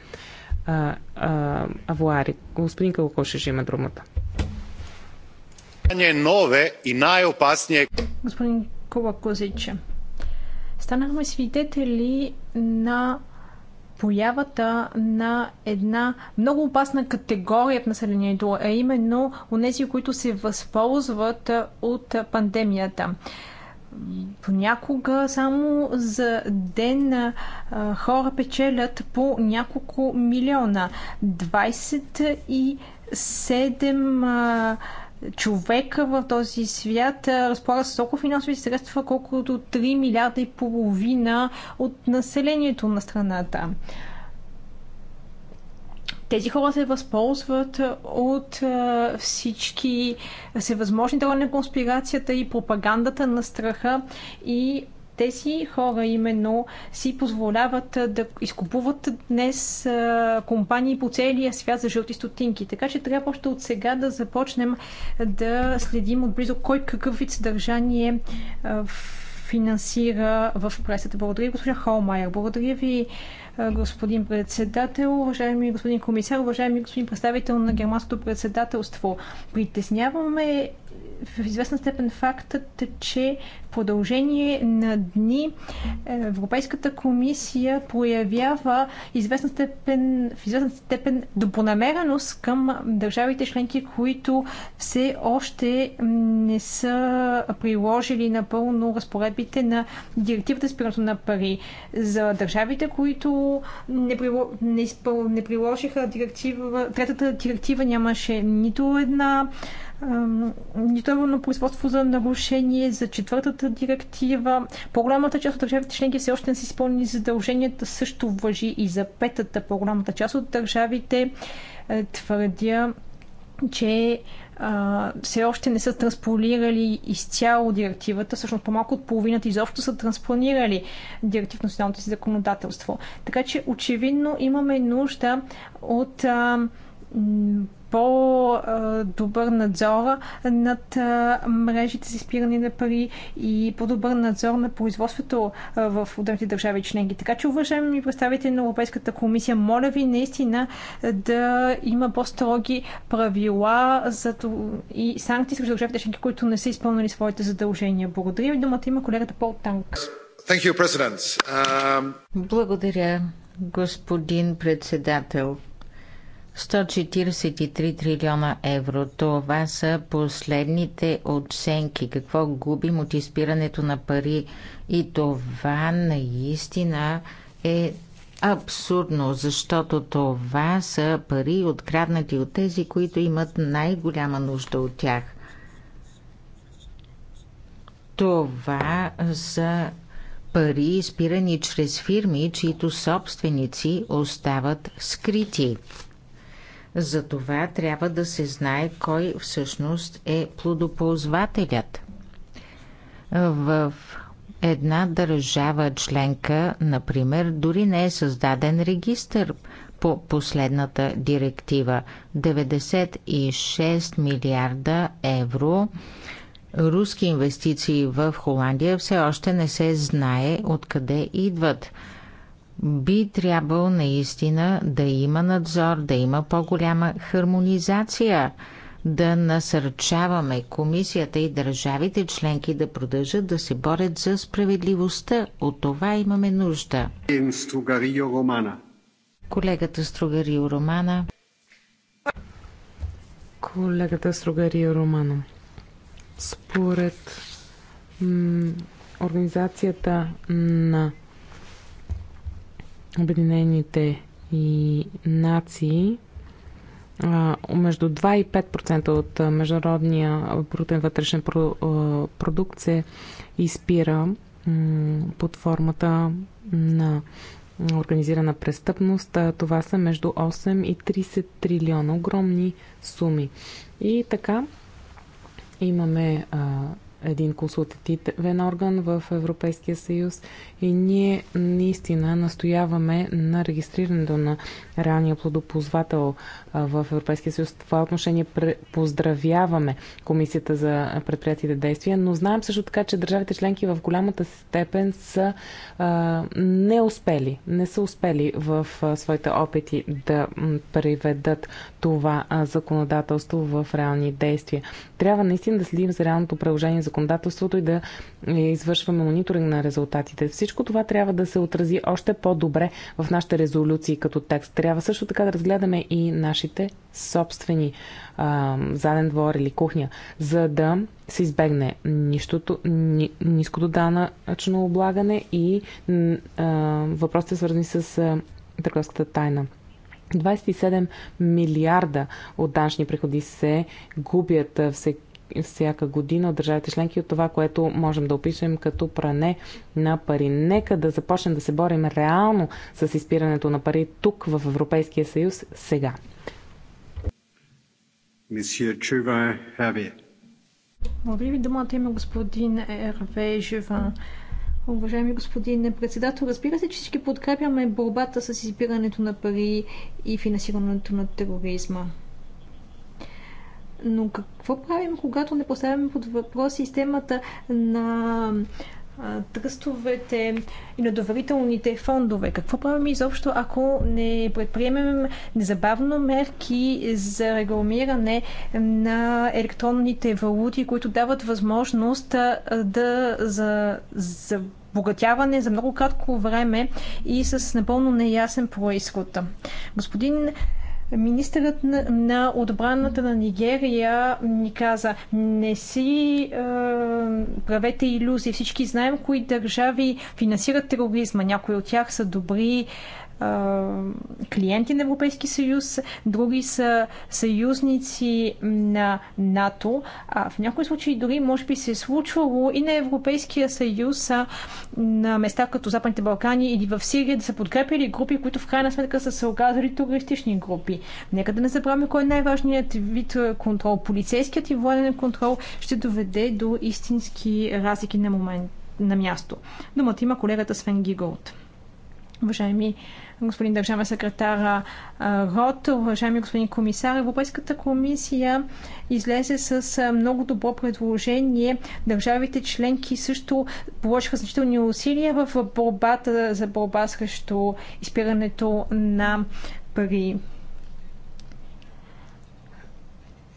а, а, авуари. Господин ще има думата. Господин Кова станахме свидетели на появата на една много опасна категория в населението, а именно онези, които се възползват от пандемията. Понякога само за ден хора печелят по няколко милиона. 27 Човек в този свят разполага с толкова финансови средства, колкото 3 милиарда и половина от населението на страната. Тези хора се възползват от всички всевъзможни теории на конспирацията и пропагандата на страха и тези хора именно си позволяват да изкупуват днес компании по целия свят за жълти стотинки. Така че трябва още от сега да започнем да следим отблизо кой какъв вид съдържание финансира в пресата. Благодаря, госпожа Холмайер. Благодаря ви, господин председател, уважаеми господин комисар, уважаеми господин представител на германското председателство. Притесняваме в известна степен фактът, че в продължение на дни е, Европейската комисия проявява известна степен, в известна степен добронамереност към държавите членки, които все още не са приложили напълно разпоредбите на директивата спирането на пари. За държавите, които не, прило... не, изпъл... не приложиха директива, третата директива нямаше нито една нито производство за нарушение за четвъртата директива. По-голямата част от държавите членки все още не са изпълнени задълженията, също въжи и за петата. По-голямата част от държавите е, твърдя, че а, все още не са транспонирали изцяло директивата, всъщност по-малко от половината изобщо са транспонирали директив на националното си законодателство. Така че очевидно имаме нужда от а, по-добър надзор над мрежите за изпиране на пари и по-добър надзор на производството в отделните държави членки. Така че, уважаеми представители на Европейската комисия, моля ви наистина да има по-строги правила за и санкции срещу държавите членки, които не са изпълнили своите задължения. Благодаря ви. Думата има колегата Пол Танк. You, um... Благодаря, господин председател. 143 трилиона евро. Това са последните оценки. Какво губим от изпирането на пари? И това наистина е абсурдно, защото това са пари откраднати от тези, които имат най-голяма нужда от тях. Това са пари, изпирани чрез фирми, чието собственици остават скрити. Затова трябва да се знае кой всъщност е плодоползвателят. В една държава членка, например, дори не е създаден регистър по последната директива. 96 милиарда евро руски инвестиции в Холандия все още не се знае откъде идват би трябвало наистина да има надзор, да има по-голяма хармонизация, да насърчаваме комисията и държавите членки да продължат да се борят за справедливостта. От това имаме нужда. Колегата Стругарио Романа. Колегата Стругарио Романа. Според организацията на Обединените и нации между 2 и 5% от международния брутен вътрешен продукт се изпира под формата на организирана престъпност. Това са между 8 и 30 трилиона огромни суми. И така имаме един консултативен орган в Европейския съюз и ние наистина настояваме на регистрирането на реалния плодоползвател в Европейския съюз. В това отношение поздравяваме Комисията за предприятите действия, но знаем също така, че държавите членки в голямата степен са а, не успели, не са успели в а, своите опити да приведат това а, законодателство в реални действия. Трябва наистина да следим за реалното приложение законодателството и да извършваме мониторинг на резултатите. Всичко това трябва да се отрази още по-добре в нашите резолюции като текст. Трябва също така да разгледаме и нашите собствени а, заден двор или кухня, за да се избегне нищото, ни, ниското данъчно облагане и а, въпросите свързани с а, търговската тайна. 27 милиарда от данъчни приходи се губят всеки всяка година от държавите членки от това, което можем да опишем като пране на пари. Нека да започнем да се борим реално с изпирането на пари тук в Европейския съюз сега. Месье ви думата има господин Ерве Уважаеми господин председател, разбира се, че всички подкрепяме борбата с избирането на пари и финансирането на тероризма. Но какво правим, когато не поставяме под въпрос системата на тръстовете и на доверителните фондове. Какво правим изобщо, ако не предприемем незабавно мерки за регламиране на електронните валути, които дават възможност да за, за обогатяване за много кратко време и с напълно неясен происход. Господин Министърът на, на отбраната на Нигерия ни каза, не си е, правете иллюзии. Всички знаем кои държави финансират тероризма. Някои от тях са добри клиенти на Европейски съюз, други са съюзници на НАТО. А в някои случаи дори може би се е случвало и на Европейския съюз а, на места като Западните Балкани или в Сирия да са подкрепили групи, които в крайна сметка са се оказали туристични групи. Нека да не забравяме кой е най-важният вид контрол. Полицейският и военен контрол ще доведе до истински разлики на момент на място. Думата има колегата Свен Гиголт. Уважаеми господин държава секретар Рот, уважаеми господин комисар, Европейската комисия излезе с много добро предложение. Държавите членки също положиха значителни усилия в борбата за борба срещу изпирането на пари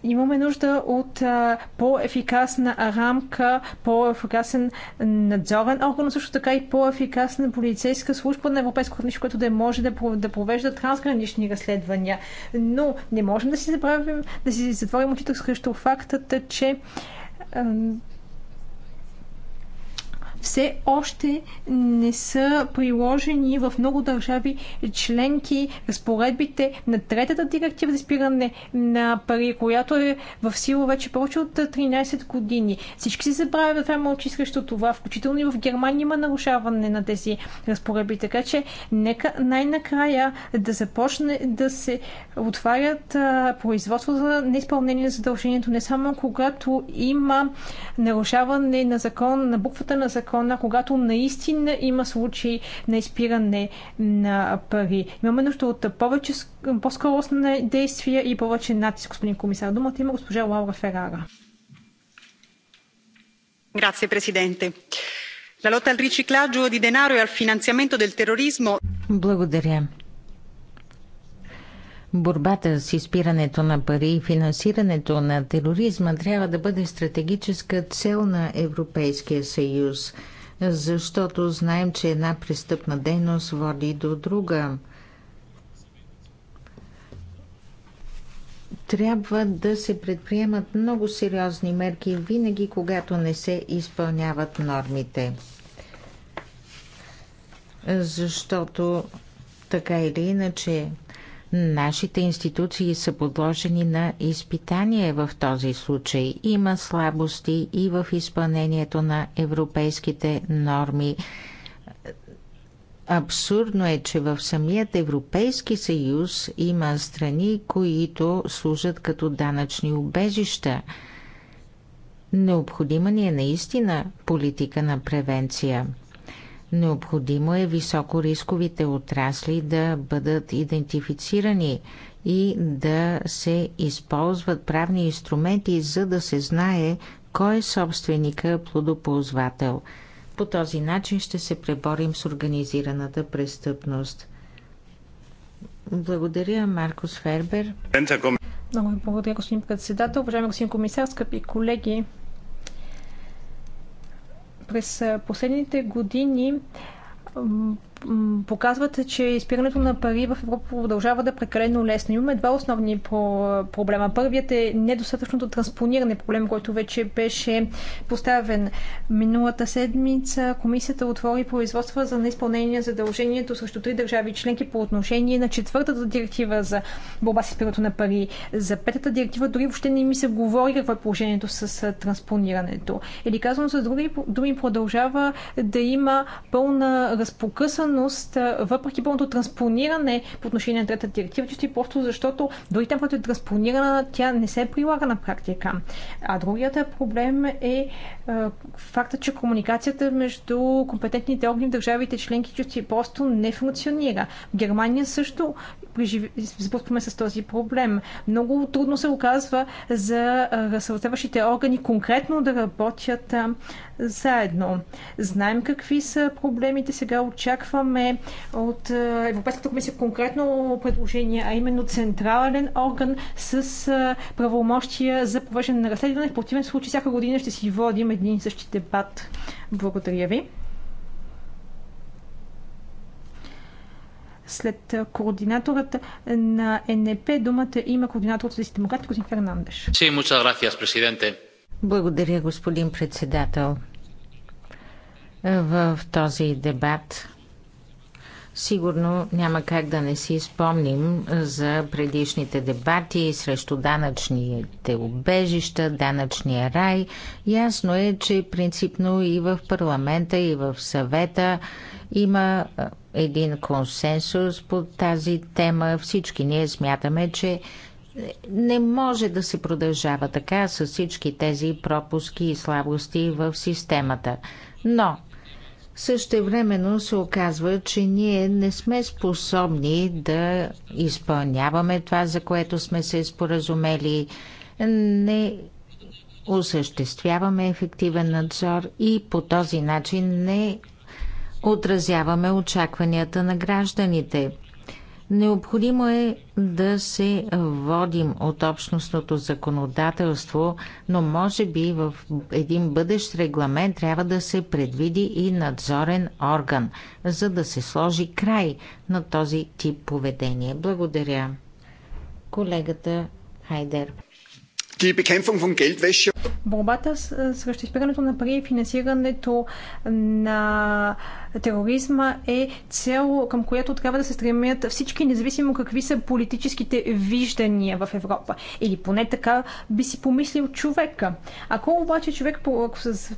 имаме нужда от по-ефикасна рамка, по-ефикасен надзорен орган, също така и по-ефикасна полицейска служба на Европейското равнище, което да може да, да провежда трансгранични разследвания. Но не можем да си забравим, да си затворим очите срещу фактата, че все още не са приложени в много държави членки разпоредбите на третата директива за спиране на пари, която е в сила вече повече от 13 години. Всички се забравят да това мълчи срещу това, включително и в Германия има нарушаване на тези разпоредби, така че нека най-накрая да започне да се отварят производства производство за неизпълнение на задължението, не само когато има нарушаване на закон, на буквата на закон, закона, когато наистина има случаи на изпиране на пари. Имаме нужда от повече по-скоростни действия и повече натиск, господин комисар. Думата има госпожа Лаура Ферара. Grazie Presidente. La lotta al riciclaggio di denaro e al finanziamento del terrorismo. Благодаря. Борбата с изпирането на пари и финансирането на тероризма трябва да бъде стратегическа цел на Европейския съюз, защото знаем, че една престъпна дейност води до друга. Трябва да се предприемат много сериозни мерки винаги, когато не се изпълняват нормите. Защото така или иначе Нашите институции са подложени на изпитание в този случай. Има слабости и в изпълнението на европейските норми. Абсурдно е, че в самият Европейски съюз има страни, които служат като данъчни убежища. Необходима ни е наистина политика на превенция. Необходимо е високорисковите отрасли да бъдат идентифицирани и да се използват правни инструменти, за да се знае кой е собственика плодоползвател. По този начин ще се преборим с организираната престъпност. Благодаря, Маркус Фербер. Много ви благодаря, господин председател. Уважаеми господин комисар, скъпи колеги, през последните години показват, че изпирането на пари в Европа продължава да е прекалено лесно. Имаме два основни проблема. Първият е недостатъчното транспониране, проблем, който вече беше поставен. Миналата седмица комисията отвори производства за неизпълнение задължението срещу три държави членки по отношение на четвъртата директива за борба с изпирането на пари. За петата директива дори въобще не ми се говори какво е положението с транспонирането. Или казано с други думи, продължава да има пълна разпокъсан свързаност, въпреки пълното транспониране по отношение на трета директива, чисто и просто защото дори там, което е транспонирана, тя не се прилага на практика. А другият проблем е факта, че комуникацията между компетентните органи в държавите членки чувства просто не функционира. В Германия също сблъскваме с този проблем. Много трудно се оказва за разсъвъртяващите органи конкретно да работят заедно. Знаем какви са проблемите. Сега очакваме от Европейската комисия конкретно предложение, а именно централен орган с правомощия за провеждане на разследване. В противен случай всяка година ще си водим един и същи дебат. Благодаря ви. След координаторът на НП думата има координаторът за демократи господин Фернандеш. Благодаря, господин председател. В този дебат Сигурно няма как да не си спомним за предишните дебати срещу данъчните убежища, данъчния рай. Ясно е, че принципно и в парламента, и в съвета има един консенсус по тази тема. Всички ние смятаме, че не може да се продължава така с всички тези пропуски и слабости в системата. Но Същевременно се оказва, че ние не сме способни да изпълняваме това, за което сме се споразумели, не осъществяваме ефективен надзор и по този начин не отразяваме очакванията на гражданите. Необходимо е да се водим от общностното законодателство, но може би в един бъдещ регламент трябва да се предвиди и надзорен орган, за да се сложи край на този тип поведение. Благодаря. Колегата Хайдер. Er Борбата срещу изпирането на пари и финансирането на тероризма е цел, към която трябва да се стремят всички, независимо какви са политическите виждания в Европа. Или поне така би си помислил човека. Ако обаче човек, ако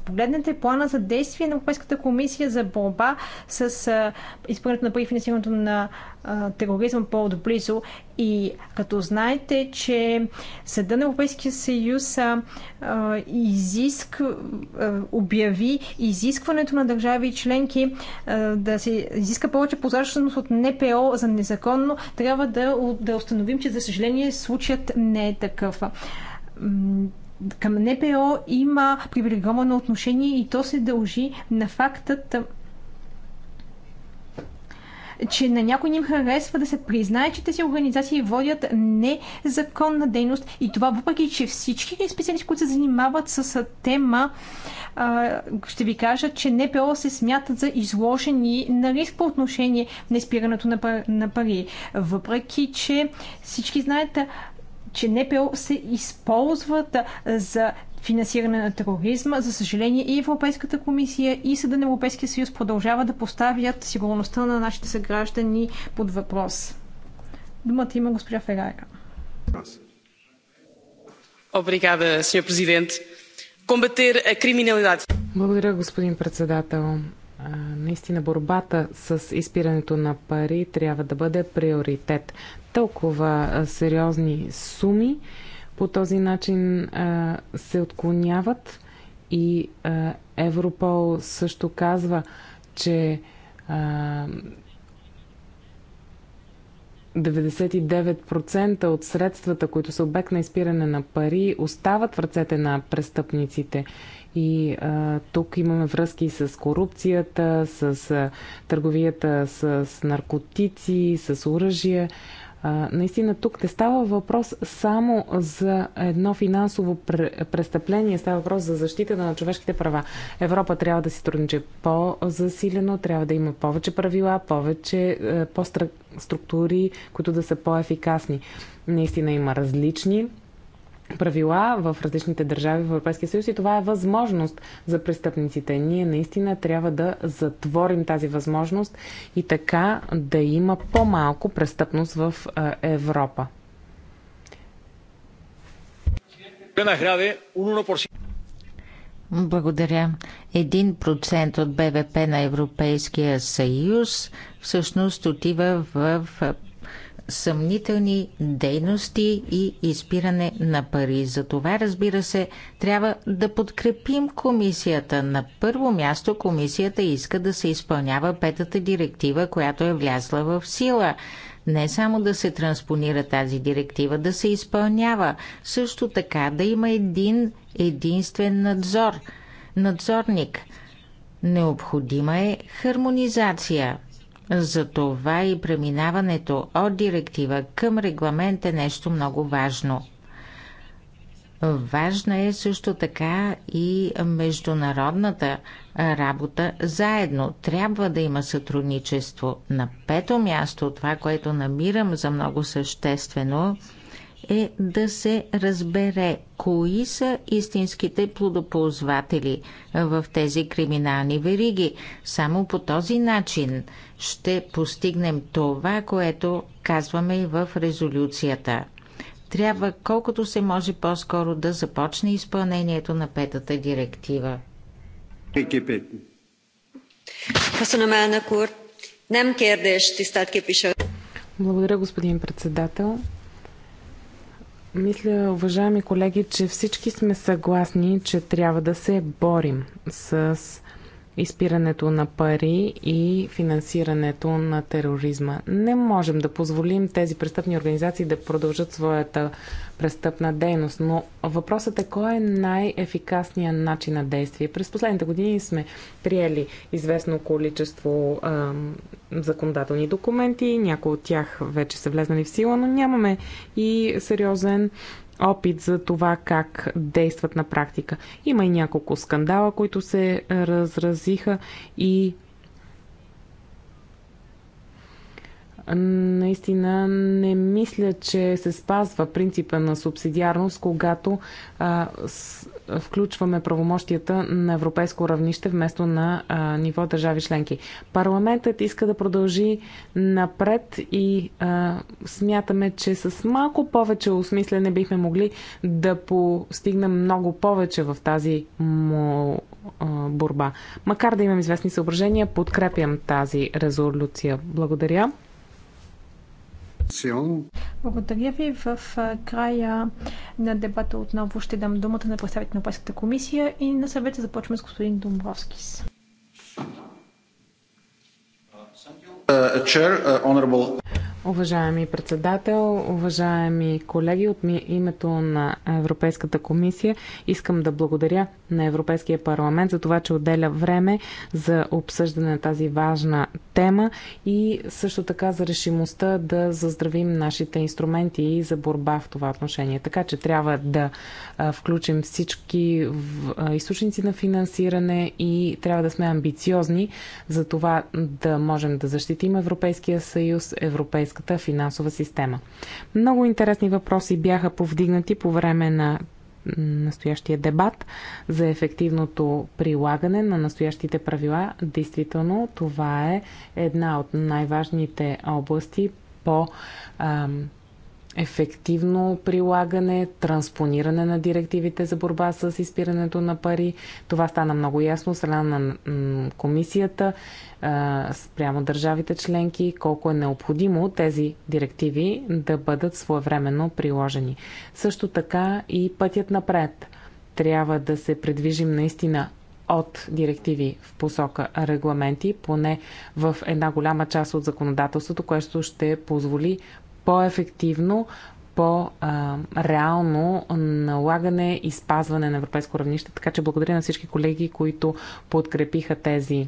погледнете плана за действие на Европейската комисия за борба с изпълнението на пари финансирането на тероризма по-отблизо. И като знаете, че Съда на Европейския съюз а, изиск, а, обяви изискването на държави и членки е, да се изиска повече позрачност от НПО за незаконно, трябва да, да установим, че за съжаление случаят не е такъв към НПО има привилегировано отношение и то се дължи на фактът, че на някой им харесва да се признае, че тези организации водят незаконна дейност и това въпреки, че всички специалисти, които се занимават с тема, ще ви кажа, че НПО се смятат за изложени на риск по отношение на изпирането на пари. Въпреки, че всички знаете, че НПО се използват за финансиране на тероризма. За съжаление и Европейската комисия и Съда на Европейския съюз продължава да поставят сигурността на нашите съграждани под въпрос. Думата има госпожа Ферайра. Обригада, Sr. президент, Combater a е, Благодаря, господин председател. Наистина борбата с изпирането на пари трябва да бъде приоритет толкова сериозни суми. По този начин се отклоняват и Европол също казва, че 99% от средствата, които са обект на изпиране на пари, остават в ръцете на престъпниците. И а, тук имаме връзки с корупцията, с а, търговията с наркотици, с оръжие наистина тук не става въпрос само за едно финансово престъпление, става въпрос за защита на човешките права. Европа трябва да си трудничи по-засилено, трябва да има повече правила, повече е, по-структури, които да са по-ефикасни. Наистина има различни правила в различните държави в Европейския съюз и това е възможност за престъпниците. Ние наистина трябва да затворим тази възможност и така да има по-малко престъпност в Европа. Благодаря. 1% от БВП на Европейския съюз всъщност отива в съмнителни дейности и изпиране на пари. За това, разбира се, трябва да подкрепим комисията. На първо място комисията иска да се изпълнява петата директива, която е влязла в сила. Не само да се транспонира тази директива, да се изпълнява. Също така да има един единствен надзор. Надзорник. Необходима е хармонизация – затова и преминаването от директива към регламент е нещо много важно. Важна е също така и международната работа заедно. Трябва да има сътрудничество. На пето място, това, което намирам за много съществено, е да се разбере кои са истинските плодоползватели в тези криминални вериги. Само по този начин ще постигнем това, което казваме и в резолюцията. Трябва колкото се може по-скоро да започне изпълнението на петата директива. Благодаря, господин председател. Мисля, уважаеми колеги, че всички сме съгласни, че трябва да се борим с изпирането на пари и финансирането на тероризма. Не можем да позволим тези престъпни организации да продължат своята престъпна дейност, но въпросът е кой е най-ефикасният начин на действие. През последните години сме приели известно количество а, законодателни документи, някои от тях вече са влезнали в сила, но нямаме и сериозен опит за това как действат на практика. Има и няколко скандала, които се разразиха и наистина не мисля, че се спазва принципа на субсидиарност, когато а, включваме правомощията на европейско равнище вместо на а, ниво държави членки. Парламентът иска да продължи напред и а, смятаме, че с малко повече осмислене бихме могли да постигнем много повече в тази му, а, борба. Макар да имам известни съображения, подкрепям тази резолюция. Благодаря. Благодаря ви. В края на дебата отново ще дам думата на представител на Европейската комисия и на съвета започваме с господин Домбровскис. Uh, uh Уважаеми председател, уважаеми колеги, от името на Европейската комисия искам да благодаря на Европейския парламент за това, че отделя време за обсъждане на тази важна тема и също така за решимостта да заздравим нашите инструменти и за борба в това отношение. Така че трябва да включим всички източници на финансиране и трябва да сме амбициозни за това да можем да защитим Европейския съюз, Европейския европейската финансова система. Много интересни въпроси бяха повдигнати по време на настоящия дебат за ефективното прилагане на настоящите правила. Действително, това е една от най-важните области по ам, ефективно прилагане, транспониране на директивите за борба с изпирането на пари. Това стана много ясно страна на комисията спрямо държавите членки, колко е необходимо тези директиви да бъдат своевременно приложени. Също така и пътят напред. Трябва да се предвижим наистина от директиви в посока регламенти, поне в една голяма част от законодателството, което ще позволи по-ефективно, по-реално налагане и спазване на европейско равнище. Така че благодаря на всички колеги, които подкрепиха тези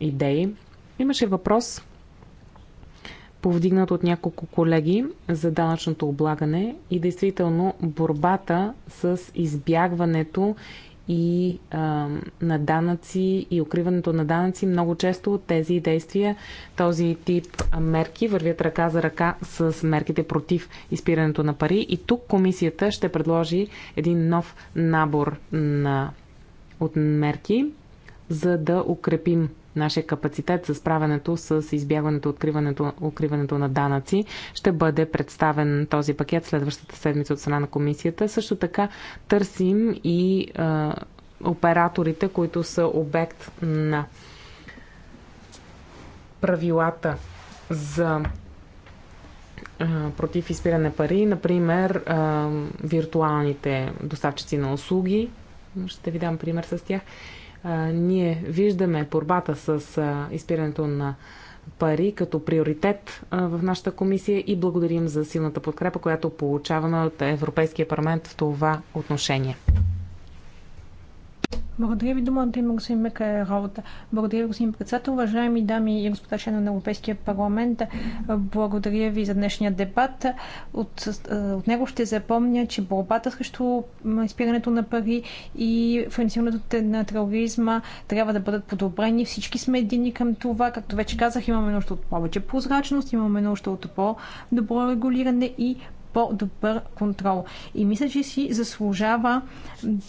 идеи. Имаше въпрос, повдигнат от няколко колеги за данъчното облагане и действително борбата с избягването и а, на данъци и укриването на данъци. Много често тези действия, този тип мерки вървят ръка за ръка с мерките против изпирането на пари. И тук комисията ще предложи един нов набор на, от мерки, за да укрепим нашия капацитет за справянето с избягването, откриването, откриването на данъци. Ще бъде представен този пакет следващата седмица от страна на комисията. Също така търсим и а, операторите, които са обект на правилата за против изпиране пари, например виртуалните доставчици на услуги. Ще ви дам пример с тях а, ние виждаме борбата с а, изпирането на пари като приоритет а, в нашата комисия и благодарим за силната подкрепа, която получаваме от Европейския парламент в това отношение. Благодаря ви, думата има господин Мека работа. Благодаря ви, господин председател, уважаеми дами и господа члена на Европейския парламент. Благодаря ви за днешния дебат. От, от него ще запомня, че борбата срещу изпирането на пари и финансирането на тероризма трябва да бъдат подобрени. Всички сме едини към това. Както вече казах, имаме нужда от повече прозрачност, имаме нужда от по-добро регулиране и по-добър контрол. И мисля, че си заслужава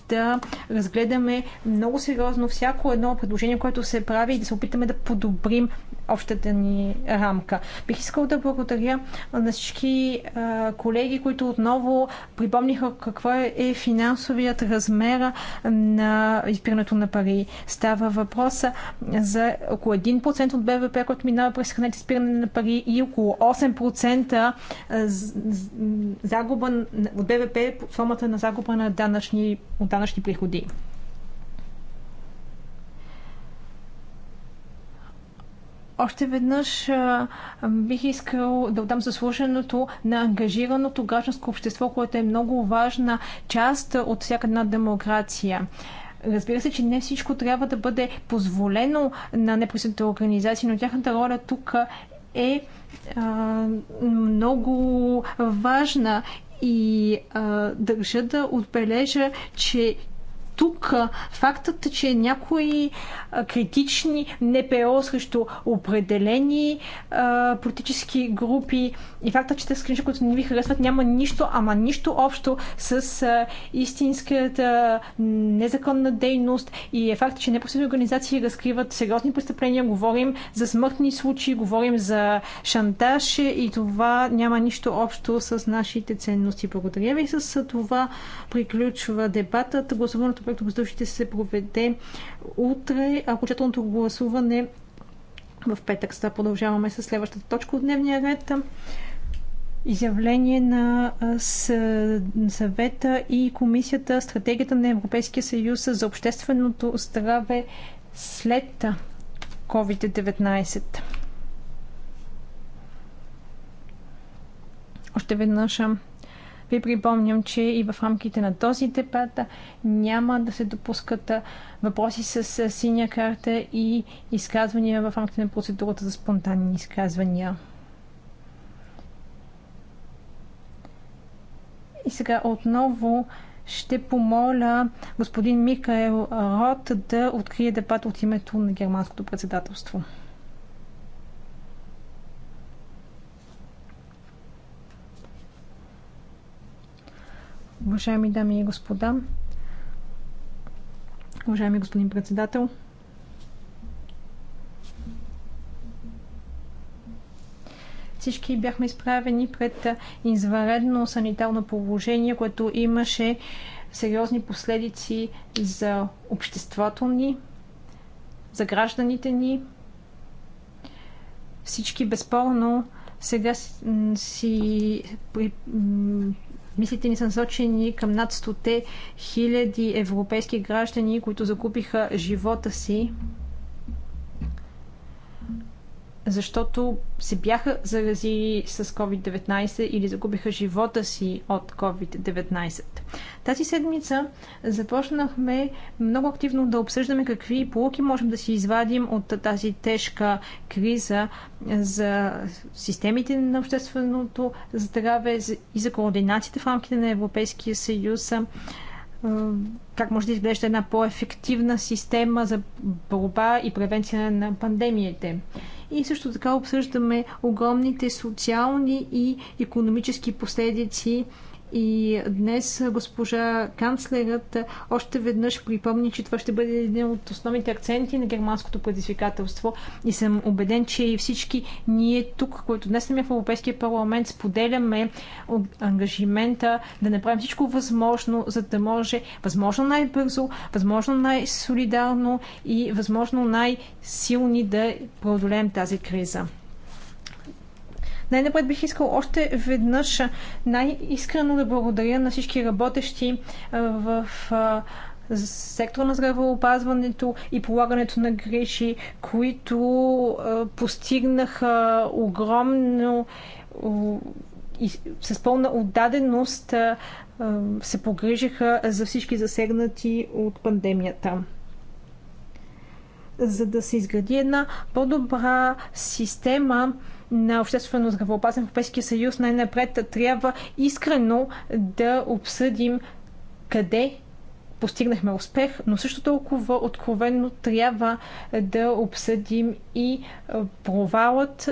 да разгледаме много сериозно всяко едно предложение, което се прави и да се опитаме да подобрим общата ни рамка. Бих искал да благодаря на всички колеги, които отново припомниха какво е финансовият размер на изпирането на пари. Става въпроса за около 1% от БВП, който минава през хранете изпиране на пари и около 8% загуба от БВП под формата на загуба на данъчни, от данъчни приходи. Още веднъж бих искал да отдам заслуженото на ангажираното гражданско общество, което е много важна част от всяка една демокрация. Разбира се, че не всичко трябва да бъде позволено на непросъдните организации, но тяхната роля тук е а, много важна и а, държа да отбележа, че тук фактът, че някои критични НПО срещу определени а, политически групи. И факта, че тези книжки, които не ви харесват, няма нищо, ама нищо общо с а, истинската незаконна дейност. И е факт, че непосредни организации разкриват сериозни престъпления. Говорим за смъртни случаи, говорим за шантаж и това няма нищо общо с нашите ценности. Благодаря ви. С това приключва дебатът. Гласуването, което ще се проведе утре, окончателното гласуване в петък. Сега продължаваме с следващата точка от дневния ред. Изявление на съвета и комисията Стратегията на Европейския съюз за общественото здраве след COVID-19. Още веднъж ви припомням, че и в рамките на този дебат няма да се допускат въпроси с синя карта и изказвания в рамките на процедурата за спонтанни изказвания. И сега отново ще помоля господин Михаил Рот да открие дебат от името на германското председателство. Уважаеми дами и господа, уважаеми господин председател, всички бяхме изправени пред извънредно санитарно положение, което имаше сериозни последици за обществото ни, за гражданите ни. Всички безспорно сега си Мислите ни са насочени към над 100 хиляди европейски граждани, които закупиха живота си защото се бяха заразили с COVID-19 или загубиха живота си от COVID-19. Тази седмица започнахме много активно да обсъждаме какви полуки можем да си извадим от тази тежка криза за системите на общественото здраве и за координацията в рамките на Европейския съюз как може да изглежда една по-ефективна система за борба и превенция на пандемиите и също така обсъждаме огромните социални и економически последици и днес госпожа канцлерът още веднъж припомни, че това ще бъде един от основните акценти на германското предизвикателство. И съм убеден, че всички ние тук, които днес сме в Европейския парламент, споделяме ангажимента да направим всичко възможно, за да може възможно най-бързо, възможно най-солидарно и възможно най-силни да преодолеем тази криза. Най-напред бих искал още веднъж най-искрено да благодаря на всички работещи в сектора на здравеопазването и полагането на грижи, които постигнаха огромно и с пълна отдаденост се погрижиха за всички засегнати от пандемията за да се изгради една по-добра система на обществено здравеопазване в Европейския съюз, най-напред трябва искрено да обсъдим къде постигнахме успех, но също толкова откровенно трябва да обсъдим и провалът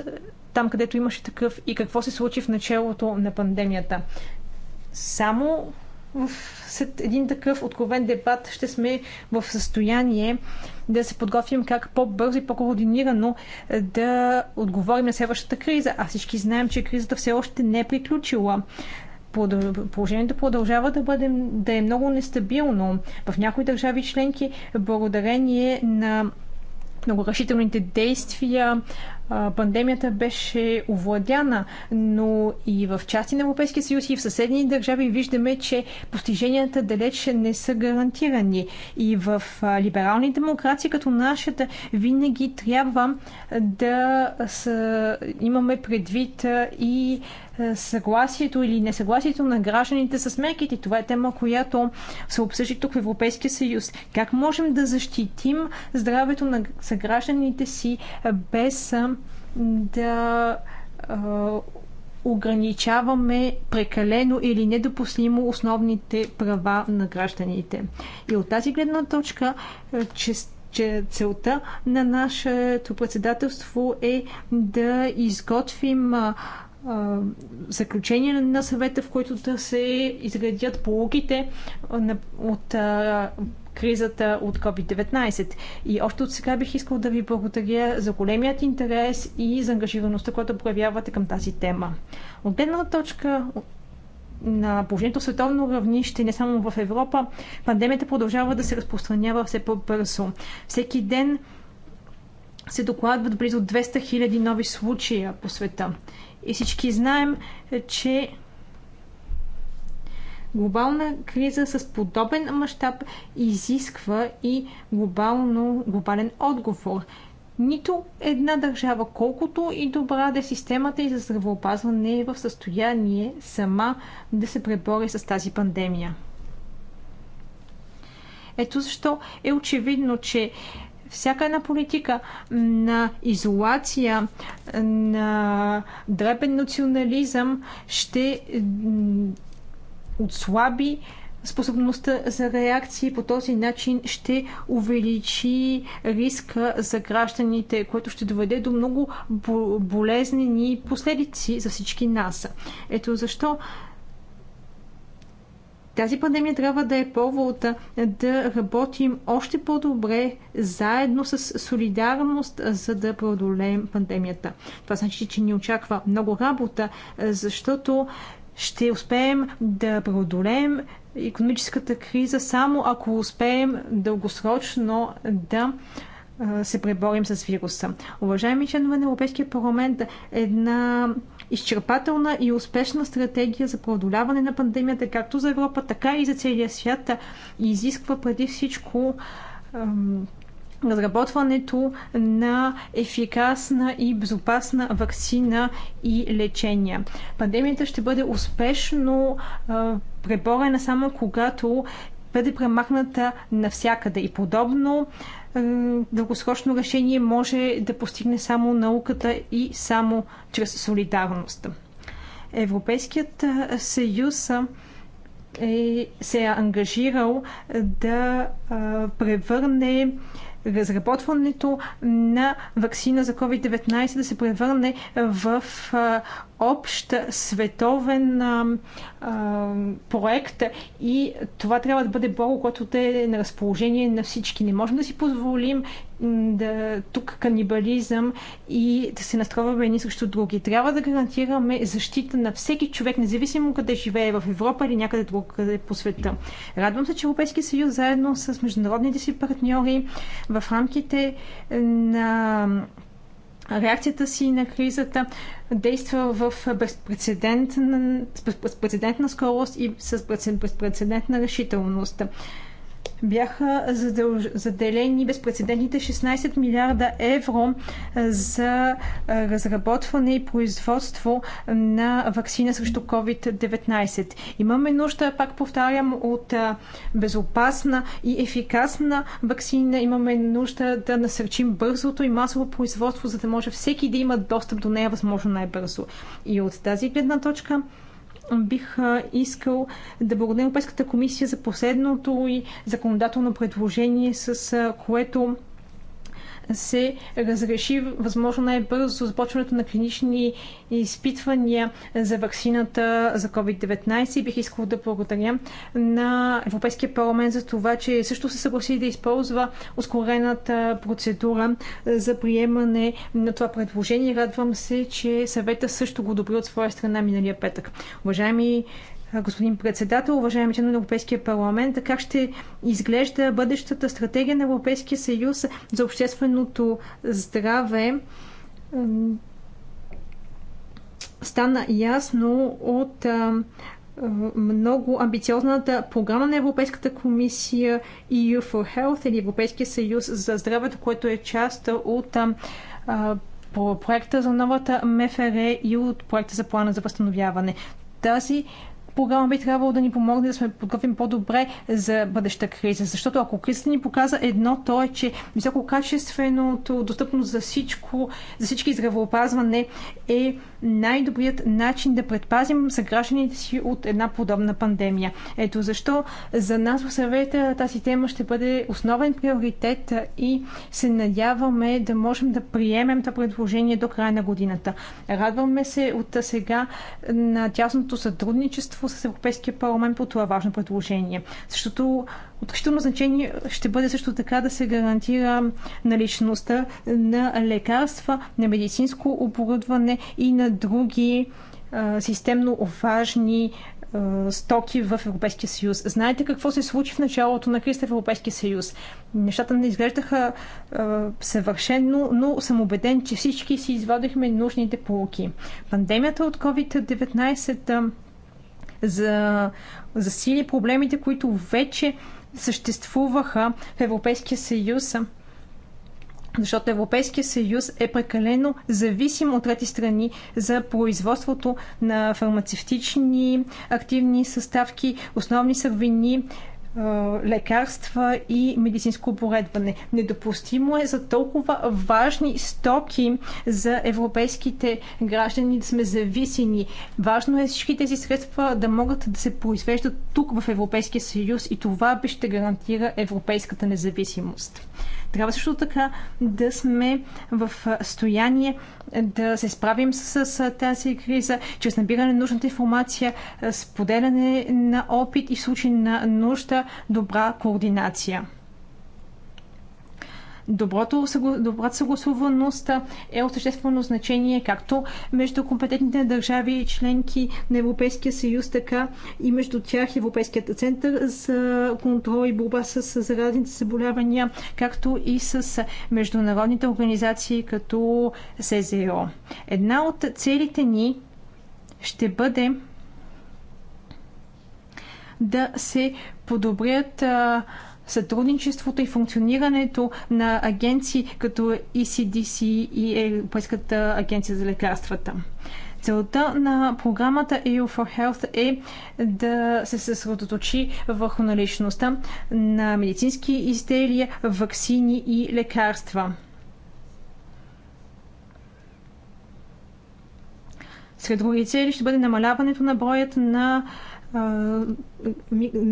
там, където имаше такъв и какво се случи в началото на пандемията. Само след един такъв откровен дебат ще сме в състояние да се подготвим как по-бързо и по-координирано е, да отговорим на следващата криза. А всички знаем, че кризата все още не е приключила положението продължава да, бъде, да е много нестабилно. В някои държави членки, благодарение на много решителните действия. Пандемията беше овладяна, но и в части на Европейския съюз и в съседни държави виждаме, че постиженията далеч не са гарантирани. И в либерални демокрации като нашата винаги трябва да са, имаме предвид и е, съгласието или несъгласието на гражданите с мерките. Това е тема, която се обсъжда тук в Европейския съюз. Как можем да защитим здравето на съгражданите си е, без е, да ограничаваме прекалено или недопустимо основните права на гражданите. И от тази гледна точка, че че целта на нашето председателство е да изготвим заключение на съвета, в който да се изградят полуките от кризата от COVID-19. И още от сега бих искал да ви благодаря за големият интерес и за ангажираността, която проявявате към тази тема. От гледна точка на положението световно равнище, не само в Европа, пандемията продължава да се разпространява все по-бързо. Всеки ден се докладват близо 200 000 нови случая по света. И всички знаем, че глобална криза с подобен мащаб изисква и глобално, глобален отговор. Нито една държава, колкото и добра да е системата и за здравеопазване, е в състояние сама да се пребори с тази пандемия. Ето защо е очевидно, че всяка една политика на изолация, на дребен национализъм ще отслаби способността за реакции по този начин ще увеличи риска за гражданите, което ще доведе до много болезнени последици за всички нас. Ето защо тази пандемия трябва да е повод да работим още по-добре заедно с солидарност, за да преодолеем пандемията. Това значи, че ни очаква много работа, защото ще успеем да преодолеем економическата криза само ако успеем дългосрочно да се преборим с вируса. Уважаеми членове на Европейския парламент, една изчерпателна и успешна стратегия за преодоляване на пандемията, както за Европа, така и за целия свят, изисква преди всичко разработването на ефикасна и безопасна вакцина и лечение. Пандемията ще бъде успешно преборена само когато бъде премахната навсякъде. И подобно е, дългосрочно решение може да постигне само науката и само чрез солидарност. Европейският е, съюз е, е, се е ангажирал да а, превърне разработването на вакцина за COVID-19 да се превърне в а, общ световен а, а, проект и това трябва да бъде благо, което те е на разположение на всички. Не можем да си позволим да, тук канибализъм и да се настроваме едни срещу други. Трябва да гарантираме защита на всеки човек, независимо къде живее, в Европа или някъде другаде по света. Радвам се, че Европейския съюз заедно с международните си партньори в рамките на реакцията си на кризата действа в безпредседентна, с безпредседентна скорост и с безпредседентна решителност бяха заделени безпредседентните 16 милиарда евро за разработване и производство на вакцина срещу COVID-19. Имаме нужда, пак повтарям, от безопасна и ефикасна вакцина. Имаме нужда да насърчим бързото и масово производство, за да може всеки да има достъп до нея възможно най-бързо. И от тази гледна точка бих искал да благодаря Европейската комисия за последното и законодателно предложение, с което се разреши възможно най-бързо започването на клинични изпитвания за вакцината за COVID-19. Бих искал да благодаря на Европейския парламент за това, че също се съгласи да използва ускорената процедура за приемане на това предложение. Радвам се, че съвета също го добри от своя страна миналия петък. Уважаеми господин председател, уважаеми членове на Европейския парламент, как ще изглежда бъдещата стратегия на Европейския съюз за общественото здраве, стана ясно от много амбициозната програма на Европейската комисия EU for Health или Европейския съюз за здравето, което е част от проекта за новата МФР и от проекта за плана за възстановяване. Тази програма би трябвало да ни помогне да сме подготвим по-добре за бъдеща криза. Защото ако кризата ни показа едно, то е, че висококачественото, достъпно за всичко, за всички здравеопазване е най-добрият начин да предпазим съгражданите си от една подобна пандемия. Ето защо за нас в съвета тази тема ще бъде основен приоритет и се надяваме да можем да приемем това предложение до края на годината. Радваме се от сега на тясното сътрудничество с Европейския парламент по това важно предложение. Защото Отключително значение ще бъде също така да се гарантира наличността на лекарства, на медицинско оборудване и на други системно важни стоки в Европейския съюз. Знаете какво се случи в началото на кризата в Европейския съюз? Нещата не изглеждаха е, съвършенно, но съм убеден, че всички си извадихме нужните полуки. Пандемията от COVID-19 за засили проблемите, които вече съществуваха в Европейския съюз защото Европейския съюз е прекалено зависим от трети страни за производството на фармацевтични активни съставки, основни сървини, лекарства и медицинско оборудване. Недопустимо е за толкова важни стоки за европейските граждани да сме зависени. Важно е всички тези средства да могат да се произвеждат тук в Европейския съюз и това би ще гарантира европейската независимост. Трябва също така да сме в стояние да се справим с, с тази криза, чрез набиране на нужната информация, споделяне на опит и в случай на нужда добра координация. Доброто, добрата съгласуваност е от съществено значение както между компетентните държави и членки на Европейския съюз, така и между тях Европейският център за контрол и борба с заразните заболявания, както и с международните организации като СЗО. Една от целите ни ще бъде да се подобрят а, сътрудничеството и функционирането на агенции като ECDC и Европейската агенция за лекарствата. Целта на програмата EU for Health е да се съсредоточи върху наличността на медицински изделия, вакцини и лекарства. Сред други цели ще бъде намаляването на броят на на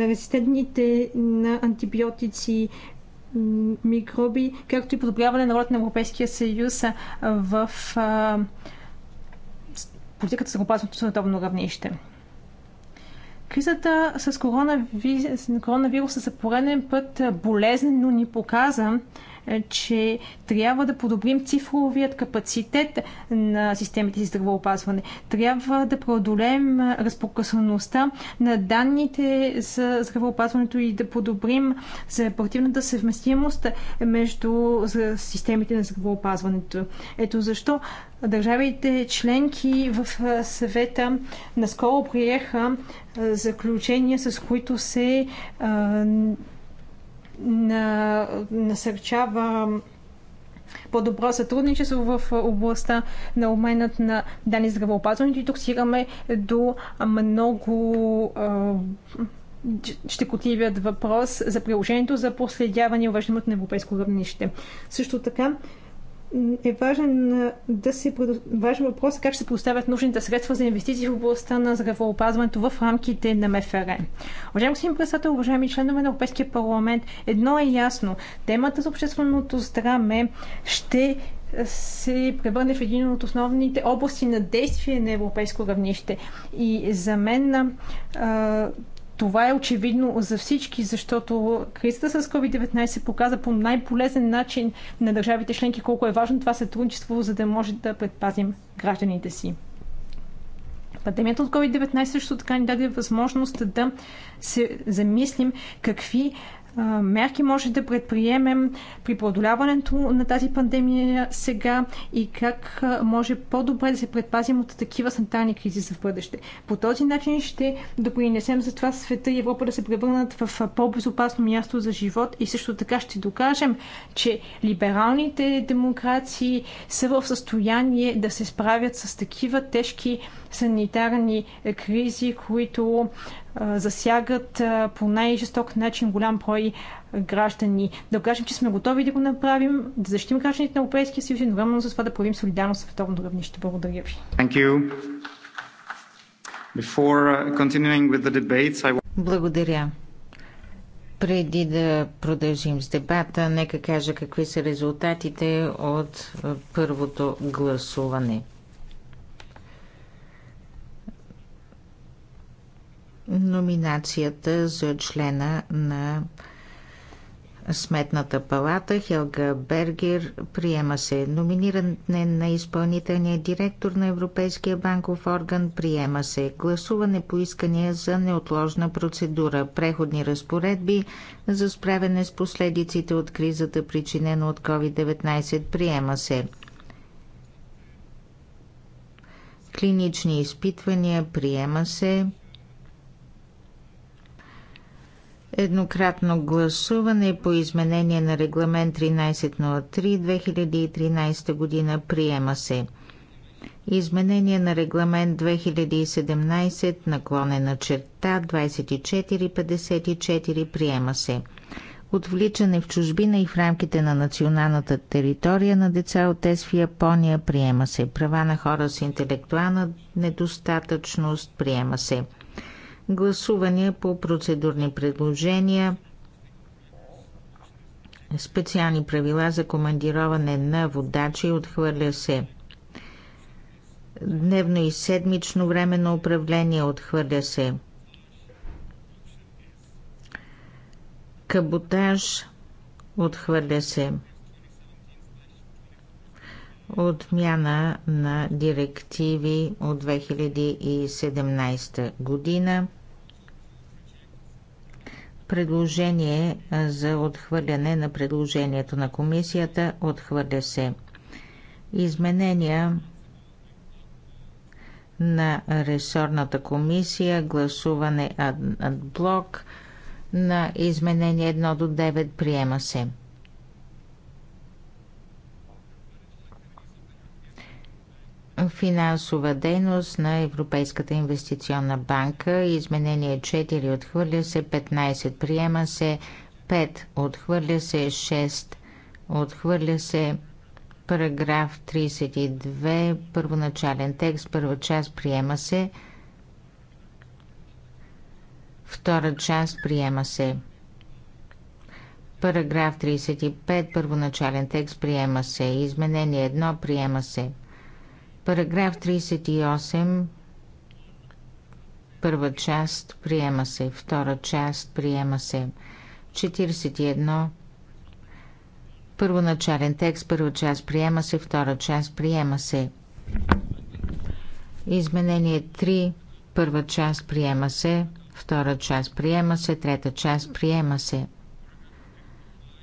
резистентните на антибиотици микроби, както и подобряване на ролята на Европейския съюз в политиката за опасното световно равнище. Кризата с коронавируса за пореден път болезнено ни показа, че трябва да подобрим цифровият капацитет на системите за здравеопазване. Трябва да преодолеем разпокъсаността на данните за здравеопазването и да подобрим за оперативната съвместимост между системите на здравеопазването. Ето защо държавите членки в съвета наскоро приеха заключения, с които се на, насърчава по-добро сътрудничество в областта на обменът на данни здравеопазването и тук стигаме до много щекотливият въпрос за приложението за проследяване и увреждането на европейско равнище. Също така е важен, да се, важен въпрос е как ще се поставят нужните средства за инвестиции в областта на здравеопазването в рамките на МФР. Уважаеми господин председател, уважаеми членове на Европейския парламент, едно е ясно. Темата за общественото здраве ще се превърне в един от основните области на действие на европейско равнище. И за мен това е очевидно за всички, защото кризата с COVID-19 показа по най-полезен начин на държавите членки колко е важно това сътрудничество, за да може да предпазим гражданите си. Пандемията от COVID-19 също така ни даде възможност да се замислим какви мерки може да предприемем при преодоляването на тази пандемия сега и как може по-добре да се предпазим от такива санитарни кризи за в бъдеще. По този начин ще допринесем за това света и Европа да се превърнат в по-безопасно място за живот и също така ще докажем, че либералните демокрации са в състояние да се справят с такива тежки санитарни е, кризи, които засягат по най-жесток начин голям брой граждани. Да кажем, че сме готови да го направим, да защитим гражданите на Европейския съюз и едновременно за това да проявим солидарност в световно равнище. Благодаря ви. Uh, debates, I... Благодаря. Преди да продължим с дебата, нека кажа какви са резултатите от първото гласуване. номинацията за члена на Сметната палата Хелга Бергер приема се. Номиниране на изпълнителния директор на Европейския банков орган приема се. Гласуване по искания за неотложна процедура. Преходни разпоредби за справяне с последиците от кризата, причинена от COVID-19 приема се. Клинични изпитвания приема се. еднократно гласуване по изменение на регламент 1303-2013 година приема се. Изменение на регламент 2017 наклонена черта 2454 приема се. Отвличане в чужбина и в рамките на националната територия на деца от ЕС в Япония приема се. Права на хора с интелектуална недостатъчност приема се. Гласуване по процедурни предложения, специални правила за командироване на водачи отхвърля се. Дневно и седмично време на управление отхвърля се. Каботаж отхвърля се отмяна на директиви от 2017 година, предложение за отхвърляне на предложението на комисията отхвърля се. Изменения на ресорната комисия, гласуване ад блок на изменение 1 до 9 приема се. финансова дейност на Европейската инвестиционна банка. Изменение 4 отхвърля се, 15 приема се, 5 отхвърля се, 6 отхвърля се, параграф 32, първоначален текст, първа част приема се, втора част приема се. Параграф 35, първоначален текст приема се, изменение 1 приема се. Параграф 38, първа част приема се, втора част приема се. 41. Първоначален текст, първа част приема се, втора част приема се. Изменение 3, първа част приема се, втора част приема се, трета част приема се.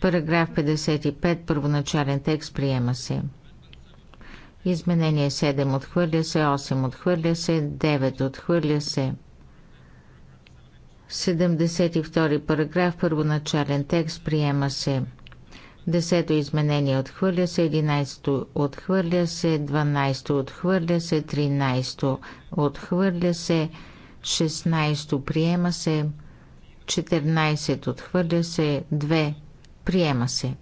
Параграф 55, първоначален текст приема се. Изменение 7 отхвърля се, 8 отхвърля се, 9 отхвърля се. 72 параграф, първоначален текст, приема се. 10 изменение отхвърля се, 11 отхвърля се, 12 отхвърля се, 13 отхвърля се, 16 приема се, 14 отхвърля се, 2 приема се.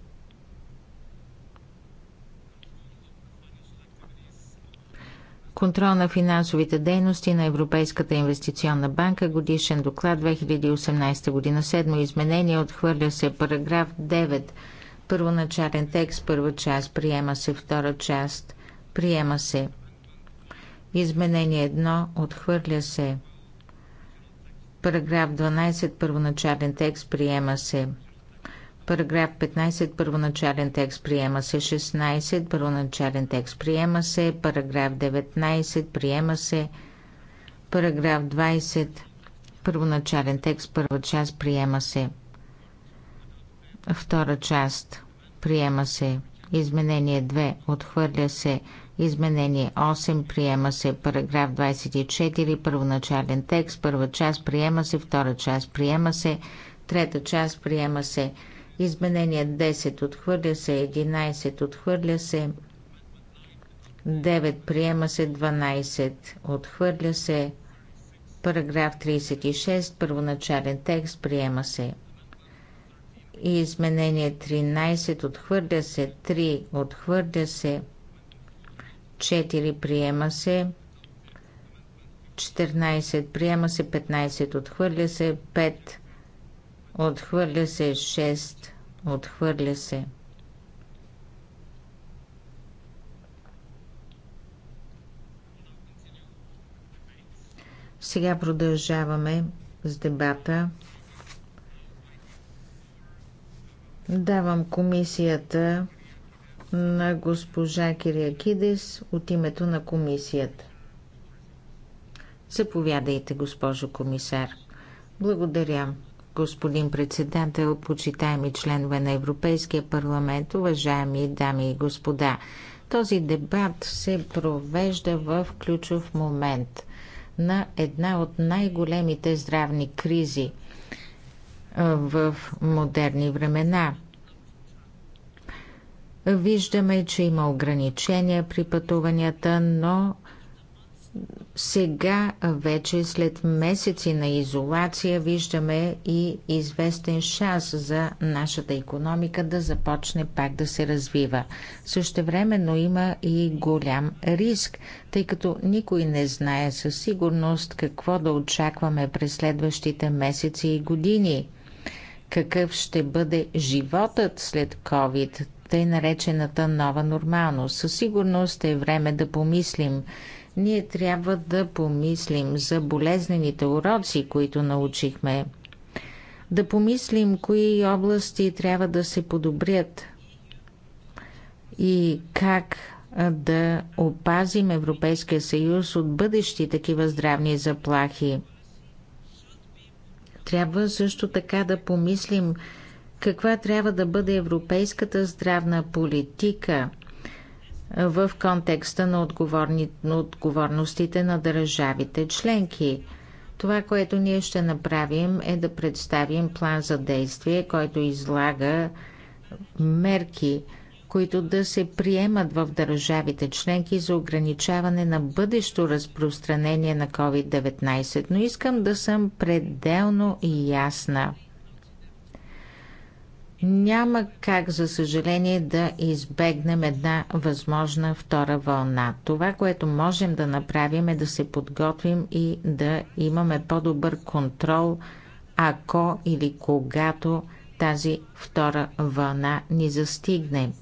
Контрол на финансовите дейности на Европейската инвестиционна банка. Годишен доклад 2018 година. Седмо изменение. Отхвърля се параграф 9. Първоначален текст. Първа част. Приема се. Втора част. Приема се. Изменение 1. Отхвърля се. Параграф 12. Първоначален текст. Приема се. Параграф 15, първоначален текст приема се. 16, първоначален текст приема се. Параграф 19, приема се. Параграф 20, първоначален текст, първа част приема се. Втора част приема се. Изменение 2 отхвърля се. Изменение 8 приема се. Параграф 24, първоначален текст, първа част приема се. Втора част приема се. Трета част приема се. Изменение 10 отхвърля се, 11 отхвърля се, 9 приема се, 12 отхвърля се, параграф 36, първоначален текст приема се. И изменение 13 отхвърля се, 3 отхвърля се, 4 приема се, 14 приема се, 15 отхвърля се, 5 Отхвърля се 6. Отхвърля се. Сега продължаваме с дебата. Давам комисията на госпожа Кириакидес от името на комисията. Заповядайте, госпожо комисар. Благодаря господин председател, почитаеми членове на Европейския парламент, уважаеми дами и господа. Този дебат се провежда в ключов момент на една от най-големите здравни кризи в модерни времена. Виждаме, че има ограничения при пътуванията, но сега вече след месеци на изолация виждаме и известен шанс за нашата економика да започне пак да се развива. но има и голям риск, тъй като никой не знае със сигурност какво да очакваме през следващите месеци и години. Какъв ще бъде животът след COVID, тъй наречената нова нормалност. Със сигурност е време да помислим – ние трябва да помислим за болезнените уроци, които научихме. Да помислим кои области трябва да се подобрят и как да опазим Европейския съюз от бъдещи такива здравни заплахи. Трябва също така да помислим каква трябва да бъде европейската здравна политика – в контекста на, отговорни, на отговорностите на държавите членки. Това, което ние ще направим е да представим план за действие, който излага мерки, които да се приемат в държавите членки за ограничаване на бъдещо разпространение на COVID-19. Но искам да съм пределно ясна – няма как, за съжаление, да избегнем една възможна втора вълна. Това, което можем да направим е да се подготвим и да имаме по-добър контрол, ако или когато тази втора вълна ни застигне.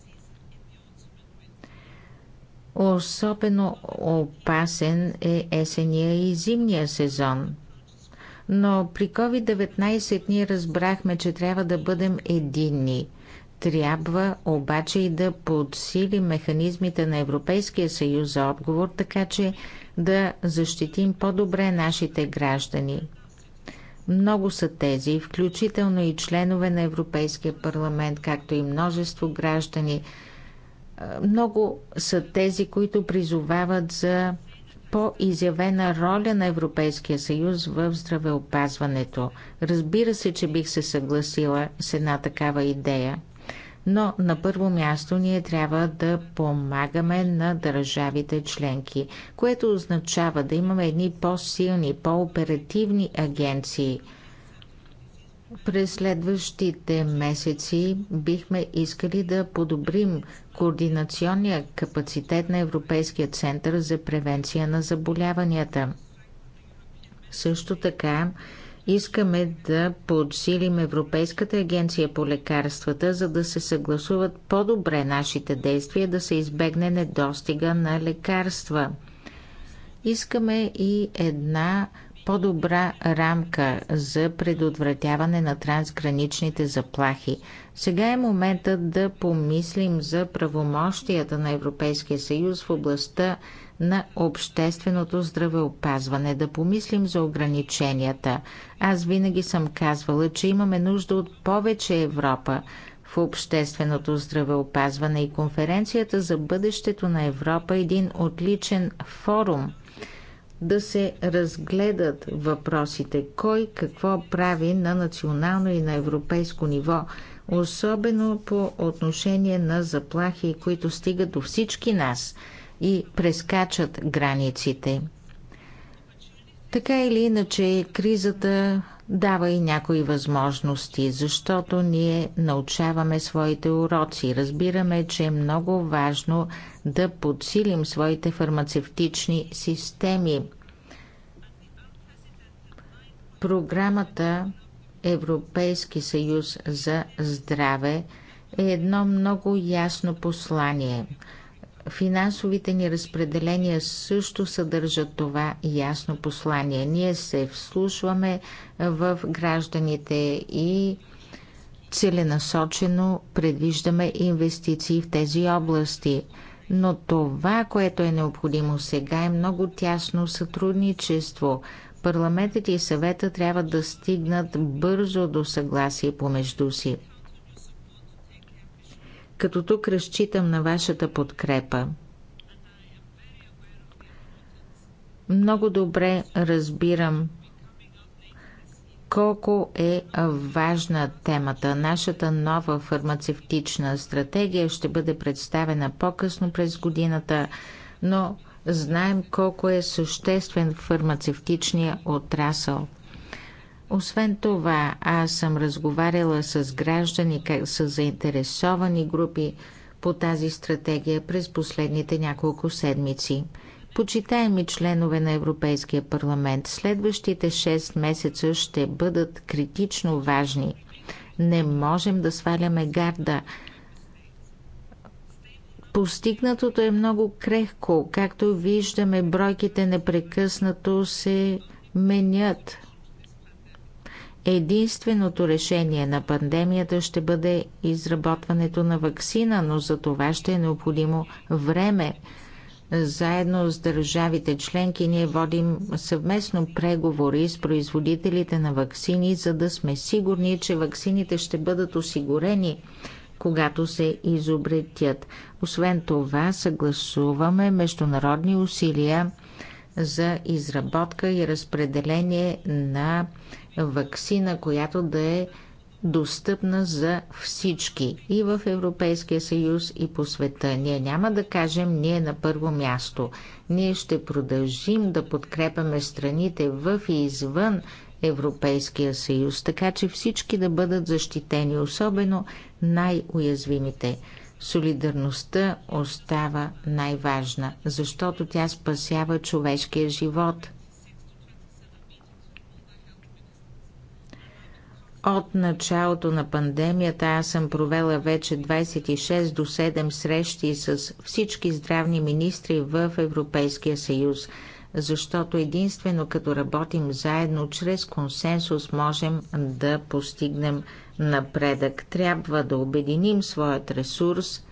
Особено опасен е есения и зимния сезон – но при COVID-19 ние разбрахме, че трябва да бъдем единни. Трябва обаче и да подсилим механизмите на Европейския съюз за отговор, така че да защитим по-добре нашите граждани. Много са тези, включително и членове на Европейския парламент, както и множество граждани. Много са тези, които призовават за по-изявена роля на Европейския съюз в здравеопазването. Разбира се, че бих се съгласила с една такава идея, но на първо място ние трябва да помагаме на държавите членки, което означава да имаме едни по-силни, по-оперативни агенции – през следващите месеци бихме искали да подобрим координационния капацитет на Европейския център за превенция на заболяванията. Също така искаме да подсилим Европейската агенция по лекарствата, за да се съгласуват по-добре нашите действия, да се избегне недостига на лекарства. Искаме и една по-добра рамка за предотвратяване на трансграничните заплахи. Сега е моментът да помислим за правомощията на Европейския съюз в областта на общественото здравеопазване, да помислим за ограниченията. Аз винаги съм казвала, че имаме нужда от повече Европа в общественото здравеопазване и конференцията за бъдещето на Европа е един отличен форум да се разгледат въпросите кой какво прави на национално и на европейско ниво, особено по отношение на заплахи, които стигат до всички нас и прескачат границите. Така или иначе, кризата дава и някои възможности, защото ние научаваме своите уроци. Разбираме, че е много важно да подсилим своите фармацевтични системи. Програмата Европейски съюз за здраве е едно много ясно послание – Финансовите ни разпределения също съдържат това ясно послание. Ние се вслушваме в гражданите и целенасочено предвиждаме инвестиции в тези области. Но това, което е необходимо сега е много тясно сътрудничество. Парламентът и съвета трябва да стигнат бързо до съгласие помежду си като тук разчитам на вашата подкрепа. Много добре разбирам колко е важна темата. Нашата нова фармацевтична стратегия ще бъде представена по-късно през годината, но знаем колко е съществен фармацевтичния отрасъл – освен това, аз съм разговаряла с граждани, с заинтересовани групи по тази стратегия през последните няколко седмици. Почитаеми членове на Европейския парламент, следващите 6 месеца ще бъдат критично важни. Не можем да сваляме гарда. Постигнатото е много крехко. Както виждаме, бройките непрекъснато се менят. Единственото решение на пандемията ще бъде изработването на вакцина, но за това ще е необходимо време. Заедно с държавите членки ние водим съвместно преговори с производителите на вакцини, за да сме сигурни, че вакцините ще бъдат осигурени, когато се изобретят. Освен това, съгласуваме международни усилия за изработка и разпределение на вакцина, която да е достъпна за всички и в Европейския съюз и по света. Ние няма да кажем ние на първо място. Ние ще продължим да подкрепяме страните в и извън Европейския съюз, така че всички да бъдат защитени, особено най-уязвимите. Солидарността остава най-важна, защото тя спасява човешкия живот – От началото на пандемията аз съм провела вече 26 до 7 срещи с всички здравни министри в Европейския съюз, защото единствено като работим заедно чрез консенсус можем да постигнем напредък. Трябва да обединим своят ресурс,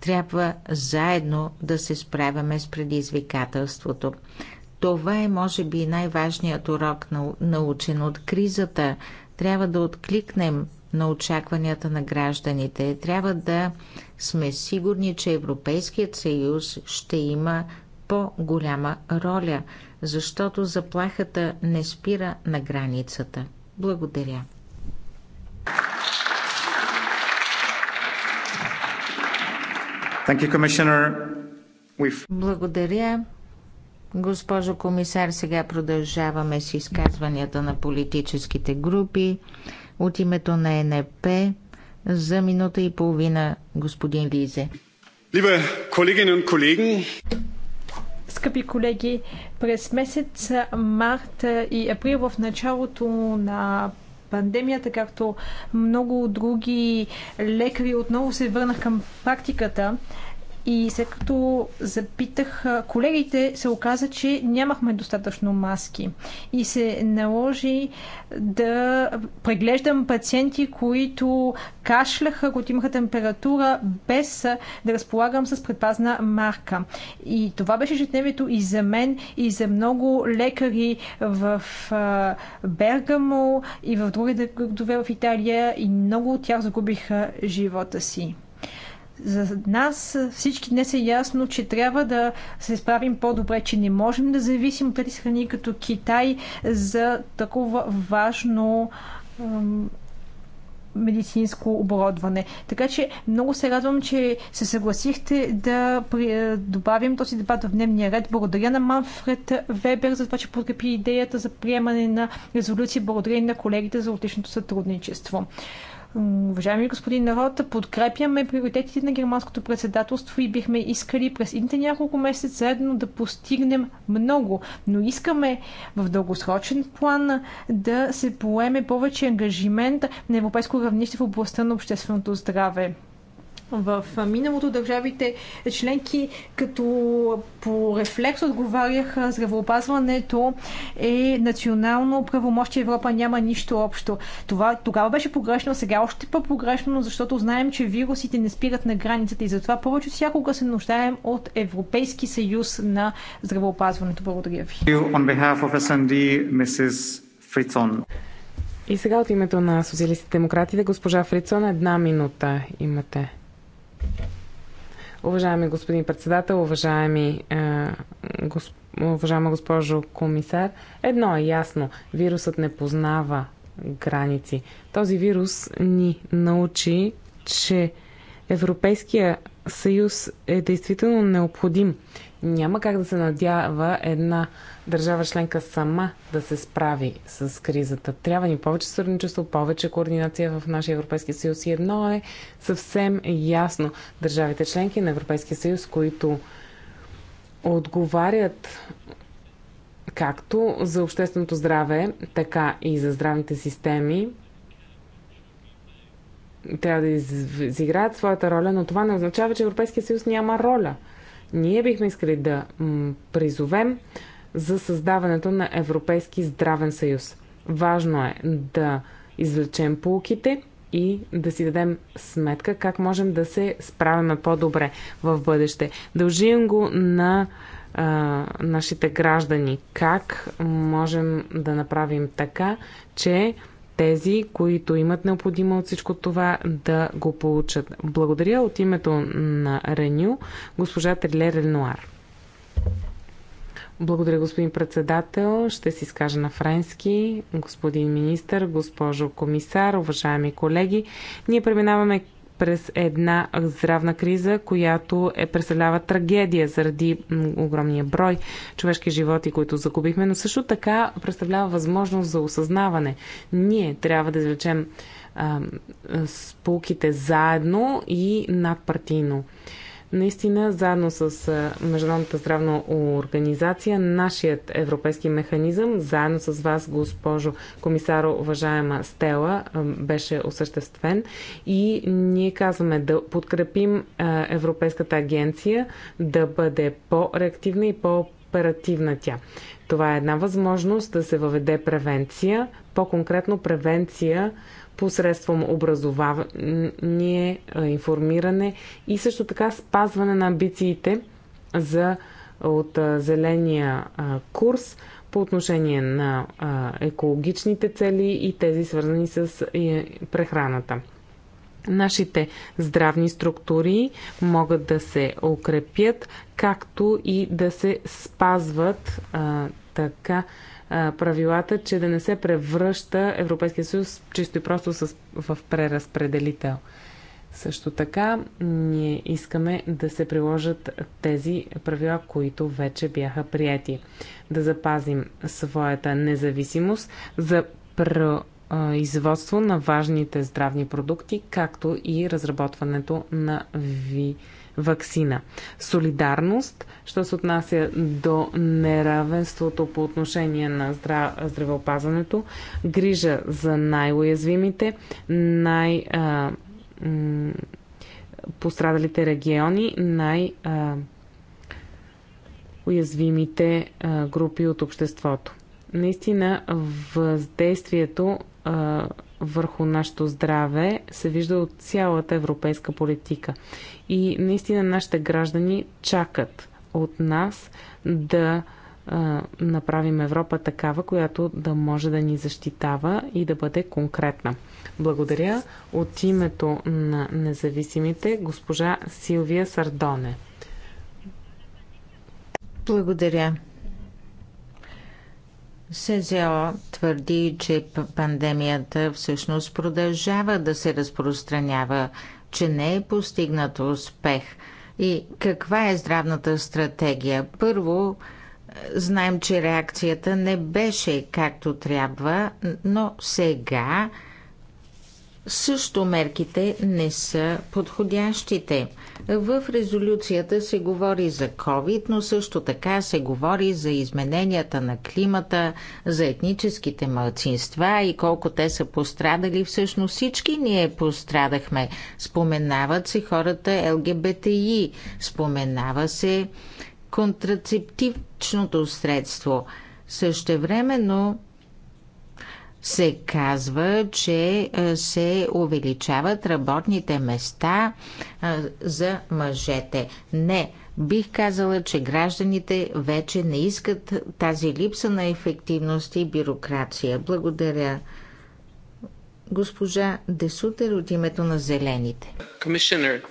трябва заедно да се справяме с предизвикателството. Това е, може би, най-важният урок научен от кризата – трябва да откликнем на очакванията на гражданите. Трябва да сме сигурни, че Европейският съюз ще има по-голяма роля, защото заплахата не спира на границата. Благодаря. You, Благодаря, Госпожо комисар, сега продължаваме с изказванията на политическите групи. От името на НП за минута и половина господин Лизе. Либе колеги и колеги, Скъпи колеги, през месец март и април в началото на пандемията, както много други лекари отново се върнах към практиката и след като запитах колегите, се оказа, че нямахме достатъчно маски. И се наложи да преглеждам пациенти, които кашляха, които имаха температура, без да разполагам с предпазна марка. И това беше житневието и за мен, и за много лекари в Бергамо и в други градове в Италия. И много от тях загубиха живота си. За нас всички днес е ясно, че трябва да се справим по-добре, че не можем да зависим от тези страни като Китай за такова важно медицинско оборудване. Така че много се радвам, че се съгласихте да е, добавим този дебат в дневния ред. Благодаря на Манфред Вебер за това, че подкрепи идеята за приемане на резолюции. Благодаря и на колегите за отличното сътрудничество. Уважаеми господин народ, подкрепяме приоритетите на германското председателство и бихме искали през идните няколко месеца заедно да постигнем много, но искаме в дългосрочен план да се поеме повече ангажимент на европейско равнище в областта на общественото здраве. В миналото държавите членки като по рефлекс отговаряха здравеопазването е национално правомощие Европа няма нищо общо. Това тогава беше погрешно, сега още по-погрешно, защото знаем, че вирусите не спират на границата и затова повече всякога се нуждаем от Европейски съюз на здравеопазването. Благодаря ви. И сега от името на социалистите демократите, госпожа Фрицон, една минута имате. Уважаеми господин председател, уважаеми, е, госп... уважаема госпожо комисар, едно е ясно. Вирусът не познава граници. Този вирус ни научи, че Европейския съюз е действително необходим няма как да се надява една държава членка сама да се справи с кризата. Трябва ни повече сърничество, повече координация в нашия Европейски съюз. И едно е съвсем ясно. Държавите членки на Европейския съюз, които отговарят както за общественото здраве, така и за здравните системи, трябва да изиграят своята роля, но това не означава, че Европейския съюз няма роля – ние бихме искали да призовем за създаването на Европейски здравен съюз. Важно е да извлечем полуките и да си дадем сметка как можем да се справяме по-добре в бъдеще. Дължим го на а, нашите граждани. Как можем да направим така, че тези, които имат необходимо от всичко това, да го получат. Благодаря от името на Реню, госпожа Триле Ренуар. Благодаря, господин председател. Ще си скажа на френски. Господин министр, госпожо комисар, уважаеми колеги, ние преминаваме през една здравна криза, която е представлява трагедия заради огромния брой човешки животи, които загубихме, но също така представлява възможност за осъзнаване. Ние трябва да извлечем а, заедно и надпартийно. Наистина, заедно с Международната здравна организация, нашият европейски механизъм, заедно с вас, госпожо комисаро, уважаема Стела, беше осъществен и ние казваме да подкрепим Европейската агенция да бъде по-реактивна и по- оперативна тя. Това е една възможност да се въведе превенция, по-конкретно превенция посредством образование, информиране и също така спазване на амбициите за, от зеления курс по отношение на екологичните цели и тези свързани с прехраната. Нашите здравни структури могат да се укрепят, както и да се спазват а, така правилата, че да не се превръща Европейския съюз чисто и просто с, в преразпределител. Също така, ние искаме да се приложат тези правила, които вече бяха прияти. Да запазим своята независимост за производство на важните здравни продукти, както и разработването на ви вакцина. Солидарност, що се отнася до неравенството по отношение на здравеопазването, грижа за най-уязвимите, най-, най пострадалите региони, най- уязвимите групи от обществото. Наистина въздействието върху нашето здраве се вижда от цялата европейска политика. И наистина нашите граждани чакат от нас да а, направим Европа такава, която да може да ни защитава и да бъде конкретна. Благодаря от името на независимите госпожа Силвия Сардоне. Благодаря. СЗО твърди, че пандемията всъщност продължава да се разпространява, че не е постигнат успех. И каква е здравната стратегия? Първо, е, знаем, че реакцията не беше както трябва, но сега също мерките не са подходящите. В резолюцията се говори за COVID, но също така се говори за измененията на климата, за етническите мълцинства и колко те са пострадали. Всъщност всички ние пострадахме. Споменават се хората ЛГБТИ, споменава се контрацептивното средство. Същевременно се казва, че се увеличават работните места за мъжете. Не, бих казала, че гражданите вече не искат тази липса на ефективност и бюрокрация. Благодаря. Госпожа Десутер от името на Зелените. Комисионер,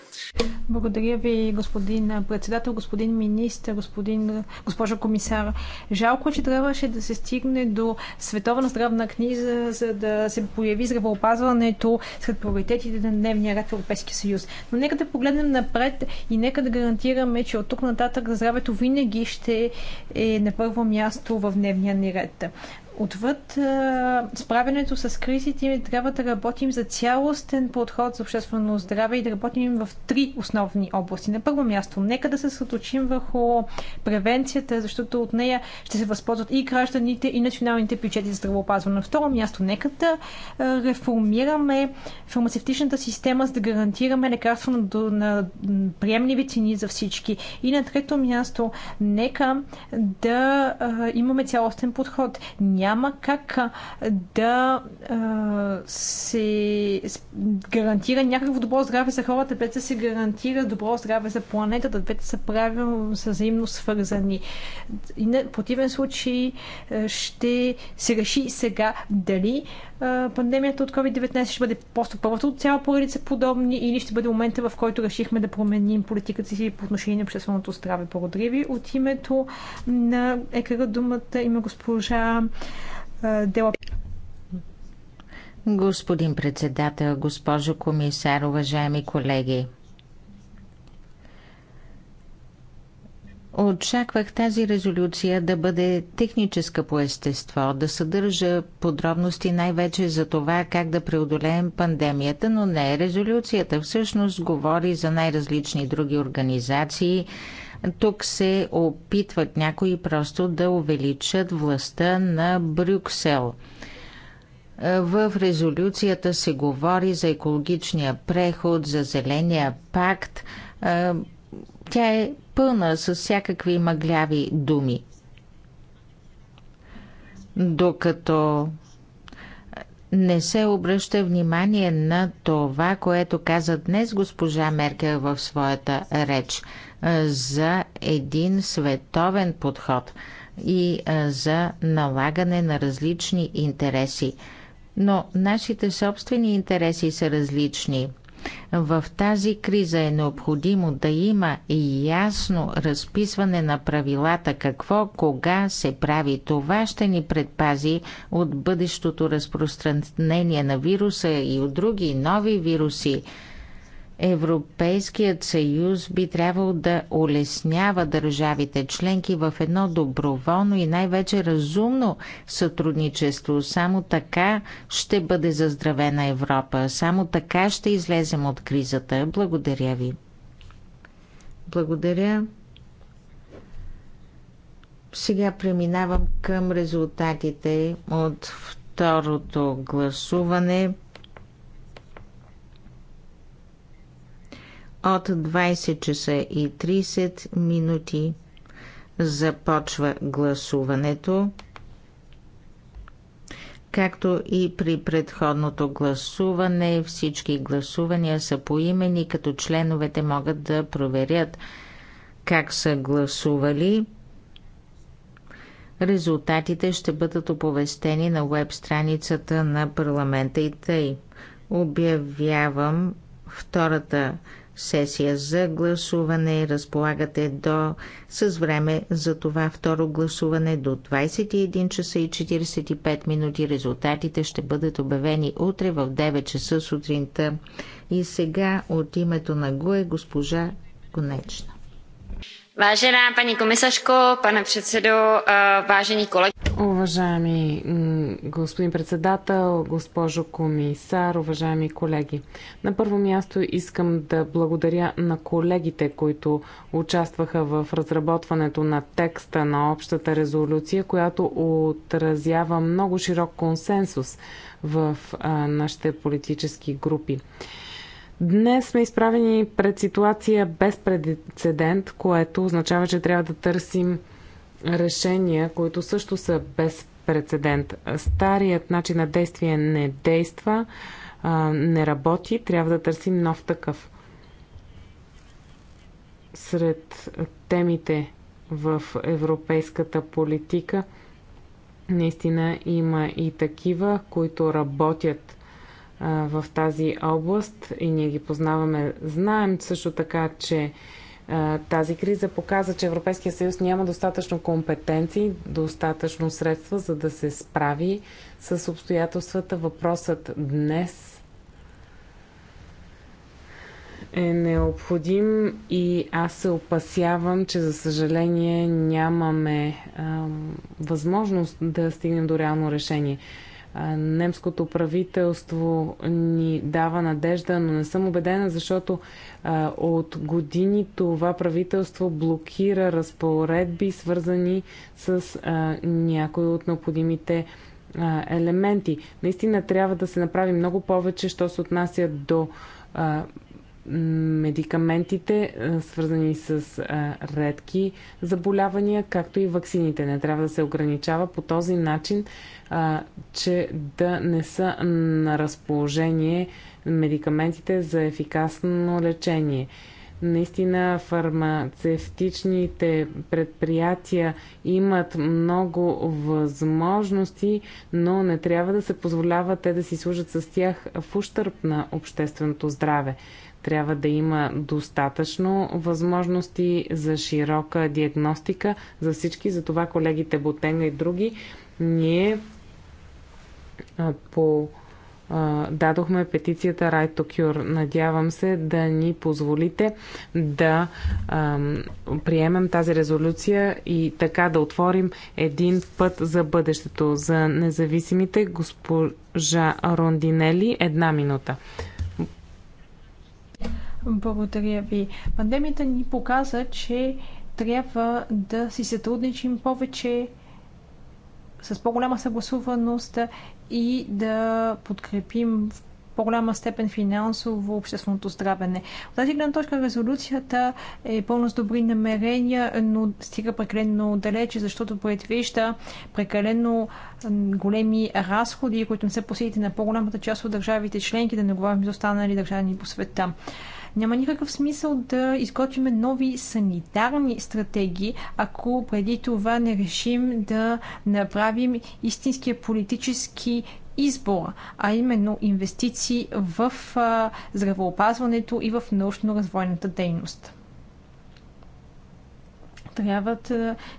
благодаря ви, господин председател, господин министр, господин, госпожа комисар. Жалко е, че трябваше да се стигне до световна здравна книза, за да се появи здравеопазването сред приоритетите на дневния ред в Европейския съюз. Но нека да погледнем напред и нека да гарантираме, че от тук нататък здравето винаги ще е на първо място в дневния ни ред. Отвъд справянето с кризите трябва да работим за цялостен подход за обществено здраве и да работим в три основни области. На първо място, нека да се съточим върху превенцията, защото от нея ще се възползват и гражданите, и националните бюджети за здравеопазване. На второ място, нека да реформираме фармацевтичната система, за да гарантираме лекарство на, на приемливи цени за всички. И на трето място, нека да имаме цялостен подход. Няма няма как да се гарантира някакво добро здраве за хората, без да се гарантира добро здраве за планетата. Двете са правилно, са взаимно свързани. И в противен случай ще се реши сега дали пандемията от COVID-19 ще бъде просто първата от цяла поредица подобни или ще бъде момента, в който решихме да променим политиката си по отношение на общественото здраве. Благодаря ви. От името на екара думата има госпожа Дела. Господин председател, госпожо комисар, уважаеми колеги. Очаквах тази резолюция да бъде техническа по естество, да съдържа подробности най-вече за това как да преодолеем пандемията, но не. е Резолюцията всъщност говори за най-различни други организации. Тук се опитват някои просто да увеличат властта на Брюксел. В резолюцията се говори за екологичния преход, за зеления пакт тя е пълна с всякакви мъгляви думи. Докато не се обръща внимание на това, което каза днес госпожа Меркел в своята реч за един световен подход и за налагане на различни интереси. Но нашите собствени интереси са различни. В тази криза е необходимо да има и ясно разписване на правилата какво, кога се прави. Това ще ни предпази от бъдещото разпространение на вируса и от други нови вируси. Европейският съюз би трябвало да улеснява държавите членки в едно доброволно и най-вече разумно сътрудничество. Само така ще бъде заздравена Европа. Само така ще излезем от кризата. Благодаря ви. Благодаря. Сега преминавам към резултатите от второто гласуване. от 20 часа и 30 минути започва гласуването. Както и при предходното гласуване, всички гласувания са поимени, като членовете могат да проверят как са гласували. Резултатите ще бъдат оповестени на веб страницата на парламента и тъй. Обявявам втората сесия за гласуване. Разполагате до, с време за това второ гласуване до 21 часа и 45 минути. Резултатите ще бъдат обявени утре в 9 часа сутринта. И сега от името на ГУЕ госпожа Конечна. Vážená paní komisařko, pane předsedo, eh, vážení колеги. Уважаеми господин председател, госпожо комисар, уважаеми колеги. На първо място искам да благодаря на колегите, които участваха в разработването на текста на общата резолюция, която отразява много широк консенсус в нашите политически групи. Днес сме изправени пред ситуация без прецедент, което означава, че трябва да търсим решения, които също са без прецедент. Старият начин на действие не действа, не работи, трябва да търсим нов такъв. Сред темите в европейската политика наистина има и такива, които работят в тази област и ние ги познаваме. Знаем също така, че тази криза показа, че Европейския съюз няма достатъчно компетенции, достатъчно средства, за да се справи с обстоятелствата. Въпросът днес е необходим и аз се опасявам, че за съжаление нямаме ам, възможност да стигнем до реално решение немското правителство ни дава надежда, но не съм убедена, защото а, от години това правителство блокира разпоредби, свързани с а, някои от необходимите а, елементи. Наистина трябва да се направи много повече, що се отнася до а, медикаментите, свързани с редки заболявания, както и ваксините. Не трябва да се ограничава по този начин, че да не са на разположение медикаментите за ефикасно лечение. Наистина фармацевтичните предприятия имат много възможности, но не трябва да се позволява те да си служат с тях в ущърп на общественото здраве. Трябва да има достатъчно възможности за широка диагностика за всички. Затова колегите Ботенга и други ние по дадохме петицията Right to Cure. Надявам се да ни позволите да ам, приемем тази резолюция и така да отворим един път за бъдещето. За независимите госпожа Рондинели една минута. Благодаря ви. Пандемията ни показа, че трябва да си сътрудничим повече с по-голяма съгласуваност и да подкрепим в по-голяма степен финансово общественото здравене. От тази гледна точка резолюцията е пълно с добри намерения, но стига прекалено далече, защото предвижда прекалено големи разходи, които не са посетите на по-голямата част от държавите членки, да не говорим за останали държави по света. Няма никакъв смисъл да изготвим нови санитарни стратегии, ако преди това не решим да направим истинския политически Избора, а именно инвестиции в здравеопазването и в научно-развойната дейност трябват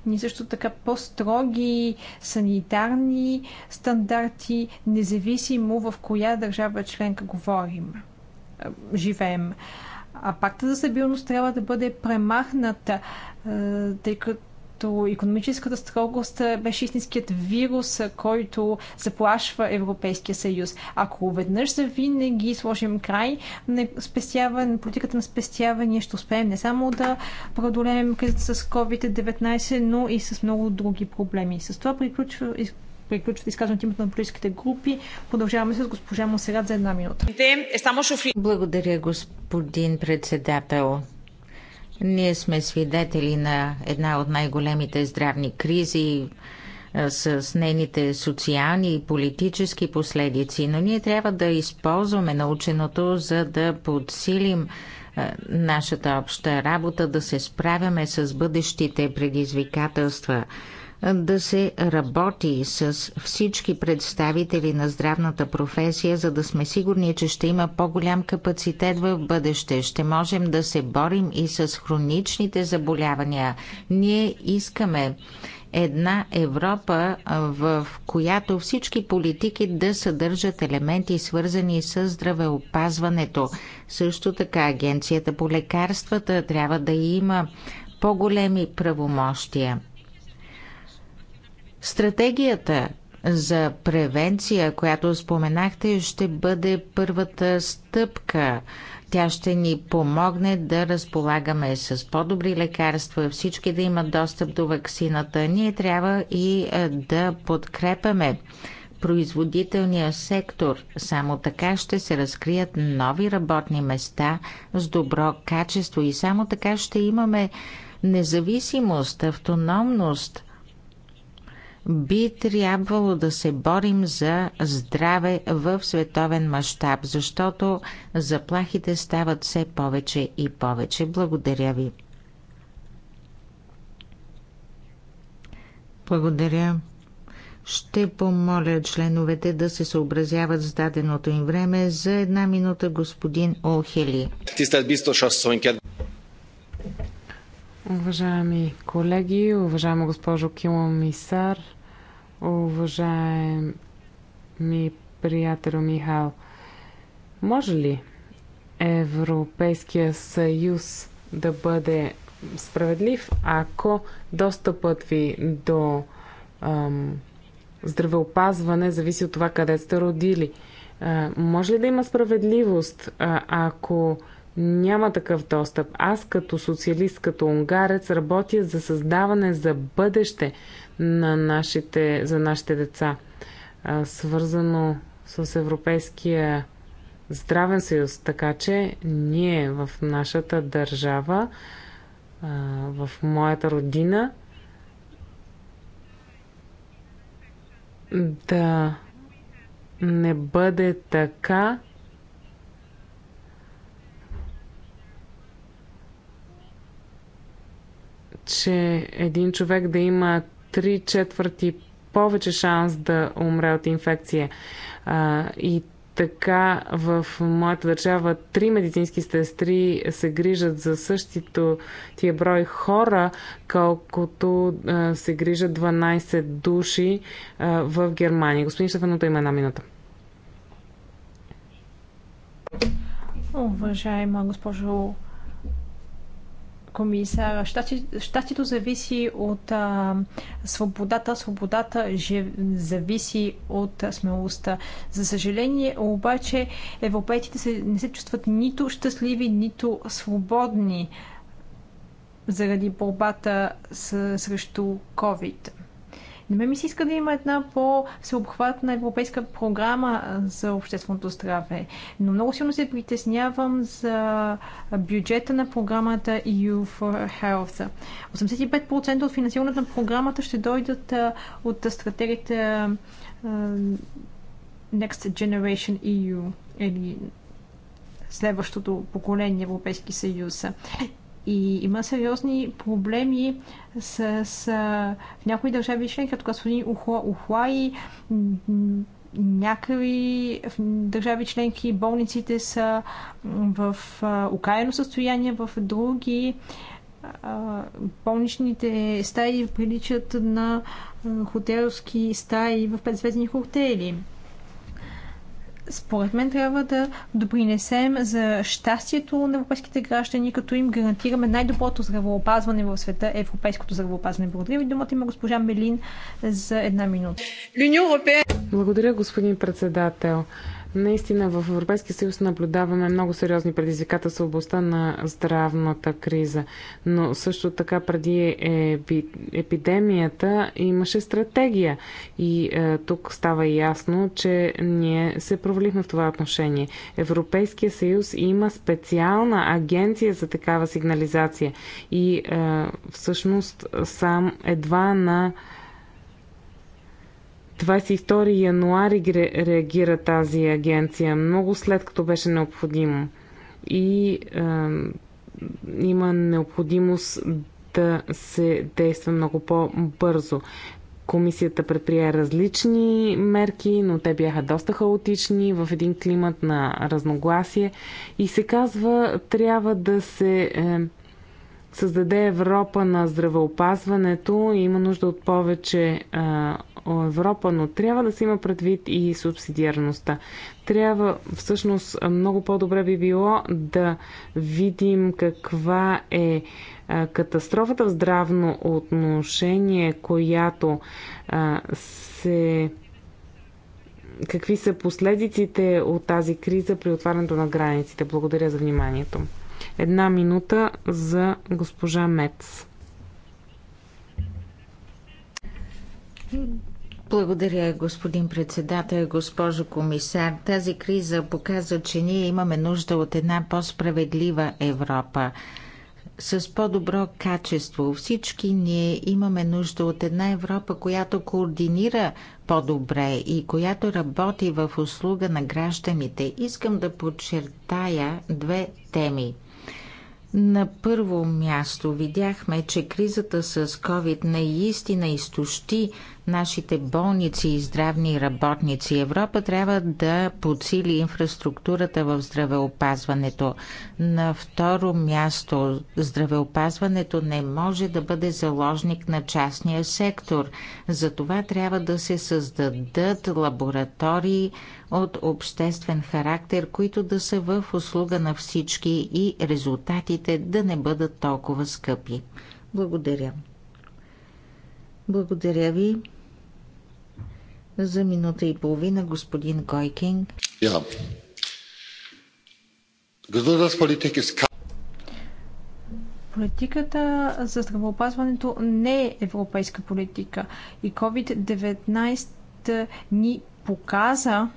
ни също така по-строги санитарни стандарти, независимо в коя държава членка говорим, живеем. А пакта за стабилност трябва да бъде премахната, тъй като като економическата строгост е, беше истинският вирус, е, който заплашва Европейския съюз. Ако веднъж за винаги сложим край на спестяване, на политиката на спестяване, ще успеем не само да преодолеем кризата с COVID-19, но и с много други проблеми. С това приключва приключват изказването името на политическите групи. Продължаваме с госпожа Мусерат за една минута. Благодаря, господин председател. Ние сме свидетели на една от най-големите здравни кризи е, с нейните социални и политически последици, но ние трябва да използваме наученото, за да подсилим е, нашата обща работа, да се справяме с бъдещите предизвикателства да се работи с всички представители на здравната професия, за да сме сигурни, че ще има по-голям капацитет в бъдеще. Ще можем да се борим и с хроничните заболявания. Ние искаме една Европа, в която всички политики да съдържат елементи, свързани с здравеопазването. Също така Агенцията по лекарствата трябва да има по-големи правомощия. Стратегията за превенция, която споменахте, ще бъде първата стъпка. Тя ще ни помогне да разполагаме с по-добри лекарства, всички да имат достъп до ваксината. Ние трябва и да подкрепяме производителния сектор. Само така ще се разкрият нови работни места с добро качество и само така ще имаме независимост, автономност – би трябвало да се борим за здраве в световен мащаб, защото заплахите стават все повече и повече. Благодаря ви. Благодаря. Ще помоля членовете да се съобразяват с даденото им време за една минута господин Олхели. Уважаеми колеги, уважаема госпожо Киломисар, уважаеми приятел Михал, може ли Европейския съюз да бъде справедлив, ако достъпът ви до ам, здравеопазване зависи от това къде сте родили? А, може ли да има справедливост, а, ако няма такъв достъп. Аз като социалист, като унгарец работя за създаване за бъдеще на нашите, за нашите деца. Свързано с Европейския здравен съюз. Така че ние в нашата държава, в моята родина, да не бъде така, че един човек да има 3 четвърти повече шанс да умре от инфекция. А, и така в моята държава три медицински сестри се грижат за същото тия брой хора, колкото а, се грижат 12 души а, в Германия. Господин Штефанута има една минута. Уважаема госпожо комисара. Щастието зависи от а, свободата, свободата же, зависи от смелостта. За съжаление, обаче, европейците се, не се чувстват нито щастливи, нито свободни заради борбата с, срещу COVID. Не ме ми се иска да има една по съобхватна европейска програма за общественото здраве, но много силно се притеснявам за бюджета на програмата EU for Health. 85% от финансирането на програмата ще дойдат от стратегията Next Generation EU или следващото поколение Европейски съюз. И има сериозни проблеми с, с в някои държави член, като господин Ухла, Ухла някои държави членки болниците са в окаяно състояние, в други болничните стаи приличат на хотелски стаи в предзвездни хотели според мен трябва да допринесем за щастието на европейските граждани, като им гарантираме най-доброто здравеопазване в света, европейското здравеопазване. Благодаря ви. Думата има госпожа Мелин за една минута. Благодаря, господин председател. Наистина в Европейския съюз наблюдаваме много сериозни предизвикателства в областта на здравната криза. Но също така преди е епидемията имаше стратегия. И е, тук става ясно, че ние се провалихме в това отношение. Европейския съюз има специална агенция за такава сигнализация. И е, всъщност сам едва на 22 януари реагира тази агенция, много след като беше необходимо. И е, има необходимост да се действа много по-бързо. Комисията предприе различни мерки, но те бяха доста хаотични в един климат на разногласие. И се казва, трябва да се е, създаде Европа на здравеопазването и има нужда от повече е, Европа, но трябва да се има предвид и субсидиарността. Трябва, всъщност, много по-добре би било да видим каква е катастрофата в здравно отношение, която се какви са последиците от тази криза при отварянето на границите. Благодаря за вниманието. Една минута за госпожа Мец. Благодаря, господин председател, госпожо комисар. Тази криза показва, че ние имаме нужда от една по-справедлива Европа с по-добро качество. Всички ние имаме нужда от една Европа, която координира по-добре и която работи в услуга на гражданите. Искам да подчертая две теми. На първо място видяхме, че кризата с COVID наистина изтощи нашите болници и здравни работници. Европа трябва да подсили инфраструктурата в здравеопазването. На второ място, здравеопазването не може да бъде заложник на частния сектор. Затова трябва да се създадат лаборатории от обществен характер, които да са в услуга на всички и резултатите да не бъдат толкова скъпи. Благодаря. Благодаря ви. За минута и половина господин Гойкин. Политиката за здравеопазването не е европейска политика. И COVID-19 ни показа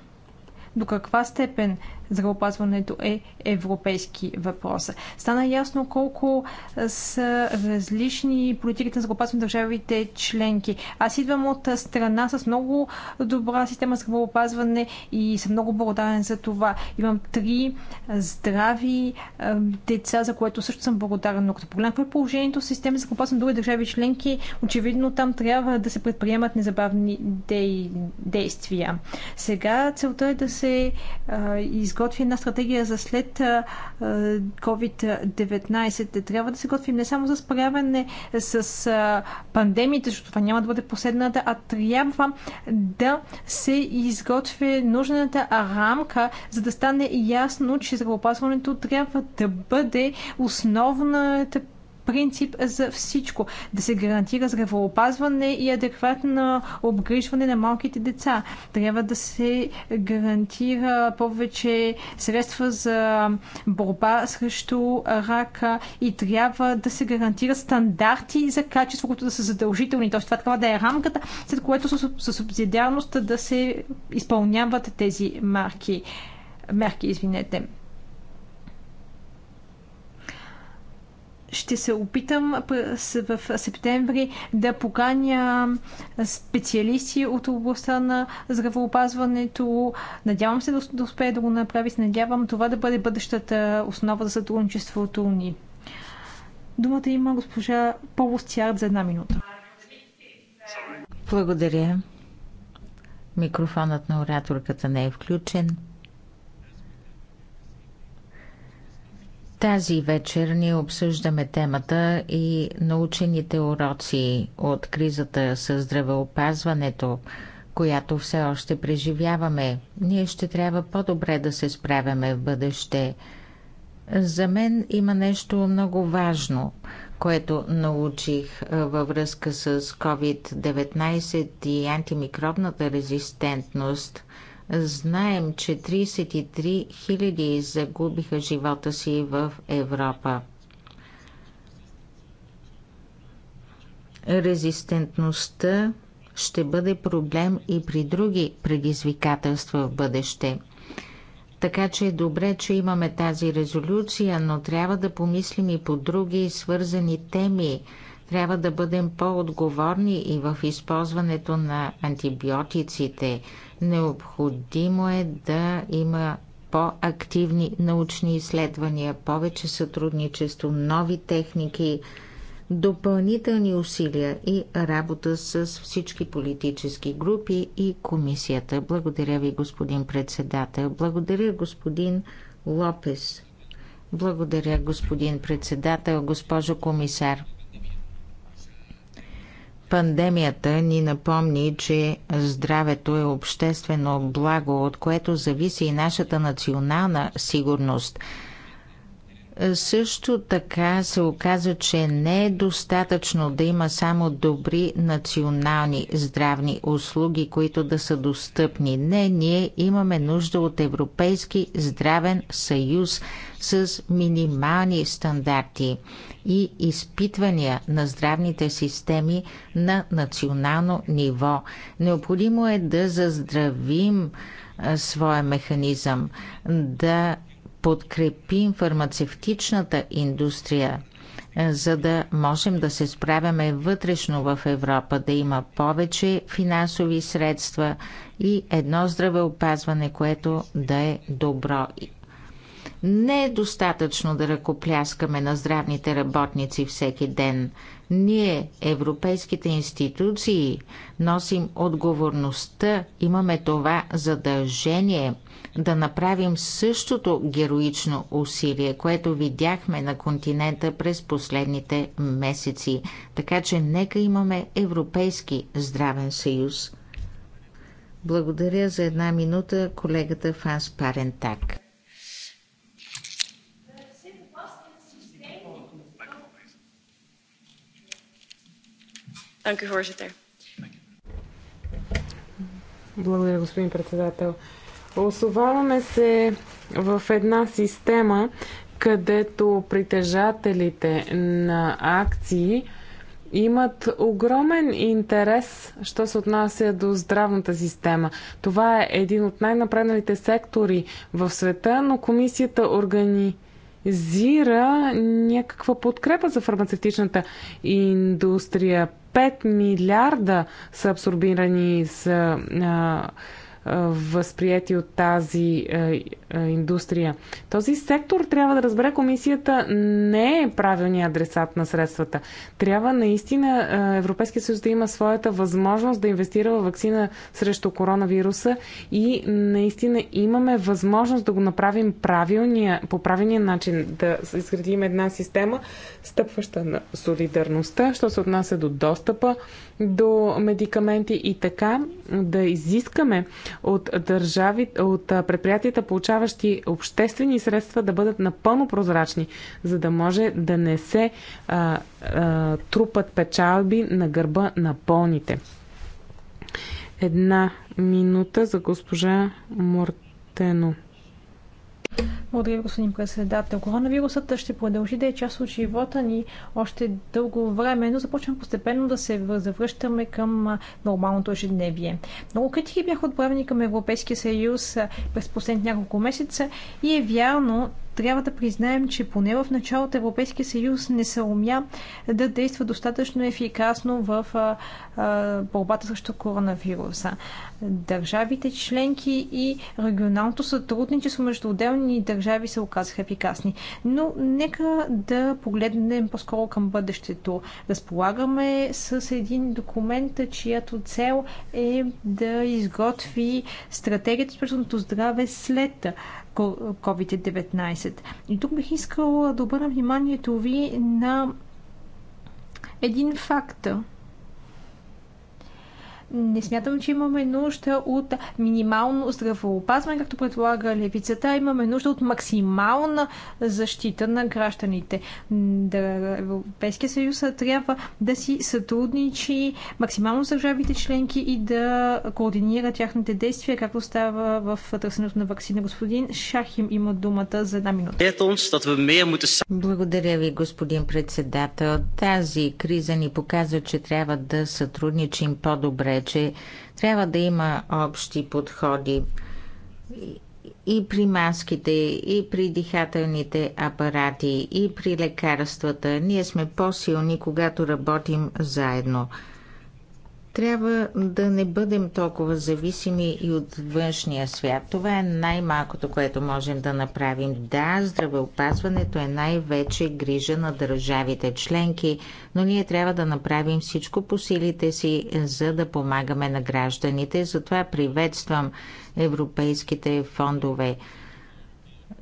до каква степен здравеопазването е европейски въпрос. Стана ясно колко са различни политиките на здравеопазване държавите членки. Аз идвам от страна с много добра система за здравеопазване и съм много благодарен за това. Имам три здрави деца, за което също съм благодарен. Но като погледнахме положението с системата за здравеопазване в други държави членки, очевидно там трябва да се предприемат незабавни действия. Сега целта е да се изготви изготви една стратегия за след COVID-19. Трябва да се готвим не само за справяне с пандемията, защото това няма да бъде последната, а трябва да се изготви нужната рамка, за да стане ясно, че здравеопазването трябва да бъде основната принцип за всичко. Да се гарантира здравеопазване и адекватно обгрижване на малките деца. Трябва да се гарантира повече средства за борба срещу рака и трябва да се гарантират стандарти за качество, които да са задължителни. Тоест това трябва да е рамката, след което със субсидиарност да се изпълняват тези марки мерки, извинете. ще се опитам в септември да поканя специалисти от областта на здравеопазването. Надявам се да успея да го направя и надявам това да бъде бъдещата основа за сътрудничеството ни. Думата има госпожа Полос Цярд за една минута. Благодаря. Микрофонът на ораторката не е включен. Тази вечер ние обсъждаме темата и научените уроци от кризата с здравеопазването, която все още преживяваме. Ние ще трябва по-добре да се справяме в бъдеще. За мен има нещо много важно, което научих във връзка с COVID-19 и антимикробната резистентност. Знаем, че 33 000 загубиха живота си в Европа. Резистентността ще бъде проблем и при други предизвикателства в бъдеще. Така че е добре, че имаме тази резолюция, но трябва да помислим и по други свързани теми. Трябва да бъдем по-отговорни и в използването на антибиотиците – Необходимо е да има по-активни научни изследвания, повече сътрудничество, нови техники, допълнителни усилия и работа с всички политически групи и комисията. Благодаря ви, господин председател. Благодаря, господин Лопес. Благодаря, господин председател, госпожо комисар. Пандемията ни напомни, че здравето е обществено благо, от което зависи и нашата национална сигурност – също така се оказа, че не е достатъчно да има само добри национални здравни услуги, които да са достъпни. Не, ние имаме нужда от Европейски здравен съюз с минимални стандарти и изпитвания на здравните системи на национално ниво. Необходимо е да заздравим своя механизъм, да подкрепим фармацевтичната индустрия, за да можем да се справяме вътрешно в Европа, да има повече финансови средства и едно здравеопазване, което да е добро. Не е достатъчно да ръкопляскаме на здравните работници всеки ден. Ние, европейските институции, носим отговорността, имаме това задължение – да направим същото героично усилие, което видяхме на континента през последните месеци. Така че нека имаме Европейски здравен съюз. Благодаря за една минута колегата Фанс Парентак. Благодаря, господин председател. Осоваваме се в една система, където притежателите на акции имат огромен интерес, що се отнася до здравната система. Това е един от най-напредналите сектори в света, но комисията организира някаква подкрепа за фармацевтичната индустрия. 5 милиарда са абсорбирани с а, възприяти от тази индустрия. Този сектор, трябва да разбере, комисията не е правилният адресат на средствата. Трябва наистина Европейския съюз да има своята възможност да инвестира в вакцина срещу коронавируса и наистина имаме възможност да го направим правилния, по правилния начин, да изградим една система, стъпваща на солидарността, що се отнася до достъпа до медикаменти и така да изискаме от държави, от предприятията, получаващи обществени средства, да бъдат напълно прозрачни, за да може да не се а, а, трупат печалби на гърба на болните. Една минута за госпожа Мортено. Благодаря ви, господин председател. Коронавирусът ще продължи да е част от живота ни още дълго време, но започваме постепенно да се завръщаме към нормалното ежедневие. Много критики бяха отправени към Европейския съюз през последните няколко месеца и е вярно, трябва да признаем, че поне в началото Европейския съюз не се умя да действа достатъчно ефикасно в борбата срещу коронавируса. Държавите членки и регионалното сътрудничество между отделни държави се оказаха ефикасни. Но нека да погледнем по-скоро към бъдещето. Разполагаме с един документ, чиято цел е да изготви стратегията за здраве след COVID-19. И тук бих искала да обърна вниманието ви на един факт – не смятам, че имаме нужда от минимално здравеопазване, както предлага левицата, имаме нужда от максимална защита на гражданите. Европейския съюз трябва да си сътрудничи максимално с държавите членки и да координира тяхните действия, както става в търсенето на вакцина. Господин Шахим има думата за една минута. Благодаря ви, господин председател. Тази криза ни показва, че трябва да сътрудничим по-добре вече. Трябва да има общи подходи и при маските, и при дихателните апарати, и при лекарствата. Ние сме по-силни, когато работим заедно. Трябва да не бъдем толкова зависими и от външния свят. Това е най-малкото, което можем да направим. Да, здравеопазването е най-вече грижа на държавите членки, но ние трябва да направим всичко по силите си, за да помагаме на гражданите. Затова приветствам европейските фондове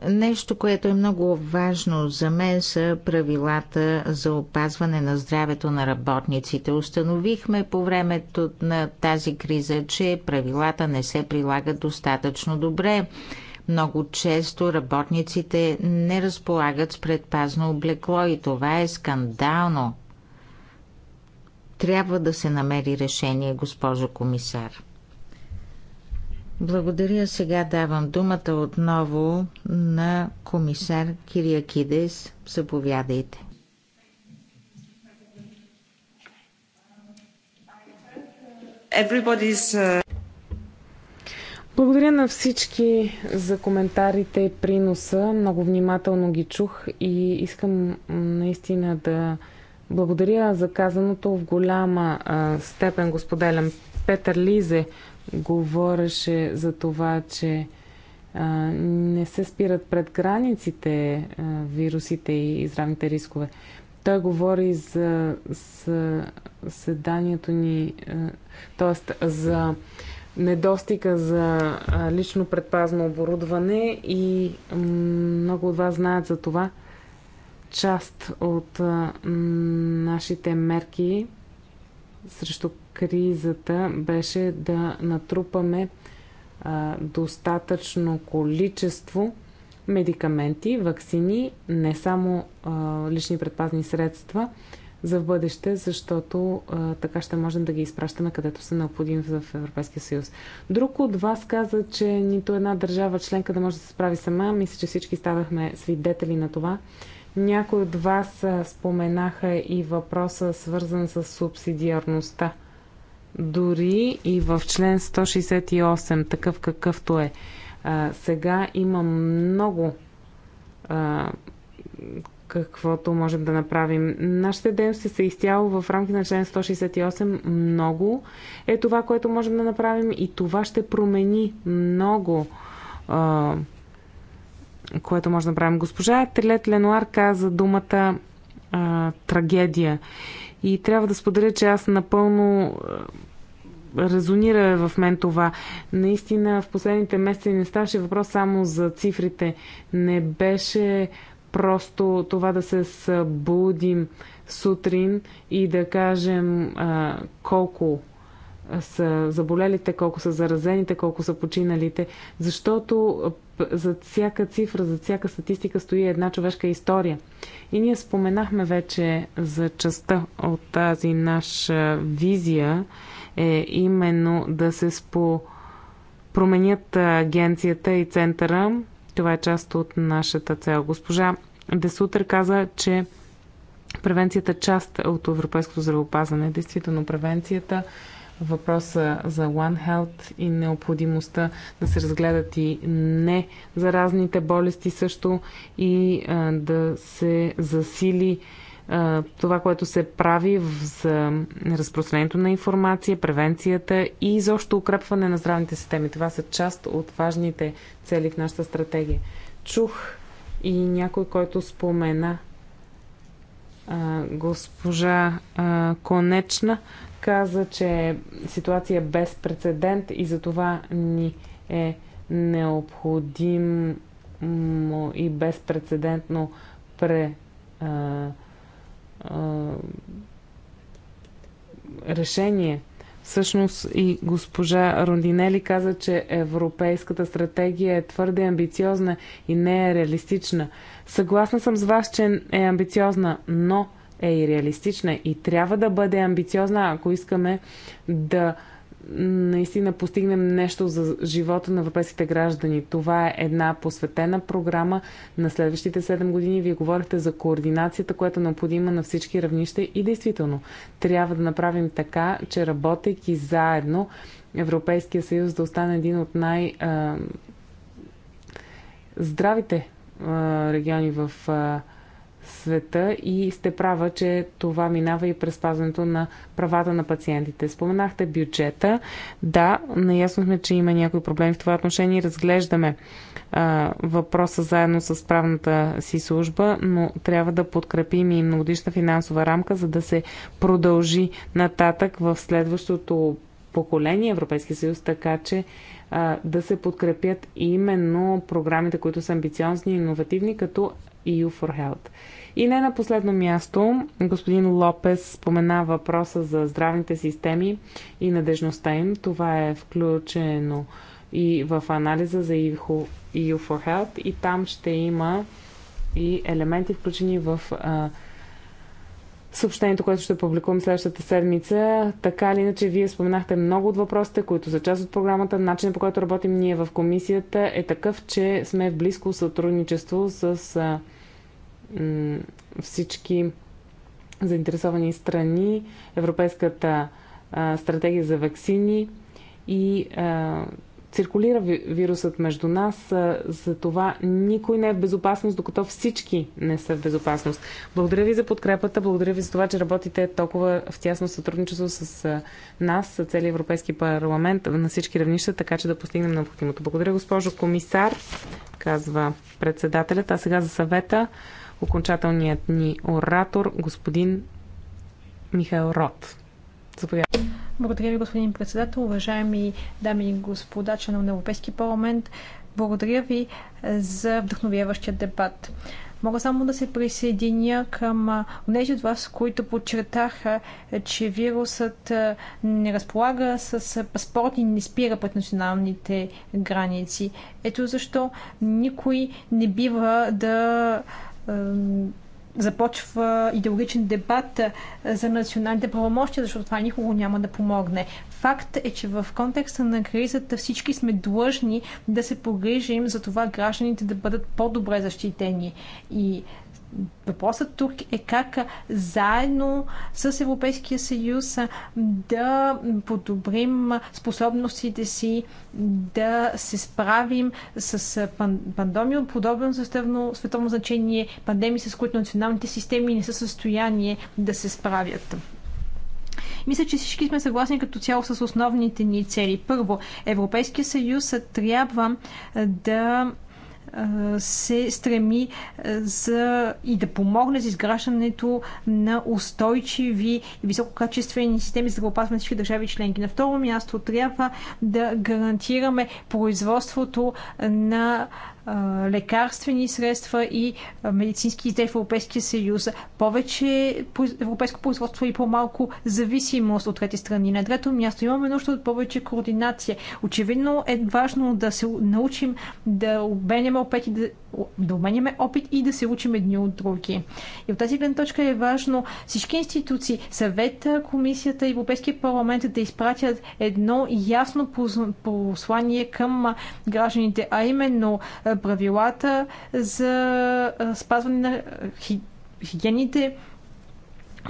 Нещо, което е много важно за мен са правилата за опазване на здравето на работниците. Установихме по времето на тази криза, че правилата не се прилагат достатъчно добре. Много често работниците не разполагат с предпазно облекло и това е скандално. Трябва да се намери решение, госпожо комисар. Благодаря. Сега давам думата отново на комисар Кириакидес. Заповядайте. Uh, благодаря на всички за коментарите и приноса. Много внимателно ги чух и искам наистина да благодаря за казаното в голяма степен господелям Петър Лизе говореше за това, че а, не се спират пред границите а, вирусите и здравните рискове. Той говори за, съданието ни, т.е. за недостига за лично предпазно оборудване и много от вас знаят за това. Част от нашите мерки срещу кризата беше да натрупаме а, достатъчно количество медикаменти, вакцини, не само а, лични предпазни средства за в бъдеще, защото а, така ще можем да ги изпращаме където са необходими в Европейския съюз. Друг от вас каза, че нито една държава членка да може да се справи сама. Мисля, че всички ставахме свидетели на това. Някои от вас споменаха и въпроса, свързан с субсидиарността дори и в член 168, такъв какъвто е. А, сега има много а, каквото можем да направим. Нашите дейности са изцяло в рамките на член 168 много е това, което можем да направим и това ще промени много а, което може да направим. Госпожа Телет Ленуар каза думата а, трагедия. И трябва да споделя, че аз напълно е, резонира в мен това. Наистина в последните месеци не ставаше въпрос само за цифрите. Не беше просто това да се събудим сутрин и да кажем а, колко са заболелите, колко са заразените, колко са починалите, защото за всяка цифра, за всяка статистика стои една човешка история. И ние споменахме вече за частта от тази наша визия е именно да се спо... променят агенцията и центъра. Това е част от нашата цел. Госпожа Десутър каза, че превенцията е част от европейското здравеопазване. Действително, превенцията въпроса за One Health и необходимостта да се разгледат и не за разните болести също и а, да се засили а, това, което се прави за разпространението на информация, превенцията и изобщо укрепване на здравните системи. Това са част от важните цели в нашата стратегия. Чух и някой, който спомена а, госпожа а, Конечна каза, че е ситуация без прецедент и за това ни е необходимо и безпредседентно пре, а, а, решение. Всъщност и госпожа Рондинели каза, че европейската стратегия е твърде амбициозна и не е реалистична. Съгласна съм с вас, че е амбициозна, но е и реалистична и трябва да бъде амбициозна, ако искаме да наистина постигнем нещо за живота на европейските граждани. Това е една посветена програма на следващите 7 години. Вие говорихте за координацията, която е необходима на всички равнища и действително трябва да направим така, че работейки заедно, Европейския съюз да остане един от най- здравите региони в света и сте права, че това минава и през спазването на правата на пациентите. Споменахте бюджета. Да, наясно сме, че има някои проблеми в това отношение. Разглеждаме а, въпроса заедно с правната си служба, но трябва да подкрепим и многодишна финансова рамка, за да се продължи нататък в следващото поколение Европейския съюз, така че да се подкрепят именно програмите, които са амбициозни и иновативни, като EU for Health. И не на последно място, господин Лопес спомена въпроса за здравните системи и надежността им. Това е включено и в анализа за EU for Health и там ще има и елементи включени в а, съобщението, което ще публикувам следващата седмица. Така или иначе, вие споменахте много от въпросите, които са част от програмата. Начинът по който работим ние в комисията е такъв, че сме в близко сътрудничество с а, всички заинтересовани страни, Европейската а, стратегия за вакцини и а, циркулира вирусът между нас, а, за това никой не е в безопасност, докато всички не са в безопасност. Благодаря ви за подкрепата, благодаря ви за това, че работите толкова в тясно сътрудничество с а, нас, с цели Европейски парламент на всички равнища, така че да постигнем необходимото. Благодаря, госпожо комисар, казва председателят, а сега за съвета окончателният ни оратор, господин Михаил Рот. Заповядайте. Благодаря ви, господин председател. Уважаеми дами и господа, членове на Европейски парламент, благодаря ви за вдъхновяващия дебат. Мога само да се присъединя към тези от вас, които подчертаха, че вирусът не разполага с паспорт и не спира пред националните граници. Ето защо никой не бива да започва идеологичен дебат за националните правомощия, защото това никого няма да помогне. Факт е, че в контекста на кризата всички сме длъжни да се погрижим за това гражданите да бъдат по-добре защитени. И Въпросът тук е как заедно с Европейския съюз да подобрим способностите си да се справим с пандемия от подобно съставно световно значение, пандемии, с които националните системи не са в състояние да се справят. Мисля, че всички сме съгласни като цяло с основните ни цели. Първо, Европейския съюз трябва да се стреми е, за и да помогне за изграждането на устойчиви и висококачествени системи за здравеопазване на всички държави членки. На второ място трябва да гарантираме производството на лекарствени средства и медицински изделия в Европейския съюз, повече европейско производство и по-малко зависимост от трети страни. На трето място имаме нужда от повече координация. Очевидно е важно да се научим да обменяме опити, да, да обменяме опит и да се учим едни от други. И от тази гледна точка е важно всички институции, съвета, комисията и Европейския парламент да изпратят едно ясно послание към гражданите, а именно правилата за спазване на хигиените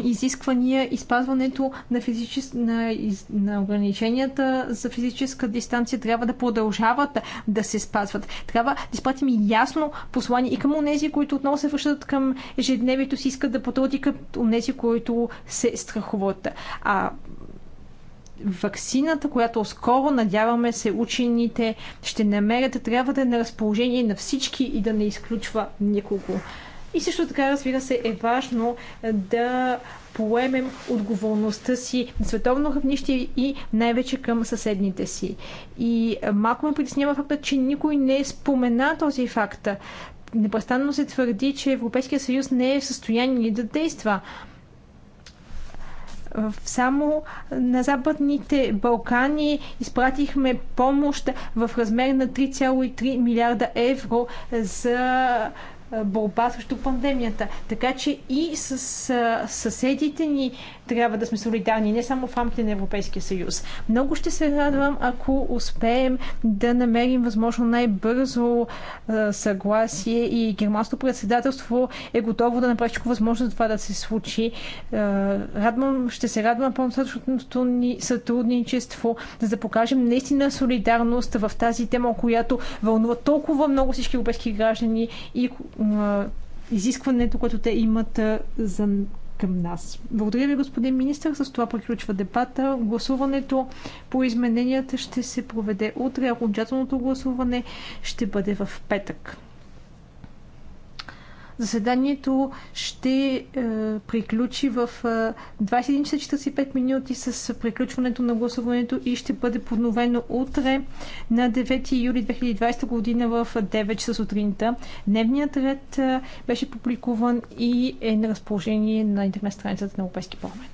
изисквания и спазването на, физичес... на, из... на ограниченията за физическа дистанция трябва да продължават да се спазват. Трябва да изпратим ясно послание и към онези, които отново се връщат към ежедневието си, искат да потълдят към онези, които се страхуват. А ваксината, която скоро, надяваме се, учените ще намерят, трябва да е на разположение на всички и да не изключва никого. И също така, разбира се, е важно е, да поемем отговорността си на световно равнище и най-вече към съседните си. И е, малко ме притеснява факта, че никой не спомена този факт. Непрестанно се твърди, че Европейския съюз не е в състояние да действа само на Западните Балкани изпратихме помощ в размер на 3,3 милиарда евро за борба срещу пандемията. Така че и с съседите ни трябва да сме солидарни не само в рамките на Европейския съюз. Много ще се радвам, ако успеем да намерим възможно най-бързо съгласие и германското председателство е готово да направи всичко възможно това да се случи. Радвам, ще се радвам по същото ни сътрудничество, за да покажем наистина солидарност в тази тема, която вълнува толкова много всички европейски граждани и изискването, което те имат за към нас. Благодаря ви, господин министр. С това приключва дебата. Гласуването по измененията ще се проведе утре, окончателното гласуване ще бъде в петък. Заседанието ще е, приключи в 21.45 е, минути с приключването на гласуването и ще бъде подновено утре на 9 юли 2020 година в 9 часа сутринта. Дневният ред е, беше публикуван и е на разположение на интернет страницата на Европейски парламент.